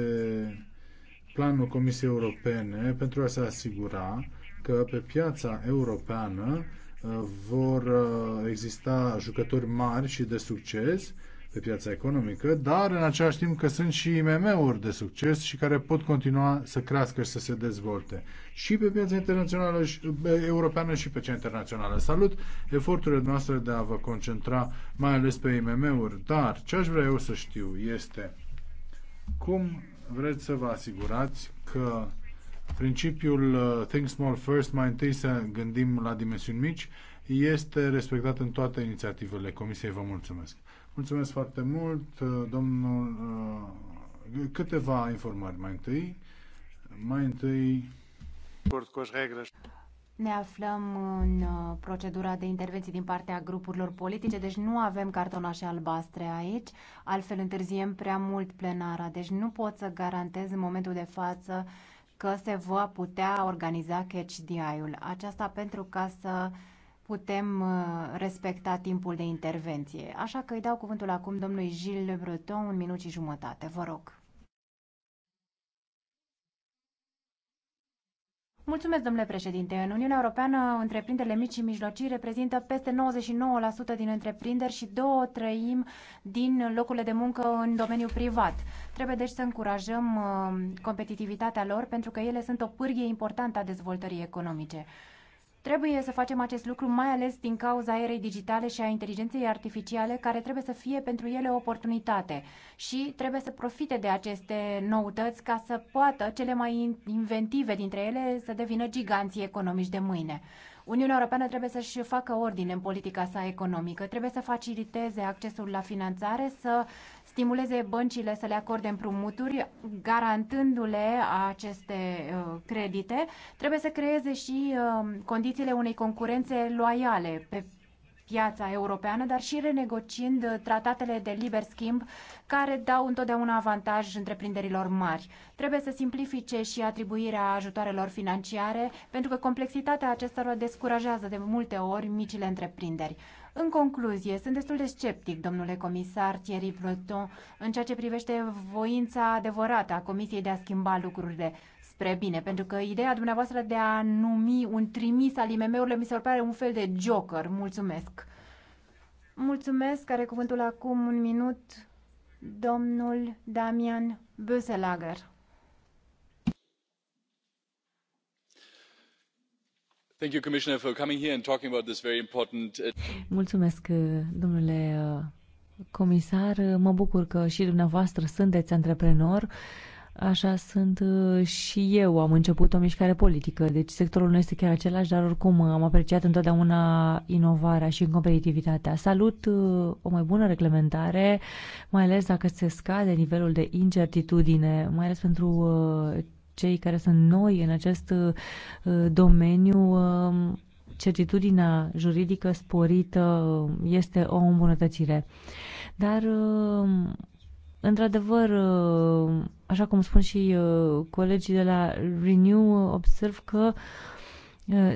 planul Comisiei Europene pentru a se asigura că pe piața europeană uh, vor exista jucători mari și de succes pe piața economică, dar în același timp că sunt și IMM-uri de succes și care pot continua să crească și să se dezvolte și pe piața internațională, și, europeană și pe cea internațională. Salut eforturile noastre de a vă concentra mai ales pe IMM-uri, dar ce aș vrea eu să știu este cum vreți să vă asigurați că principiul uh, Think Small First, mai întâi să gândim la dimensiuni mici, este respectat în toate inițiativele Comisiei. Vă mulțumesc! Mulțumesc foarte mult, uh, domnul. Uh, câteva informări mai întâi. Mai întâi. Ne aflăm în uh, procedura de intervenții din partea grupurilor politice, deci nu avem cartonașe albastre aici, altfel întârziem prea mult plenara, deci nu pot să garantez în momentul de față că se va putea organiza catch DI-ul. Aceasta pentru ca să putem uh, respecta timpul de intervenție. Așa că îi dau cuvântul acum domnului Gilles Le Breton, un minut și jumătate. Vă rog. Mulțumesc, domnule președinte. În Uniunea Europeană, întreprinderile mici și mijlocii reprezintă peste 99% din întreprinderi și două trăim din locurile de muncă în domeniul privat. Trebuie deci să încurajăm uh, competitivitatea lor pentru că ele sunt o pârghie importantă a dezvoltării economice. Trebuie să facem acest lucru mai ales din cauza erei digitale și a inteligenței artificiale, care trebuie să fie pentru ele o oportunitate și trebuie să profite de aceste noutăți ca să poată cele mai inventive dintre ele să devină giganții economici de mâine. Uniunea Europeană trebuie să-și facă ordine în politica sa economică, trebuie să faciliteze accesul la finanțare, să stimuleze băncile să le acorde împrumuturi, garantându-le aceste uh, credite, trebuie să creeze și uh, condițiile unei concurențe loiale pe piața europeană, dar și renegociind tratatele de liber schimb care dau întotdeauna avantaj întreprinderilor mari. Trebuie să simplifice și atribuirea ajutoarelor financiare, pentru că complexitatea acestora descurajează de multe ori micile întreprinderi. În concluzie, sunt destul de sceptic, domnule comisar Thierry Breton, în ceea ce privește voința adevărată a Comisiei de a schimba lucrurile spre bine, pentru că ideea dumneavoastră de a numi un trimis al IMM-urilor mi se pare un fel de joker. Mulțumesc! Mulțumesc, are cuvântul acum un minut, domnul Damian Böselager. Mulțumesc, domnule comisar. Mă bucur că și dumneavoastră sunteți antreprenor. Așa sunt uh, și eu. Am început o mișcare politică, deci sectorul nu este chiar același, dar oricum uh, am apreciat întotdeauna inovarea și competitivitatea. Salut uh, o mai bună reglementare, mai ales dacă se scade nivelul de incertitudine, mai ales pentru cei care sunt noi în acest uh, domeniu, um, certitudinea juridică sporită este o îmbunătățire. Dar, um, într-adevăr, uh, așa cum spun și uh, colegii de la Renew, observ că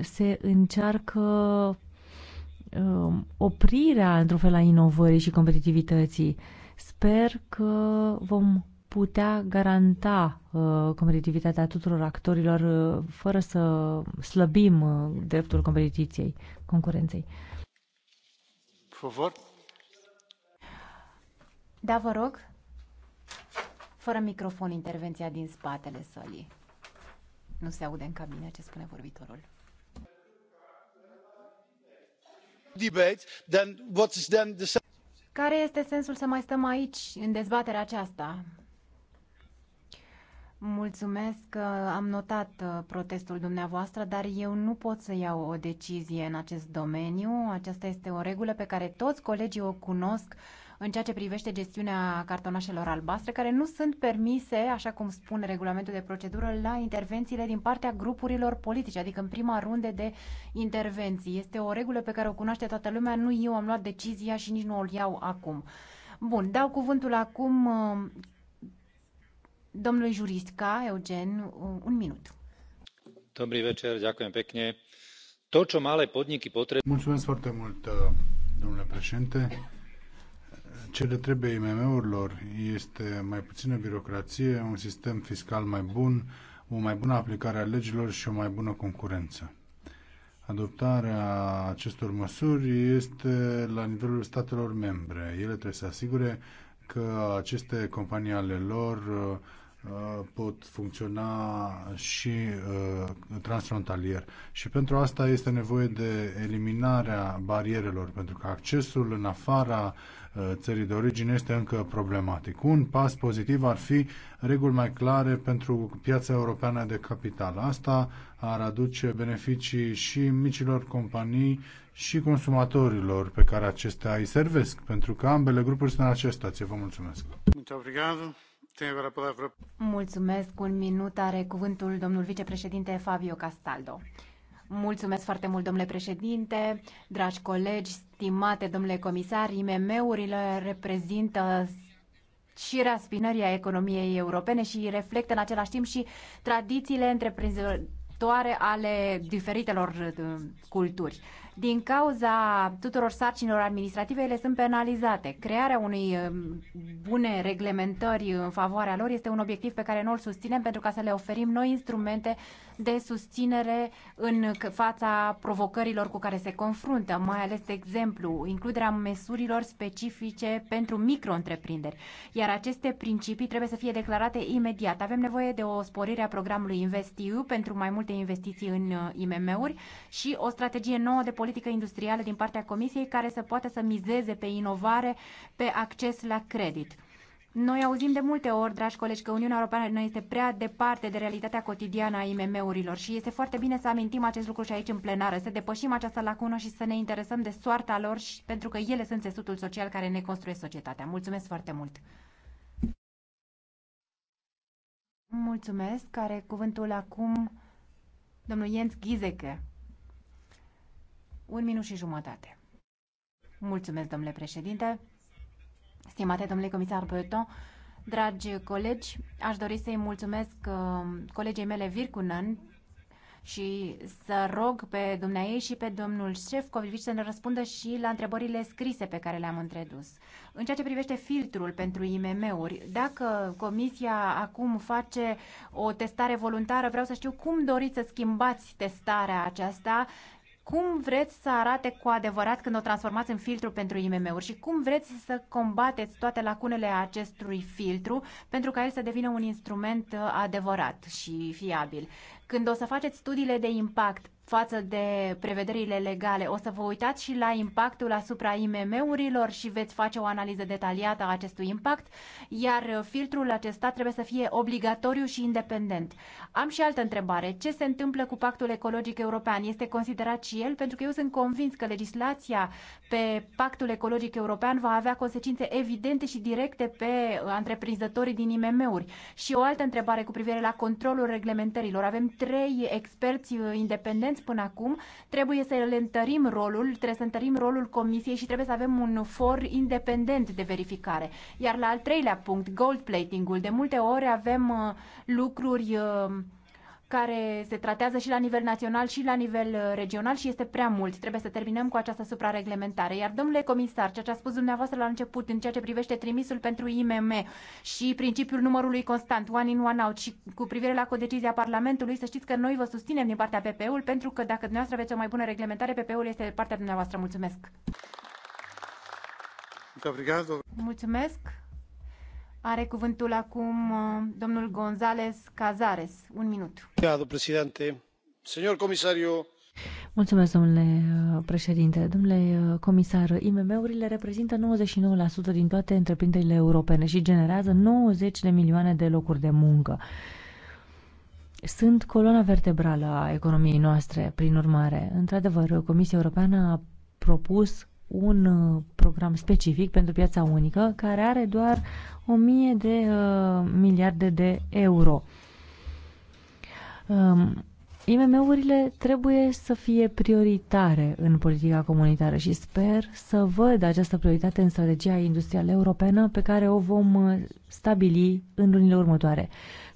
se încearcă um, oprirea, într-un fel, a inovării și competitivității. Sper că vom putea garanta uh, competitivitatea tuturor actorilor uh, fără să slăbim uh, dreptul competiției, concurenței. Favor? Da, vă rog. Fără microfon, intervenția din spatele sălii. Nu se aude în cabine ce spune vorbitorul. Debate, then what is then the... Care este sensul să mai stăm aici, în dezbaterea aceasta? Mulțumesc, am notat uh, protestul dumneavoastră, dar eu nu pot să iau o decizie în acest domeniu. Aceasta este o regulă pe care toți colegii o cunosc în ceea ce privește gestiunea cartonașelor albastre, care nu sunt permise, așa cum spune regulamentul de procedură, la intervențiile din partea grupurilor politice, adică în prima runde de intervenții. Este o regulă pe care o cunoaște toată lumea, nu eu am luat decizia și nici nu o iau acum. Bun, dau cuvântul acum uh, Domnul juristka Eugen, un minut. Dobrý večer, ďakujem pekne. To, čo malé podniky potrebujú... Mulțumesc foarte mult, uh, domnule președinte. Ce le trebuie IMM-urilor este mai puțină birocrație, un sistem fiscal mai bun, o mai bună aplicare a legilor și o mai bună concurență. Adoptarea acestor măsuri este la nivelul statelor membre. Ele trebuie să asigure că aceste companii ale lor uh, Uh, pot funcționa și uh, transfrontalier. Și pentru asta este nevoie de eliminarea barierelor, pentru că accesul în afara uh, țării de origine este încă problematic. Un pas pozitiv ar fi reguli mai clare pentru piața europeană de capital. Asta ar aduce beneficii și micilor companii și consumatorilor pe care acestea îi servesc, pentru că ambele grupuri sunt în această Vă mulțumesc! Muito Mulțumesc. Un minut are cuvântul domnul vicepreședinte Fabio Castaldo. Mulțumesc foarte mult, domnule președinte, dragi colegi, stimate domnule comisar, IMM-urile reprezintă și raspinăria economiei europene și reflectă în același timp și tradițiile întreprinzătoare ale diferitelor uh, culturi. Din cauza tuturor sarcinilor administrative, ele sunt penalizate. Crearea unei um, bune reglementări în favoarea lor este un obiectiv pe care noi îl susținem pentru ca să le oferim noi instrumente de susținere în fața provocărilor cu care se confruntă, mai ales, de exemplu, includerea măsurilor specifice pentru micro-întreprinderi. Iar aceste principii trebuie să fie declarate imediat. Avem nevoie de o sporire a programului InvestEU pentru mai multe investiții în uh, IMM-uri și o strategie nouă de politică industrială din partea Comisiei care să poată să mizeze pe inovare, pe acces la credit. Noi auzim de multe ori, dragi colegi, că Uniunea Europeană este prea departe de realitatea cotidiană a IMM-urilor și este foarte bine să amintim acest lucru și aici în plenară, să depășim această lacună și să ne interesăm de soarta lor și pentru că ele sunt țesutul social care ne construiește societatea. Mulțumesc foarte mult! Mulțumesc. Care cuvântul acum domnul Jens Ghizeke. Un minut și jumătate. Mulțumesc, domnule președinte. Stimate domnule comisar Breton, dragi colegi, aș dori să-i mulțumesc uh, colegii mele Virkunen și să rog pe dumneai și pe domnul șef Covici să ne răspundă și la întrebările scrise pe care le-am întredus. În ceea ce privește filtrul pentru IMM-uri, dacă comisia acum face o testare voluntară, vreau să știu cum doriți să schimbați testarea aceasta cum vreți să arate cu adevărat când o transformați în filtru pentru IMM-uri și cum vreți să combateți toate lacunele acestui filtru pentru ca el să devină un instrument uh, adevărat și fiabil. Când o să faceți studiile de impact, față de prevederile legale. O să vă uitați și la impactul asupra IMM-urilor și veți face o analiză detaliată a acestui impact, iar filtrul acesta trebuie să fie obligatoriu și independent. Am și altă întrebare. Ce se întâmplă cu Pactul Ecologic European? Este considerat și el? Pentru că eu sunt convins că legislația pe Pactul Ecologic European va avea consecințe evidente și directe pe întreprinzătorii din IMM-uri. Și o altă întrebare cu privire la controlul reglementărilor. Avem trei experți uh, independenți mulți până acum, trebuie să le întărim rolul, trebuie să întărim rolul comisiei și trebuie să avem un for independent de verificare. Iar la al treilea punct, gold plating-ul, de multe ori avem uh, lucruri uh, care se tratează și la nivel național și la nivel uh, regional și este prea mult. Trebuie să terminăm cu această suprareglementare. Iar, domnule comisar, ceea ce a spus dumneavoastră la început în ceea ce privește trimisul pentru IMM și principiul numărului constant, one in, one out și cu privire la codecizia Parlamentului, să știți că noi vă susținem din partea PP-ul pentru că dacă dumneavoastră aveți o mai bună reglementare, PP-ul este partea dumneavoastră. Mulțumesc! Mulțumesc! Are cuvântul acum uh, domnul González Cazares. Un minut. Obrigado, Señor comisario, Mulțumesc, domnule uh, președinte. Domnule uh, comisar, IMM-urile reprezintă 99% din toate întreprinderile europene și generează 90 de milioane de locuri de muncă. Sunt coloana vertebrală a economiei noastre, prin urmare. Într-adevăr, Comisia Europeană a propus un uh, program specific pentru piața unică care are doar 1000 de uh, miliarde de euro. Um, IMM-urile trebuie să fie prioritare în politica comunitară și sper să văd această prioritate în strategia industrială europeană pe care o vom uh, stabili în lunile următoare,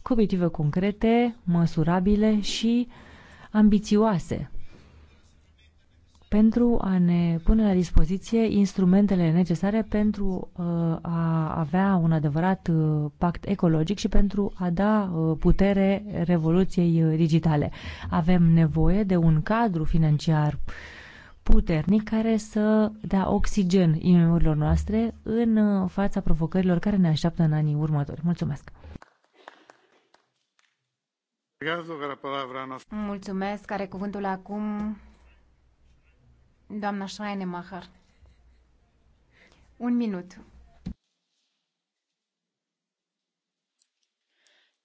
cu obiective concrete, măsurabile și ambițioase pentru a ne pune la dispoziție instrumentele necesare pentru uh, a avea un adevărat uh, pact ecologic și pentru a da uh, putere revoluției digitale. Avem nevoie de un cadru financiar puternic care să dea oxigen imemurilor noastre în fața provocărilor care ne așteaptă în anii următori. Mulțumesc! Mulțumesc. Are cuvântul acum Doamna Schreinemacher, un minut.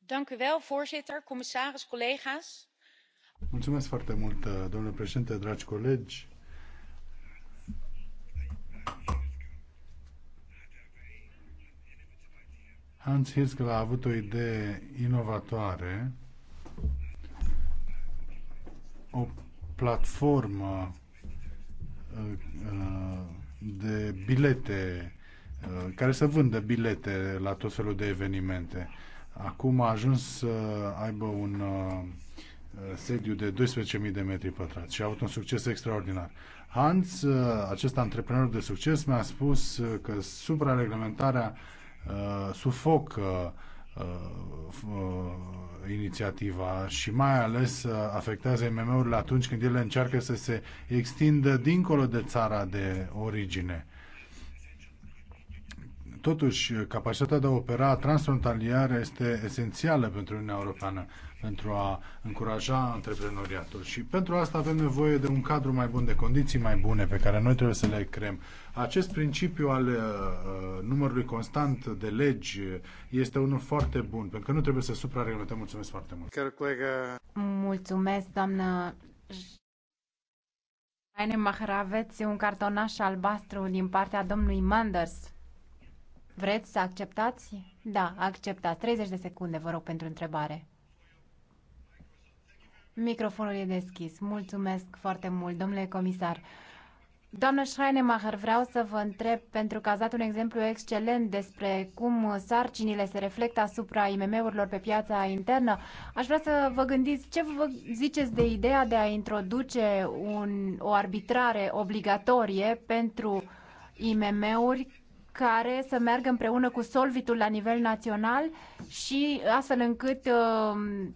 Dank u wel, voorzitter, commissaris, collega's. Mulțumesc foarte mult, uh, domnule președinte, dragi colegi. Hans Hirschel a avut o idee inovatoare, o platformă Uh, de bilete, uh, care să vândă bilete la tot felul de evenimente. Acum a ajuns să aibă un uh, sediu de 12.000 de metri pătrați și a avut un succes extraordinar. Hans, acest antreprenor de succes, mi-a spus că suprareglementarea sufocă Uh, inițiativa și mai ales uh, afectează IMM-urile atunci când ele încearcă să se extindă dincolo de țara de origine. Totuși, capacitatea de a opera transfrontalier este esențială pentru Uniunea Europeană pentru a încuraja antreprenoriatul. Și pentru asta avem nevoie de un cadru mai bun, de condiții mai bune pe care noi trebuie să le creăm. Acest principiu al uh, uh numărului constant de legi este unul foarte bun, pentru că nu trebuie să suprareglementăm. Mulțumesc foarte mult! Mulțumesc, doamnă Haine Mahraveți, un cartonaș albastru din partea domnului Manders. Vreți să acceptați? Da, acceptați. 30 de secunde, vă rog, pentru întrebare. Microfonul e deschis. Mulțumesc foarte mult, domnule comisar. Doamnă Schreinemacher, vreau să vă întreb, pentru că ați dat un exemplu excelent despre cum sarcinile se reflectă asupra IMM-urilor pe piața internă, aș vrea să vă gândiți ce vă ziceți de ideea de a introduce un, o arbitrare obligatorie pentru IMM-uri care să meargă împreună cu solvitul la nivel național și astfel încât uh,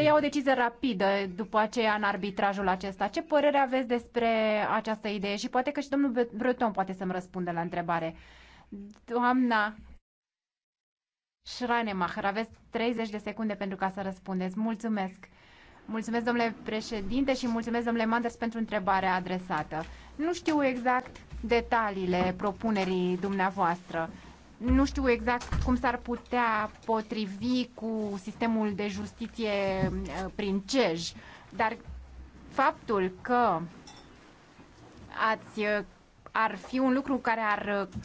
să ia o decizie rapidă după aceea în arbitrajul acesta. Ce părere aveți despre această idee? Și poate că și domnul Breton poate să-mi răspundă la întrebare. Doamna Schreinemacher, aveți 30 de secunde pentru ca să răspundeți. Mulțumesc! Mulțumesc, domnule președinte, și mulțumesc, domnule Manders, pentru întrebarea adresată. Nu știu exact detaliile propunerii dumneavoastră. Nu știu exact cum s-ar putea potrivi cu sistemul de justiție uh, prin CEJ, dar faptul că ați, uh, ar fi un lucru care ar uh,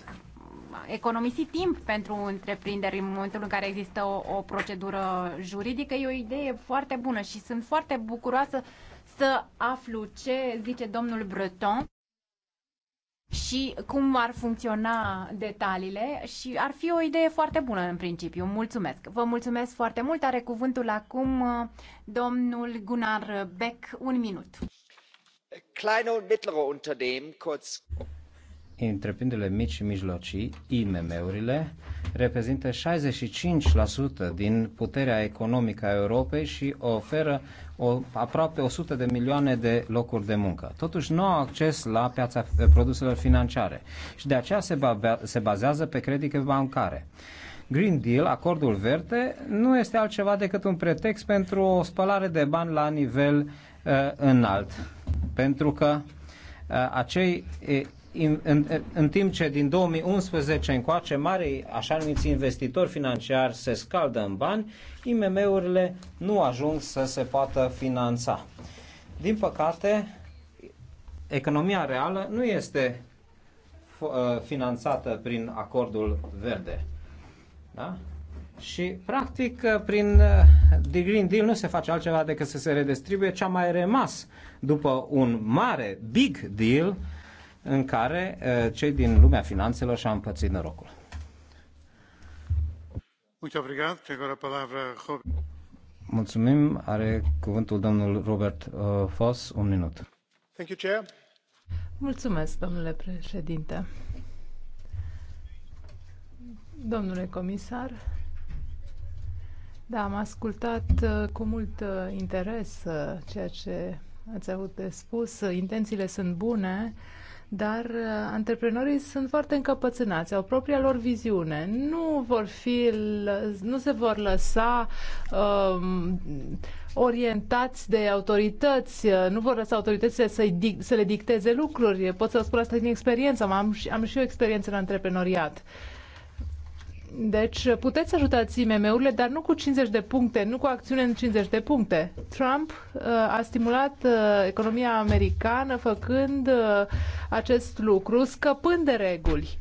economisi timp pentru întreprinderi în momentul în care există o, o procedură juridică e o idee foarte bună și sunt foarte bucuroasă să aflu ce zice domnul Breton și cum ar funcționa detaliile și ar fi o idee foarte bună în principiu. Mulțumesc! Vă mulțumesc foarte mult! Are cuvântul acum uh, domnul Gunnar Beck. Un minut. Kleine und mittlere Unternehmen, kurz întreprinderile mici și mijlocii, IMM-urile, reprezintă 65% din puterea economică a Europei și oferă o, aproape 100 de milioane de locuri de muncă. Totuși nu au acces la piața eh, produselor financiare și de aceea se, ba, se bazează pe credite bancare. Green Deal, acordul verde, nu este altceva decât un pretext pentru o spălare de bani la nivel uh, înalt. Pentru că uh, acei în, în, în timp ce din 2011 încoace mari așa numiți investitori financiari se scaldă în bani, IMM-urile nu ajung să se poată finanța. Din păcate, economia reală nu este ă, finanțată prin acordul verde. Da? Și, practic, ă, prin The ă, Green Deal nu se face altceva decât să se redistribuie ce a mai rămas după un mare, big deal în care cei din lumea finanțelor și-au împățit norocul. Mulțumim. Are cuvântul domnul Robert Foss, un minut. Thank you, Chair. Mulțumesc, domnule președinte. Domnule comisar, da, am ascultat cu mult interes ceea ce ați avut de spus. Intențiile sunt bune dar uh, antreprenorii sunt foarte încăpățânați, au propria lor viziune, nu vor fi, nu se vor lăsa um, orientați de autorități, uh, nu vor lăsa autoritățile să, să le dicteze lucruri. Pot să vă spun asta din experiență, am, am și eu experiență în antreprenoriat. Uh, deci puteți ajuta ajutați IMM-urile, dar nu cu 50 de puncte, nu cu acțiune în 50 de puncte. Trump uh, a stimulat uh, economia americană făcând uh, acest lucru, scăpând de reguli.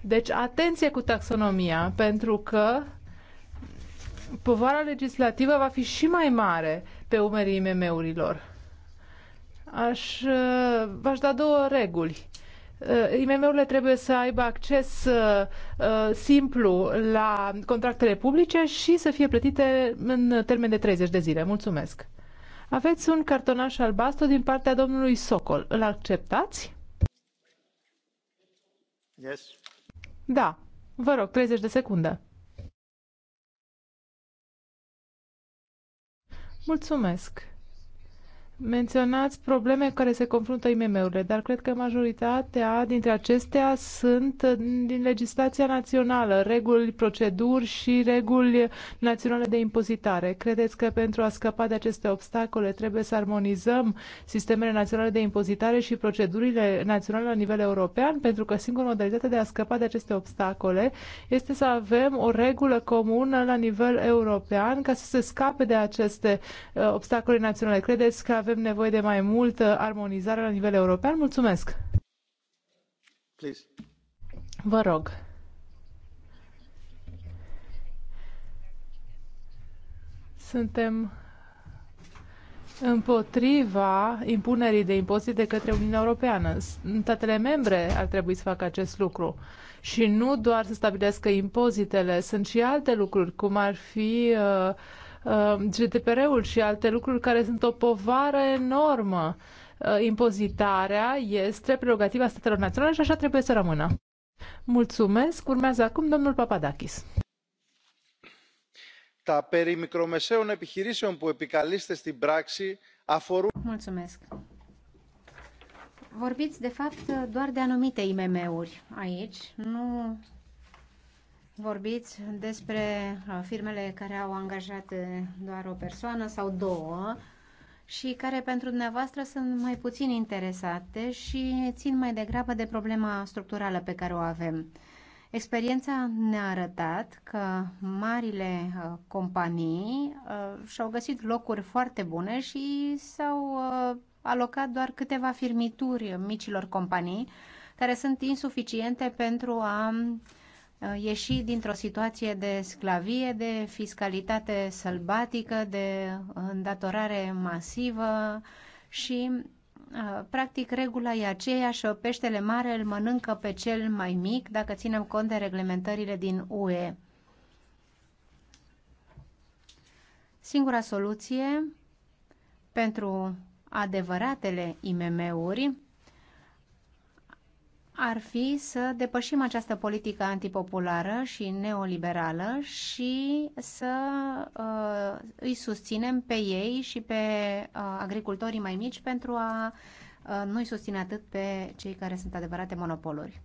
Deci atenție cu taxonomia, pentru că povara legislativă va fi și mai mare pe umerii IMM-urilor. Aș, uh, v-aș da două reguli. Uh, IMM-urile trebuie să aibă acces uh, uh, simplu la contractele publice și să fie plătite în termen de 30 de zile. Mulțumesc! Aveți un cartonaș albastru din partea domnului Socol. Îl acceptați? Yes. Da. Vă rog, 30 de secunde. Mulțumesc. Menționați probleme care se confruntă IMM-urile, dar cred că majoritatea dintre acestea sunt din legislația națională, reguli, proceduri și reguli naționale de impozitare. Credeți că pentru a scăpa de aceste obstacole trebuie să armonizăm sistemele naționale de impozitare și procedurile naționale la nivel european? Pentru că singura modalitate de a scăpa de aceste obstacole este să avem o regulă comună la nivel european ca să se scape de aceste uh, obstacole naționale. Credeți că avem nevoie de mai multă armonizare la nivel european. Mulțumesc! Please. Vă rog. Suntem împotriva impunerii de impozite de către Uniunea Europeană. Statele membre ar trebui să facă acest lucru și nu doar să stabilească impozitele, sunt și alte lucruri, cum ar fi uh, Uh, GDPR-ul și alte lucruri care sunt o povară enormă. Uh, impozitarea este prerogativa statelor naționale și așa trebuie să rămână. Mulțumesc. Urmează acum domnul Papadakis. Τα περί μικρομεσαίων επιχειρήσεων που επικαλείστε στην πράξη αφορούν... Mulțumesc. Vorbiți, de fapt, doar de anumite IMM-uri aici. Nu vorbiți despre uh, firmele care au angajat uh, doar o persoană sau două și care pentru dumneavoastră sunt mai puțin interesate și țin mai degrabă de problema structurală pe care o avem. Experiența ne-a arătat că marile uh, companii și-au găsit locuri foarte bune și s-au alocat doar câteva firmituri micilor companii care sunt insuficiente pentru a Uh, ieși dintr-o situație de sclavie, de fiscalitate sălbatică, de îndatorare masivă și uh, practic regula e o peștele mare îl mănâncă pe cel mai mic dacă ținem cont de reglementările din UE. Singura soluție pentru adevăratele IMM-uri ar fi să depășim această politică antipopulară și neoliberală și să uh, îi susținem pe ei și pe uh, agricultorii mai mici pentru a uh, nu-i susține atât pe cei care sunt adevărate monopoluri.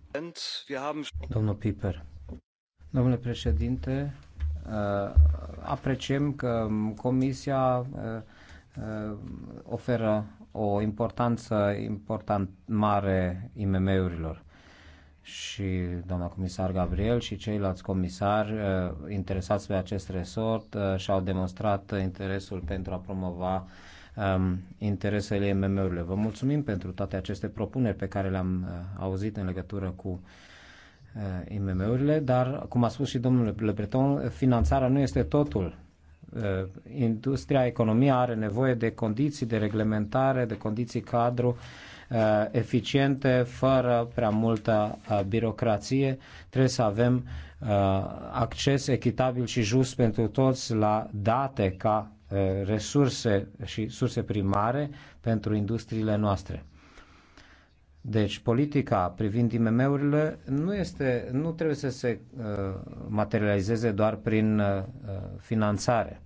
Domnul Piper, domnule președinte, uh, apreciem că Comisia uh, uh, oferă o importanță important mare IMM-urilor și doamna comisar Gabriel și ceilalți comisari uh, interesați pe acest resort uh, și-au demonstrat interesul pentru a promova um, interesele MM-urilor. Vă mulțumim pentru toate aceste propuneri pe care le-am uh, auzit în legătură cu IMM-urile, dar, cum a spus și domnul Le Breton, finanțarea nu este totul. Industria, economia are nevoie de condiții de reglementare, de condiții cadru, Uh, eficiente, fără prea multă uh, birocrație. Trebuie să avem uh, acces echitabil și just pentru toți la date ca resurse și surse primare pentru industriile noastre. Deci politica privind IMM-urile nu, este, nu trebuie să se uh, materializeze doar prin uh, finanțare.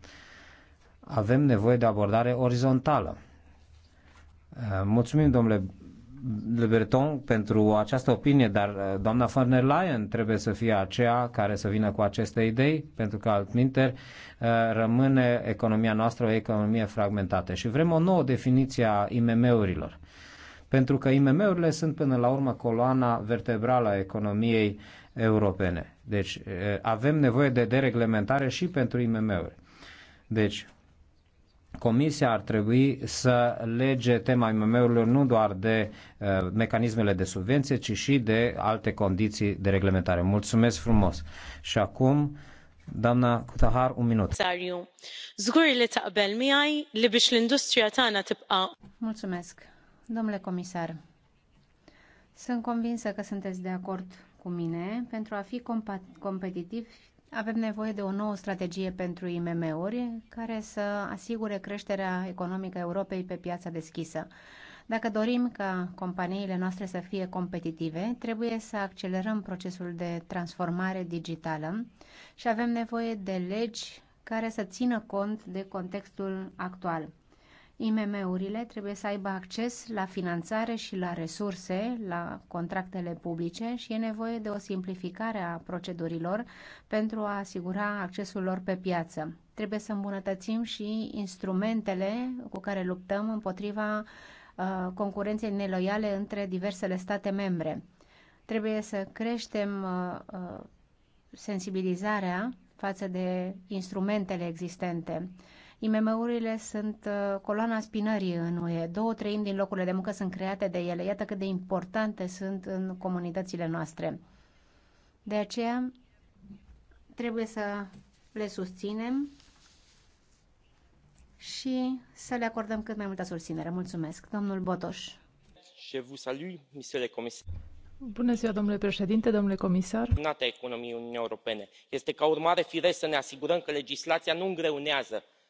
Avem nevoie de abordare orizontală. Uh, mulțumim, domnule le Breton pentru această opinie, dar uh, doamna von der Leyen trebuie să fie aceea care să vină cu aceste idei, pentru că altminteri uh, rămâne economia noastră o economie fragmentată. Și vrem o nouă definiție a IMM-urilor. Pentru că IMM-urile sunt până la urmă coloana vertebrală a economiei europene. Deci uh, avem nevoie de dereglementare și pentru IMM-uri. Deci Comisia ar trebui să lege tema IMM-urilor nu doar de uh, mecanismele de subvenție, ci și de alte condiții de reglementare. Mulțumesc frumos! Și acum, doamna Cutahar, un minut. Mulțumesc, domnule comisar. Sunt convinsă că sunteți de acord cu mine. Pentru a fi competitivi, avem nevoie de o nouă strategie pentru IMM-uri care să asigure creșterea economică a Europei pe piața deschisă. Dacă dorim ca companiile noastre să fie competitive, trebuie să accelerăm procesul de transformare digitală și avem nevoie de legi care să țină cont de contextul actual. IMM-urile trebuie să aibă acces la finanțare și la resurse, la contractele publice și e nevoie de o simplificare a procedurilor pentru a asigura accesul lor pe piață. Trebuie să îmbunătățim și instrumentele cu care luptăm împotriva uh, concurenței neloiale între diversele state membre. Trebuie să creștem uh, uh sensibilizarea față de instrumentele existente IMM-urile sunt uh, coloana spinării în UE. Două treimi din locurile de muncă sunt create de ele. Iată cât de importante sunt în comunitățile noastre. De aceea trebuie să le susținem și să le acordăm cât mai multă susținere. Mulțumesc, domnul Botoș. Je vous salut, monsieur le commissaire. Bună ziua, domnule președinte, domnule comisar. economiei Uniunii Europene. Este ca urmare firesc să ne asigurăm că legislația nu îngreunează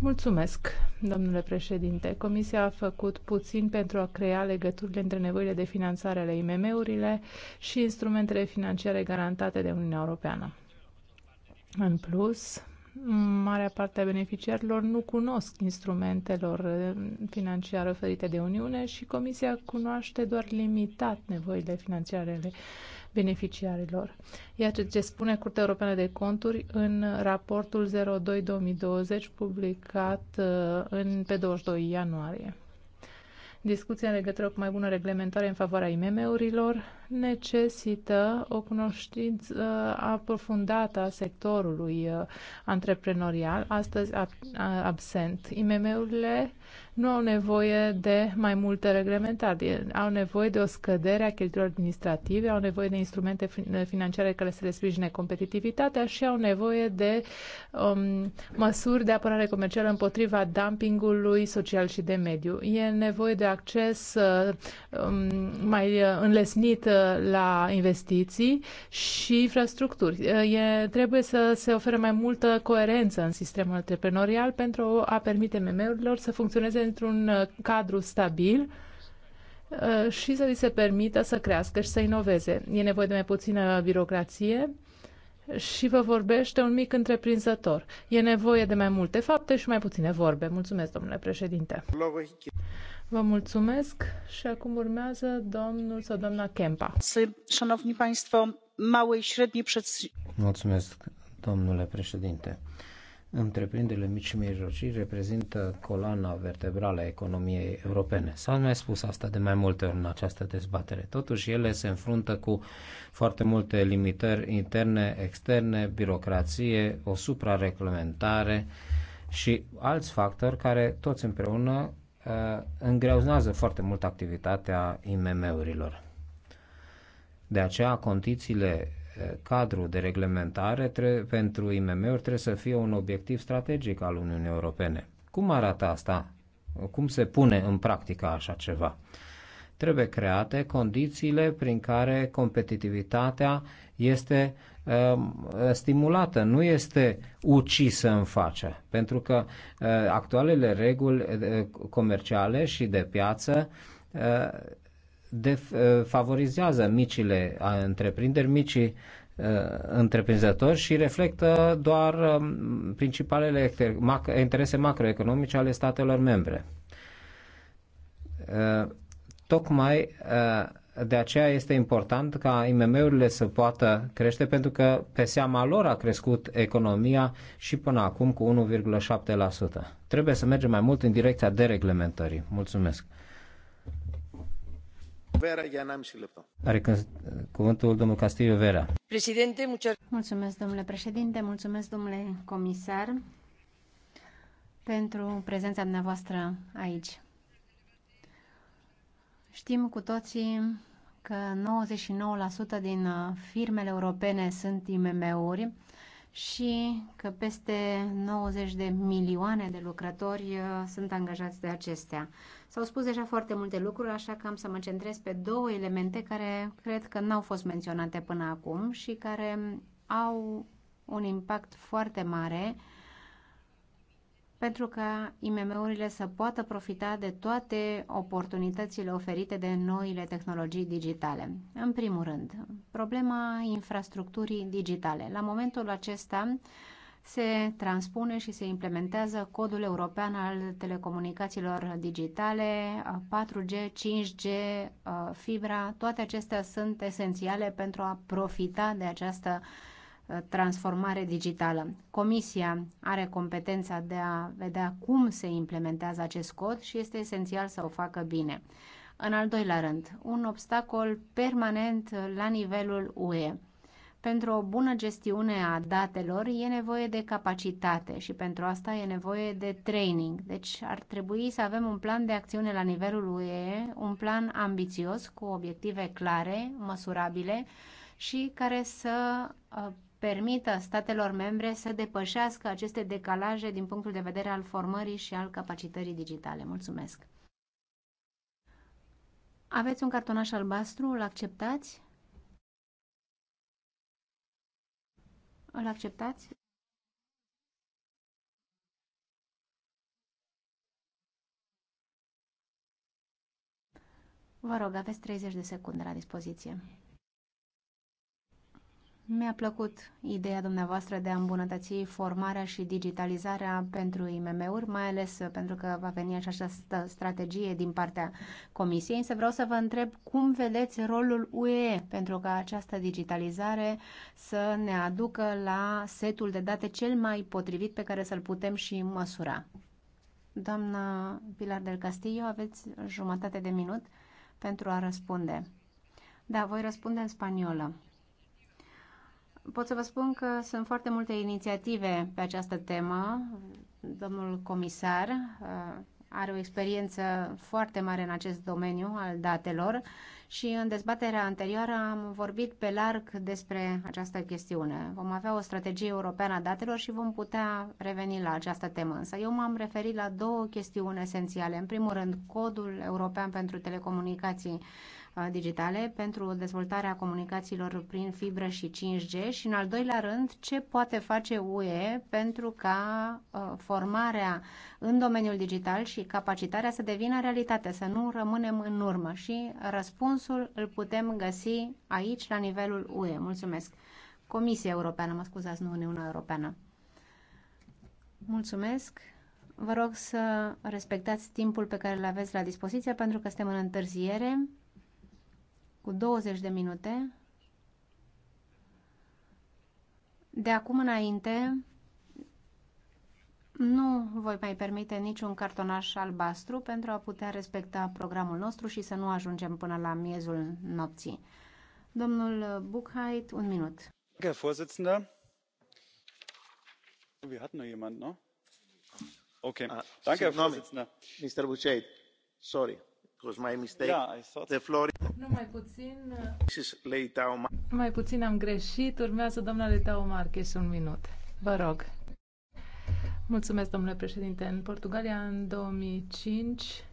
Mulțumesc, domnule președinte. Comisia a făcut puțin pentru a crea legăturile între nevoile de finanțare ale IMM-urile și instrumentele financiare garantate de Uniunea Europeană. În plus, marea parte a beneficiarilor nu cunosc instrumentelor eh, financiare oferite de Uniune și Comisia cunoaște doar limitat nevoile financiare ale beneficiarilor. Iată ce spune Curtea Europeană de Conturi în raportul 02-2020 publicat eh, în, pe 22 ianuarie. Discuția în legătură cu mai bună reglementare în favoarea IMM-urilor, necesită o cunoștință aprofundată a sectorului uh, antreprenorial, astăzi uh, absent. IMM-urile nu au nevoie de mai multe reglementări, au nevoie de o scădere a cheltuielor administrative, au nevoie de instrumente uh, financiare care să le sprijine competitivitatea și au nevoie de um, măsuri de apărare comercială împotriva dumpingului social și de mediu. E nevoie de acces um, mai înlesnit la investiții și infrastructuri. E, trebuie să se ofere mai multă coerență în sistemul antreprenorial pentru a permite MM-urilor să funcționeze într-un uh, cadru stabil uh, și să li se permită să crească și să inoveze. E nevoie de mai puțină birocrație și vă vorbește un mic întreprinzător. E nevoie de mai multe fapte și mai puține vorbe. Mulțumesc, domnule președinte. Vă mulțumesc și acum urmează domnul sau doamna Kempa. Szanowni Państwo, małe i średnie Mulțumesc, domnule președinte. Întreprinderile mici și mijlocii reprezintă coloana vertebrală a economiei europene. S-a mai spus asta de mai multe ori în această dezbatere. Totuși, ele se înfruntă cu foarte multe limitări interne, externe, birocrație, o suprareglementare și alți factori care toți împreună Uh, îngreuznează foarte mult activitatea IMM-urilor. De aceea, condițiile uh, cadru de reglementare pentru IMM-uri trebuie să fie un obiectiv strategic al Uniunii Europene. Cum arată asta? Cum se pune în practică așa ceva? Trebuie create condițiile prin care competitivitatea este Um, stimulată, nu este ucisă în face, pentru că uh, actualele reguli uh, comerciale și de piață uh, favorizează micile întreprinderi, micii întreprinzători și reflectă doar um, principalele interese macroeconomice ale statelor membre. Tocmai de aceea este important ca IMM-urile să poată crește pentru că pe seama lor a crescut economia și până acum cu 1,7%. Trebuie să mergem mai mult în direcția dereglementării. Mulțumesc. Vera, Are cuvântul domnul Castillo Vera. Președinte, mulțumesc domnule președinte, mulțumesc domnule comisar pentru prezența dumneavoastră aici. Știm cu toții că 99% din uh, firmele europene sunt IMM-uri și că peste 90 de milioane de lucrători uh, sunt angajați de acestea. S-au spus deja foarte multe lucruri, așa că am să mă centrez pe două elemente care cred că n-au fost menționate până acum și care au un impact foarte mare pentru ca IMM-urile să poată profita de toate oportunitățile oferite de noile tehnologii digitale. În primul rând, problema infrastructurii digitale. La momentul acesta se transpune și se implementează codul european al telecomunicațiilor digitale, 4G, 5G, uh, fibra, toate acestea sunt esențiale pentru a profita de această uh, Uh, transformare digitală. Comisia are competența de a vedea cum se implementează acest cod și este esențial să o facă bine. În al doilea rând, un obstacol permanent la nivelul UE. Pentru o bună gestiune a datelor e nevoie de capacitate și pentru asta e nevoie de training. Deci ar trebui să avem un plan de acțiune la nivelul UE, un plan ambițios cu obiective clare, măsurabile și care să uh, permită statelor membre să depășească aceste decalaje din punctul de vedere al formării și al capacitării digitale. Mulțumesc! Aveți un cartonaș albastru? Îl acceptați? Îl acceptați? Vă rog, aveți 30 de secunde la dispoziție. Mi-a plăcut ideea dumneavoastră de a îmbunătăți formarea și digitalizarea pentru IMM-uri, mai ales pentru că va veni această strategie din partea Comisiei, însă vreau să vă întreb cum vedeți rolul UE pentru ca această digitalizare să ne aducă la setul de date cel mai potrivit pe care să-l putem și măsura. Doamna Pilar del Castillo, aveți jumătate de minut pentru a răspunde. Da, voi răspunde în spaniolă pot să vă spun că sunt foarte multe inițiative pe această temă. Domnul comisar uh, are o experiență foarte mare în acest domeniu al datelor și în dezbaterea anterioară am vorbit pe larg despre această chestiune. Vom avea o strategie europeană a datelor și vom putea reveni la această temă. Însă eu m-am referit la două chestiuni esențiale. În primul rând, codul european pentru telecomunicații Uh, digitale pentru dezvoltarea comunicațiilor prin fibră și 5G și, în al doilea rând, ce poate face UE pentru ca uh, formarea în domeniul digital și capacitarea să devină realitate, să nu rămânem în urmă și răspunsul îl putem găsi aici, la nivelul UE. Mulțumesc! Comisia Europeană, mă scuzați, nu Uniunea Europeană. Mulțumesc! Vă rog să respectați timpul pe care îl aveți la dispoziție pentru că suntem în întârziere cu 20 de minute. De acum înainte nu voi mai permite niciun cartonaș albastru pentru a putea respecta programul nostru și să nu ajungem până la miezul nopții. Domnul Buchheit, un minut. Herr Vorsitzender, wir hatten noch jemand, no? Okay. Ah, Danke, Herr Vorsitzender. Mr. Buchheit, sorry was my mistake. Yeah, I thought... The floor... Nu mai puțin... This Mai puțin am greșit. Urmează doamna Letao Marques un minut. Vă rog. Mulțumesc, domnule președinte. În Portugalia, în 2005,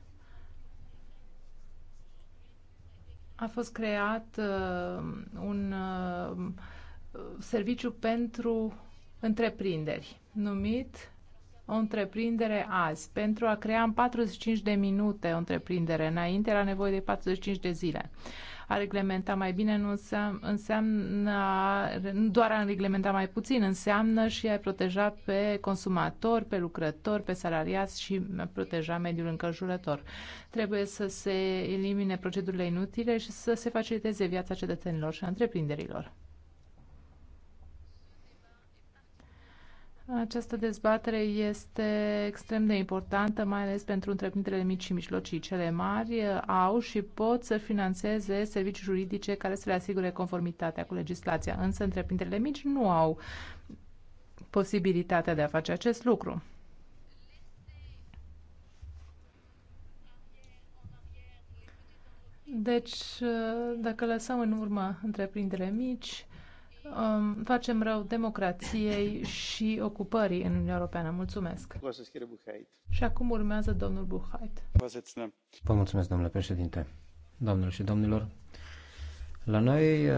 a fost creat uh, un uh, serviciu pentru întreprinderi, numit o întreprindere azi pentru a crea în 45 de minute o întreprindere, înainte era nevoie de 45 de zile. A reglementa mai bine nu înseamnă, doar a reglementa mai puțin, înseamnă și a proteja pe consumatori, pe lucrători, pe salariați și a proteja mediul încăjurător. Trebuie să se elimine procedurile inutile și să se faciliteze viața cetățenilor și a întreprinderilor. Această dezbatere este extrem de importantă, mai ales pentru întreprinderile mici și mijlocii. Cele mari uh, au și pot să financeze servicii juridice care să le asigure conformitatea cu legislația, însă întreprinderile mici nu au posibilitatea de a face acest lucru. Deci, uh, dacă lăsăm în urmă întreprinderile mici, um, facem rău democrației și ocupării în Uniunea Europeană. Mulțumesc. Și acum urmează domnul Buhait. Vă mulțumesc, domnule președinte. Domnilor și domnilor, la noi uh,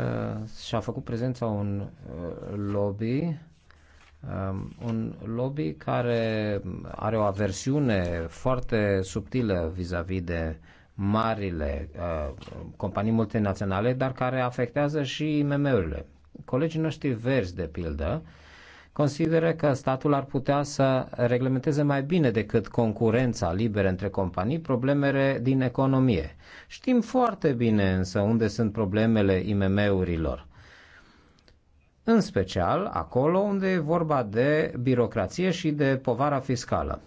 și-a făcut prezența un uh, lobby, uh, un lobby care are o aversiune foarte subtilă vis-a-vis -vis de marile uh, companii multinaționale, dar care afectează și IMM-urile. Colegii noștri verzi, de pildă, consideră că statul ar putea să reglementeze mai bine decât concurența liberă între companii problemele din economie. Știm foarte bine însă unde sunt problemele IMM-urilor. În special acolo unde e vorba de birocrație și de povara fiscală.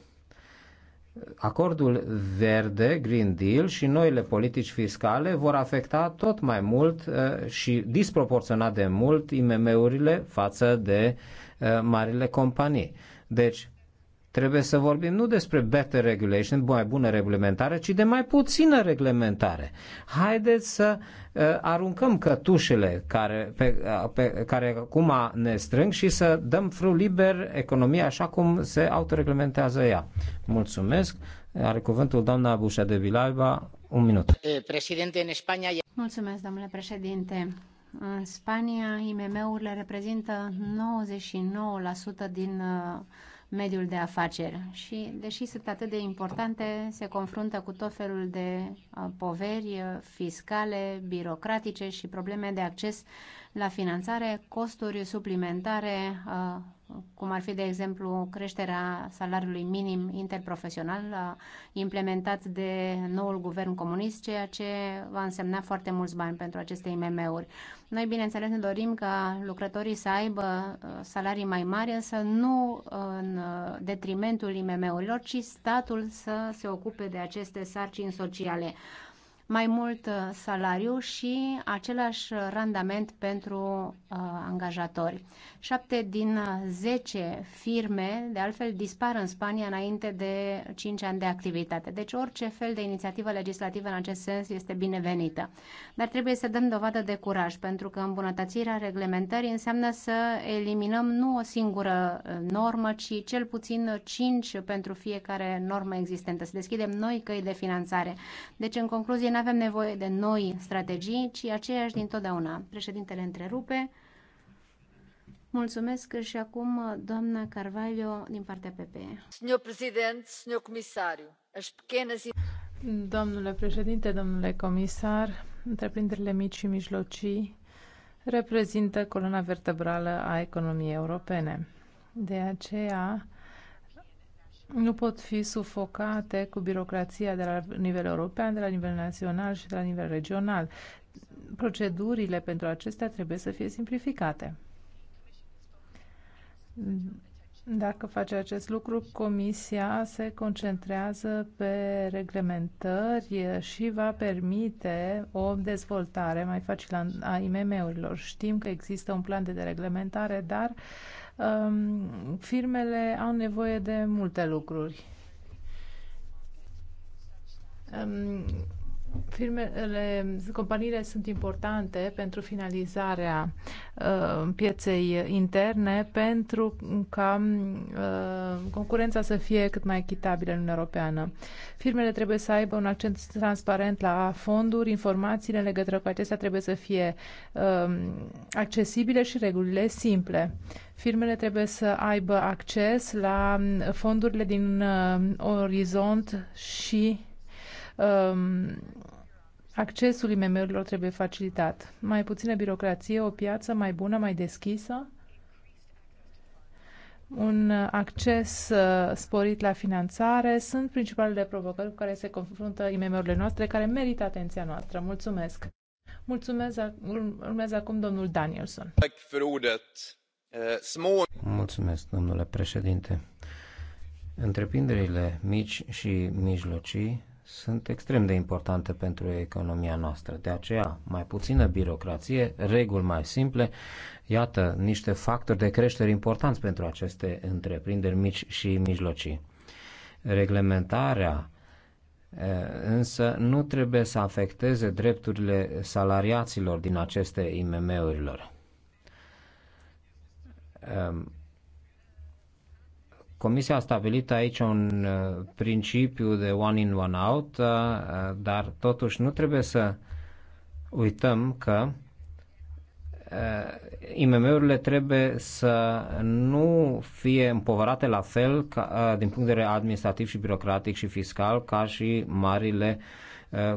Acordul verde, Green Deal și noile politici fiscale vor afecta tot mai mult uh, și disproporționat de mult IMM-urile față de uh, marile companii. Deci, Trebuie să vorbim nu despre better regulation, mai bună reglementare, ci de mai puțină reglementare. Haideți să uh, aruncăm cătușele care, pe, uh, pe, care acum ne strâng și să dăm fru liber economia așa cum se autoreglementează ea. Mulțumesc. Are cuvântul doamna Bușa de Vilaiba. Un minut. Eh, președinte, în Spania... Mulțumesc, domnule președinte. În Spania, IMM-urile reprezintă 99% din uh, mediul de afaceri și, deși sunt atât de importante, se confruntă cu tot felul de poveri fiscale, birocratice și probleme de acces la finanțare, costuri suplimentare, cum ar fi, de exemplu, creșterea salariului minim interprofesional implementat de noul guvern comunist, ceea ce va însemna foarte mulți bani pentru aceste IMM-uri. Noi, bineînțeles, ne dorim ca lucrătorii să aibă uh, salarii mai mari, însă nu în uh, detrimentul IMM-urilor, ci statul să se ocupe de aceste sarcini sociale mai mult uh, salariu și același randament pentru uh, angajatori. Șapte din uh, zece firme, de altfel, dispar în Spania înainte de cinci ani de activitate. Deci orice fel de inițiativă legislativă în acest sens este binevenită. Dar trebuie să dăm dovadă de curaj, pentru că îmbunătățirea reglementării înseamnă să eliminăm nu o singură uh, normă, ci cel puțin cinci pentru fiecare normă existentă. Să deschidem noi căi de finanțare. Deci, în concluzie, nu avem nevoie de noi strategii, ci aceeași din totdeauna. Președintele întrerupe. Mulțumesc și acum doamna Carvalho din partea PPE. Domnule președinte, domnule comisar, Domnule președinte, domnule comisar, întreprinderile mici și mijlocii reprezintă coloana vertebrală a economiei europene. De aceea, nu pot fi sufocate cu birocrația de la nivel european, de la nivel național și de la nivel regional. Procedurile pentru acestea trebuie să fie simplificate. Dacă face acest lucru, Comisia se concentrează pe reglementări și va permite o dezvoltare mai facilă a IMM-urilor. Știm că există un plan de reglementare, dar uh, Um, firmele au nevoie de multe lucruri um, Firmele, companiile sunt importante pentru finalizarea uh, pieței interne, pentru ca uh, concurența să fie cât mai echitabilă în Uniunea Europeană. Firmele trebuie să aibă un accent transparent la fonduri, informațiile legătură cu acestea trebuie să fie uh, accesibile și regulile simple. Firmele trebuie să aibă acces la fondurile din uh, orizont și um, accesul IMM-urilor trebuie facilitat. Mai puțină birocrație, o piață mai bună, mai deschisă, un acces uh, sporit la finanțare sunt principalele provocări cu care se confruntă IMM-urile noastre, care merită atenția noastră. Mulțumesc! Mulțumesc, urmează acum domnul Danielson. Eh, Mulțumesc, domnule președinte. Întreprinderile mici și mijlocii sunt extrem de importante pentru economia noastră. De aceea, mai puțină birocrație, reguli mai simple, iată niște factori de creștere importanți pentru aceste întreprinderi mici și mijlocii. Reglementarea însă nu trebuie să afecteze drepturile salariaților din aceste IMM-urilor. Comisia a stabilit aici un uh, principiu de one in, one out, uh, uh, dar totuși nu trebuie să uităm că IMM-urile trebuie să nu fie împovărate la fel ca, din punct de vedere administrativ și birocratic și fiscal ca și marile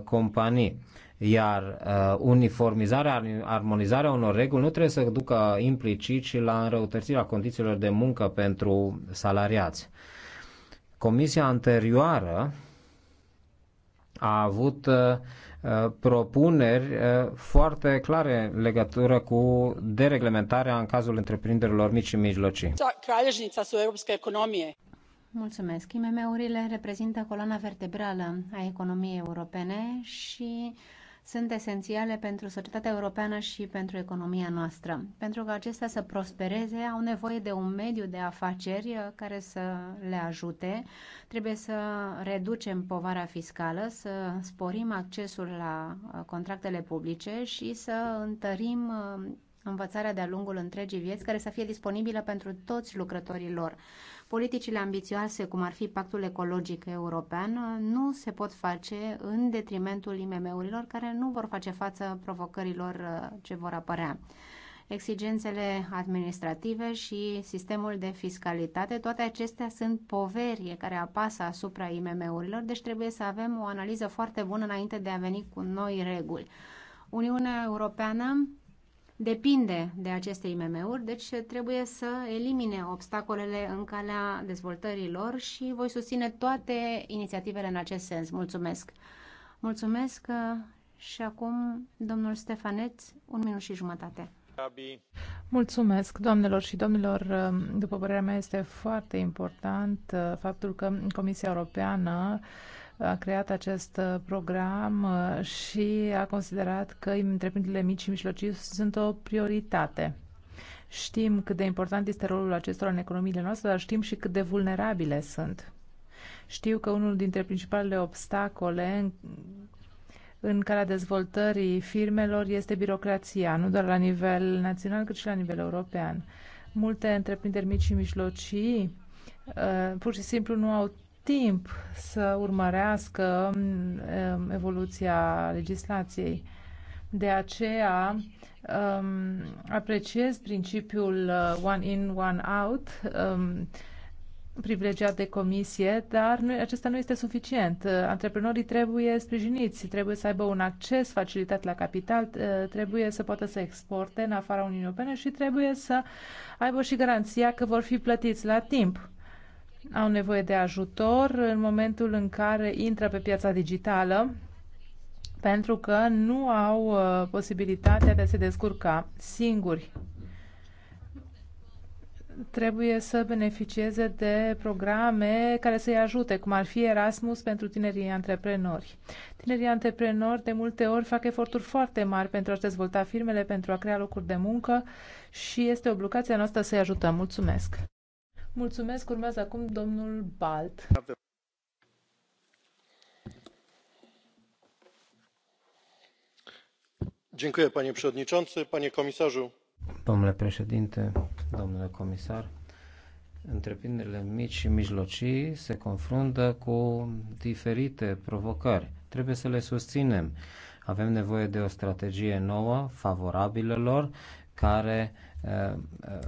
companii. Iar uh, uniformizarea, armonizarea unor reguli nu trebuie să ducă implicit și la înrăutățirea condițiilor de muncă pentru salariați. Comisia anterioară a avut uh, propuneri uh, foarte clare în legătură cu dereglementarea în cazul întreprinderilor mici și mijlocii. Mulțumesc. IMM-urile reprezintă coloana vertebrală a economiei europene și sunt esențiale pentru societatea europeană și pentru economia noastră. Pentru că acestea să prospereze, au nevoie de un mediu de afaceri uh, care să le ajute. Trebuie să reducem povara fiscală, să sporim accesul la uh, contractele publice și să întărim uh, învățarea de-a lungul întregii vieți, care să fie disponibilă pentru toți lucrătorii lor. Politicile ambițioase, cum ar fi Pactul Ecologic European, nu se pot face în detrimentul IMM-urilor care nu vor face față provocărilor uh, ce vor apărea exigențele administrative și sistemul de fiscalitate, toate acestea sunt poverie care apasă asupra IMM-urilor, deci trebuie să avem o analiză foarte bună înainte de a veni cu noi reguli. Uniunea Europeană depinde de aceste IMM-uri, deci trebuie să elimine obstacolele în calea dezvoltării lor și voi susține toate inițiativele în acest sens. Mulțumesc! Mulțumesc uh, și acum domnul Stefaneț, un minut și jumătate. Mulțumesc, doamnelor și domnilor. După părerea mea, este foarte important uh, faptul că Comisia Europeană a creat acest uh, program uh, și a considerat că întreprinderile mici și mijlocii sunt o prioritate. Știm cât de important este rolul acestora în economiile noastre, dar știm și cât de vulnerabile sunt. Știu că unul dintre principalele obstacole în, în calea dezvoltării firmelor este birocrația, nu doar la nivel național, cât și la nivel european. Multe întreprinderi mici și mijlocii uh, pur și simplu nu au timp să urmărească um, evoluția legislației. De aceea um, apreciez principiul uh, one in, one out um, privilegiat de comisie, dar nu, acesta nu este suficient. Uh, antreprenorii trebuie sprijiniți, trebuie să aibă un acces facilitat la capital, uh, trebuie să poată să exporte în afara Uniunii Europene și trebuie să aibă și garanția că vor fi plătiți la timp au nevoie de ajutor în momentul în care intră pe piața digitală pentru că nu au uh, posibilitatea de a se descurca singuri. Trebuie să beneficieze de programe care să-i ajute, cum ar fi Erasmus pentru tinerii antreprenori. Tinerii antreprenori de multe ori fac eforturi foarte mari pentru a-și dezvolta firmele, pentru a crea locuri de muncă și este obligația noastră să-i ajutăm. Mulțumesc! Mulțumesc. Urmează acum domnul Balt. Dziękuję, panie przewodniczący! panie komisarzu! domnule președinte domnule comisar întreprinderile mici și mijlocii se confruntă cu diferite provocări. Trebuie să le susținem. Avem nevoie de o strategie nouă, favorabilă lor, care uh, uh,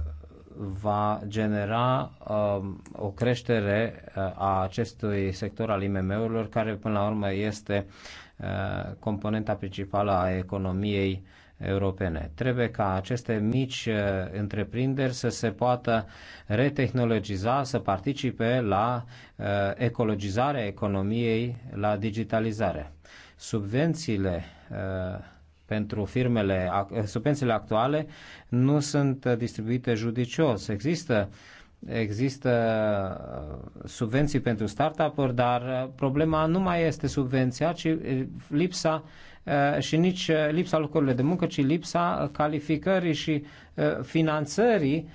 va genera um, o creștere uh, a acestui sector al IMM-urilor, care până la urmă este uh, componenta principală a economiei europene. Trebuie ca aceste mici uh, întreprinderi să se poată retehnologiza, să participe la uh, ecologizarea economiei, la digitalizare. Subvențiile uh, pentru firmele, subvențiile actuale nu sunt distribuite judicios. Există Există uh, subvenții pentru startup-uri, dar uh, problema nu mai este subvenția, ci uh, lipsa și nici lipsa locurilor de muncă, ci lipsa calificării și finanțării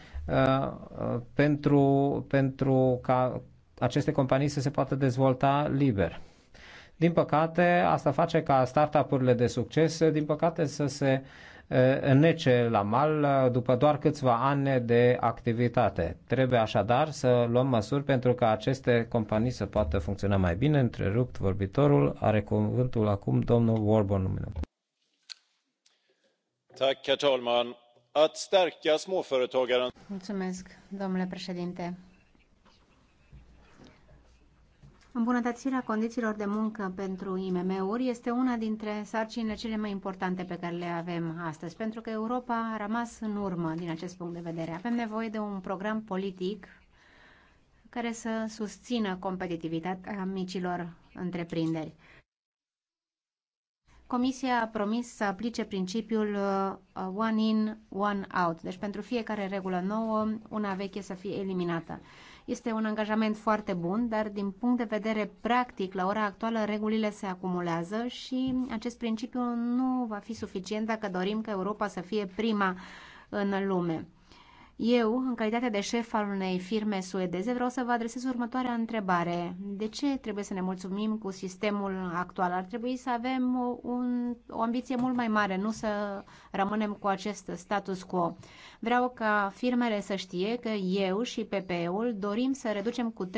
pentru, pentru ca aceste companii să se poată dezvolta liber. Din păcate, asta face ca startup-urile de succes, din păcate, să se înnece la mal după doar câțiva ani de activitate. Trebuie așadar să luăm măsuri pentru ca aceste companii să poată funcționa mai bine. Întrerupt vorbitorul, are cuvântul acum domnul Warburn. Mulțumesc, domnule președinte Îmbunătățirea condițiilor de muncă pentru IMM-uri este una dintre sarcinile cele mai importante pe care le avem astăzi, pentru că Europa a rămas în urmă din acest punct de vedere. Avem nevoie de un program politic care să susțină competitivitatea micilor întreprinderi. Comisia a promis să aplice principiul uh, one in, one out, deci pentru fiecare regulă nouă, una veche să fie eliminată. Este un angajament foarte bun, dar din punct de vedere practic, la ora actuală, regulile se acumulează și acest principiu nu va fi suficient dacă dorim ca Europa să fie prima în lume. Eu, în calitate de șef al unei firme suedeze, vreau să vă adresez următoarea întrebare. De ce trebuie să ne mulțumim cu sistemul actual? Ar trebui să avem un, o ambiție mult mai mare, nu să rămânem cu acest status quo. Vreau ca firmele să știe că eu și PPE-ul dorim să reducem cu 30%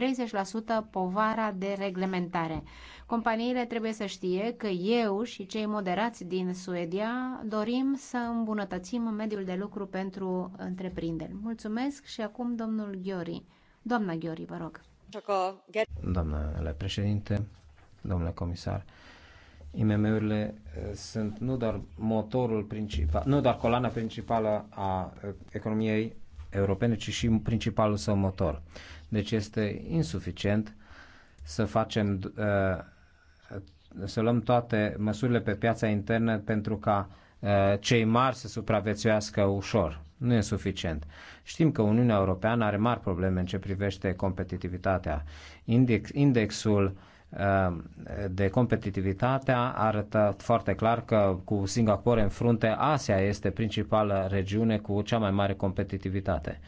povara de reglementare. Companiile trebuie să știe că eu și cei moderați din Suedia dorim să îmbunătățim mediul de lucru pentru întreprinderi. Mulțumesc și acum domnul Ghiori. Doamna Ghiori, vă rog. Doamnele președinte, domnule comisar, IMM-urile eh, sunt nu doar motorul principal, nu doar coloana principală a eh, economiei europene, ci și principalul său motor. Deci este insuficient să facem uh, să luăm toate măsurile pe piața internă pentru ca cei mari să supraviețuiască ușor. Nu e suficient. Știm că Uniunea Europeană are mari probleme în ce privește competitivitatea. Index, indexul de competitivitate arată foarte clar că cu Singapore în frunte, Asia este principală regiune cu cea mai mare competitivitate.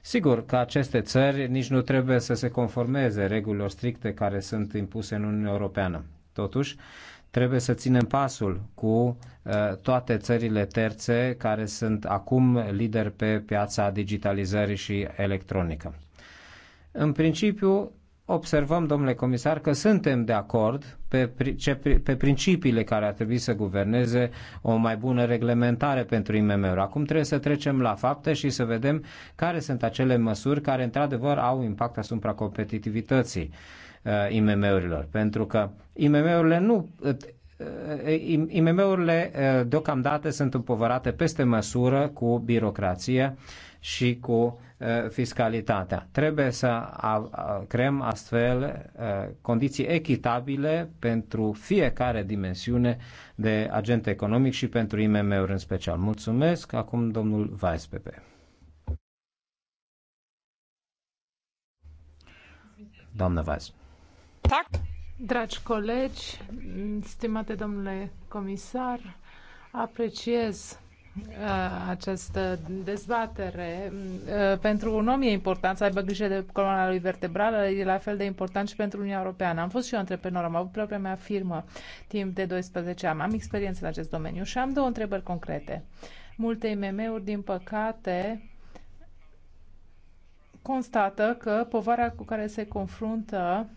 Sigur că aceste țări nici nu trebuie să se conformeze regulilor stricte care sunt impuse în Uniunea Europeană. Totuși, trebuie să ținem pasul cu uh, toate țările terțe care sunt acum lideri pe piața digitalizării și electronică. În principiu, observăm, domnule comisar, că suntem de acord pe, ce, pe principiile care ar trebui să guverneze o mai bună reglementare pentru IMM-uri. Acum trebuie să trecem la fapte și să vedem care sunt acele măsuri care, într-adevăr, au impact asupra competitivității uh, IMM-urilor. Pentru că IMM-urile nu. Uh, uh IMM-urile uh, deocamdată sunt împovărate peste măsură cu birocrație și cu uh, fiscalitatea. Trebuie să creăm astfel uh, condiții echitabile pentru fiecare dimensiune de agent economic și pentru IMM-uri în special. Mulțumesc. Acum domnul Weispepe. Doamna Vaz. Dragi colegi, stimate domnule comisar, apreciez Uh, această dezbatere. Mm, uh, pentru un om e important să aibă grijă de coloana lui vertebrală, e la fel de important și pentru Uniunea Europeană. Am fost și eu antreprenor, am avut propria mea firmă timp de 12 ani, am experiență în acest domeniu și am două întrebări concrete. Multe IMM-uri, din păcate, constată că povara cu care se confruntă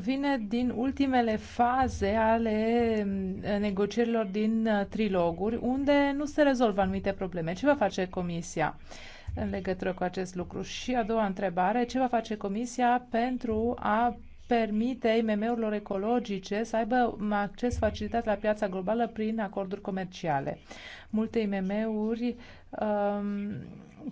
vine din ultimele faze ale mm, negocierilor din uh, triloguri, unde nu se rezolvă anumite probleme. Ce va face Comisia în legătură cu acest lucru? Și a doua întrebare, ce va face Comisia pentru a permite IMM-urilor ecologice să aibă acces facilitat la piața globală prin acorduri comerciale. Multe IMM-uri um,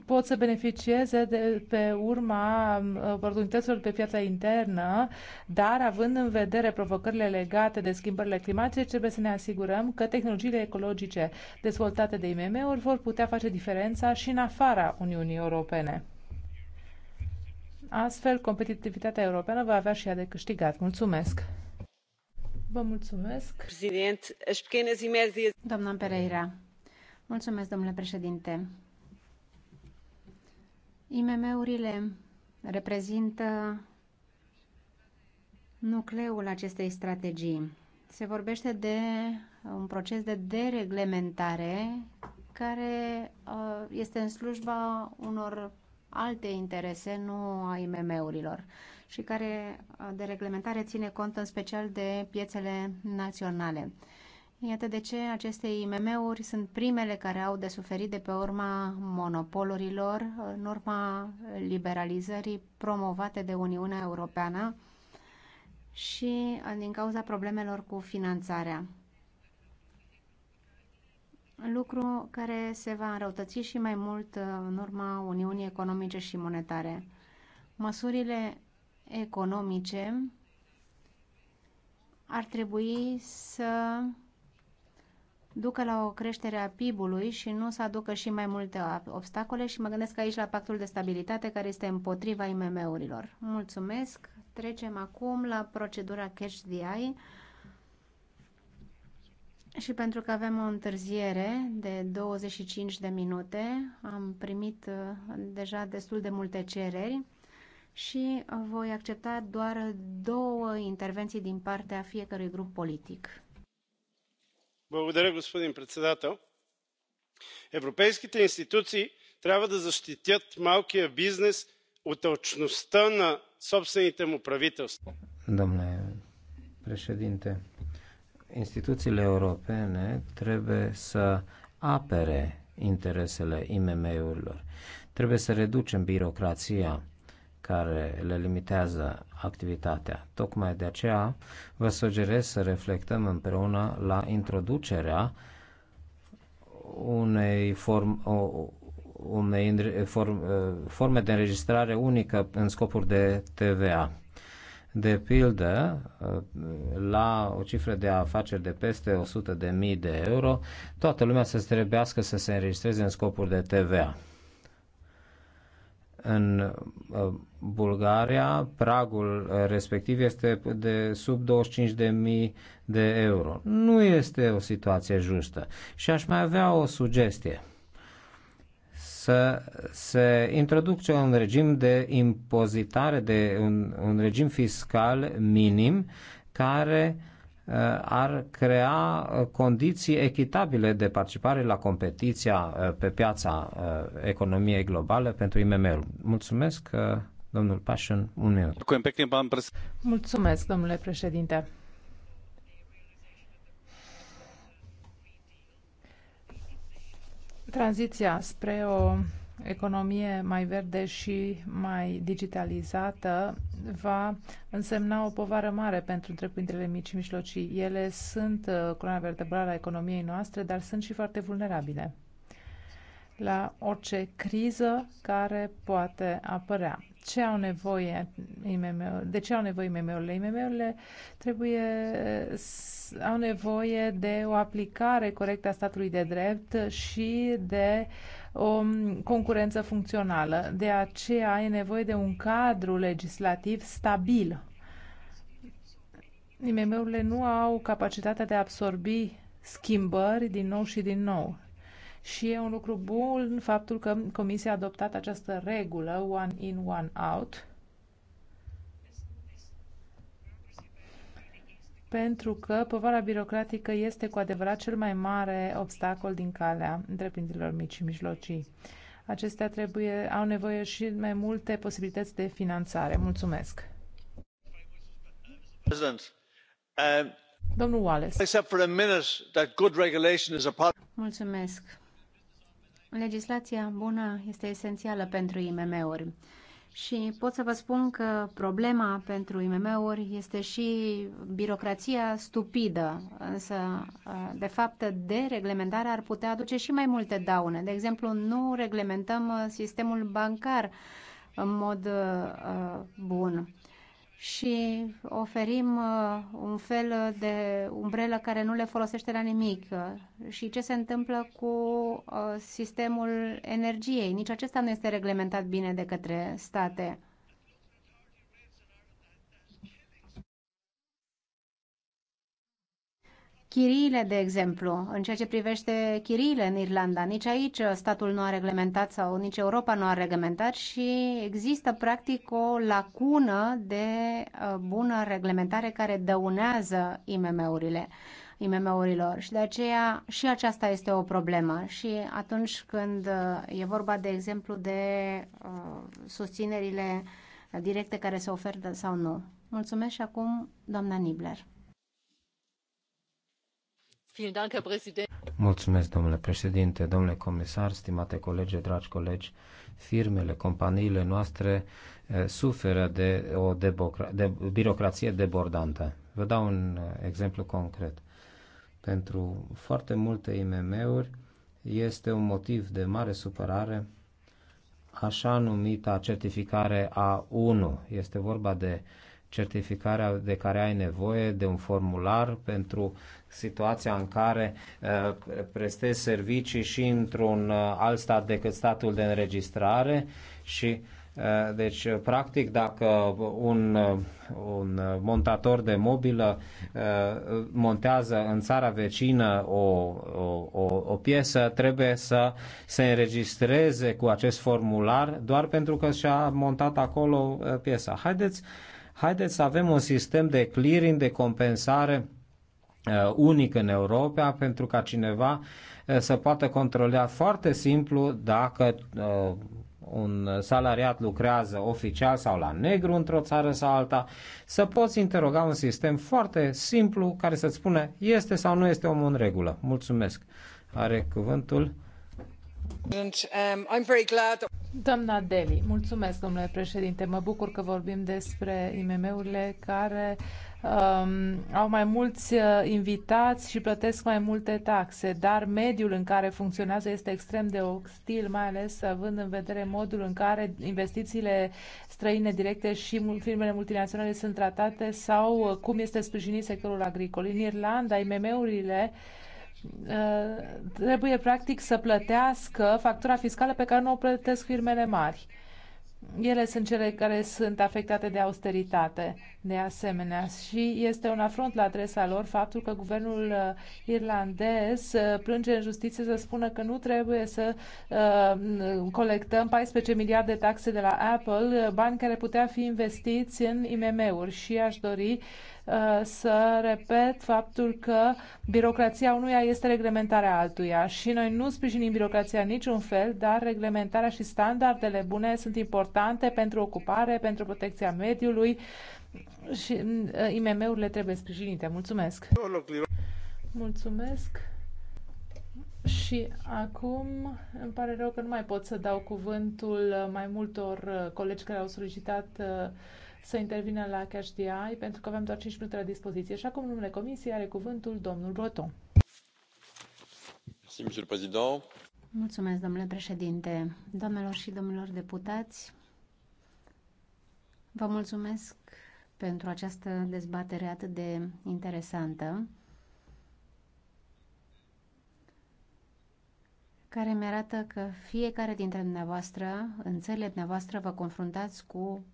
pot să beneficieze de, pe urma um, oportunităților pe piața internă, dar având în vedere provocările legate de schimbările climatice, trebuie să ne asigurăm că tehnologiile ecologice dezvoltate de IMM-uri vor putea face diferența și în afara Uniunii Europene. Astfel, competitivitatea europeană va avea și ea de câștigat. Mulțumesc! Vă mulțumesc! Doamna Pereira, mulțumesc, domnule președinte. IMM-urile reprezintă nucleul acestei strategii. Se vorbește de uh, un proces de dereglementare care uh, este în slujba unor alte interese, nu a IMM-urilor și care uh, de reglementare ține cont în special de piețele naționale. Iată de ce aceste IMM-uri sunt primele care au de suferit de pe urma monopolurilor, în urma liberalizării promovate de Uniunea Europeană și uh, din cauza problemelor cu finanțarea lucru care se va înrăutăți și mai mult uh, în urma Uniunii Economice și Monetare. Măsurile economice ar trebui să ducă la o creștere a PIB-ului și nu să aducă și mai multe obstacole și mă gândesc aici la pactul de stabilitate care este împotriva IMM-urilor. Mulțumesc! Trecem acum la procedura Catch the Eye și pentru că avem o întârziere de 25 de minute, am primit uh, deja destul de multe cereri și uh, voi accepta doar două intervenții din partea fiecărui grup politic. mulțumesc, господин председател. Европейските институции трябва да защитят малкия бизнес от алчността на собствените му правителства. Domnule președinte, instituțiile europene trebuie să apere interesele IMM-urilor. Trebuie să reducem birocrația care le limitează activitatea. Tocmai de aceea vă sugerez să reflectăm împreună la introducerea unei, form, o, unei form, forme de înregistrare unică în scopuri de TVA de pildă, la o cifră de afaceri de peste 100.000 de, mii de euro, toată lumea să trebuiască să se înregistreze în scopuri de TVA. În uh, Bulgaria, pragul uh, respectiv este de sub 25.000 de euro. Nu este o situație justă. Și aș mai avea o sugestie să se introducă un regim de impozitare, de un, un regim fiscal minim care uh, ar crea uh, condiții echitabile de participare la competiția uh, pe piața economiei globale pentru imm ul Mulțumesc, domnul Pașin, un minut. Mulțumesc, domnule președinte. Tranziția spre o economie mai verde și mai digitalizată va însemna o povară mare pentru întreprinderile mici și mijlocii. Ele sunt uh, coloana vertebrală a economiei noastre, dar sunt și foarte vulnerabile la orice criză care poate apărea. Ce au nevoie imm De ce au nevoie IMM-urile? IMM-urile trebuie să au nevoie de o aplicare corectă a statului de drept și de o concurență funcțională. De aceea e nevoie de un cadru legislativ stabil. IMM-urile nu au capacitatea de a absorbi schimbări din nou și din nou. Și e un lucru bun faptul că Comisia a adoptat această regulă one in, one out pentru că povara birocratică este cu adevărat cel mai mare obstacol din calea întreprinderilor mici și mijlocii. Acestea trebuie, au nevoie și mai multe posibilități de finanțare. Mulțumesc. Uh, Domnul Wallace. Mulțumesc. Legislația bună este esențială pentru IMM-uri. Și pot să vă spun că problema pentru IMM-uri este și birocrația stupidă, însă, de fapt, dereglementarea ar putea aduce și mai multe daune. De exemplu, nu reglementăm sistemul bancar în mod bun și oferim uh, un fel de umbrelă care nu le folosește la nimic. Și ce se întâmplă cu uh, sistemul energiei? Nici acesta nu este reglementat bine de către state. Chiriile, de exemplu, în ceea ce privește chiriile în Irlanda, nici aici statul nu a reglementat sau nici Europa nu a reglementat și există practic o lacună de uh, bună reglementare care dăunează IMM-urile. IMM-urilor și de aceea și aceasta este o problemă și atunci când uh, e vorba de exemplu de uh, susținerile directe care se oferă sau nu. Mulțumesc și acum doamna Nibler. Mulțumesc, domnule președinte, domnule comisar, stimate colegi, dragi colegi. Firmele, companiile noastre eh, suferă de o de birocrație debordantă. Vă dau un eh, exemplu concret. Pentru foarte multe IMM-uri este un motiv de mare supărare așa numita certificare A1. Este vorba de uh, certificarea de care ai nevoie, de un formular pentru situația în care uh, prestezi servicii și într-un uh, alt stat decât statul de înregistrare și uh, deci, practic, dacă un, uh, un montator de mobilă montează în țara vecină o, o, o, o piesă, trebuie să se înregistreze cu acest formular doar pentru că și-a montat acolo piesa. Haideți uh, Haideți să avem un sistem de clearing, de compensare uh, unic în Europa pentru ca cineva uh, să poată controla foarte simplu dacă uh, un salariat lucrează oficial sau la negru într-o țară sau alta, să poți interoga un sistem foarte simplu care să-ți spune este sau nu este omul în regulă. Mulțumesc. Are cuvântul. Doamna Deli, mulțumesc, domnule președinte. Mă bucur că vorbim despre IMM-urile care um, au mai mulți uh, invitați și plătesc mai multe taxe, dar mediul în care funcționează este extrem de ostil, mai ales având în vedere modul în care investițiile străine directe și firmele multinaționale sunt tratate sau cum este sprijinit sectorul agricol. În Irlanda, IMM-urile uh, Uh, trebuie practic să plătească factura fiscală pe care nu o plătesc firmele mari. Ele sunt cele care sunt afectate de austeritate, de asemenea, și este un afront la adresa lor faptul că guvernul uh, irlandez uh, plânge în justiție să spună că nu trebuie să uh, colectăm 14 miliarde de taxe de la Apple, bani care putea fi investiți în IMM-uri și aș dori uh, Uh, să repet faptul că birocrația unuia este reglementarea altuia și noi nu sprijinim birocrația niciun fel, dar reglementarea și standardele bune sunt importante pentru ocupare, pentru protecția mediului și uh, IMM-urile trebuie sprijinite. Mulțumesc! Mulțumesc! Și acum îmi pare rău că nu mai pot să dau cuvântul mai multor uh, colegi care au solicitat să intervină la Cash pentru că avem doar 5 minute la dispoziție. Și acum, numele Comisiei, are cuvântul domnul Breton. Mulțumesc, domnule președinte, doamnelor și domnilor deputați. Vă mulțumesc pentru această dezbatere atât de interesantă, care mi arată că fiecare dintre dumneavoastră, în țările dumneavoastră, vă confruntați cu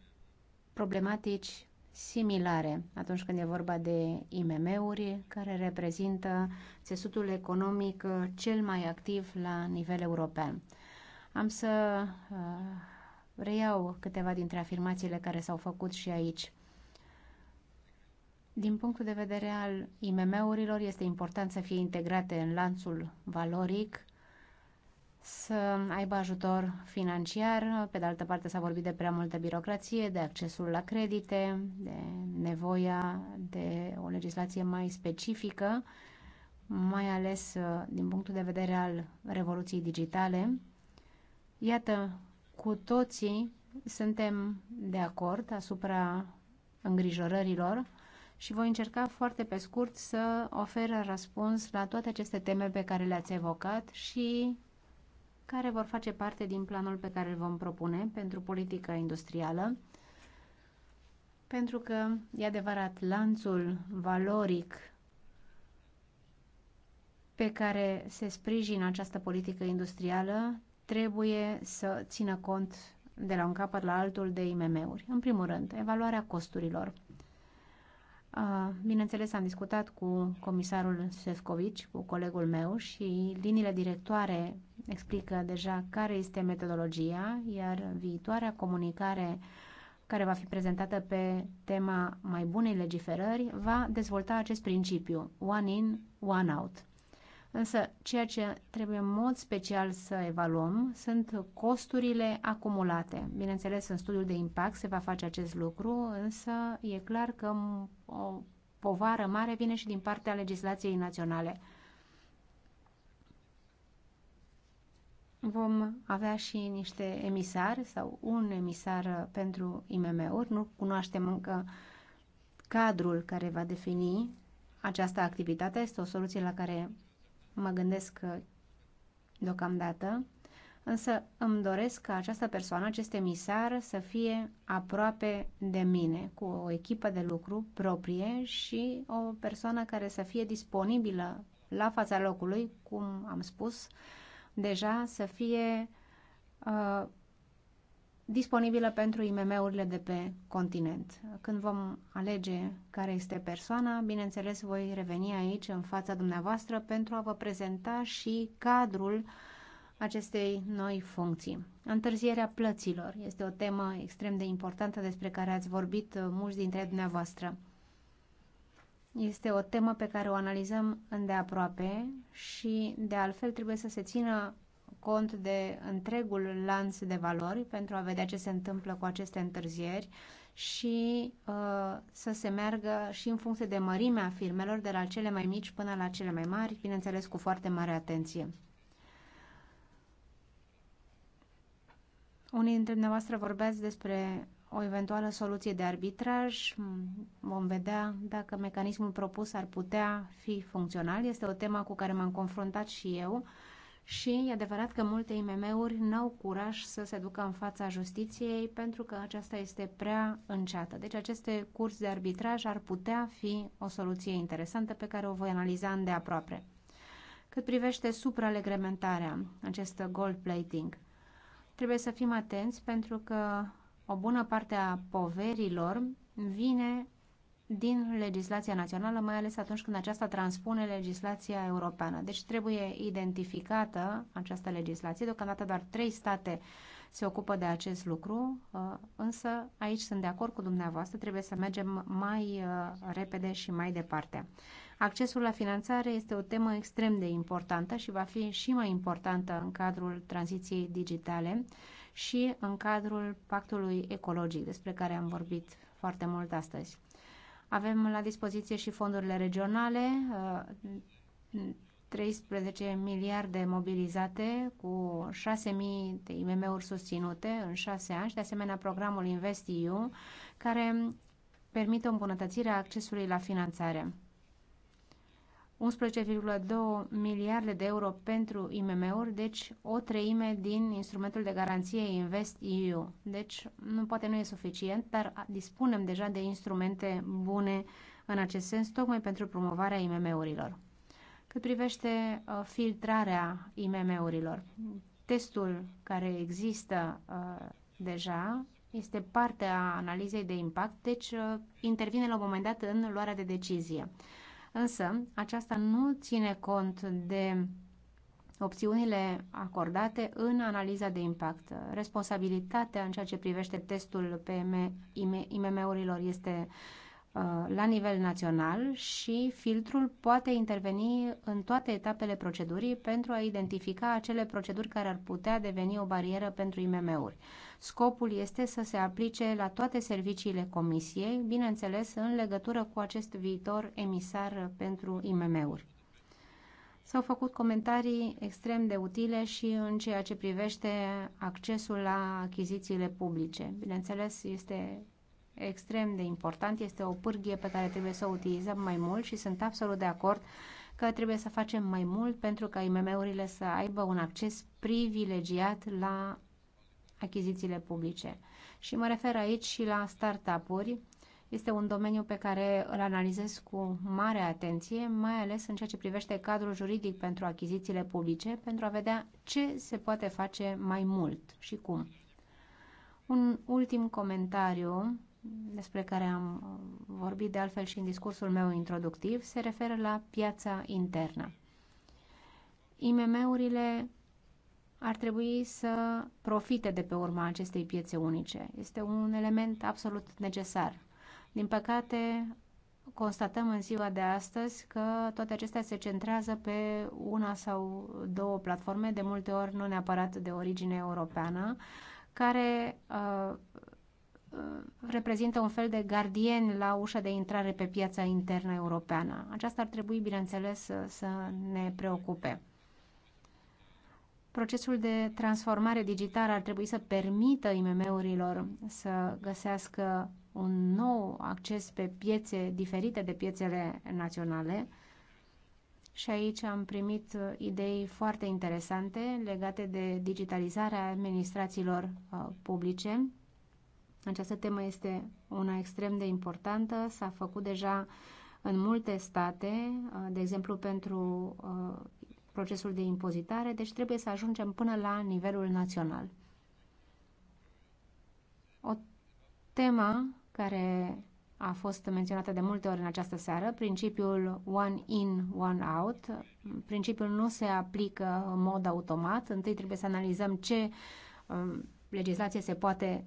problematici similare atunci când e vorba de IMM-uri, care reprezintă țesutul economic uh, cel mai activ la nivel european. Am să uh, reiau câteva dintre afirmațiile care s-au făcut și aici. Din punctul de vedere al IMM-urilor, este important să fie integrate în lanțul valoric să aibă ajutor financiar, pe de altă parte s-a vorbit de prea multă birocrație, de accesul la credite, de nevoia de o legislație mai specifică, mai ales uh, din punctul de vedere al revoluției digitale. Iată, cu toții suntem de acord asupra îngrijorărilor și voi încerca foarte pe scurt să ofer răspuns la toate aceste teme pe care le-ați evocat și care vor face parte din planul pe care îl vom propune pentru politica industrială, pentru că, e adevărat, lanțul valoric pe care se sprijină această politică industrială trebuie să țină cont de la un capăt la altul de IMM-uri. În primul rând, evaluarea costurilor. Bineînțeles, am discutat cu comisarul Sefcovici, cu colegul meu și liniile directoare explică deja care este metodologia, iar viitoarea comunicare care va fi prezentată pe tema mai bunei legiferări va dezvolta acest principiu, one in, one out. Însă, ceea ce trebuie în mod special să evaluăm sunt costurile acumulate. Bineînțeles, în studiul de impact se va face acest lucru, însă e clar că o povară mare vine și din partea legislației naționale. Vom avea și niște emisari sau un emisar pentru IMM-uri. Nu cunoaștem încă cadrul care va defini această activitate. Este o soluție la care mă gândesc uh, deocamdată, însă îmi doresc ca această persoană, acest emisar, să fie aproape de mine, cu o echipă de lucru proprie și o persoană care să fie disponibilă la fața locului, cum am spus deja, să fie uh, disponibilă pentru IMM-urile de pe continent. Când vom alege care este persoana, bineînțeles voi reveni aici în fața dumneavoastră pentru a vă prezenta și cadrul acestei noi funcții. Întârzierea plăților este o temă extrem de importantă despre care ați vorbit uh, mulți dintre dumneavoastră. Este o temă pe care o analizăm îndeaproape și, de altfel, trebuie să se țină cont de întregul lanț de valori pentru a vedea ce se întâmplă cu aceste întârzieri și uh, să se meargă și în funcție de mărimea firmelor, de la cele mai mici până la cele mai mari, bineînțeles cu foarte mare atenție. Unii dintre dumneavoastră vorbeați despre o eventuală soluție de arbitraj. Vom vedea dacă mecanismul propus ar putea fi funcțional. Este o temă cu care m-am confruntat și eu și e adevărat că multe IMM-uri n-au curaj să se ducă în fața justiției pentru că aceasta este prea înceată. Deci aceste curs de arbitraj ar putea fi o soluție interesantă pe care o voi analiza îndeaproape. Cât privește supralegrementarea, acest gold plating, trebuie să fim atenți pentru că o bună parte a poverilor vine din legislația națională, mai ales atunci când aceasta transpune legislația europeană. Deci trebuie identificată această legislație. Deocamdată doar trei state se ocupă de acest lucru, uh, însă aici sunt de acord cu dumneavoastră, trebuie să mergem mai uh, repede și mai departe. Accesul la finanțare este o temă extrem de importantă și va fi și mai importantă în cadrul tranziției digitale și în cadrul pactului ecologic despre care am vorbit foarte mult astăzi. Avem la dispoziție și fondurile regionale, 13 uh, miliarde mobilizate cu 6.000 de IMM-uri susținute în 6 ani și de asemenea programul InvestEU care permite o îmbunătățire a accesului la finanțare. 11,2 miliarde de euro pentru IMM-uri, deci o treime din instrumentul de garanție Invest EU. Deci, nu, poate nu e suficient, dar dispunem deja de instrumente bune în acest sens, tocmai pentru promovarea IMM-urilor. Cât privește uh, filtrarea IMM-urilor, testul care există uh, deja este parte a analizei de impact, deci uh, intervine la un moment dat în luarea de decizie. Uh, Însă, aceasta nu ține cont de opțiunile acordate în analiza de impact. Responsabilitatea în ceea ce privește testul pe IMM-urilor este uh, Uh, la nivel național și filtrul poate interveni în toate etapele procedurii pentru a identifica acele proceduri care ar putea deveni o barieră pentru IMM-uri. Scopul este să se aplice la toate serviciile comisiei, bineînțeles în legătură cu acest viitor emisar pentru IMM-uri. S-au făcut comentarii extrem de utile și în ceea ce privește accesul la achizițiile publice. Bineînțeles, este extrem de important, este o pârghie pe care trebuie să o utilizăm mai mult și sunt absolut de acord că trebuie să facem mai mult pentru ca IMM-urile să aibă un acces privilegiat la achizițiile publice. Și mă refer aici și la startup-uri. Este un domeniu pe care îl analizez cu mare atenție, mai ales în ceea ce privește cadrul juridic pentru achizițiile publice, pentru a vedea ce se poate face mai mult și cum. Un ultim comentariu despre care am vorbit de altfel și în discursul meu introductiv, se referă la piața internă. IMM-urile ar trebui să profite de pe urma acestei piețe unice. Este un element absolut necesar. Din păcate, constatăm în ziua de astăzi că toate acestea se centrează pe una sau două platforme, de multe ori nu neapărat de origine europeană, care uh, Uh, reprezintă un fel de gardien la ușa de intrare pe piața internă europeană. Aceasta ar trebui, bineînțeles, să, să ne preocupe. Procesul de transformare digitală ar trebui să permită IMM-urilor să găsească un nou acces pe piețe diferite de piețele naționale. Și aici am primit idei foarte interesante legate de digitalizarea administrațiilor uh, publice această temă este una extrem de importantă, s-a făcut deja în multe state, uh, de exemplu pentru uh, procesul de impozitare, deci trebuie să ajungem până la nivelul național. O temă care a fost menționată de multe ori în această seară, principiul one in, one out. Principiul nu se aplică în mod automat. Întâi trebuie să analizăm ce um, legislație se poate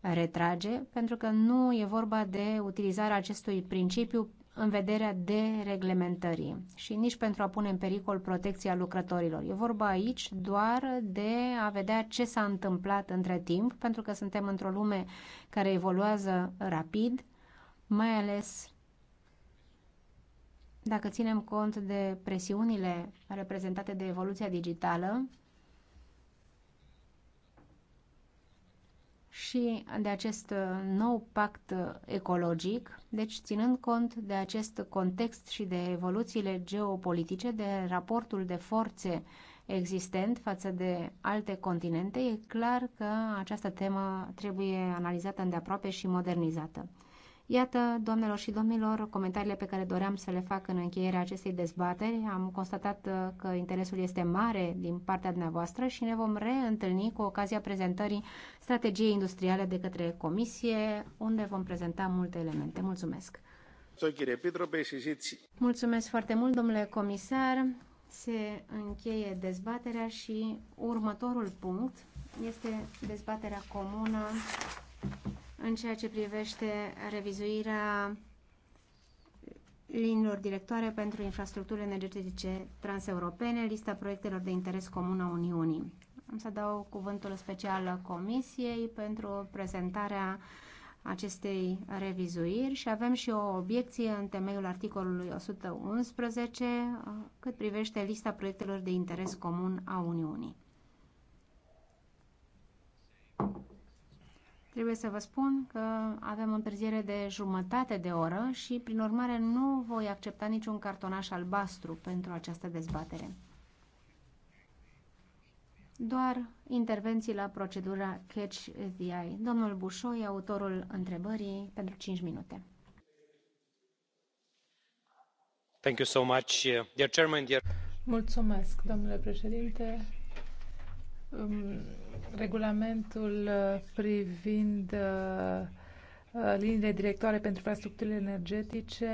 retrage, pentru că nu e vorba de utilizarea acestui principiu în vederea dereglementării și nici pentru a pune în pericol protecția lucrătorilor. E vorba aici doar de a vedea ce s-a întâmplat între timp, pentru că suntem într-o lume care evoluează rapid, mai ales dacă ținem cont de presiunile reprezentate de evoluția digitală și de acest uh, nou pact uh, ecologic, deci ținând cont de acest context și de evoluțiile geopolitice, de raportul de forțe existent față de alte continente, e clar că această temă trebuie analizată îndeaproape și modernizată. Iată, doamnelor și domnilor, comentariile pe care doream să le fac în încheierea acestei dezbateri. Am constatat uh, că interesul este mare din partea dumneavoastră și ne vom reîntâlni cu ocazia prezentării strategiei industriale de către Comisie, unde vom prezenta multe elemente. Mulțumesc! Mulțumesc foarte mult, domnule comisar. Se încheie dezbaterea și următorul punct este dezbaterea comună în ceea ce privește revizuirea liniilor directoare pentru infrastructurile energetice transeuropene, lista proiectelor de interes comun a Uniunii. Am să dau cuvântul special Comisiei pentru prezentarea acestei revizuiri și avem și o obiecție în temeiul articolului 111 cât privește lista proiectelor de interes comun a Uniunii. Trebuie să vă spun că avem o întârziere de jumătate de oră și, prin urmare, nu voi accepta niciun cartonaș albastru pentru această dezbatere. Doar intervenții la procedura Catch the Eye. Domnul Bușoi, autorul întrebării, pentru 5 minute. Thank you so much, uh, dear chairman, dear... Mulțumesc, domnule președinte. Um Regulamentul uh, privind uh, uh, liniile directoare pentru infrastructurile energetice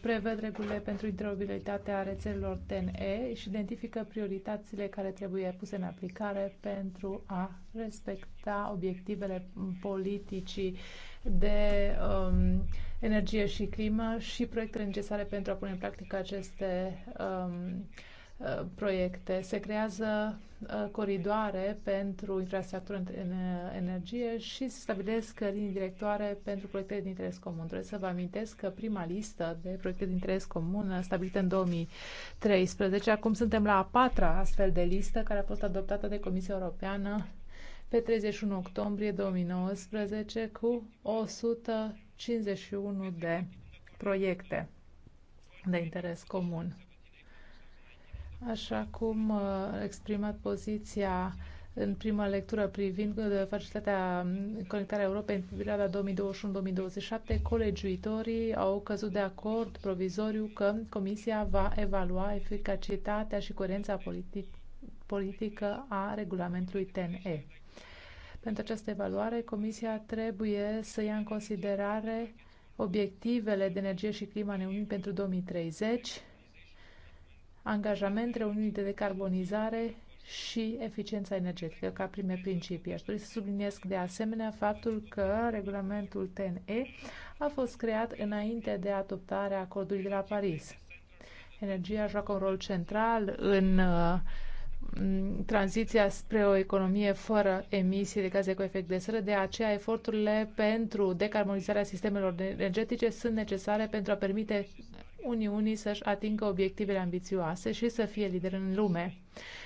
prevăd regulile pentru interoperabilitatea rețelelor TNE și identifică prioritățile care trebuie puse în aplicare pentru a respecta obiectivele politicii de um, energie și climă și proiectele necesare pentru a pune în practică aceste um, Uh, proiecte. Se creează uh, coridoare pentru infrastructură în uh, energie și se stabilesc linii directoare pentru proiecte de interes comun. Trebuie să vă amintesc că prima listă de proiecte de interes comun stabilită în 2013, acum suntem la a patra astfel de listă care a fost adoptată de Comisia Europeană pe 31 octombrie 2019 cu 151 de proiecte de interes comun. Așa cum uh, a exprimat poziția în prima lectură privind uh, facilitatea conectarea Europei în perioada 2021-2027, colegiuitorii au căzut de acord provizoriu că Comisia va evalua eficacitatea și coerența politic politică a regulamentului TNE. Pentru această evaluare, Comisia trebuie să ia în considerare obiectivele de energie și clima în pentru 2030, angajament, reuniunii de decarbonizare și eficiența energetică ca prime principii. Aș dori să subliniez de asemenea faptul că regulamentul TNE a fost creat înainte de adoptarea acordului de la Paris. Energia joacă un rol central în uh, tranziția spre o economie fără emisii de gaze cu efect de seră, de aceea eforturile pentru decarbonizarea sistemelor energetice sunt necesare pentru a permite Uniunii să-și atingă obiectivele ambițioase și să fie lider în lume.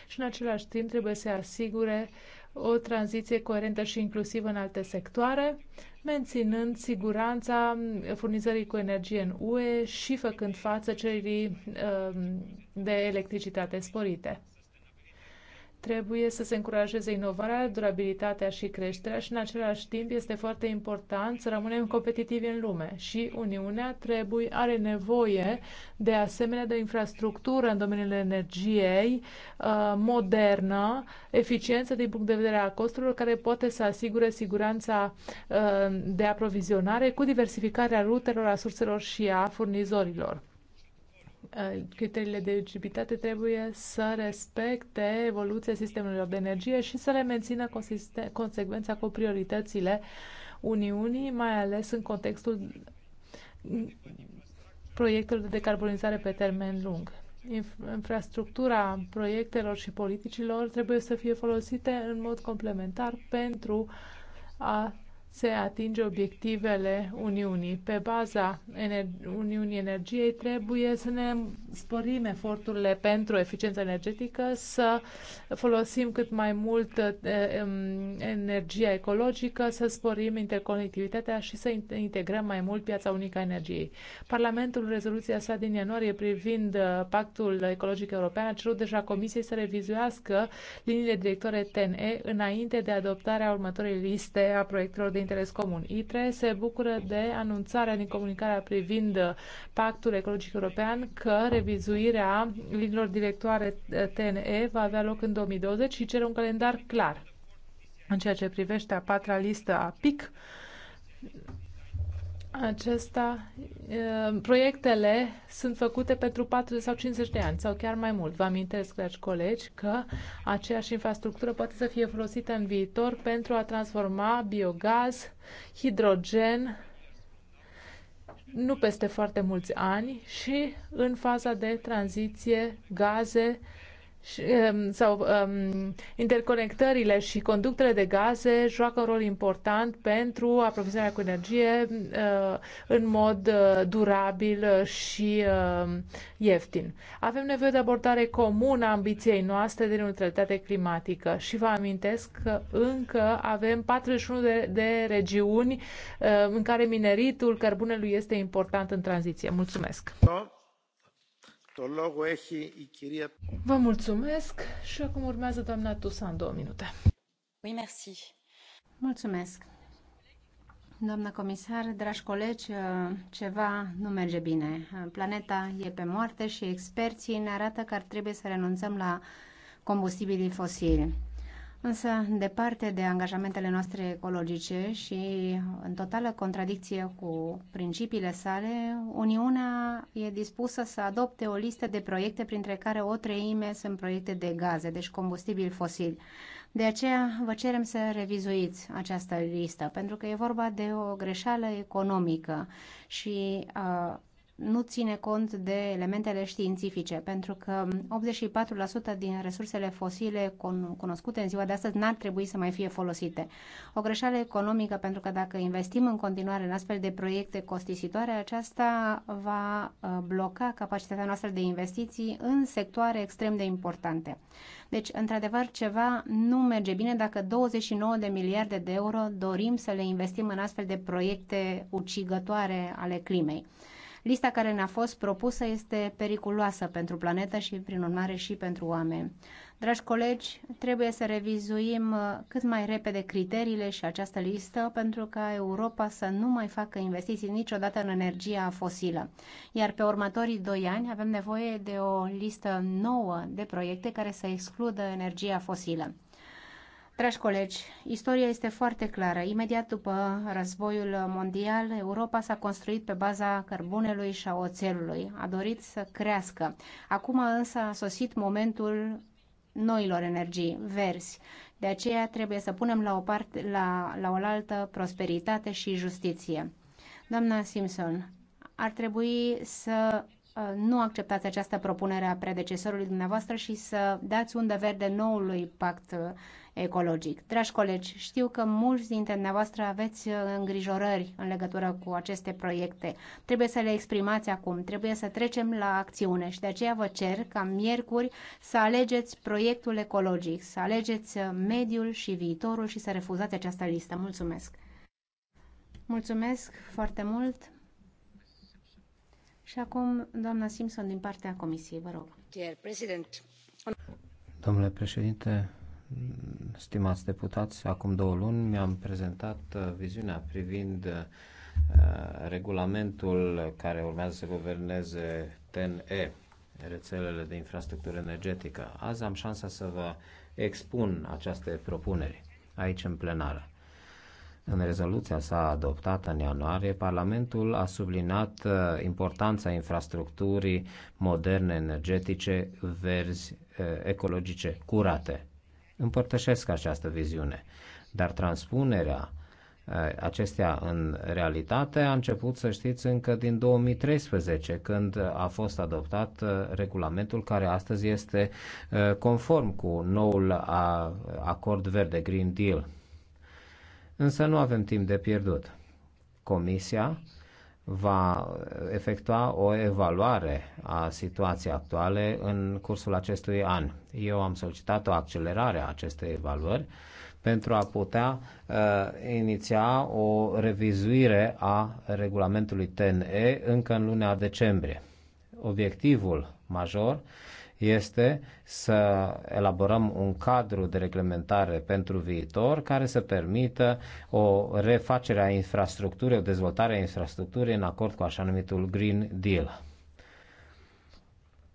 Și în același timp trebuie să asigure o tranziție coerentă și inclusivă în alte sectoare, menținând siguranța furnizării cu energie în UE și făcând față cererii ehm, de electricitate sporite. Trebuie să se încurajeze inovarea, durabilitatea și creșterea și în același timp este foarte important să rămânem competitivi în lume și Uniunea trebuie, are nevoie de asemenea de infrastructură în domeniul energiei uh, modernă, eficiență din punct de vedere a costurilor, care poate să asigure siguranța uh, de aprovizionare cu diversificarea rutelor, a surselor și a furnizorilor. Uh, criteriile de eligibilitate trebuie să respecte evoluția sistemelor de energie și să le mențină consecvența cu prioritățile Uniunii, mai ales în contextul proiectelor de decarbonizare pe termen lung. Infrastructura proiectelor și politicilor trebuie să fie folosite în mod complementar pentru a se atinge obiectivele Uniunii. Pe baza Ener- Uniunii Energiei trebuie să ne sporim eforturile pentru eficiența energetică, să folosim cât mai mult eh, energia ecologică, să sporim interconectivitatea și să integrăm mai mult piața unică a energiei. Parlamentul, rezoluția sa din ianuarie privind eh, Pactul Ecologic European, a cerut deja Comisiei să revizuiască liniile directoare TNE înainte de adoptarea următoarei liste a proiectelor de interes comun. ITRE se bucură de anunțarea din comunicarea privind Pactul Ecologic European că revizuirea liniilor directoare eh, TNE va avea loc în 2020 și cere un calendar clar. În ceea ce privește a patra listă a PIC, acesta, proiectele sunt făcute pentru 40 sau 50 de ani sau chiar mai mult. Vă amintesc, dragi colegi, că aceeași infrastructură poate să fie folosită în viitor pentru a transforma biogaz, hidrogen, nu peste foarte mulți ani și în faza de tranziție gaze, și, um, sau um, interconectările și conductele de gaze joacă un rol important pentru aprovizionarea cu energie uh, în mod uh, durabil și uh, ieftin. Avem nevoie de abordare comună a ambiției noastre de neutralitate climatică și vă amintesc că încă avem 41 de, de regiuni uh, în care mineritul cărbunelui este important în tranziție. Mulțumesc! No. Vă mulțumesc și acum urmează doamna Tusan două minute. Mulțumesc. Doamnă comisar, dragi colegi, uh, ceva nu merge bine. Uh, planeta e pe moarte și experții ne arată că ar trebui să renunțăm la combustibilii fosili. Însă, departe de angajamentele noastre ecologice și în totală contradicție cu principiile sale, Uniunea e dispusă să adopte o listă de proiecte, printre care o treime sunt proiecte de gaze, deci combustibili fosili. De aceea vă cerem să revizuiți această listă, pentru că e vorba de o greșeală economică și uh, nu ține cont de elementele științifice, pentru că 84% din resursele fosile cunoscute în ziua de astăzi n-ar trebui să mai fie folosite. O greșeală economică, pentru că dacă investim în continuare în astfel de proiecte costisitoare, aceasta va uh, bloca capacitatea noastră de investiții în sectoare extrem de importante. Deci, într-adevăr, ceva nu merge bine dacă 29 de miliarde de euro dorim să le investim în astfel de proiecte ucigătoare ale climei. Lista care ne-a fost propusă este periculoasă pentru planetă și, prin urmare, și pentru oameni. Dragi colegi, trebuie să revizuim uh, cât mai repede criteriile și această listă pentru ca Europa să nu mai facă investiții niciodată în energia fosilă. Iar pe următorii doi ani avem nevoie de o listă nouă de proiecte care să excludă energia fosilă. Dragi colegi, istoria este foarte clară. Imediat după războiul mondial, Europa s-a construit pe baza cărbunelui și a oțelului. A dorit să crească. Acum însă a sosit momentul noilor energii verzi. De aceea trebuie să punem la o parte, la, la oaltă prosperitate și justiție. Doamna Simpson, ar trebui să uh, nu acceptați această propunere a predecesorului dumneavoastră și să dați undă verde noului pact ecologic. Dragi colegi, știu că mulți dintre dumneavoastră aveți uh, îngrijorări în legătură cu aceste proiecte. Trebuie să le exprimați acum, trebuie să trecem la acțiune și de aceea vă cer ca miercuri să alegeți proiectul ecologic, să alegeți uh, mediul și viitorul și să refuzați această listă. Mulțumesc! Mulțumesc foarte mult! Și acum, doamna Simpson, din partea Comisiei, vă rog. Domnule președinte, Stimați deputați, acum două luni mi-am prezentat uh, viziunea privind uh, regulamentul care urmează să guverneze TNE, rețelele de infrastructură energetică. Azi am șansa să vă expun aceste propuneri aici în plenară. În rezoluția sa adoptată în ianuarie, Parlamentul a subliniat uh, importanța infrastructurii moderne energetice, verzi, ecologice, curate împărtășesc această viziune. Dar transpunerea eh, acestea în realitate a început, să știți, încă din 2013, când a fost adoptat eh, regulamentul care astăzi este eh, conform cu noul acord verde, Green Deal. Însă nu avem timp de pierdut. Comisia va efectua o evaluare a situației actuale în cursul acestui an. Eu am solicitat o accelerare a acestei evaluări pentru a putea uh, iniția o revizuire a regulamentului TNE încă în luna decembrie. Obiectivul major este să elaborăm un cadru de reglementare pentru viitor care să permită o refacere a infrastructurii, o dezvoltare a infrastructurii în acord cu așa numitul Green Deal.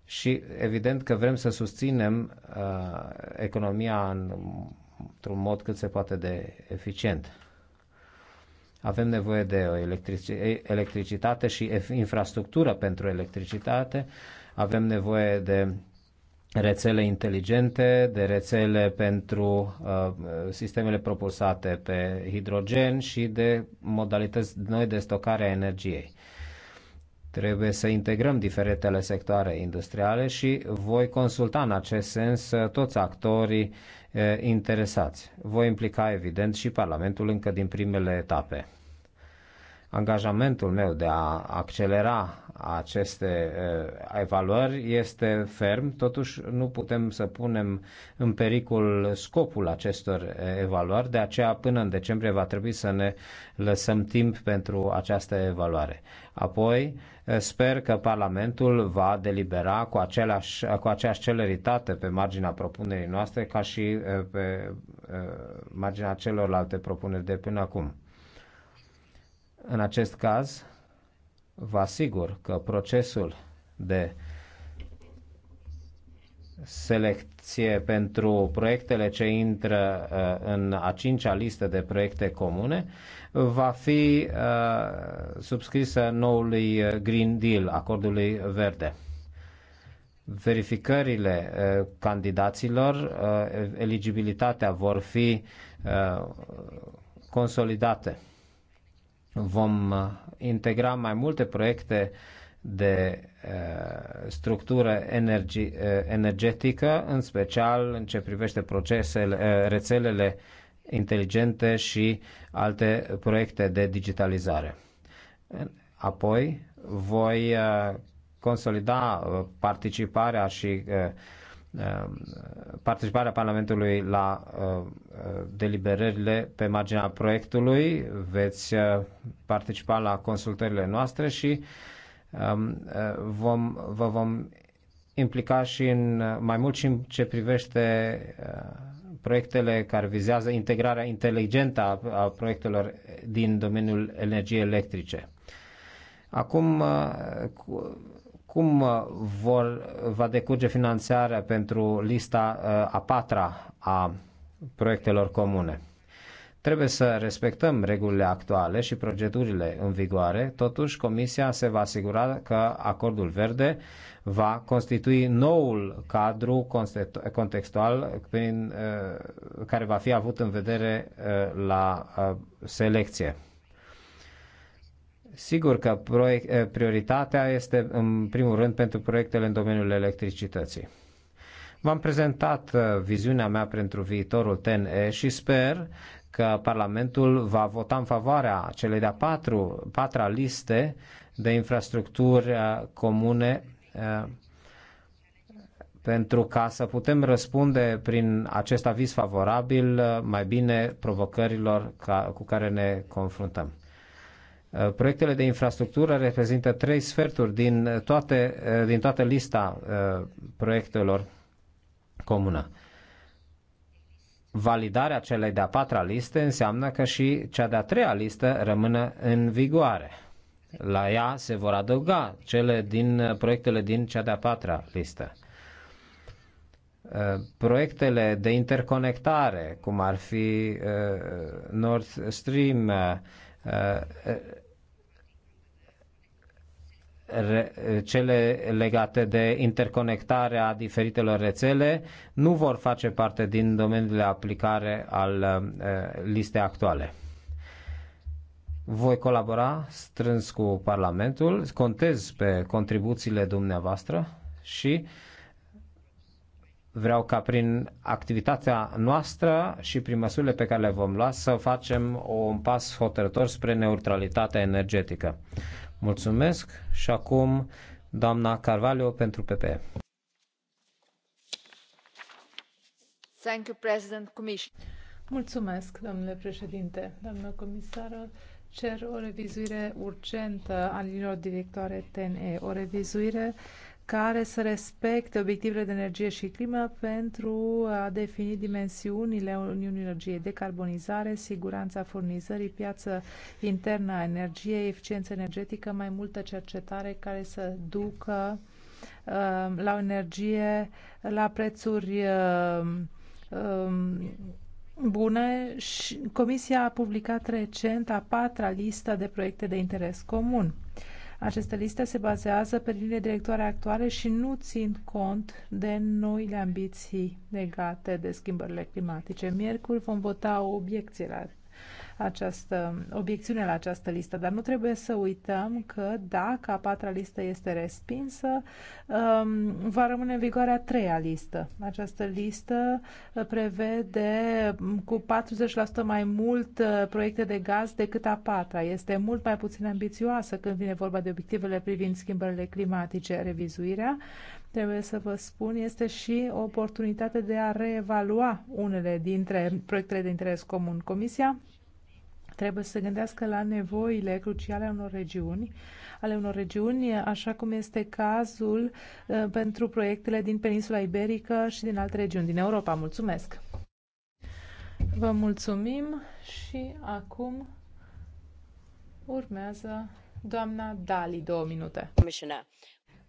Și evident că vrem să susținem uh, economia în, într-un mod cât se poate de eficient. Avem nevoie de o electrici- electricitate și infrastructură pentru electricitate, avem nevoie de rețele inteligente, de rețele pentru uh, sistemele propulsate pe hidrogen și de modalități noi de stocare a energiei. Trebuie să integrăm diferitele sectoare industriale și voi consulta în acest sens uh, toți actorii uh, interesați. Voi implica, evident, și Parlamentul încă din primele etape angajamentul meu de a accelera aceste eh, evaluări este ferm, totuși nu putem să punem în pericol scopul acestor eh, evaluări, de aceea până în decembrie va trebui să ne lăsăm timp pentru această evaluare. Apoi, eh, sper că Parlamentul va delibera cu, aceleași, cu aceeași celeritate pe marginea propunerii noastre ca și pe marginea celorlalte propuneri de până acum în acest caz, vă asigur că procesul de selecție pentru proiectele ce intră uh, în a cincea listă de proiecte comune va fi uh, subscrisă noului uh, Green Deal, acordului verde. Verificările candidaților, eligibilitatea vor fi consolidate. Vom uh, integra mai multe proiecte de uh, structură energi, uh, energetică, în special în ce privește procesele, uh, rețelele inteligente și alte proiecte de digitalizare. Apoi voi uh, consolida uh, participarea și uh, Um, participarea Parlamentului la uh, deliberările pe marginea proiectului, veți uh, participa la consultările noastre și um, uh, vom, vă vom implica și în, mai mult și în ce privește proiectele care vizează integrarea inteligentă a, a proiectelor din domeniul energiei electrice. Acum, cum uh, vor, va decurge finanțarea pentru lista uh, a patra a proiectelor comune. Trebuie să respectăm regulile actuale și procedurile în vigoare, totuși Comisia se va asigura că acordul verde va constitui noul cadru contextual prin, uh, care va fi avut în vedere la selecție. Sigur că proiect, eh, prioritatea este în primul rând pentru proiectele în domeniul electricității. V-am prezentat eh, viziunea mea pentru viitorul TNE și sper că Parlamentul va vota în favoarea celei de-a patru, patra liste de infrastructuri eh, comune pentru ca să putem răspunde prin acest aviz favorabil mai bine provocărilor ca, cu care ne confruntăm. Uh, proiectele de infrastructură reprezintă trei sferturi din, toate, uh, din toată lista uh, proiectelor comună. Validarea celei de-a patra liste înseamnă că și cea de-a treia listă rămână în vigoare. La ea se vor adăuga cele din proiectele din cea de-a patra listă. Proiectele de interconectare, cum ar fi North Stream, cele legate de interconectarea diferitelor rețele nu vor face parte din domeniul de aplicare al uh, listei actuale. Voi colabora strâns cu Parlamentul, contez pe contribuțiile dumneavoastră și vreau ca prin activitatea noastră și prin măsurile pe care le vom lua să facem un pas hotărător spre neutralitatea energetică. Mulțumesc și acum doamna Carvalho pentru PP. Thank you, President Commission. Mulțumesc, domnule președinte, doamnă comisară. Cer o revizuire urgentă a liniilor directoare TNE, o revizuire uh, care să respecte obiectivele de energie și climă pentru a defini dimensiunile Uniunii Energiei, decarbonizare, siguranța furnizării, piață internă a energiei, eficiență energetică, mai multă cercetare care să ducă uh, la o energie la prețuri uh, um, bune. Și Comisia a publicat recent a patra listă de proiecte de interes comun. Uh, aceste liste se bazează pe linie directoare actuale și nu țin cont de noile ambiții legate de schimbările climatice. Miercuri vom vota o obiecție la această obiecțiune la această listă, dar nu trebuie să uităm că dacă a patra listă este respinsă, um, va rămâne în vigoare a treia listă. Această listă uh, prevede um, cu 40% mai mult uh, proiecte de gaz decât a patra. Este mult mai puțin ambițioasă când vine vorba de obiectivele privind schimbările climatice, revizuirea trebuie să vă spun, este și o oportunitate de a reevalua unele dintre proiectele de interes comun. Comisia Trebuie să se gândească la nevoile cruciale ale unor regiuni, ale unor regiuni, așa cum este cazul uh, pentru proiectele din peninsula iberică și din alte regiuni din Europa. Mulțumesc! Vă mulțumim și acum urmează doamna Dali, două minute.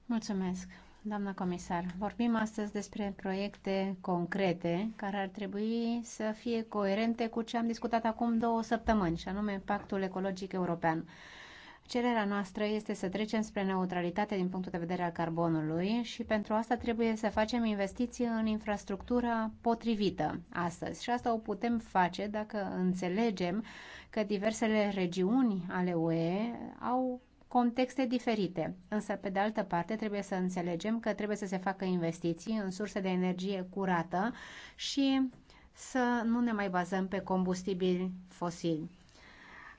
Mulțumesc! Doamna comisar. Vorbim astăzi despre proiecte concrete care ar trebui să fie coerente cu ce am discutat acum două săptămâni, și anume Pactul Ecologic European. Cererea noastră este să trecem spre neutralitate din punctul de vedere al carbonului și pentru asta trebuie să facem investiții în infrastructura potrivită astăzi. Și asta o putem face dacă înțelegem că diversele regiuni ale UE au contexte diferite. Însă, pe de altă parte, trebuie să înțelegem că trebuie să se facă investiții în surse de energie curată și să nu ne mai bazăm pe combustibili fosili.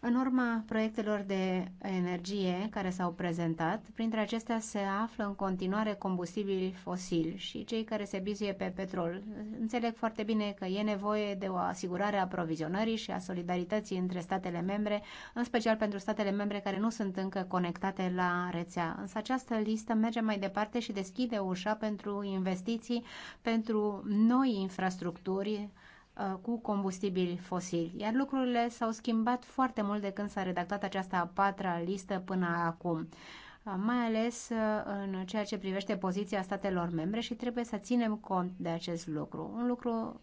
În urma proiectelor de energie care s-au prezentat, printre acestea se află în continuare combustibili fosili și cei care se bizuie pe petrol. Înțeleg foarte bine că e nevoie de o asigurare a provizionării și a solidarității între statele membre, în special pentru statele membre care nu sunt încă conectate la rețea. Însă această listă merge mai departe și deschide ușa pentru investiții, pentru noi infrastructuri, Uh, cu combustibili fosili. Iar lucrurile s-au schimbat foarte mult de când s-a redactat această a patra listă până acum uh, mai ales uh, în ceea ce privește poziția statelor membre și trebuie să ținem cont de acest lucru, un lucru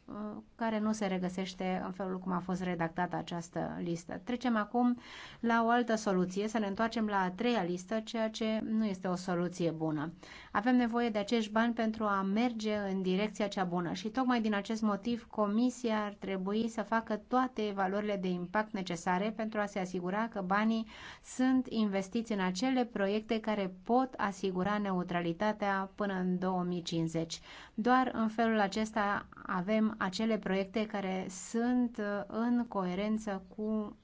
care nu se regăsește în felul cum a fost redactată această listă. Trecem acum la o altă soluție, să ne întoarcem la a treia listă, ceea ce nu este o soluție bună. Avem nevoie de acești bani pentru a merge în direcția cea bună și tocmai din acest motiv Comisia ar trebui să facă toate valorile de impact necesare pentru a se asigura că banii sunt investiți în acele proiecte care pot asigura neutralitatea până în 2050. Doar în felul acesta avem acele proiecte care sunt în coerență cu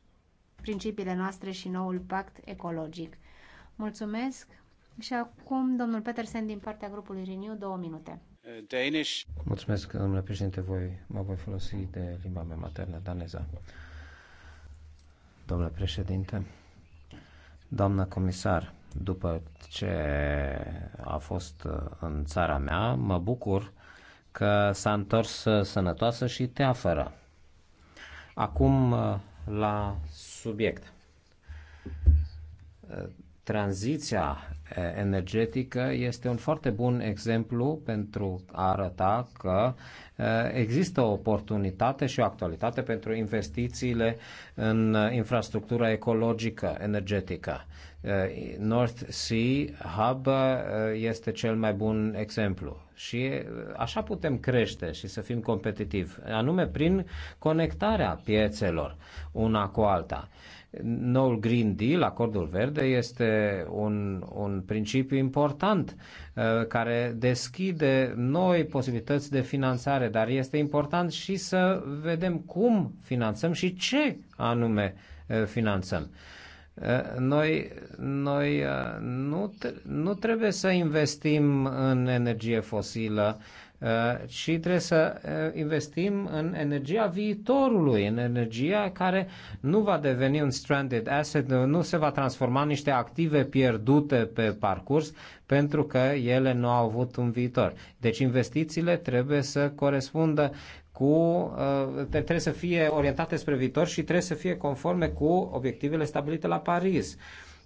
principiile noastre și noul pact ecologic. Mulțumesc! Și acum, domnul Petersen, din partea grupului Renew, două minute. Danish. Mulțumesc, domnule președinte, voi, mă voi folosi de limba mea maternă, daneză. Domnule președinte, doamna comisar, după ce a fost uh, în țara mea, mă bucur că s-a întors uh, sănătoasă și teafără. Acum uh, la subiect. Tranziția eh, energetică este un foarte bun exemplu pentru a arăta că eh, există o oportunitate și o actualitate pentru investițiile în eh, infrastructura ecologică energetică. North Sea Hub este cel mai bun exemplu. Și așa putem crește și să fim competitivi, anume prin conectarea piețelor una cu alta noul Green Deal, acordul verde, este un, un principiu important uh, care deschide noi posibilități de finanțare, dar este important și să vedem cum finanțăm și ce anume uh, finanțăm. Uh, noi, noi nu, nu trebuie să investim în energie fosilă, Uh, și trebuie să uh, investim în energia viitorului, în energia care nu va deveni un stranded asset, nu se va transforma în niște active pierdute pe parcurs, pentru că ele nu au avut un viitor. Deci investițiile trebuie să corespundă cu, uh, trebuie să fie orientate spre viitor și trebuie să fie conforme cu obiectivele stabilite la Paris.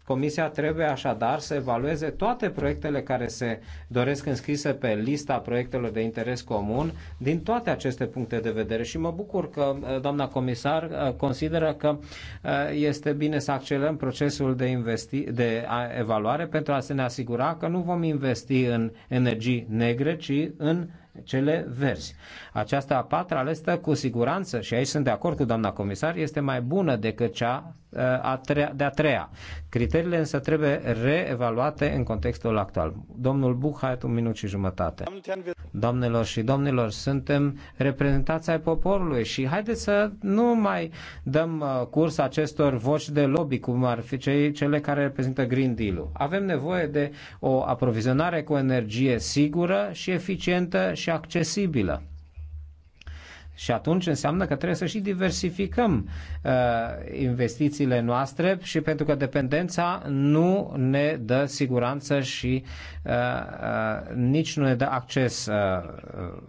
Comisia trebuie așadar să evalueze toate proiectele care se doresc înscrise pe lista proiectelor de interes comun din toate aceste puncte de vedere și mă bucur că eh, doamna comisar eh, consideră că eh, este bine să accelerăm procesul de, investi- de evaluare pentru a se ne asigura că nu vom investi în energii negre, ci în cele verzi. Aceasta a patra listă, cu siguranță, și aici sunt de acord cu doamna comisar, este mai bună decât cea a treia, de a treia. Criteriile însă trebuie reevaluate în contextul actual. Domnul Buhait, un minut și jumătate. Domnilor și domnilor, suntem reprezentați ai poporului și haideți să nu mai dăm uh, curs acestor voci de lobby, cum ar fi cei, cele care reprezintă Green Deal-ul. Avem nevoie de o aprovizionare cu energie sigură și eficientă și accesibilă. Și atunci înseamnă că trebuie să și diversificăm uh, investițiile noastre și pentru că dependența nu ne dă siguranță și uh, uh, nici nu ne dă acces uh,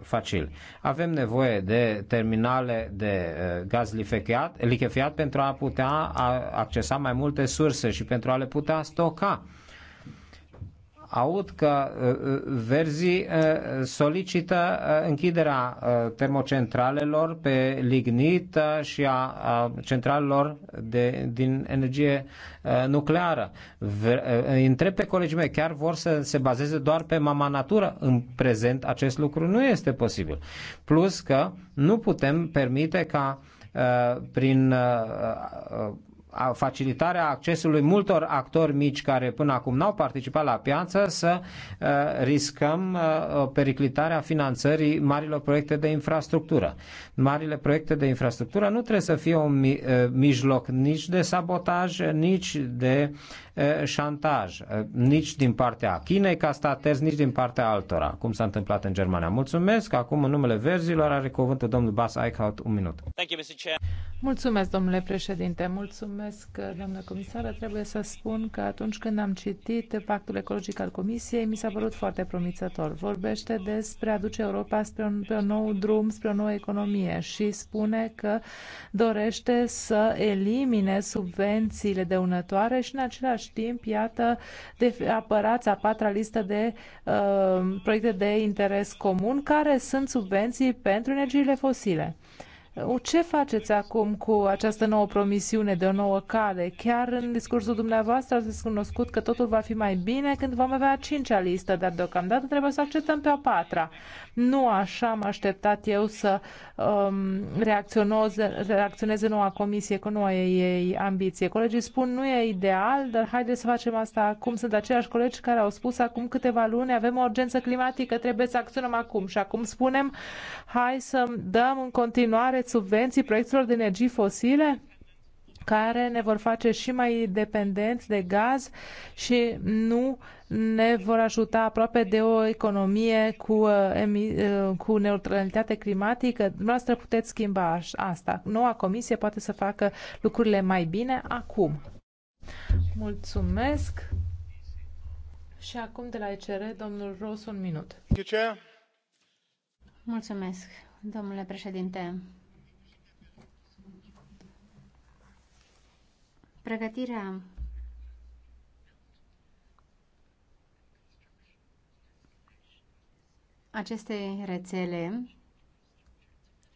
facil. Avem nevoie de terminale de uh, gaz lichefiat, pentru a putea accesa mai multe surse și pentru a le putea stoca aud că uh, uh, verzii uh, solicită închiderea termocentralelor pe lignit și a centralelor de, din energie nucleară. Întreb pe colegii mei, chiar vor să se bazeze doar pe mama natură? În prezent acest lucru nu este posibil. Plus că nu putem permite ca prin facilitarea accesului multor actori mici care până acum n-au participat la piață să riscăm periclitarea finanțării marilor proiecte de infrastructură. Marile proiecte de infrastructură nu trebuie să fie un mijloc nici de sabotaj, nici de șantaj, nici din partea Chinei ca stat terț, nici din partea altora, cum s-a întâmplat în Germania. Mulțumesc. Acum, în numele verzilor, are cuvântul domnul Bas Eichhout. Un minut. Mulțumesc, domnule președinte. Mulțumesc, doamnă comisară. Trebuie să spun că atunci când am citit pactul ecologic al Comisiei, mi s-a părut foarte promițător. Vorbește despre a duce Europa spre un, pe un nou drum, spre o nouă economie și spune că dorește să elimine subvențiile dăunătoare și în același același timp, iată, de, apărați a patra listă de uh, proiecte de interes comun, care sunt subvenții pentru energiile fosile. Ce faceți acum cu această nouă promisiune de o nouă cale? Chiar în discursul dumneavoastră ați cunoscut că totul va fi mai bine când vom avea a cincea listă, dar deocamdată trebuie să acceptăm pe a patra. Nu așa am așteptat eu să um, reacționeze noua comisie cu noua ei ambiție. Colegii spun nu e ideal, dar haideți să facem asta acum. Sunt aceiași colegi care au spus acum câteva luni avem o urgență climatică, trebuie să acționăm acum. Și acum spunem hai să dăm în continuare cereți subvenții proiectelor de energii fosile? care ne vor face și mai dependenți de gaz și nu ne vor ajuta aproape de o economie cu, uh, uh, cu neutralitate climatică. Noastră puteți schimba asta. Noua comisie poate să facă lucrurile mai bine acum. Mulțumesc. Și acum de la ECR, domnul Ros, un minut. Mulțumesc, domnule președinte. Pregătirea acestei rețele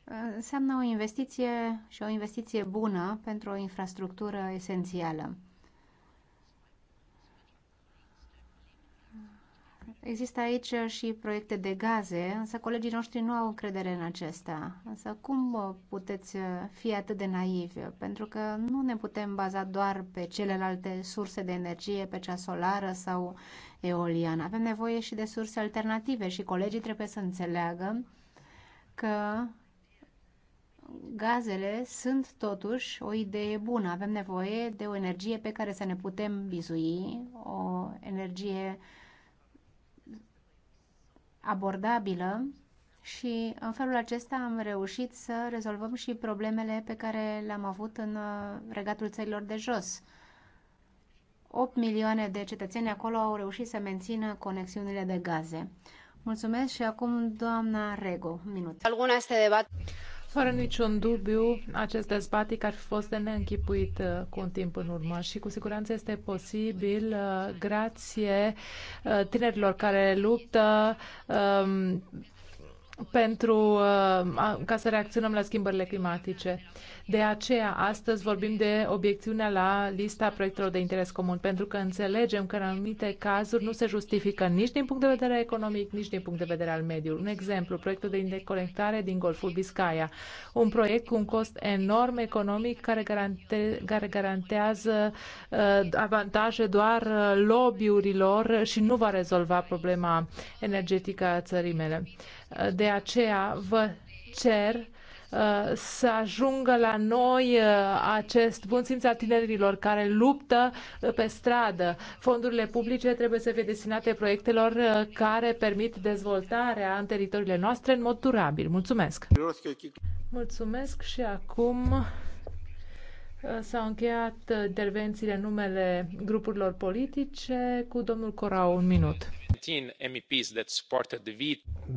uh, înseamnă o investiție și o investiție bună pentru o infrastructură esențială. Există aici și proiecte de gaze, însă colegii noștri nu au încredere în acesta. Însă cum puteți uh, fi atât de naivi? Pentru că nu ne putem baza doar pe celelalte surse de energie, pe cea solară sau eoliană. Avem nevoie și de surse alternative și colegii trebuie să înțeleagă că gazele sunt totuși o idee bună. Avem nevoie de o energie pe care să ne putem bizui, o energie uh, abordabilă și în felul acesta am reușit să rezolvăm și problemele pe care le-am avut în uh, regatul țărilor de jos. 8 milioane de cetățeni acolo au reușit să mențină conexiunile de gaze. Mulțumesc și acum doamna Rego, un minut. Alguna este debat. Fără niciun dubiu, acest dezbatic ar fi fost de neînchipuit uh, cu un timp în urmă și cu siguranță este posibil uh, grație uh, tinerilor care luptă um, pentru uh, ca să reacționăm la schimbările climatice. De aceea, astăzi vorbim de obiecțiunea la lista proiectelor de interes comun, pentru că înțelegem că în anumite cazuri nu se justifică nici din punct de vedere economic, nici din punct de vedere al mediului. Un exemplu, proiectul de interconectare din Golful Biscaya, un proiect cu un cost enorm economic care, garante, care garantează uh, avantaje doar uh, lobbyurilor și nu va rezolva problema energetică a țării mele. Uh, de aceea vă cer uh, să ajungă la noi uh, acest bun simț al tinerilor care luptă uh, pe stradă. Fondurile publice trebuie să fie destinate proiectelor care permit dezvoltarea în teritoriile noastre în mod durabil. Mulțumesc! Mulțumesc și acum S-au încheiat intervențiile în numele grupurilor politice cu domnul Corau, un minut.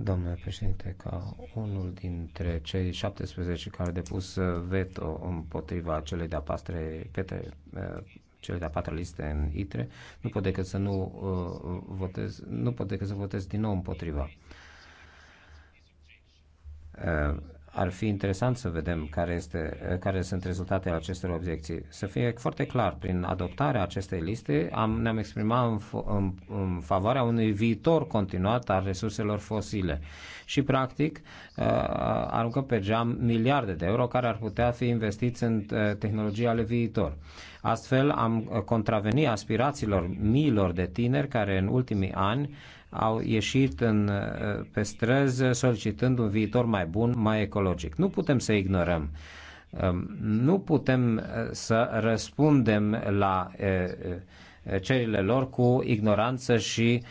Domnule președinte, ca unul dintre cei 17 care au depus veto împotriva celei de-a patre, uh, cele de-a patra liste în ITRE, nu pot decât să nu uh, votez, nu pot decât să votez din nou împotriva. Uh, ar fi interesant să vedem care, este, care sunt rezultatele acestor obiecții. Să fie foarte clar, prin adoptarea acestei liste am, ne-am exprimat în, în, în favoarea unui viitor continuat al resurselor fosile și, practic, aruncăm pe geam miliarde de euro care ar putea fi investiți în tehnologia ale viitor. Astfel, am contravenit aspirațiilor miilor de tineri care în ultimii ani au ieșit în, eh, pe străzi solicitând un viitor mai bun, mai ecologic. Nu putem să ignorăm. Ehm, nu putem eh, să răspundem la eh, cerile lor cu ignoranță și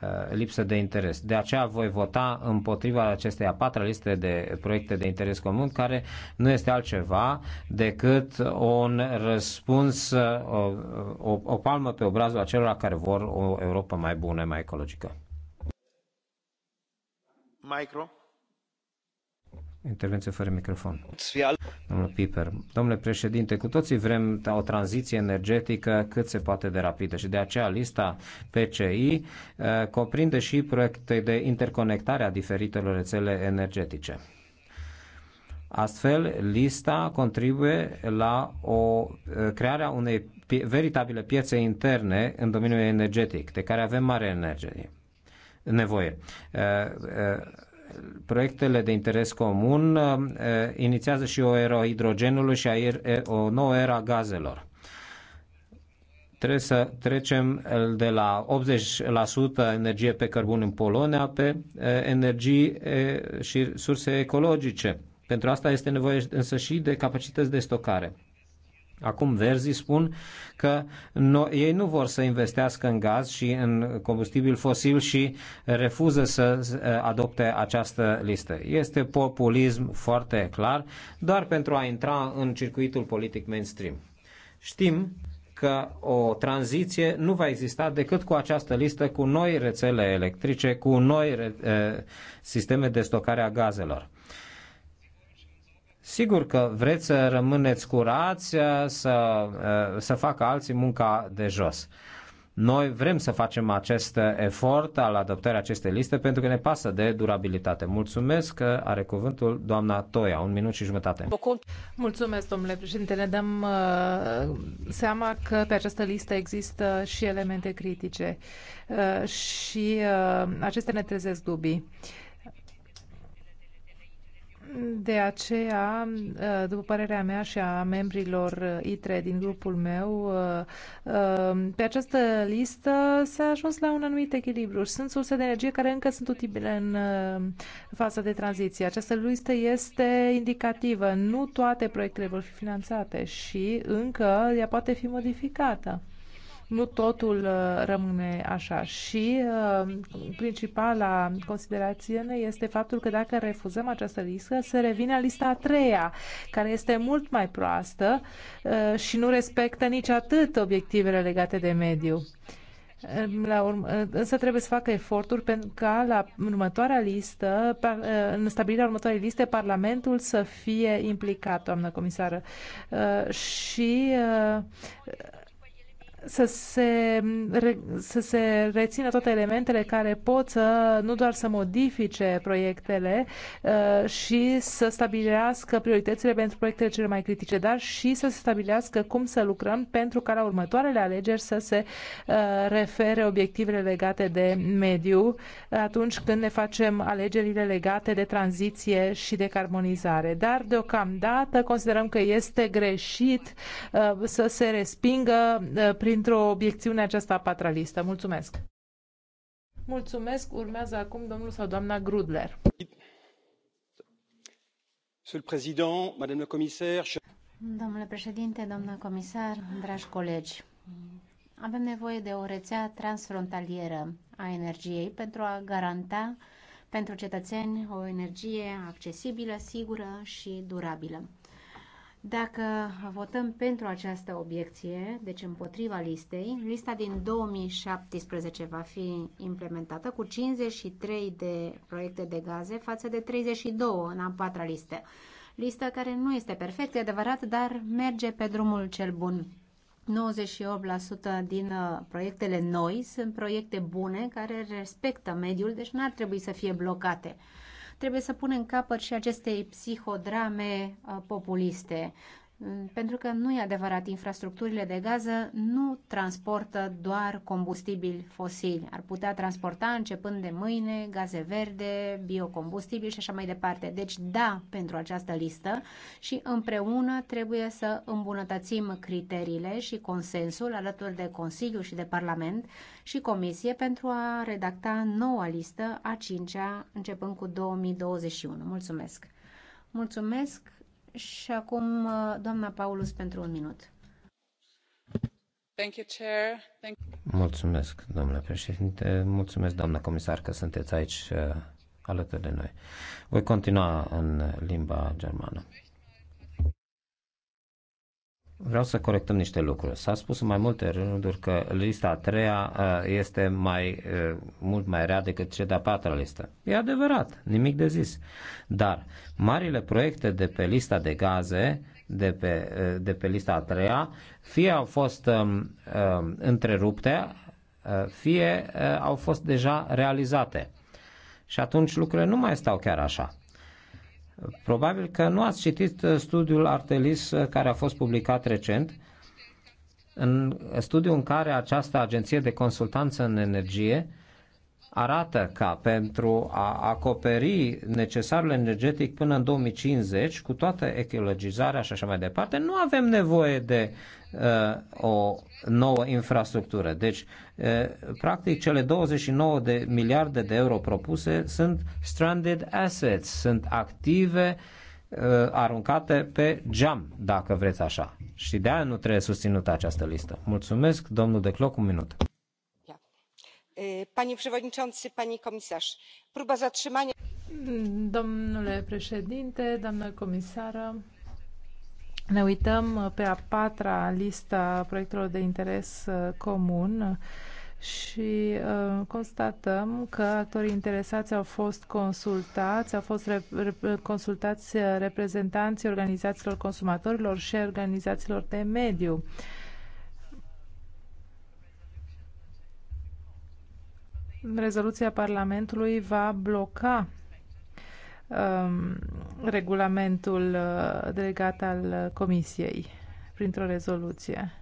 Uh, lipsă de interes. De aceea voi vota împotriva acestei a patra liste de proiecte de interes comun, care nu este altceva decât un răspuns, o, uh, o, o palmă pe obrazul acelora care vor o Europa mai bună, mai ecologică. Micro. Intervenție fără microfon. Domnul Piper. Domnule președinte, cu toții vrem o tranziție energetică cât se poate de rapidă și de aceea lista PCI uh, cuprinde și proiecte de interconectare a diferitelor rețele energetice. Astfel, lista contribuie la o uh, crearea unei veritabile piețe interne în domeniul energetic, de care avem mare energie, nevoie. Uh, uh, proiectele de interes comun uh, uh, inițiază și o era hidrogenului și er, o nouă era gazelor. Trebuie să trecem uh, de la 80% energie pe cărbun în Polonia pe energii și surse ecologice. Pentru asta este nevoie însă și de capacități de stocare. Acum verzii spun că no, ei nu vor să investească în gaz și în combustibil fosil și refuză să eh, adopte această listă. Este populism foarte clar, doar pentru a intra în circuitul politic mainstream. Știm că o tranziție nu va exista decât cu această listă, cu noi rețele electrice, cu noi eh, sisteme de stocare a gazelor Sigur că vreți să rămâneți curați, să, să facă alții munca de jos. Noi vrem să facem acest efort al adoptării acestei liste pentru că ne pasă de durabilitate. Mulțumesc că are cuvântul doamna Toia. Un minut și jumătate. Mulțumesc, domnule președinte. Ne dăm uh, seama că pe această listă există și elemente critice uh, și uh, acestea ne trezesc dubii. Uh, de aceea, uh, după părerea mea și a membrilor uh, ITRE din grupul meu, uh, pe această listă s-a ajuns la un anumit echilibru. Sunt surse de energie care încă sunt utile în faza de tranziție. Această listă este indicativă. Nu toate proiectele vor fi finanțate și încă ea poate fi modificată nu totul uh, rămâne așa. Și uh, principala considerație este faptul că dacă refuzăm această listă, se revine la lista a treia, care este mult mai proastă uh, și nu respectă nici atât obiectivele legate de mediu. La urmă, însă trebuie să facă eforturi pentru ca la următoarea listă, în stabilirea următoarei liste, Parlamentul să fie implicat, doamnă comisară. Și să se, re, să se rețină toate elementele care pot să nu doar să modifice proiectele uh, și să stabilească prioritățile pentru proiectele cele mai critice, dar și să se stabilească cum să lucrăm pentru ca la următoarele alegeri să se uh, refere obiectivele legate de mediu atunci când ne facem alegerile legate de tranziție și de carbonizare. Dar deocamdată considerăm că este greșit uh, să se respingă uh, printr-o obiecțiune aceasta a patra listă. Mulțumesc! Mulțumesc! Urmează acum domnul sau doamna Grudler. Domnule președinte, doamna comisar, dragi colegi, avem nevoie de o rețea transfrontalieră a energiei pentru a garanta pentru cetățeni o energie accesibilă, sigură și durabilă. Dacă votăm pentru această obiecție, deci împotriva listei, lista din 2017 va fi implementată cu 53 de proiecte de gaze față de 32 în a patra listă. Listă care nu este perfectă, e adevărat, dar merge pe drumul cel bun. 98% din uh, proiectele noi sunt proiecte bune care respectă mediul, deci nu ar trebui să fie blocate trebuie să punem capăt și acestei psihodrame uh, populiste. Mm, pentru că nu e adevărat, infrastructurile de gază nu transportă doar combustibili fosili. Ar putea transporta începând de mâine gaze verde, biocombustibili și așa mai departe. Deci da pentru această listă și împreună trebuie să îmbunătățim criteriile și consensul alături de Consiliu și de Parlament și Comisie pentru a redacta noua listă a cincea începând cu 2021. Mulțumesc! Mulțumesc! Și acum, uh, doamna Paulus, pentru un minut. Mulțumesc, domnule președinte. Mulțumesc, doamna comisar, că sunteți aici uh, alături de noi. Voi continua în limba germană. Vreau să corectăm niște lucruri. S-a spus în mai multe rânduri că lista a treia uh, este mai, uh, mult mai rea decât cea de-a patra listă. E adevărat, nimic de zis. Dar marile proiecte de pe lista de gaze, de pe, uh, de pe lista a treia, fie au fost um, um, întrerupte, fie uh, au fost deja realizate. Și atunci lucrurile nu mai stau chiar așa. Probabil că nu ați citit uh, studiul Artelis uh, care a fost publicat recent, în studiul în care această agenție de consultanță în energie arată ca pentru a acoperi necesarul energetic până în 2050, cu toată ecologizarea și așa mai departe, nu avem nevoie de uh, o nouă infrastructură. Deci, uh, practic, cele 29 de miliarde de euro propuse sunt stranded assets, sunt active uh, aruncate pe geam, dacă vreți așa. Și de aia nu trebuie susținută această listă. Mulțumesc, domnul Decloc, un minut domnule președinte doamnă comisară ne uităm pe a patra listă a proiectelor de interes uh, comun și uh, constatăm că actorii interesați au fost consultați, au fost consultați reprezentanții organizațiilor consumatorilor și organizațiilor de mediu. rezoluția Parlamentului va bloca um, regulamentul uh, delegat al Comisiei printr-o rezoluție.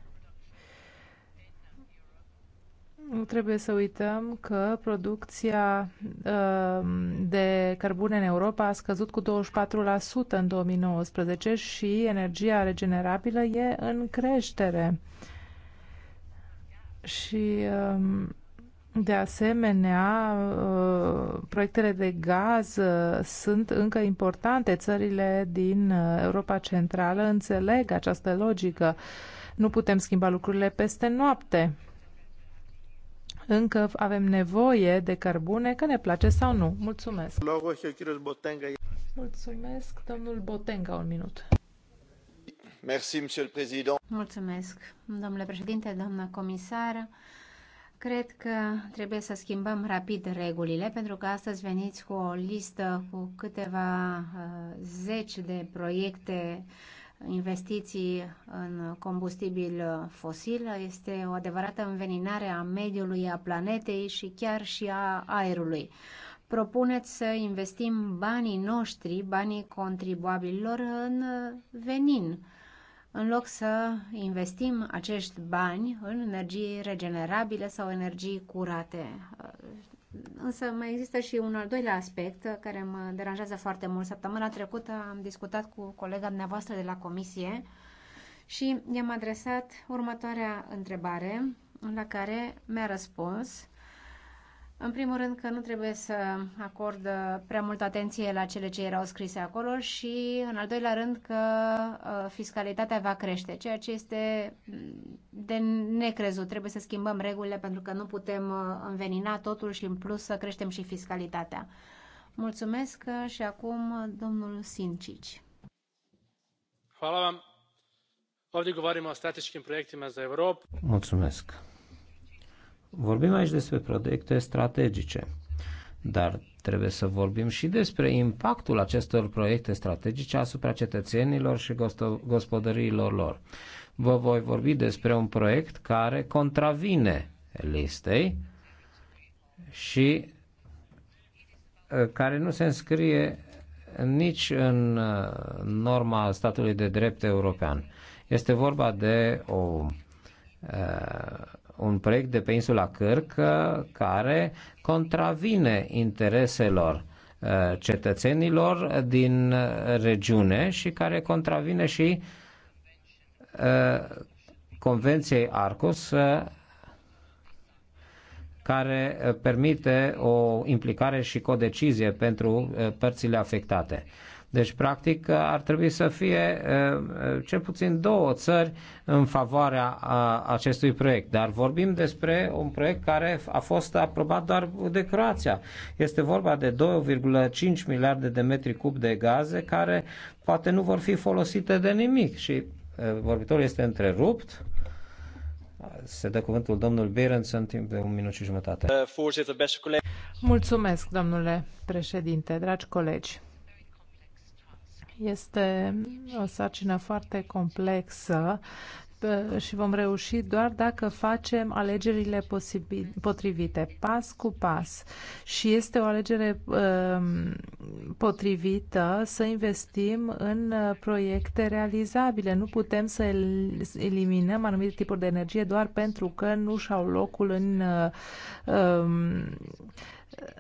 Nu trebuie să uităm că producția um, de cărbune în Europa a scăzut cu 24% în 2019 și energia regenerabilă e în creștere. Și um, de asemenea, uh, proiectele de gaz uh, sunt încă importante. Țările din uh, Europa Centrală înțeleg această logică. Nu putem schimba lucrurile peste noapte. Încă avem nevoie de cărbune, că ne place sau nu. Mulțumesc! Mulțumesc, domnul Botenga, un minut. Mulțumesc, domnule președinte, doamna comisară. Cred că trebuie să schimbăm rapid regulile, pentru că astăzi veniți cu o listă cu câteva uh, zeci de proiecte investiții în combustibil fosil. Este o adevărată înveninare a mediului, a planetei și chiar și a aerului. Propuneți să investim banii noștri, banii contribuabililor, în venin în loc să investim acești bani în energii regenerabile sau energii curate. Uh, însă mai există și un al doilea aspect care mă deranjează foarte mult. Săptămâna trecută am discutat cu colega dumneavoastră de la comisie și i-am adresat următoarea întrebare la care mi-a răspuns în primul rând că nu trebuie să acordă uh, prea multă atenție la cele ce erau scrise acolo și în al doilea rând că uh, fiscalitatea va crește, ceea ce este mm, de necrezut. Trebuie să schimbăm regulile pentru că nu putem uh, învenina totul și în plus să creștem și fiscalitatea. Mulțumesc și acum domnul Sincici. Hvala vam. Ovdje govorimo o strateškim projektima za Europu. Mulțumesc. Vorbim aici despre proiecte strategice, dar trebuie să vorbim și despre impactul acestor proiecte strategice asupra cetățenilor și gospodăriilor lor. Vă voi vorbi despre un proiect care contravine listei și uh, care nu se înscrie nici în uh, norma statului de drept european. Este vorba de o uh, un proiect de pe insula Cârcă uh, care contravine intereselor uh, cetățenilor din uh, regiune și care contravine și Convenției Arcos care permite o implicare și codecizie pentru părțile afectate. Deci, practic, ar trebui să fie cel puțin două țări în favoarea acestui proiect. Dar vorbim despre un proiect care a fost aprobat doar de Croația. Este vorba de 2,5 miliarde de metri cub de gaze care poate nu vor fi folosite de nimic. Și vorbitorul este întrerupt. Se dă cuvântul domnul Berens în timp de un minut și jumătate. Mulțumesc, domnule președinte, dragi colegi. Este o sarcină foarte complexă și vom reuși doar dacă facem alegerile potrivite, pas cu pas. Și este o alegere um, potrivită să investim în proiecte realizabile. Nu putem să eliminăm anumite tipuri de energie doar pentru că nu și-au locul în um,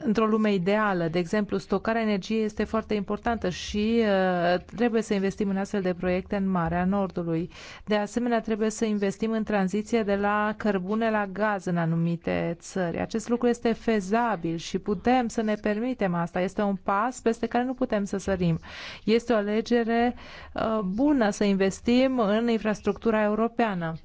într-o lume ideală. De exemplu, stocarea energiei este foarte importantă și uh, trebuie să investim în astfel de proiecte în Marea Nordului. De asemenea, trebuie să investim în tranziție de la cărbune la gaz în anumite țări. Acest lucru este fezabil și putem să ne permitem asta. Este un pas peste care nu putem să sărim. Este o alegere uh, bună să investim în infrastructura europeană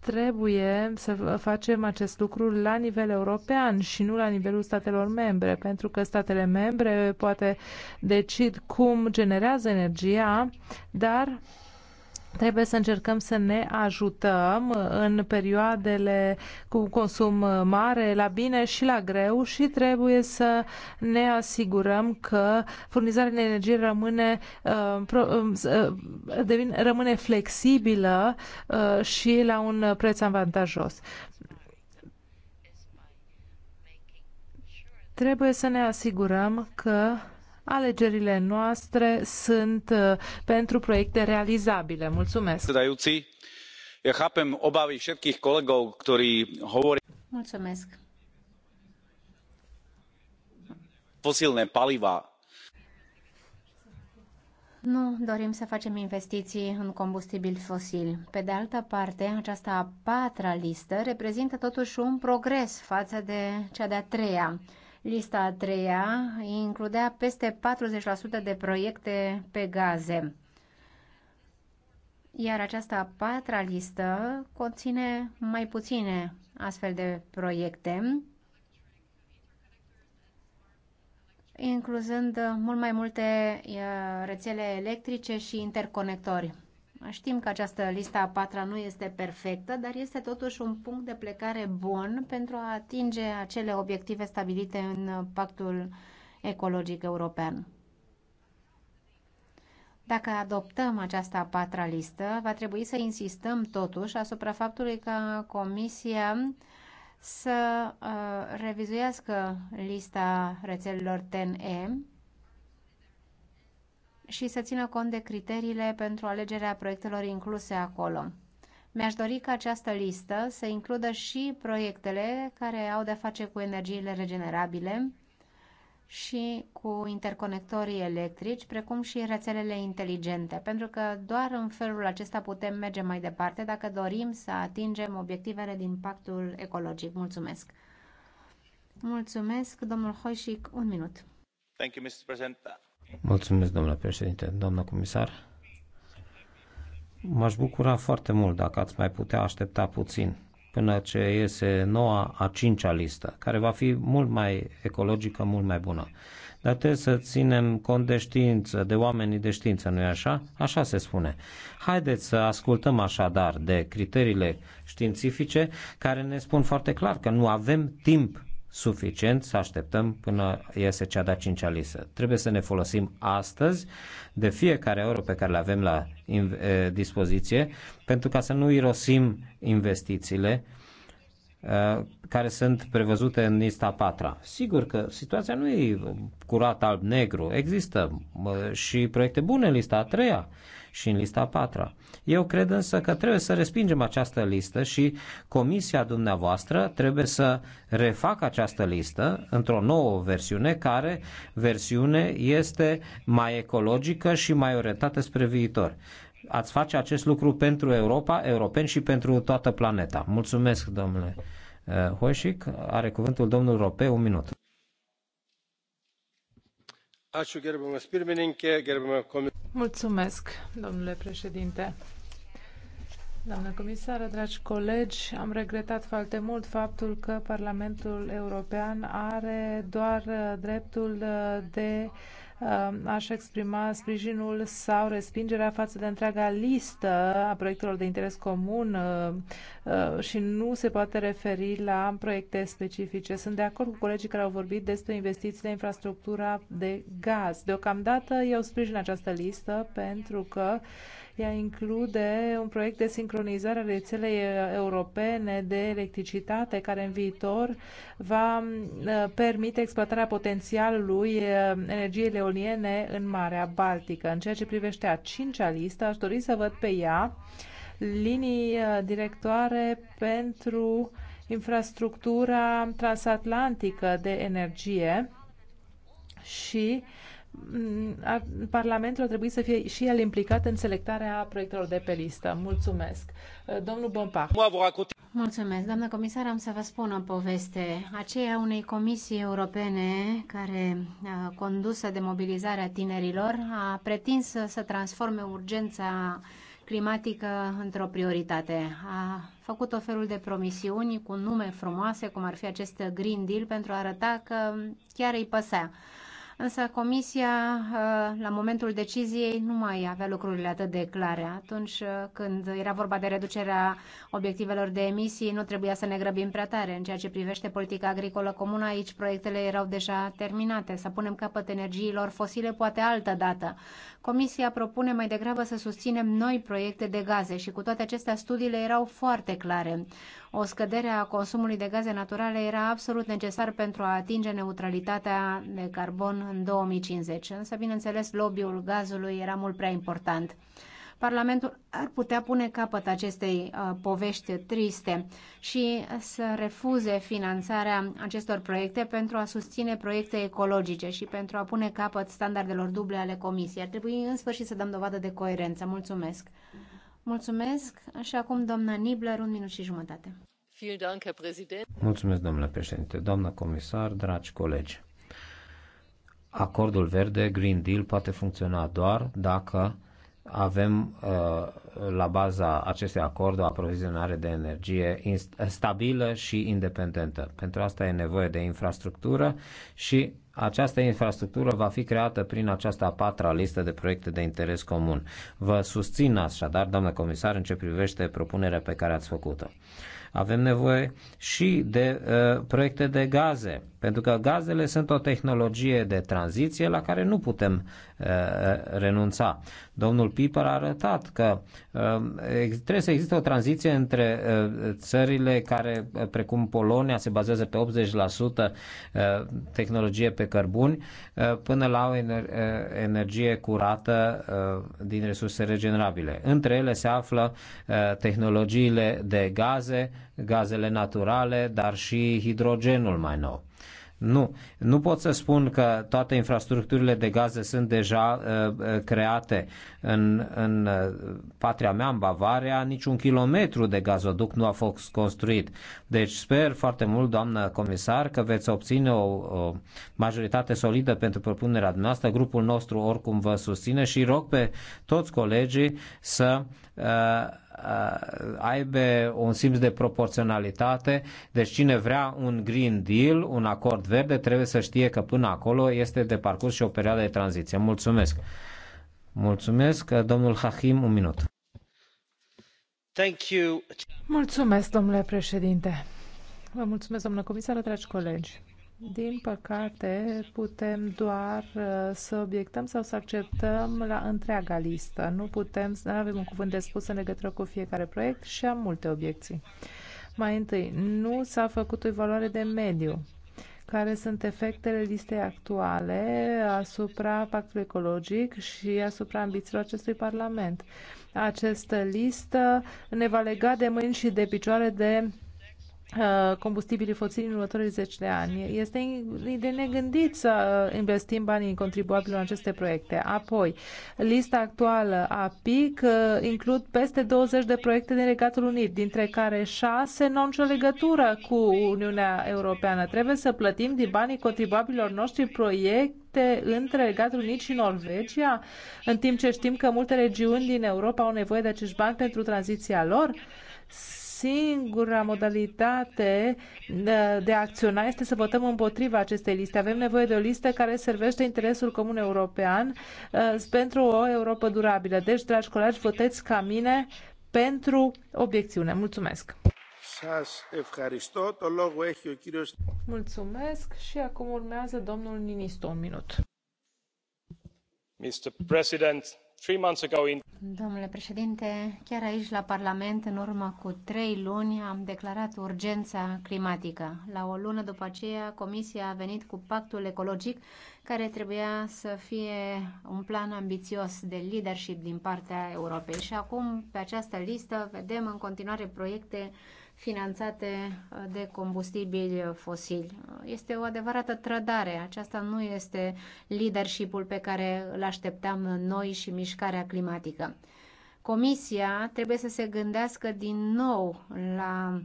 trebuie să facem acest lucru la nivel european și nu la nivelul statelor membre, pentru că statele membre poate decid cum generează energia, dar trebuie să încercăm să ne ajutăm în perioadele cu consum mare, la bine și la greu și trebuie să ne asigurăm că furnizarea de energie rămâne, uh, uh, uh, rămâne flexibilă și la un preț avantajos. Trebuie să ne asigurăm că alegerile noastre sunt uh, pentru proiecte realizabile. Mulțumesc! Mulțumesc. Fosilne, paliva nu dorim să facem investiții în combustibil fosil. Pe de altă parte, această a patra listă reprezintă totuși un progres față de cea de-a treia. Lista a treia includea peste 40% de proiecte pe gaze. Iar această a patra listă conține mai puține astfel de proiecte, incluzând mult mai multe uh, rețele electrice și interconectori. Știm că această listă a patra nu este perfectă, dar este totuși un punct de plecare bun pentru a atinge acele obiective stabilite în Pactul Ecologic European. Dacă adoptăm această a patra listă, va trebui să insistăm totuși asupra faptului că Comisia să uh, revizuiască lista rețelelor TNE și să țină cont de criteriile pentru alegerea proiectelor incluse acolo. Mi-aș dori ca această listă să includă și proiectele care au de-a face cu energiile regenerabile și cu interconectorii electrici, precum și rețelele inteligente, pentru că doar în felul acesta putem merge mai departe dacă dorim să atingem obiectivele din pactul ecologic. Mulțumesc! Mulțumesc, domnul Hoșic, un minut. Thank you, Mr. President. Mulțumesc, domnule președinte. Doamna comisar, m-aș bucura foarte mult dacă ați mai putea aștepta puțin până ce iese noua a cincea listă, care va fi mult mai ecologică, mult mai bună. Dar trebuie să ținem cont de știință, de oamenii de știință, nu-i așa? Așa se spune. Haideți să ascultăm așadar de criteriile științifice care ne spun foarte clar că nu avem timp suficient să așteptăm până iese cea de-a cincea listă. Trebuie să ne folosim astăzi de fiecare euro pe care le avem la eh, dispoziție pentru ca să nu irosim investițiile Uh, care sunt prevăzute în lista patra. Sigur că situația nu e curat alb-negru, există uh, și proiecte bune în lista a treia și în lista a patra. Eu cred însă că trebuie să respingem această listă și comisia dumneavoastră trebuie să refacă această listă într-o nouă versiune care versiune este mai ecologică și mai orientată spre viitor ați face acest lucru pentru Europa, europeni și pentru toată planeta. Mulțumesc, domnule uh, Hoșic. Are cuvântul domnul Rope, un minut. Mulțumesc, domnule președinte. Doamnă comisară, dragi colegi, am regretat foarte mult faptul că Parlamentul European are doar dreptul de Um, aș exprima sprijinul sau respingerea față de întreaga listă a proiectelor de interes comun uh, uh, și nu se poate referi la proiecte specifice. Sunt de acord cu colegii care au vorbit despre investițiile în infrastructura de gaz. Deocamdată eu sprijin această listă pentru că uh, ea include un proiect de sincronizare a rețelei europene de electricitate, care în viitor va uh, permite exploatarea potențialului uh, energiei eoliene în Marea Baltică. În ceea ce privește a cincea listă, aș dori să văd pe ea linii uh, directoare pentru infrastructura transatlantică de energie și uh, Parlamentul trebuie să fie și el implicat în selectarea proiectelor de pe listă. Mulțumesc. Uh, domnul Bompar. Mulțumesc, doamnă comisar, am să vă spun o poveste. Aceea unei comisii europene care, uh, condusă de mobilizarea tinerilor, a pretins să transforme urgența climatică într-o prioritate. A făcut o felul de promisiuni cu nume frumoase, cum ar fi acest Green Deal, pentru a arăta că chiar îi păsea. Însă Comisia, uh, la momentul deciziei, nu mai avea lucrurile atât de clare. Atunci uh, când era vorba de reducerea obiectivelor de emisii, nu trebuia să ne grăbim prea tare. În ceea ce privește politica agricolă comună, aici proiectele erau deja terminate. Să punem capăt energiilor fosile poate altă dată. Comisia propune mai degrabă să susținem noi proiecte de gaze și cu toate acestea studiile erau foarte clare. O scădere a consumului de gaze naturale era absolut necesar pentru a atinge neutralitatea de carbon în 2050, însă, bineînțeles, lobby-ul gazului era mult prea important. Parlamentul ar putea pune capăt acestei uh, povești triste și să refuze finanțarea acestor proiecte pentru a susține proiecte ecologice și pentru a pune capăt standardelor duble ale Comisiei. Ar trebui în sfârșit să dăm dovadă de coerență. Mulțumesc! Mulțumesc și acum doamna Nibler, un minut și jumătate. Mulțumesc, domnule președinte, doamna comisar, dragi colegi. Acordul verde, Green Deal, poate funcționa doar dacă avem uh, la baza acestui acord o aprovizionare de energie stabilă și independentă. Pentru asta e nevoie de infrastructură și această infrastructură va fi creată prin această a patra listă de proiecte de interes comun. Vă susțin așadar, doamnă comisar, în ce privește propunerea pe care ați făcut-o. Avem nevoie și de uh, proiecte de gaze, pentru că gazele sunt o tehnologie de tranziție la care nu putem uh, renunța. Domnul Piper a arătat că uh, trebuie să existe o tranziție între uh, țările care, uh, precum Polonia, se bazează pe 80% uh, tehnologie pe cărbuni, uh, până la o energie curată din resurse regenerabile. Între ele se află tehnologiile de gaze, gazele naturale, dar și hidrogenul mai nou. Nu, nu pot să spun că toate infrastructurile de gaze sunt deja uh, uh create în, în uh, patria mea, în Bavaria, niciun kilometru de gazoduct nu a fost construit. Deci sper foarte mult, doamnă comisar, că veți obține o, o majoritate solidă pentru propunerea dumneavoastră. Grupul nostru oricum vă susține și rog pe toți colegii să uh, Uh, aibă un simț de proporționalitate. Deci cine vrea un Green Deal, un acord verde, trebuie să știe că până acolo este de parcurs și o perioadă de tranziție. Mulțumesc! Mulțumesc, domnul Hahim, un minut. Thank you. Mulțumesc, domnule președinte. Vă mulțumesc, domnule comisar, dragi colegi. Din păcate, putem doar uh, să obiectăm sau să acceptăm la întreaga listă. Nu putem, nu avem un cuvânt de spus în legătură cu fiecare proiect și am multe obiecții. Mai întâi, nu s-a făcut o evaluare de mediu care sunt efectele listei actuale asupra pactului ecologic și asupra ambițiilor acestui Parlament. Această listă ne va lega de mâini și de picioare de Uh, combustibilii fosili în următorii 10 de ani. Este de negândit să uh, investim banii contribuabili în aceste proiecte. Apoi, lista actuală a PIC uh, includ peste 20 de proiecte din Regatul Unit, dintre care 6 nu au nicio legătură cu Uniunea Europeană. Trebuie să plătim din banii contribuabililor noștri proiect între Regatul Unit și Norvegia, în timp ce știm că multe regiuni din Europa au nevoie de acești bani pentru tranziția lor? singura modalitate de a acționa este să votăm împotriva acestei liste. Avem nevoie de o listă care servește interesul comun european uh, pentru o Europa durabilă. Deci, dragi colegi, votați ca mine pentru obiecțiune. Mulțumesc! Mulțumesc și acum urmează domnul ministru un minut. Mr. President, Domnule președinte, chiar aici la Parlament, în urmă cu trei luni, am declarat urgența climatică. La o lună după aceea, Comisia a venit cu pactul ecologic, care trebuia să fie un plan ambițios de leadership din partea Europei. Și acum, pe această listă, vedem în continuare proiecte uh, finanțate uh, de combustibili fosili. Este o adevărată trădare. Aceasta nu este leadershipul pe care îl așteptam noi și mișcarea climatică. Comisia trebuie să se gândească din nou la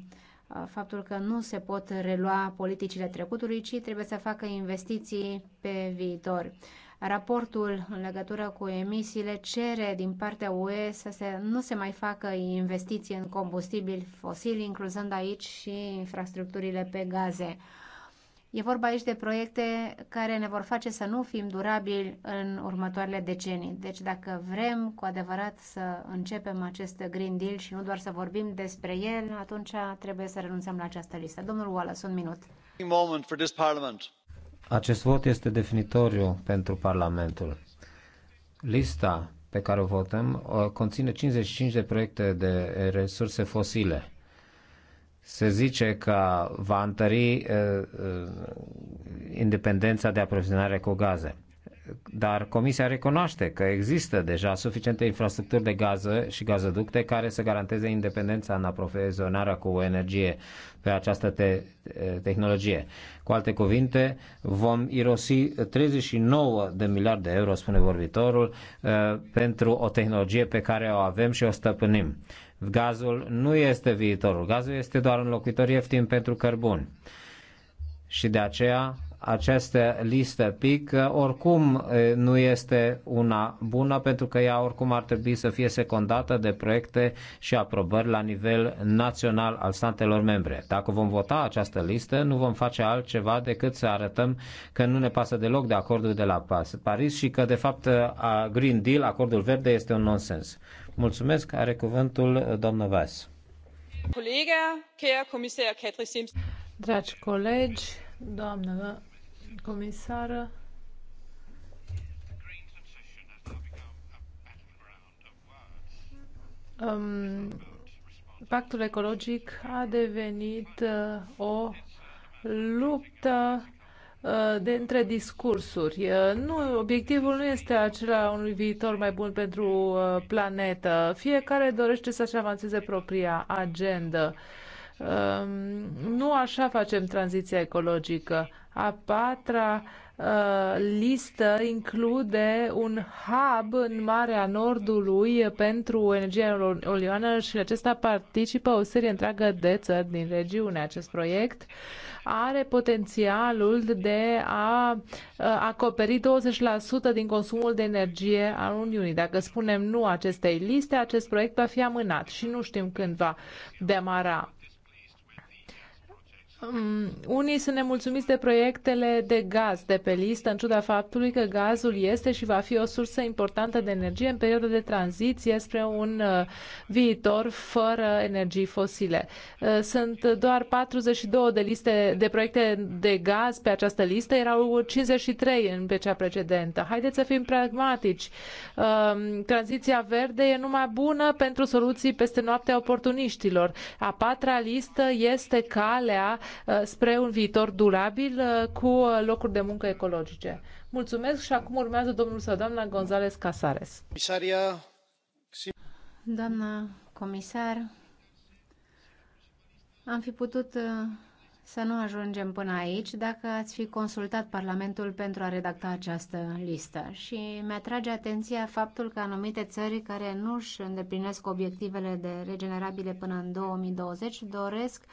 uh, faptul că nu se pot relua politicile trecutului, ci trebuie să facă investiții pe viitor. Raportul în legătură cu emisiile cere din partea UE să se, nu se mai facă investiții în combustibili fosili, incluzând aici și infrastructurile pe gaze. E vorba aici de proiecte care ne vor face să nu fim durabili în următoarele decenii. Deci dacă vrem cu adevărat să începem acest Green Deal și nu doar să vorbim despre el, atunci trebuie să renunțăm la această listă. Domnul Wallace, un minut. Acest vot este definitoriu pentru Parlamentul. Lista pe care o votăm conține 55 de proiecte de resurse fosile. Se zice că va întări uh, uh, independența de aprovizionare cu gaze dar Comisia recunoaște că există deja suficiente infrastructuri de gază și gazoducte care să garanteze independența în aprovizionarea cu energie pe această te- eh, tehnologie. Cu alte cuvinte, vom irosi 39 de miliarde de euro, spune vorbitorul, eh, pentru o tehnologie pe care o avem și o stăpânim. Gazul nu este viitorul, gazul este doar un locuitor ieftin pentru cărbuni. Și de aceea această listă PIC oricum nu este una bună pentru că ea oricum ar trebui să fie secundată de proiecte și aprobări la nivel național al statelor membre. Dacă vom vota această listă, nu vom face altceva decât să arătăm că nu ne pasă deloc de acordul de la Paris și că de fapt Green Deal, acordul verde, este un nonsens. Mulțumesc, are cuvântul domnul Vas. Colega, comisar Dragi colegi, doamnă comisară. Um, pactul ecologic a devenit uh, o luptă uh, de între discursuri. Uh, nu, obiectivul nu este acela unui viitor mai bun pentru uh, planetă. Fiecare dorește să-și avanseze propria agendă. Um, nu așa facem tranziția ecologică. A patra uh, listă include un hub în Marea Nordului pentru energia olioană și acesta participă o serie întreagă de țări din regiune. Acest proiect are potențialul de a uh, acoperi 20% din consumul de energie al Uniunii. Dacă spunem nu acestei liste, acest proiect va fi amânat și nu știm când va demara. Um, unii sunt nemulțumiți de proiectele de gaz de pe listă, în ciuda faptului că gazul este și va fi o sursă importantă de energie în perioada de tranziție spre un uh, viitor fără energii fosile. Uh, sunt doar 42 de liste de proiecte de gaz pe această listă, erau 53 în pe cea precedentă. Haideți să fim pragmatici. Um, tranziția verde e numai bună pentru soluții peste noaptea oportuniștilor. A patra listă este calea Uh, spre un viitor durabil uh, cu locuri de muncă ecologice. Mulțumesc și acum urmează domnul sau doamna González Casares. Comisaria... Doamna comisar, am fi putut uh, să nu ajungem până aici dacă ați fi consultat Parlamentul pentru a redacta această listă. Și mi-atrage atenția faptul că anumite țări care nu își îndeplinesc obiectivele de regenerabile până în 2020 doresc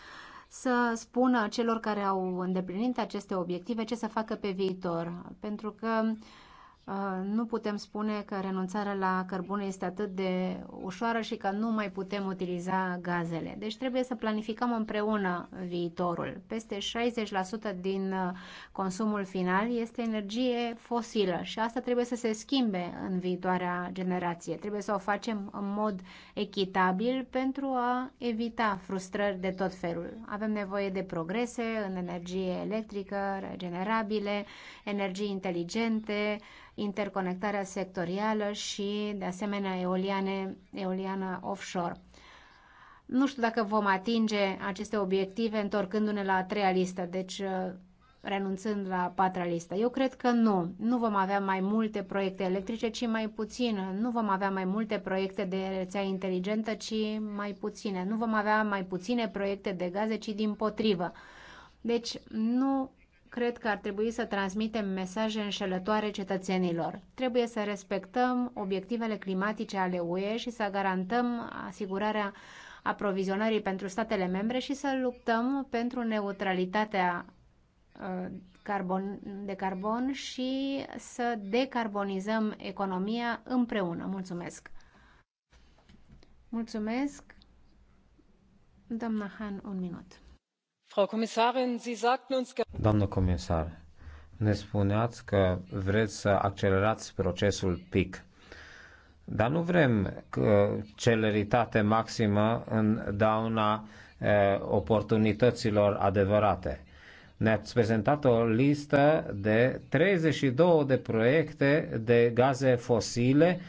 să spună celor care au îndeplinit aceste obiective ce să facă pe viitor, pentru că Ah, nu putem spune că renunțarea la cărbune este atât de ușoară și că nu mai putem utiliza gazele. Deci trebuie să planificăm împreună viitorul. Peste 60% din uh, consumul final este energie fosilă și asta trebuie să se schimbe în viitoarea generație. Trebuie să o facem în mod echitabil pentru a evita frustrări de tot felul. Avem nevoie de progrese în energie electrică, regenerabile, energii inteligente, interconectarea sectorială și, de asemenea, eoliane, eoliană offshore. Nu știu dacă vom atinge aceste obiective întorcându-ne la a treia listă, deci uh, renunțând la a patra listă. Eu cred că nu. Nu vom avea mai multe proiecte electrice, ci mai puține. Nu vom avea mai multe proiecte de rețea inteligentă, ci mai puține. Nu vom avea mai puține proiecte de gaze, ci din potrivă. Deci nu cred că ar trebui să transmitem mesaje înșelătoare cetățenilor. Trebuie să respectăm obiectivele climatice ale UE și să garantăm asigurarea aprovizionării pentru statele membre și să luptăm pentru neutralitatea uh, carbon, de carbon și să decarbonizăm economia împreună. Mulțumesc! Mulțumesc! Doamna Han, un minut. Doamnă comisar, ne spuneați că vreți să accelerați procesul PIC. Dar nu vrem uh, celeritate maximă în dauna uh, oportunităților adevărate. Ne-ați prezentat o listă de 32 de proiecte de gaze fosile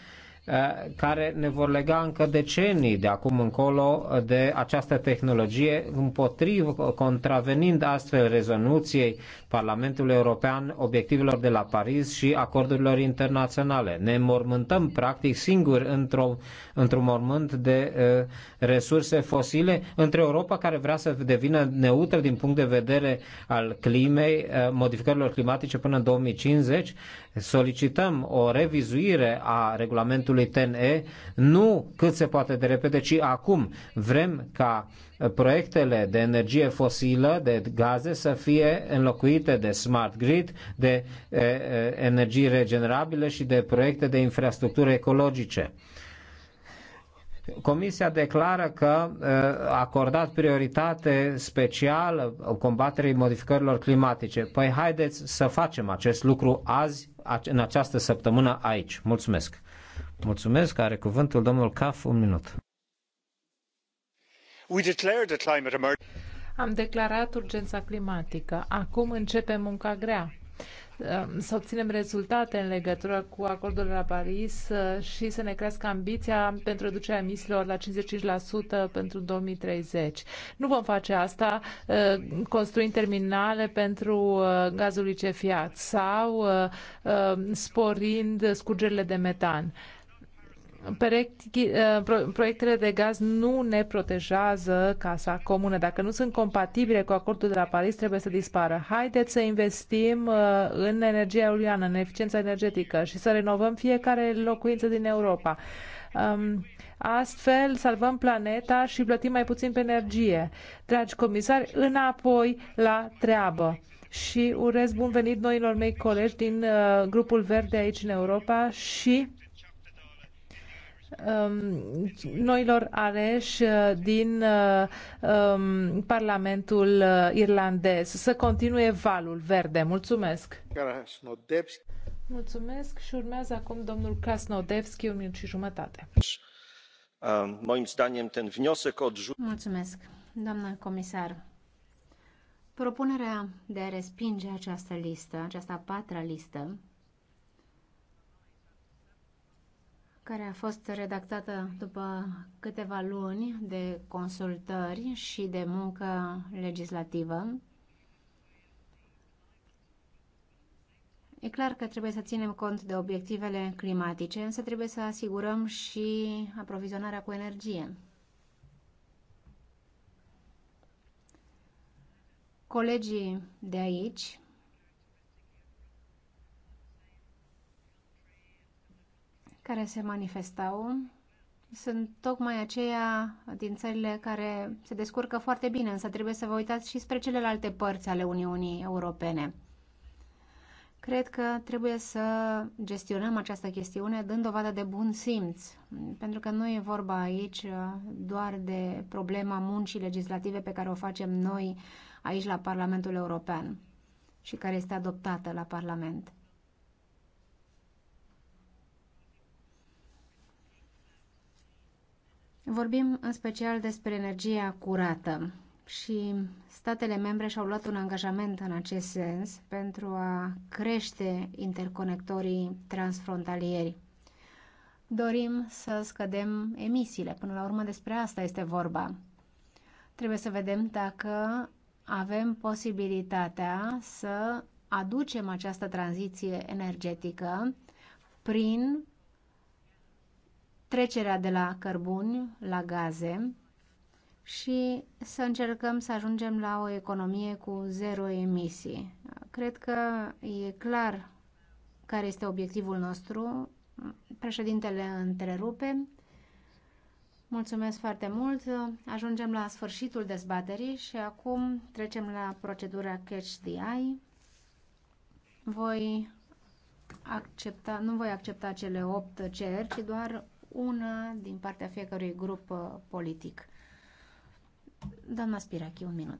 Eh, care ne vor lega încă decenii de acum încolo de această tehnologie, împotriv, contravenind astfel rezoluției Parlamentului European, obiectivelor de la Paris și acordurilor internaționale. Ne mormântăm practic singuri într-o, într-un mormânt de uh, resurse fosile între Europa care vrea să devină neutră din punct de vedere al climei, uh, modificărilor climatice până în 2050 solicităm o revizuire a regulamentului TNE, nu cât se poate de repede, ci acum. Vrem ca proiectele de energie fosilă, de gaze, să fie înlocuite de smart grid, de energii regenerabile și de proiecte de infrastructură ecologice. Comisia declară că uh, a acordat prioritate specială combaterii modificărilor climatice. Păi haideți să facem acest lucru azi, în această săptămână aici. Mulțumesc. Mulțumesc. Are cuvântul domnul Caf un minut. We declare the climate emergency. Am declarat urgența climatică. Acum începe munca grea. Um, să obținem rezultate în legătură cu acordul la Paris uh, și să ne crească ambiția pentru reducerea emisiilor la 55% pentru 2030. Nu vom face asta uh, construind terminale pentru uh, gazul licefiat sau sporind scurgerile de metan. Uh, proiectele de gaz nu ne protejează casa comună. Dacă nu sunt compatibile cu acordul de la Paris, trebuie să dispară. Haideți să investim uh, în energia eoliană, în eficiența energetică și să renovăm fiecare locuință din Europa. Um, astfel salvăm planeta și plătim mai puțin pe energie. Dragi comisari, înapoi la treabă și urez bun venit noilor mei colegi din uh, grupul Verde aici în Europa și Um, noilor aleși uh, din uh, um, Parlamentul uh, irlandez să continue valul verde. Mulțumesc! Mulțumesc și urmează acum domnul Krasnodevski, un minut și jumătate. Um, Mulțumesc, doamna comisar. Propunerea de a respinge această listă, această a patra listă, care a fost redactată după câteva luni de consultări și de muncă legislativă. E clar că trebuie să ținem cont de obiectivele climatice, însă trebuie să asigurăm și aprovizionarea cu energie. Colegii de aici care se manifestau sunt tocmai aceia din țările care se descurcă foarte bine, însă trebuie să vă uitați și spre celelalte părți ale Uniunii Europene. Cred că trebuie să gestionăm această chestiune dând dovadă de bun simț, pentru că nu e vorba aici uh, doar de problema muncii legislative pe care o facem noi aici la Parlamentul European și care este adoptată la Parlament. Vorbim în special despre energia curată și statele membre și-au luat un angajament în acest sens pentru a crește interconectorii transfrontalieri. Dorim să scădem emisiile, până la urmă despre asta este vorba. Trebuie să vedem dacă avem posibilitatea să aducem această tranziție energetică prin trecerea de la cărbuni la gaze și să încercăm să ajungem la o economie cu zero emisii. Cred că e clar care este obiectivul nostru. Președintele întrerupe. Mulțumesc foarte mult. Ajungem la sfârșitul dezbaterii și acum trecem la procedura Catch the Eye. Voi accepta, nu voi accepta cele 8 cereri, ci doar una din partea fiecărui grup uh, politic. Doamna Spirachi, un minut.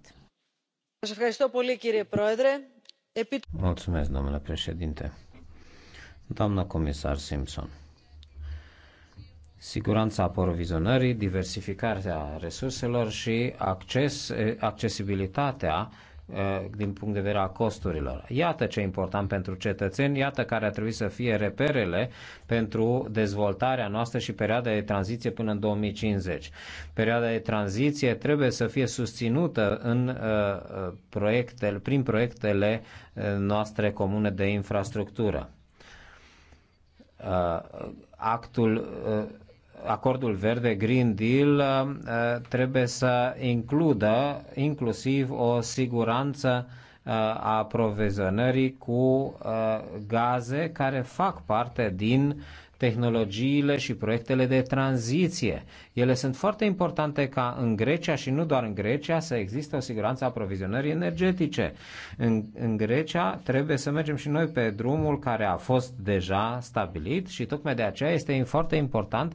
Mulțumesc, domnule președinte. Doamna comisar Simpson, siguranța aprovizionării, diversificarea resurselor și acces, accesibilitatea Uh, din punct de vedere a costurilor. Iată ce e important pentru cetățeni, iată care ar trebui să fie reperele pentru dezvoltarea noastră și perioada de tranziție până în 2050. Perioada de tranziție trebuie să fie susținută în uh, uh, proiectele, prin proiectele noastre comune de infrastructură. Actul acordul verde, Green Deal, uh, uh, trebuie să includă inclusiv o siguranță uh, a aprovizionării cu gaze care fac parte din tehnologiile și proiectele de tranziție. Ele sunt foarte importante ca în Grecia și nu doar în Grecia să existe o siguranță a aprovizionării energetice. În, în Grecia trebuie să mergem și noi pe drumul care a fost deja stabilit și tocmai de aceea este foarte important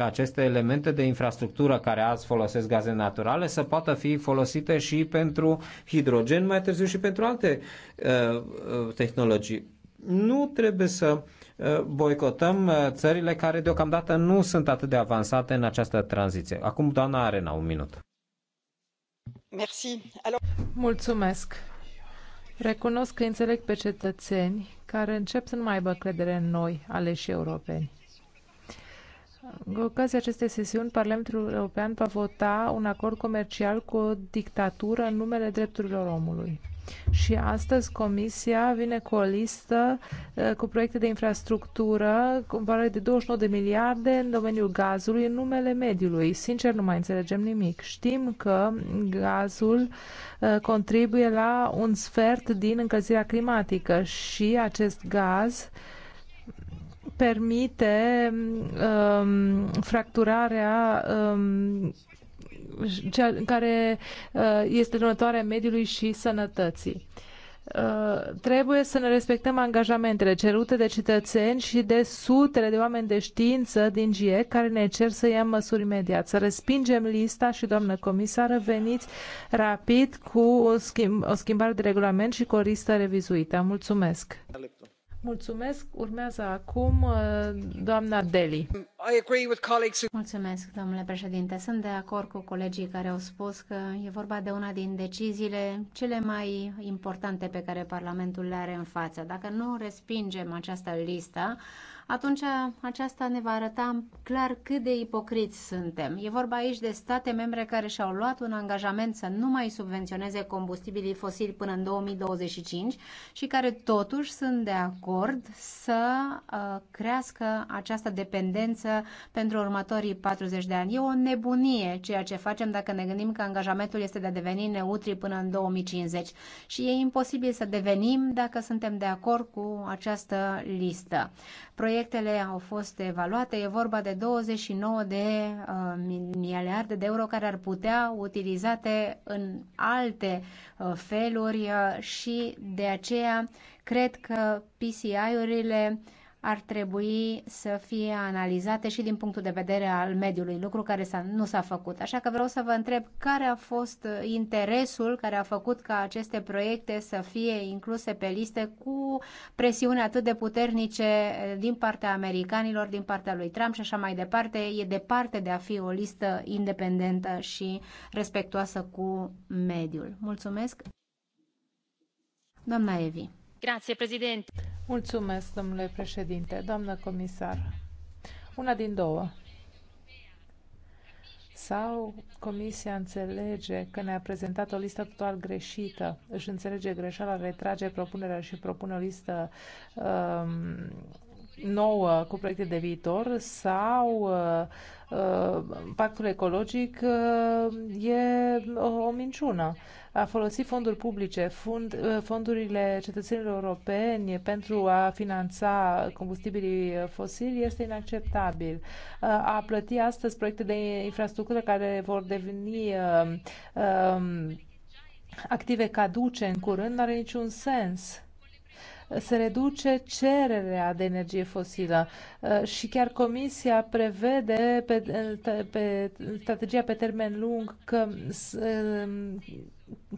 ca aceste elemente de infrastructură care azi folosesc gaze naturale să poată fi folosite și pentru hidrogen, mai târziu și pentru alte uh, uh tehnologii. Nu trebuie să uh, boicotăm uh, țările care deocamdată nu sunt atât de avansate în această tranziție. Acum, doamna Arena, un minut. Mulțumesc. Recunosc că înțeleg pe cetățeni care încep să nu mai aibă credere în noi, aleși europeni. Cu ocazia acestei sesiuni, Parlamentul European va vota un acord comercial cu o dictatură în numele drepturilor omului. Și astăzi Comisia vine cu o listă eh, cu proiecte de infrastructură cu valoare de 29 de miliarde în domeniul gazului în numele mediului. Sincer, nu mai înțelegem nimic. Știm că gazul eh, contribuie la un sfert din încălzirea climatică și acest gaz uh, permite um, fracturarea um, cea, care uh, este următoarea mediului și sănătății. Uh, trebuie să ne respectăm angajamentele cerute de cetățeni și de sutele de oameni de știință din GIE care ne cer să ia măsuri imediat. Să respingem lista și, doamnă comisară, veniți rapid cu o, schimb, o schimbare de regulament și cu o listă revizuită. Mulțumesc! Mulțumesc. Urmează acum uh, doamna Deli. Mulțumesc, domnule președinte. Sunt de acord cu colegii care au spus că e vorba de una din deciziile cele mai importante pe care Parlamentul le are în față. Dacă nu respingem această listă, atunci aceasta ne va arăta clar cât de ipocriți suntem. E vorba aici de state membre care și-au luat un angajament să nu mai subvenționeze combustibilii fosili până în 2025 și care totuși sunt de acord să uh, crească această dependență pentru următorii 40 de ani. E o nebunie ceea ce facem dacă ne gândim că angajamentul este de a deveni neutri până în 2050 și e imposibil să devenim dacă suntem de acord cu această listă. Proiect proiectele au fost evaluate. E vorba de 29 de uh, miliarde de euro care ar putea utilizate în alte uh, feluri uh, și de aceea cred că PCI-urile uh, ar trebui să fie analizate și din punctul de vedere al mediului, lucru care s-a nu s-a făcut. Așa că vreau să vă întreb care a fost interesul care a făcut ca aceste proiecte să fie incluse pe liste cu presiune atât de puternice din partea americanilor, din partea lui Trump și așa mai departe. E departe de a fi o listă independentă și respectuoasă cu mediul. Mulțumesc! Doamna Evi. Mulțumesc, domnule președinte, doamnă comisar. Una din două. Sau Comisia înțelege că ne-a prezentat o listă total greșită, își înțelege greșeala, retrage propunerea și propune o listă um, nouă cu proiecte de viitor sau uh, uh, pactul ecologic uh, e o minciună. A folosi fonduri publice, fund, fondurile cetățenilor europeni pentru a finanța combustibilii fosili este inacceptabil. a plăti astăzi proiecte de infrastructură care vor deveni um, active caduce în curând nu are niciun sens se reduce cererea de energie fosilă uh, și chiar Comisia prevede pe, pe strategia pe termen lung că uh,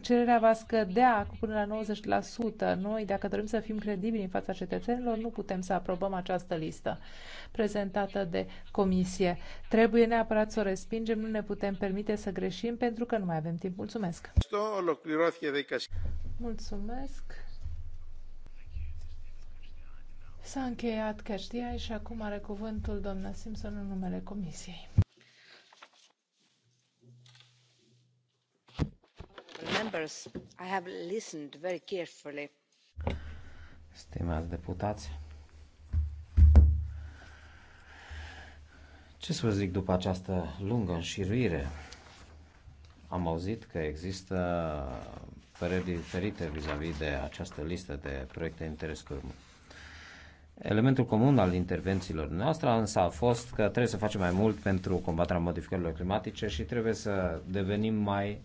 cererea va scădea cu până la 90%. Noi, dacă dorim să fim credibili în fața cetățenilor, nu putem să aprobăm această listă prezentată de comisie. Trebuie neapărat să o respingem, nu ne putem permite să greșim pentru că nu mai avem timp. Mulțumesc! Mulțumesc! S-a încheiat căștia și acum are cuvântul doamna Simpson în numele Comisiei. Members, I have listened very carefully. Stimați deputați, ce să vă zic după această lungă înșiruire? Am auzit că există păreri diferite vis-a-vis -vis de această listă de proiecte interes Elementul comun al intervențiilor noastre însă a fost că trebuie să facem mai mult pentru combaterea modificărilor climatice și trebuie să devenim mai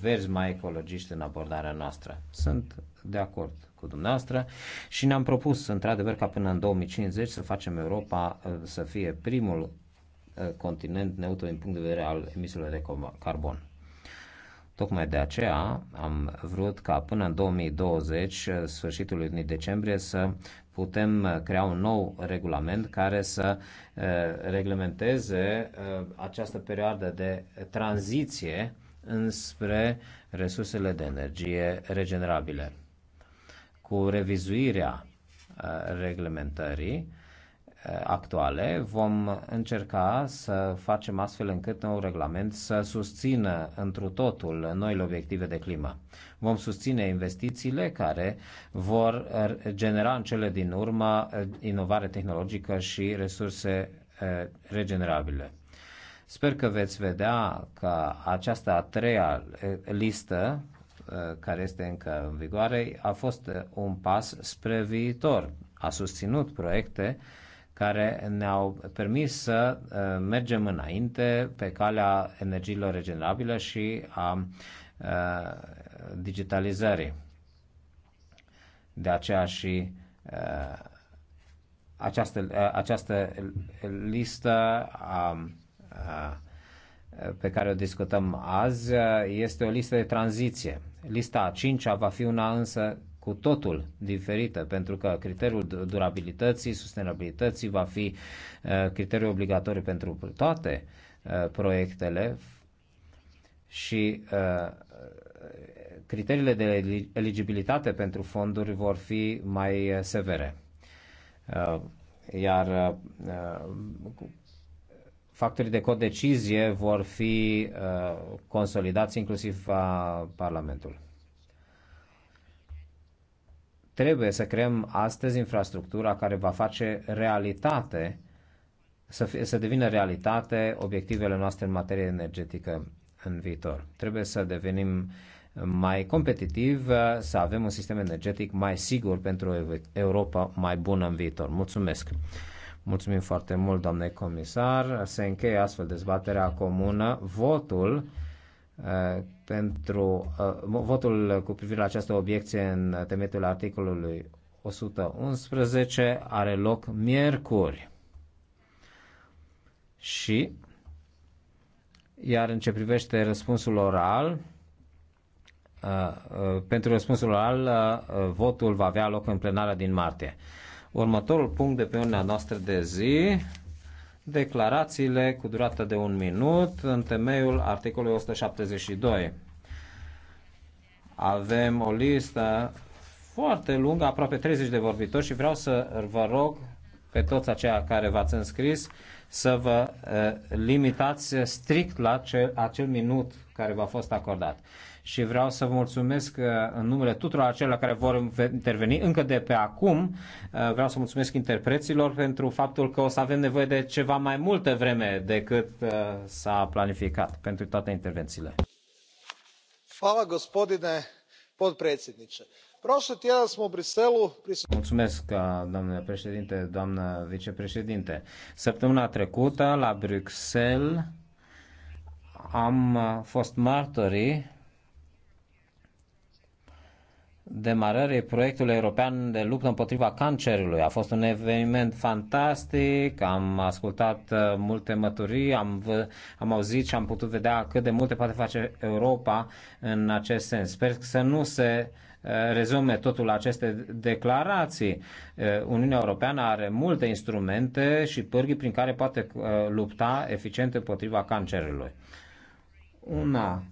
verzi, mai ecologiști în abordarea noastră. Sunt de acord cu dumneavoastră și ne-am propus, într-adevăr, ca până în 2050 să facem Europa să fie primul continent neutru din punct de vedere al emisiilor de carbon. Tocmai de aceea am vrut ca până în 2020, sfârșitul lunii decembrie, să putem uh, crea un nou regulament care să uh, reglementeze uh, această perioadă de tranziție înspre resursele de energie regenerabile. Cu revizuirea reglementării, Uh, actuale, vom încerca să facem astfel încât nou regulament să susțină întru totul noile obiective de climă. Vom susține investițiile care vor er, genera în cele din urmă uh, inovare tehnologică și resurse uh, regenerabile. Sper că veți vedea că această a treia listă care este încă în vigoare, a fost un pas spre viitor. A susținut proiecte uh, care ne-au permis să uh, mergem înainte pe calea energiilor regenerabile și a uh, digitalizării. De aceea și uh, această, această listă a, a, pe care o discutăm azi este o listă de tranziție. Lista a cincea va fi una însă cu totul diferită, pentru că criteriul durabilității, sustenabilității va fi uh, criteriu obligatoriu pentru toate uh, proiectele și uh, criteriile de eligibilitate pentru fonduri vor fi mai severe. Iar factorii de codecizie vor fi consolidați inclusiv Parlamentul. Trebuie să creăm astăzi infrastructura care va face realitate, să, fie, să devină realitate obiectivele noastre în materie energetică în viitor. Trebuie să devenim mai competitiv, să avem un sistem energetic mai sigur pentru o Europa mai bună în viitor. Mulțumesc! Mulțumim foarte mult, doamne comisar. Se încheie astfel dezbaterea comună. Votul Uh, pentru uh, votul cu privire la această obiecție în temetul articolului 111 are loc miercuri. Și, iar în ce privește răspunsul oral, uh, pentru răspunsul oral, votul va avea loc în plenară din martie. Următorul punct de pe urmea noastră de zi declarațiile cu durată de un minut în temeiul articolului 172. Avem o listă foarte lungă, aproape 30 de vorbitori și vreau să vă rog pe toți aceia care v-ați înscris să vă uh, limitați strict la ce, acel minut care v-a fost acordat și vreau să vă mulțumesc uh, în numele tuturor acelor care vor interveni încă de pe acum. Uh, vreau să mulțumesc interpreților pentru faptul că o să avem nevoie de ceva mai multă vreme decât uh, s-a planificat pentru toate intervențiile. Fala, gospodine potpredsjedniče. Prošli tjedan smo u Briselu... Mulțumesc, domnule președinte, doamnă vicepreședinte. Săptămâna trecută, la Bruxelles, am fost martorii demarării proiectului european de luptă împotriva cancerului. A fost un eveniment fantastic, am ascultat uh, multe măturii, am, am auzit și am putut vedea cât de multe poate face Europa în acest sens. Sper să nu se uh, rezume totul aceste declarații. Uh, Uniunea Europeană are multe instrumente și pârghii prin care poate lupta eficient împotriva cancerului. Una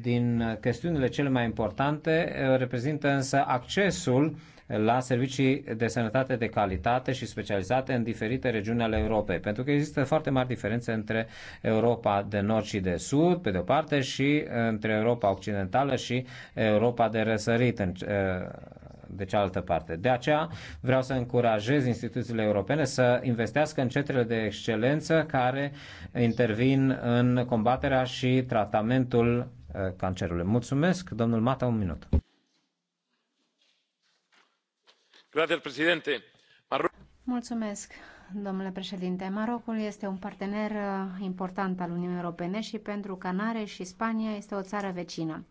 din chestiunile cele mai importante eh, reprezintă însă accesul la servicii de sănătate de calitate și specializate în diferite regiuni ale Europei, pentru că există foarte mari diferențe între Europa de nord și de sud, pe de o parte, și eh, între Europa occidentală și Europa de răsărit în, eh, de cealaltă parte. De aceea vreau să încurajez instituțiile europene să investească în centrele de excelență care intervin în combaterea și tratamentul Uh, cancerului. Mulțumesc, domnul Mata, un minut. Mulțumesc, domnule președinte. Marocul este un partener uh, important al Uniunii Europene și pentru Canare și Spania este o țară vecină.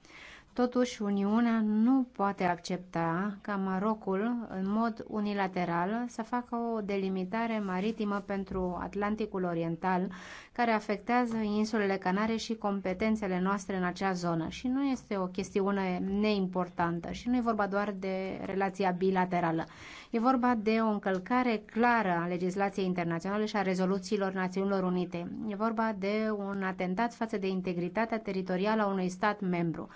Totuși, Uniunea nu poate accepta ca Marocul, în mod unilateral, să facă o delimitare maritimă pentru Atlanticul Oriental, care afectează insulele Canare și competențele noastre în acea zonă. Și nu este o chestiune neimportantă și nu e vorba doar de relația bilaterală. E vorba de o încălcare clară a legislației internaționale și a rezoluțiilor Națiunilor Unite. E vorba de un atentat față de integritatea teritorială a unui stat membru.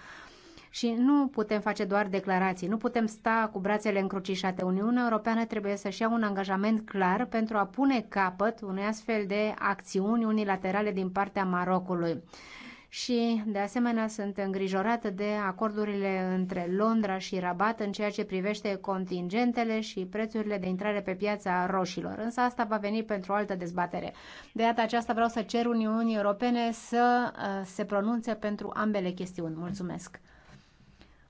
Și nu putem face doar declarații, nu putem sta cu brațele încrucișate. Uniunea Europeană trebuie să-și ia un angajament clar pentru a pune capăt unei astfel de acțiuni unilaterale din partea Marocului și, de asemenea, sunt îngrijorată de acordurile între Londra și Rabat în ceea ce privește contingentele și prețurile de intrare pe piața roșilor. Însă asta va veni pentru o altă dezbatere. De data aceasta vreau să cer Uniunii Europene să uh, se pronunțe pentru ambele chestiuni. Mulțumesc!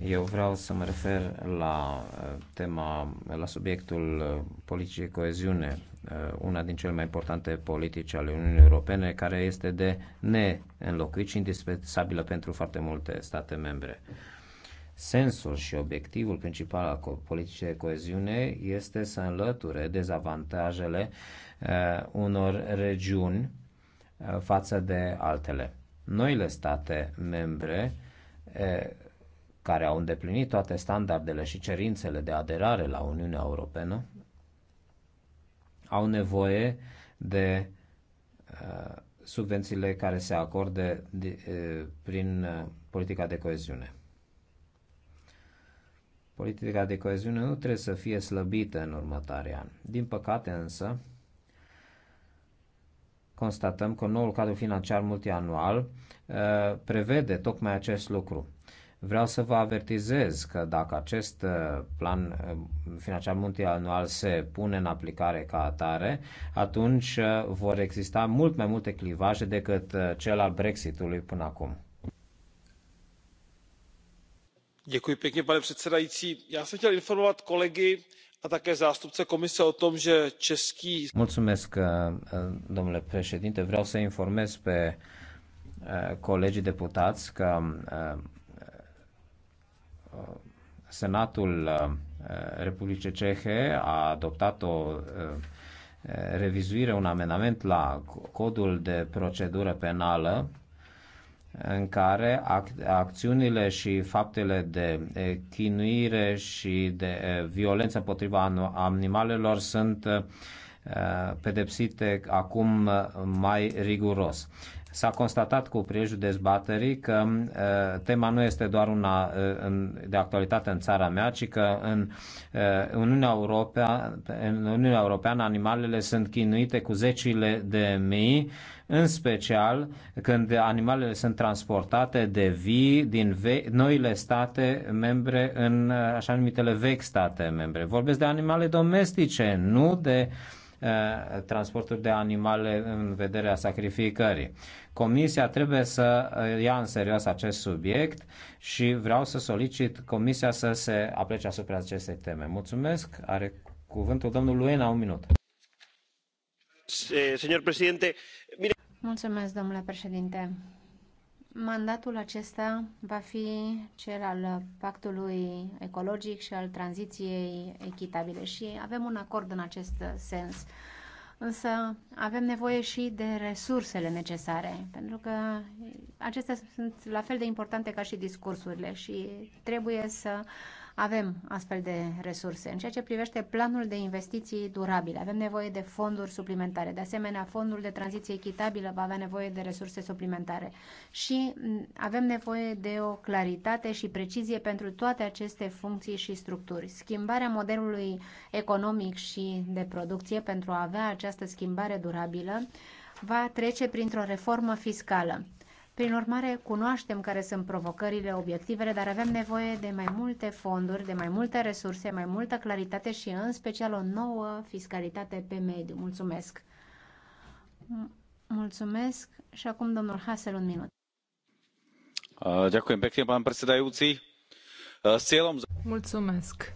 eu vreau să mă refer la uh, tema, la subiectul uh, politicii coeziune, uh, una din cele mai importante politici ale Uniunii Europene, care este de neînlocuit și indispensabilă pentru foarte multe state membre. Sensul și obiectivul principal al politicii de coeziune este să înlăture dezavantajele unor regiuni față de altele. Noile state membre care au îndeplinit toate standardele și cerințele de aderare la Uniunea Europeană, au nevoie de uh, subvențiile care se acorde de, uh, prin uh, politica de coeziune. Politica de coeziune nu trebuie să fie slăbită în următoarea ani. Din păcate însă, constatăm că noul cadru financiar multianual uh, prevede tocmai acest lucru. Vreau să vă avertizez că dacă acest uh, plan uh, financiar multianual se pune în aplicare ca atare, atunci uh, vor exista mult mai multe clivaje decât cel al Brexitului până acum. pane předsedající já jsem chtěl informovat kolegy a také zástupce komise o tom že český. domnule președinte vreau să informez pe colegii deputați că Uh, Senatul uh, Republicii Cehe a adoptat o uh, revizuire, un amendament la codul de procedură penală în care ac- acțiunile și faptele de chinuire și de violență împotriva animalelor sunt pedepsite acum mai riguros. S-a constatat cu prilejul dezbaterii că uh, tema nu este doar una uh, în, de actualitate în țara mea, ci că în, uh, Uniunea Europea, în Uniunea Europeană animalele sunt chinuite cu zecile de mii, în special când animalele sunt transportate de vii din ve- noile state membre în uh, așa numitele vechi state membre. Vorbesc de animale domestice, nu de uh, Uh, transportul de animale în vederea sacrificării. Comisia trebuie să uh, ia în serios acest subiect și vreau să solicit Comisia să se aplece asupra acestei teme. Mulțumesc. Are cuvântul domnul Luena, un minut. Eh, Mulțumesc, domnule președinte. Mandatul acesta va fi cel al pactului ecologic și al tranziției echitabile și avem un acord în acest sens. Însă avem nevoie și de resursele necesare, pentru că acestea sunt la fel de importante ca și discursurile și trebuie să uh, avem astfel de resurse. În ceea ce privește planul de investiții durabile, avem nevoie de fonduri suplimentare. De asemenea, fondul de tranziție echitabilă va avea nevoie de resurse suplimentare. Și mm, avem nevoie de o claritate și precizie pentru toate aceste funcții și structuri. Schimbarea modelului economic și de producție pentru a avea această schimbare durabilă va trece printr-o reformă fiscală. Prin urmare, cunoaștem care sunt provocările, obiectivele, dar avem nevoie de mai multe fonduri, de mai multe resurse, mai multă claritate și, în special, o nouă fiscalitate pe mediu. Mulțumesc! Mulțumesc și acum domnul Hasel un minut. Ďakujem pekne, pán Mulțumesc,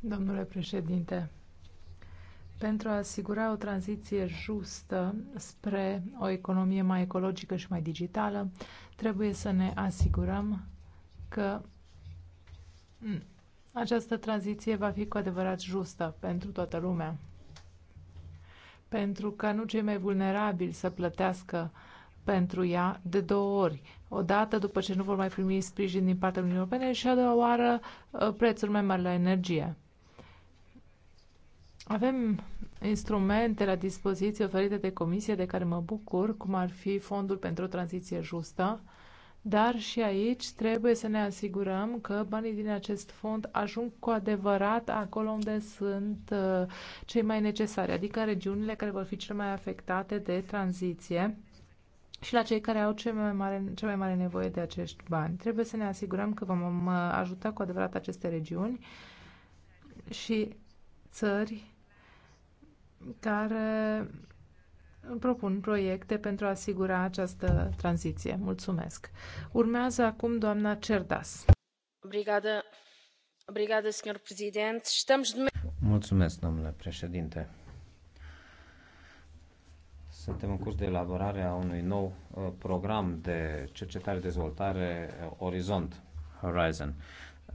domnule președinte pentru a asigura o tranziție justă spre o economie mai ecologică și mai digitală, trebuie să ne asigurăm că această tranziție va fi cu adevărat justă pentru toată lumea. Pentru ca nu cei mai vulnerabili să plătească pentru ea de două ori. O dată după ce nu vor mai primi sprijin din partea Uniunii Europene și a doua oară uh, prețuri mai mari la energie. Avem instrumente la dispoziție oferite de comisie de care mă bucur, cum ar fi Fondul pentru o tranziție justă, dar și aici trebuie să ne asigurăm că banii din acest fond ajung cu adevărat acolo unde sunt uh, cei mai necesari, adică în regiunile care vor fi cele mai afectate de tranziție și la cei care au cea mai, mare, cea mai mare nevoie de acești bani. Trebuie să ne asigurăm că vom uh, ajuta cu adevărat aceste regiuni și țări care propun proiecte pentru a asigura această tranziție. Mulțumesc. Urmează acum doamna Cerdas. Mulțumesc, domnule președinte. Suntem în curs de elaborare a unui nou uh, program de cercetare-dezvoltare uh, Orizont Horizon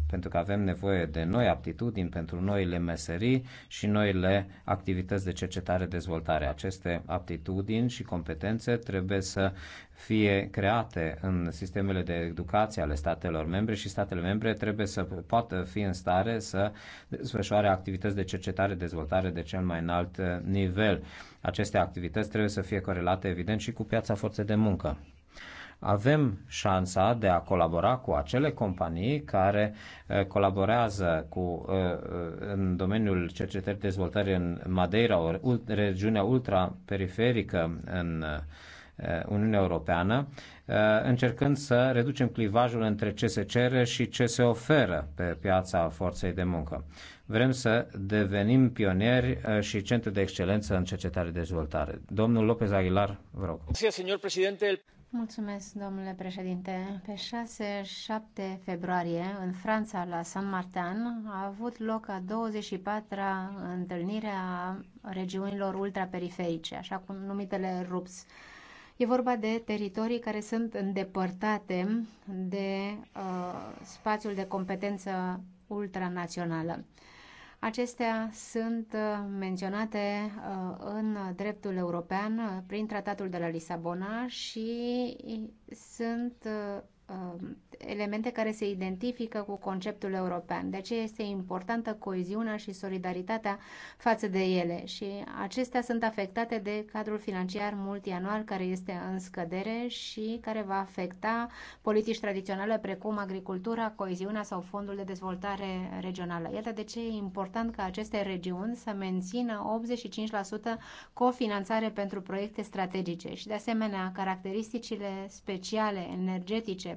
pentru că avem nevoie de noi aptitudini pentru noile meserii și noile activități de cercetare-dezvoltare. Aceste aptitudini și competențe trebuie să fie create în sistemele de educație ale statelor membre și statele membre trebuie să poată fi în stare să desfășoare activități de cercetare-dezvoltare de cel mai înalt nivel. Aceste activități trebuie să fie corelate, evident, și cu piața forței de muncă avem șansa de a colabora cu acele companii care eh, colaborează cu, eh, în domeniul cercetării dezvoltării în Madeira, o regiune ultraperiferică în eh, Uniunea Europeană, încercând să reducem clivajul între ce se cere și ce se oferă pe piața forței de muncă. Vrem să devenim pionieri și centru de excelență în cercetare de dezvoltare. Domnul López Aguilar, vă rog. Mulțumesc, domnule președinte. Pe 6-7 februarie, în Franța, la Saint-Martin, a avut loc a 24-a întâlnire a regiunilor ultraperiferice, așa cum numitele RUPS. E vorba de teritorii care sunt îndepărtate de uh, spațiul de competență ultranațională. Uh, Acestea sunt uh, menționate uh, în dreptul european uh, prin tratatul de la Lisabona și sunt Um, elemente care se identifică cu conceptul european. De aceea este importantă coeziunea și solidaritatea față de ele și acestea sunt afectate de cadrul financiar multianual care este în scădere și care va afecta politici tradiționale precum agricultura, coeziunea sau fondul de dezvoltare regională. Iată de ce e important ca aceste regiuni să mențină 85% cofinanțare pentru proiecte strategice și de asemenea caracteristicile speciale energetice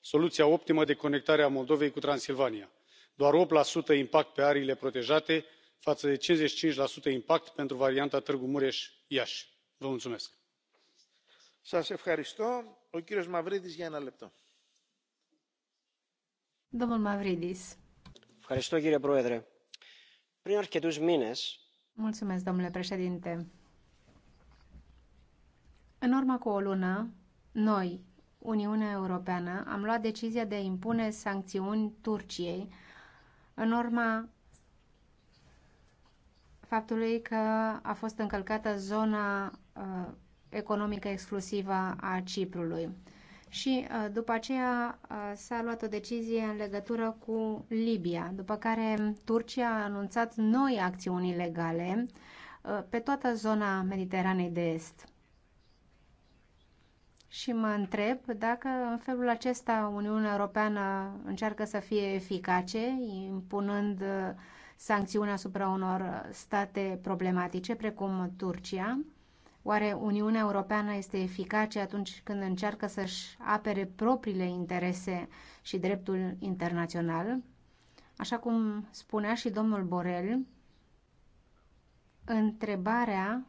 soluția optimă de conectare a moldovei cu transilvania doar opt impact pe ariile protejate față de cincizeci și cinci impact pentru varianta târgu mureș iași. vă mulțumesc. domnul mavridis Mulțumesc, domnule președinte în urmă cu o lună noi Uniunea Europeană, am luat decizia de a impune sancțiuni Turciei în urma faptului că a fost încălcată zona uh, economică exclusivă a Ciprului. Și uh, după aceea uh, s-a luat o decizie în legătură cu Libia, după care Turcia a anunțat noi acțiuni legale pe toată zona Mediteranei de Est și mă întreb dacă în felul acesta Uniunea Europeană încearcă să fie eficace, impunând uh, sancțiuni asupra unor state problematice, precum Turcia. Oare Uniunea Europeană este eficace atunci când încearcă să-și apere propriile interese și dreptul internațional? Așa cum spunea și domnul Borel, întrebarea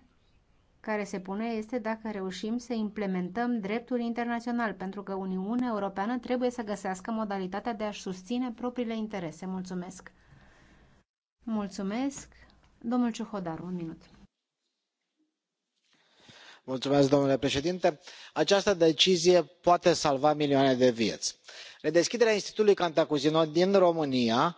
care se pune este dacă reușim să implementăm dreptul internațional, pentru că Uniunea Europeană trebuie să găsească modalitatea de a-și susține propriile interese. Mulțumesc! Mulțumesc! Domnul Ciuhodaru, un minut. Mulțumesc, domnule președinte această decizie poate salva milioane de vieți. redeschiderea institutului cantacuzino din românia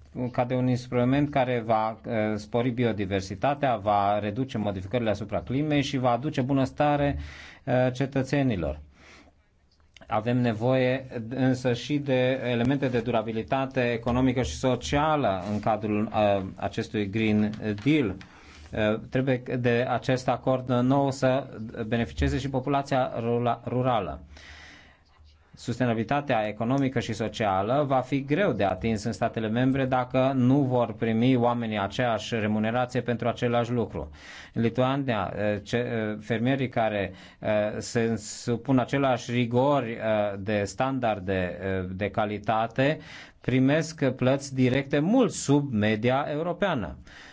ca de un instrument care va uh, spori biodiversitatea, va reduce modificările asupra climei și va aduce bunăstare uh, cetățenilor. Avem nevoie însă și de elemente de durabilitate economică și socială în cadrul uh, acestui Green Deal trebuie de acest acord nou să beneficieze și populația rurală. Sustenabilitatea economică și socială va fi greu de atins în statele membre dacă nu vor primi oamenii aceeași remunerație pentru același lucru. În Lituania, eh, eh, fermierii care eh, se supun același rigori de standarde de calitate primesc plăți directe mult sub media europeană.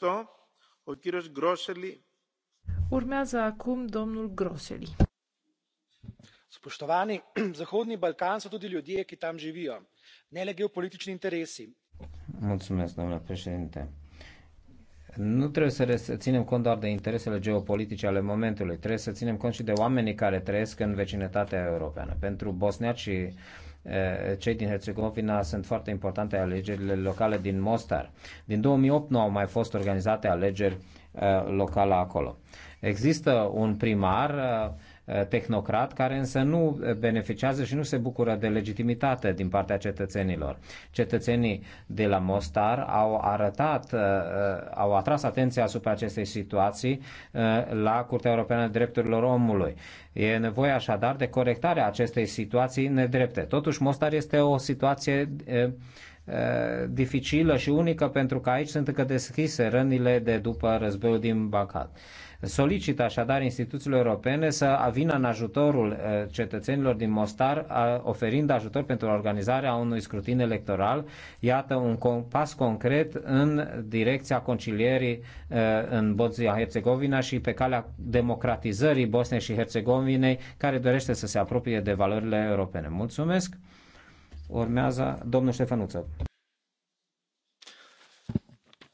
Ευχαριστώ. Urmează acum domnul Groseli. Spoštovani, Zahodni Balkan so tudi ljudje, ki tam živijo, ne le geopolitični interesi. Mulțumesc, domnule președinte. Nu trebuie să ținem cont doar de interesele geopolitice ale momentului, trebuie să ținem cont și de oamenii care trăiesc în vecinătatea europeană. Pentru bosniaci și Eh, cei din Herțegovina sunt foarte importante alegerile locale din Mostar. Din 2008 nu au mai fost organizate alegeri eh, locale acolo. Există un primar eh, Eh, tehnocrat care însă nu eh, beneficiază și nu se bucură de legitimitate din partea cetățenilor. Cetățenii de la Mostar au arătat, eh, au atras atenția asupra acestei situații la Curtea Europeană a Drepturilor Omului. E nevoie așadar de corectarea acestei situații nedrepte. Totuși, Mostar este o situație dificilă și unică pentru că aici sunt încă deschise rănile de după războiul din Bacat. Solicită așadar instituțiilor europene să vină în ajutorul eh, cetățenilor din Mostar, oferind ajutor pentru organizarea unui scrutin electoral. Iată un pas concret în direcția concilierii eh, în Bosnia-Herzegovina și pe calea democratizării Bosniei și Herzegovinei, care dorește să se apropie de valorile europene. Mulțumesc! Urmează domnul Ștefanuță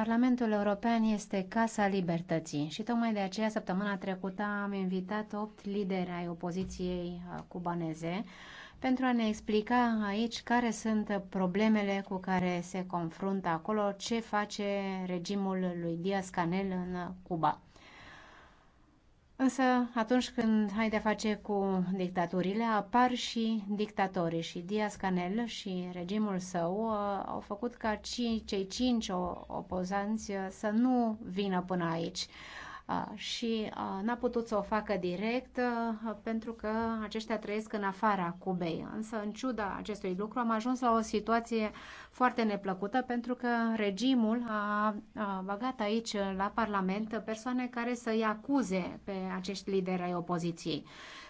Parlamentul European este Casa Libertății și tocmai de aceea săptămâna trecută am invitat opt lideri ai opoziției uh, cubaneze pentru a ne explica aici care sunt problemele cu care se confruntă acolo, ce face regimul lui Diaz Canel în Cuba. Însă, atunci când ai de-a face cu dictaturile, apar și dictatorii și Diaz Canel și regimul său uh, au făcut ca cei cinci opozanți uh, să nu vină până aici. Uh, și n-a putut să o facă direct pentru că aceștia trăiesc în afara Cubei. Însă, în ciuda acestui lucru, am ajuns la o situație foarte neplăcută pentru că regimul a băgat aici la Parlament persoane care să-i acuze pe acești lideri ai opoziției.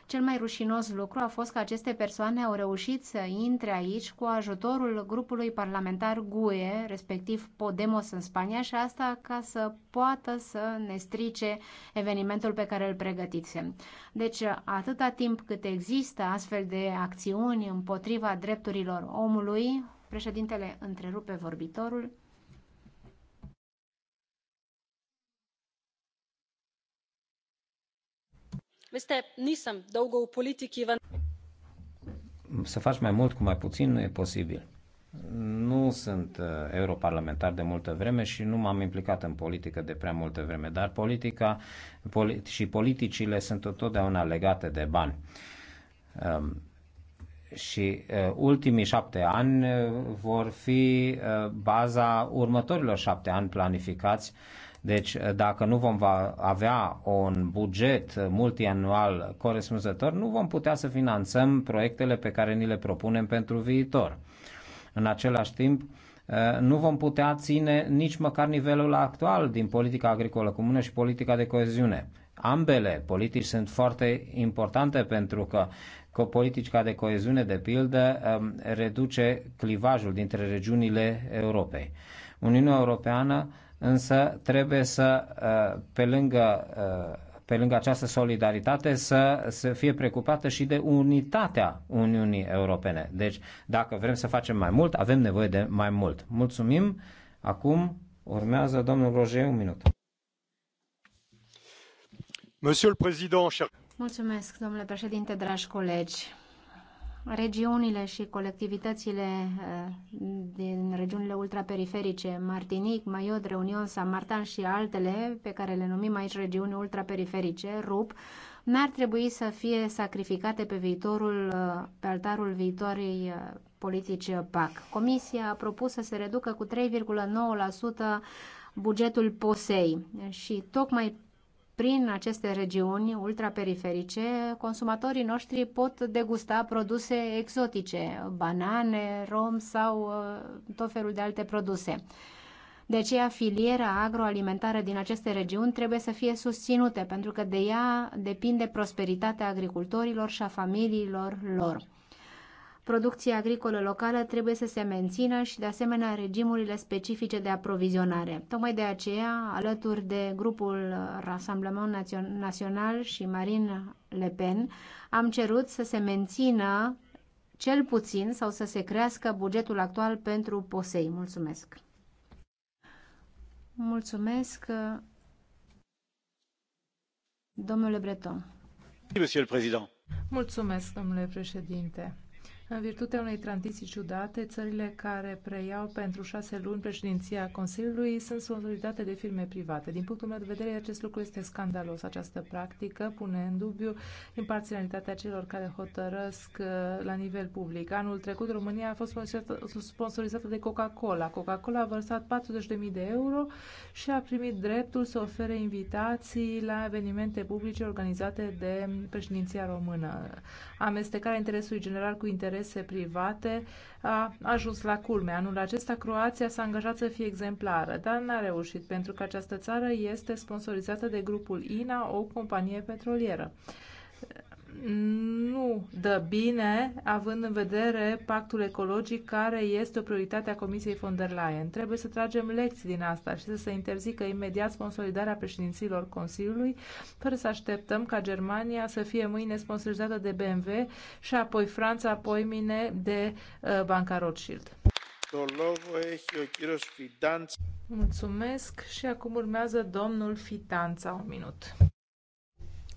Cel mai rușinos lucru a fost că aceste persoane au reușit să intre aici cu ajutorul grupului parlamentar GUE, respectiv Podemos în Spania, și asta ca să poată să ne strice evenimentul pe care îl pregătisem. Deci, atâta timp cât există astfel de acțiuni împotriva drepturilor omului, președintele întrerupe vorbitorul, Mēs te politiki. Să faci mai mult cu mai puțin nu e posibil. Nu sunt uh, europarlamentar de multă vreme și nu m-am implicat în politică de prea multă vreme, dar politica polit- și politicile sunt întotdeauna legate de bani. Um, și uh, ultimii șapte ani uh, vor fi uh, baza următorilor șapte ani planificați uh, deci, dacă nu vom avea un buget multianual corespunzător, nu vom putea să finanțăm proiectele pe care ni le propunem pentru viitor. În același timp, eh, nu vom putea ține nici măcar nivelul actual din politica agricolă comună și politica de coeziune. Ambele politici sunt foarte importante pentru că politica de coeziune, de pildă, eh, reduce clivajul dintre regiunile Europei. Uniunea Europeană însă trebuie să, uh, pe lângă, uh, pe lângă această solidaritate, să, să fie preocupată și de unitatea Uniunii Europene. Deci, dacă vrem să facem mai mult, avem nevoie de mai mult. Mulțumim! Acum urmează domnul Roger, un minut. Monsieur le Président, cher... Mulțumesc, domnule președinte, dragi colegi regiunile și colectivitățile uh, din regiunile ultraperiferice, Martinic, Maiod, Reunion, San Martin și altele, pe care le numim aici regiuni ultraperiferice, RUP, n-ar trebui să fie sacrificate pe viitorul, uh, pe altarul viitoarei uh, politici PAC. Comisia a propus să se reducă cu 3,9% bugetul POSEI și tocmai prin aceste regiuni ultraperiferice, consumatorii noștri pot degusta produse exotice, banane, rom sau uh, tot felul de alte produse. De aceea, filiera agroalimentară din aceste regiuni trebuie să fie susținute, pentru că de ea depinde prosperitatea agricultorilor și a familiilor lor producția agricolă locală trebuie să se mențină și, de asemenea, regimurile specifice de aprovizionare. Tocmai de aceea, alături de grupul Rassemblement Național și Marine Le Pen, am cerut să se mențină cel puțin sau să se crească bugetul actual pentru POSEI. Mulțumesc! Mulțumesc, domnule Breton. Mulțumesc, domnule președinte în virtutea unei tranziții ciudate, țările care preiau pentru șase luni președinția Consiliului sunt solidate de firme private. Din punctul meu de vedere, acest lucru este scandalos. Această practică pune în dubiu imparțialitatea celor care hotărăsc uh, la nivel public. Anul trecut, România a fost sponsorizată de Coca-Cola. Coca-Cola a vărsat 40.000 de euro și a primit dreptul să ofere invitații la evenimente publice organizate de președinția română. Amestecarea interesului general cu interes interese private a ajuns la culme. Anul acesta Croația s-a angajat să fie exemplară, dar n-a reușit pentru că această țară este sponsorizată de grupul INA, o companie petrolieră nu dă bine, având în vedere pactul ecologic care este o prioritate a Comisiei von der Leyen. Trebuie să tragem lecții din asta și să se interzică imediat consolidarea președinților Consiliului, fără să așteptăm ca Germania să fie mâine sponsorizată de BMW și apoi Franța, apoi mine de uh, Banca Rothschild. Mulțumesc și acum urmează domnul Fitanța, un minut.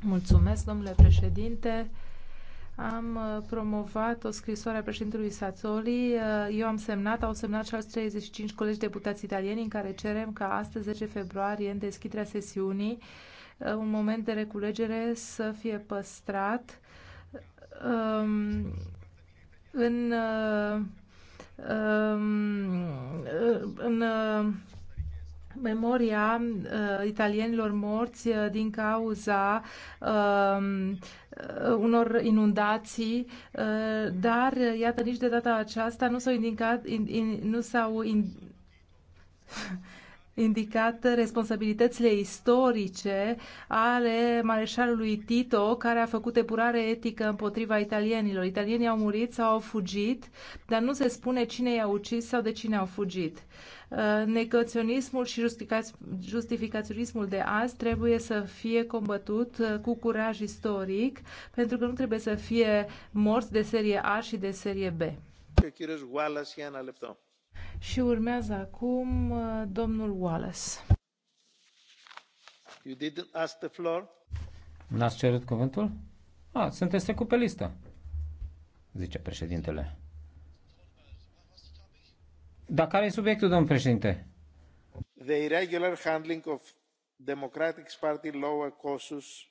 Mulțumesc, domnule președinte. Am uh, promovat o scrisoare a președintelui Sazzoli, uh, eu am semnat, au semnat și alți 35 colegi deputați italieni în care cerem ca astăzi, 10 februarie, în deschiderea sesiunii, uh, un moment de reculegere să fie păstrat um, în, um, în memoria uh, italienilor morți uh, din cauza um, uh, unor inundații, uh, dar uh, iată nici de data aceasta nu s-au indicat, in, in, nu s-au in, *laughs* indicat responsabilitățile istorice ale mareșalului Tito, care a făcut epurare etică împotriva italienilor. Italienii au murit sau au fugit, dar nu se spune cine i-a ucis sau de cine au fugit. Uh, negaționismul și justificaționismul de azi trebuie să fie combătut uh, cu curaj istoric, pentru că nu trebuie să fie morți de serie A și de serie B. Și urmează acum uh, domnul Wallace. You didn't ask the floor? N-ați cerut cuvântul? A, sunteți trecut pe listă, zice președintele. Dar care e subiectul, domnul președinte? The irregular handling of Democratic Party lower costs.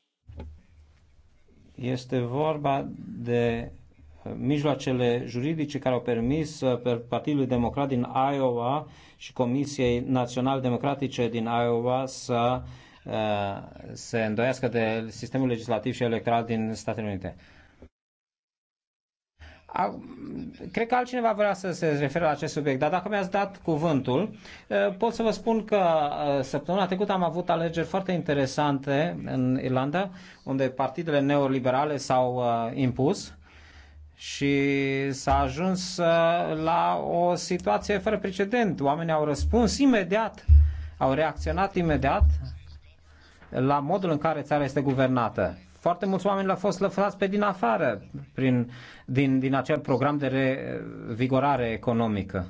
Este vorba de mijloacele juridice care au permis uh, Partidului Democrat din Iowa și Comisiei Național Democratice din Iowa să uh, se îndoiască de sistemul legislativ și electoral din Statele Unite. Cred că altcineva vrea să se referă la acest subiect, dar dacă mi-ați dat cuvântul, uh, pot să vă spun că săptămâna trecută am avut alegeri foarte interesante în Irlanda, unde partidele neoliberale s-au impus și s-a ajuns uh, la o situație fără precedent. Oamenii au răspuns imediat, au reacționat imediat la modul în care țara este guvernată. Foarte mulți oameni l au fost lăsați pe din afară prin, din, din acel program de revigorare economică.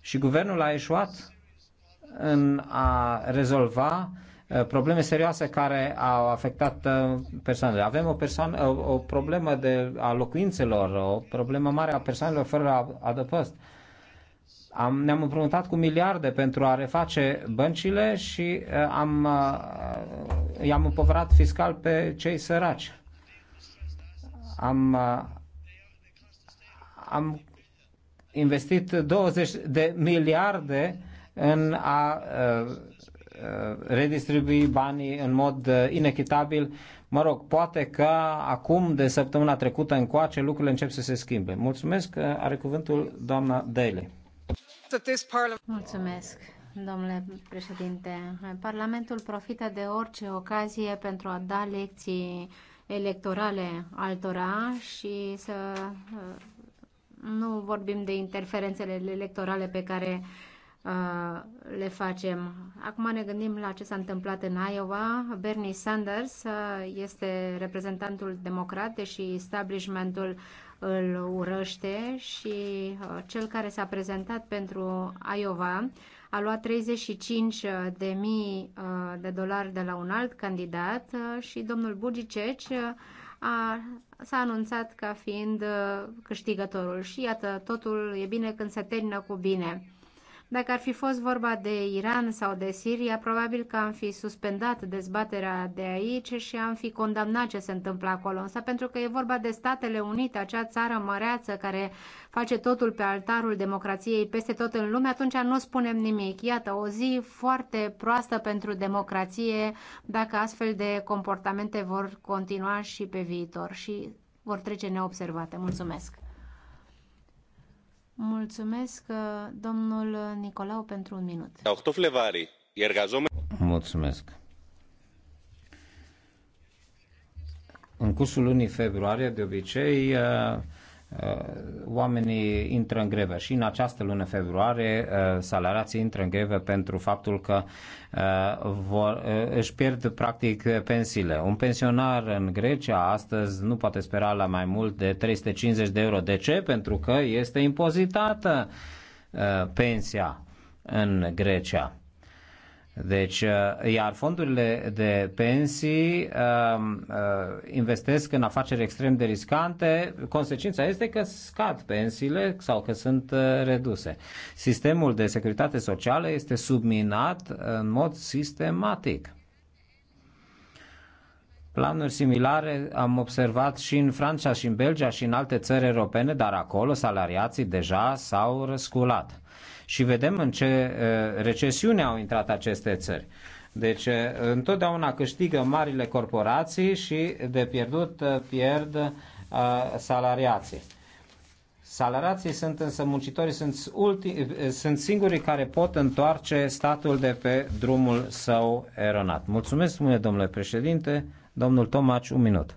Și guvernul a ieșuat în a rezolva Eh, probleme serioase care au afectat eh, persoanele. Avem o, persoană, o, o problemă de, a locuințelor, o problemă mare a persoanelor fără adăpost. Am, ne-am împrumutat cu miliarde pentru a reface băncile și eh, am, i-am împovărat fiscal pe cei săraci. Am, am investit 20 de miliarde în a uh, redistribui banii în mod uh, inechitabil. Mă rog, poate că acum, de săptămâna trecută încoace, lucrurile încep să se schimbe. Mulțumesc. Uh, are cuvântul doamna Daly. Mulțumesc. Domnule președinte, Parlamentul profită de orice ocazie pentru a da lecții electorale altora și să uh, nu vorbim de interferențele electorale pe care le facem. Acum ne gândim la ce s-a întâmplat în Iowa. Bernie Sanders este reprezentantul democrat, deși establishmentul îl urăște și cel care s-a prezentat pentru Iowa a luat 35 de mii de dolari de la un alt candidat și domnul Bugiceci a, s-a anunțat ca fiind câștigătorul și iată, totul e bine când se termină cu bine. Dacă ar fi fost vorba de Iran sau de Siria, probabil că am fi suspendat dezbaterea de aici și am fi condamnat ce se întâmplă acolo. Însă pentru că e vorba de Statele Unite, acea țară măreață care face totul pe altarul democrației peste tot în lume, atunci nu spunem nimic. Iată, o zi foarte proastă pentru democrație dacă astfel de comportamente vor continua și pe viitor și vor trece neobservate. Mulțumesc! Mulțumesc, uh, domnul Nicolau, pentru un minut. Mulțumesc. În cursul lunii februarie, de obicei, uh, Uh, oamenii intră în grevă și în această lună februarie uh, salariații intră în grevă pentru faptul că uh, vor, își pierd practic pensiile. Un pensionar în Grecia astăzi nu poate spera la mai mult de 350 de euro. De ce? Pentru că este impozitată pensia în Grecia. Deci, uh, iar fondurile de pensii um, uh, investesc în afaceri extrem de riscante, consecința este că scad pensiile sau că sunt uh, reduse. Sistemul de securitate socială este subminat în mod sistematic. Planuri similare am observat și în Franța, și în Belgia, și în alte țări europene, dar acolo salariații deja s-au răsculat și vedem în ce recesiune au intrat aceste țări. Deci întotdeauna câștigă marile corporații și de pierdut pierd salariații. Salariații sunt însă muncitorii, sunt, ulti, sunt singurii care pot întoarce statul de pe drumul său eronat. Mulțumesc, domnule președinte. Domnul Tomaci, un minut.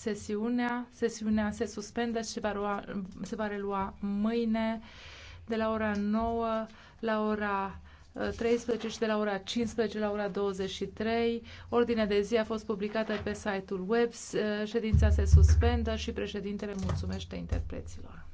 sesiunea. Sesiunea se suspendă și va lua, se va relua mâine de la ora 9 la ora 13 uh, și de la ora 15 la ora 23. Ordinea de zi a fost publicată pe site-ul web. Uh, ședința se suspendă și președintele mulțumește interpreților.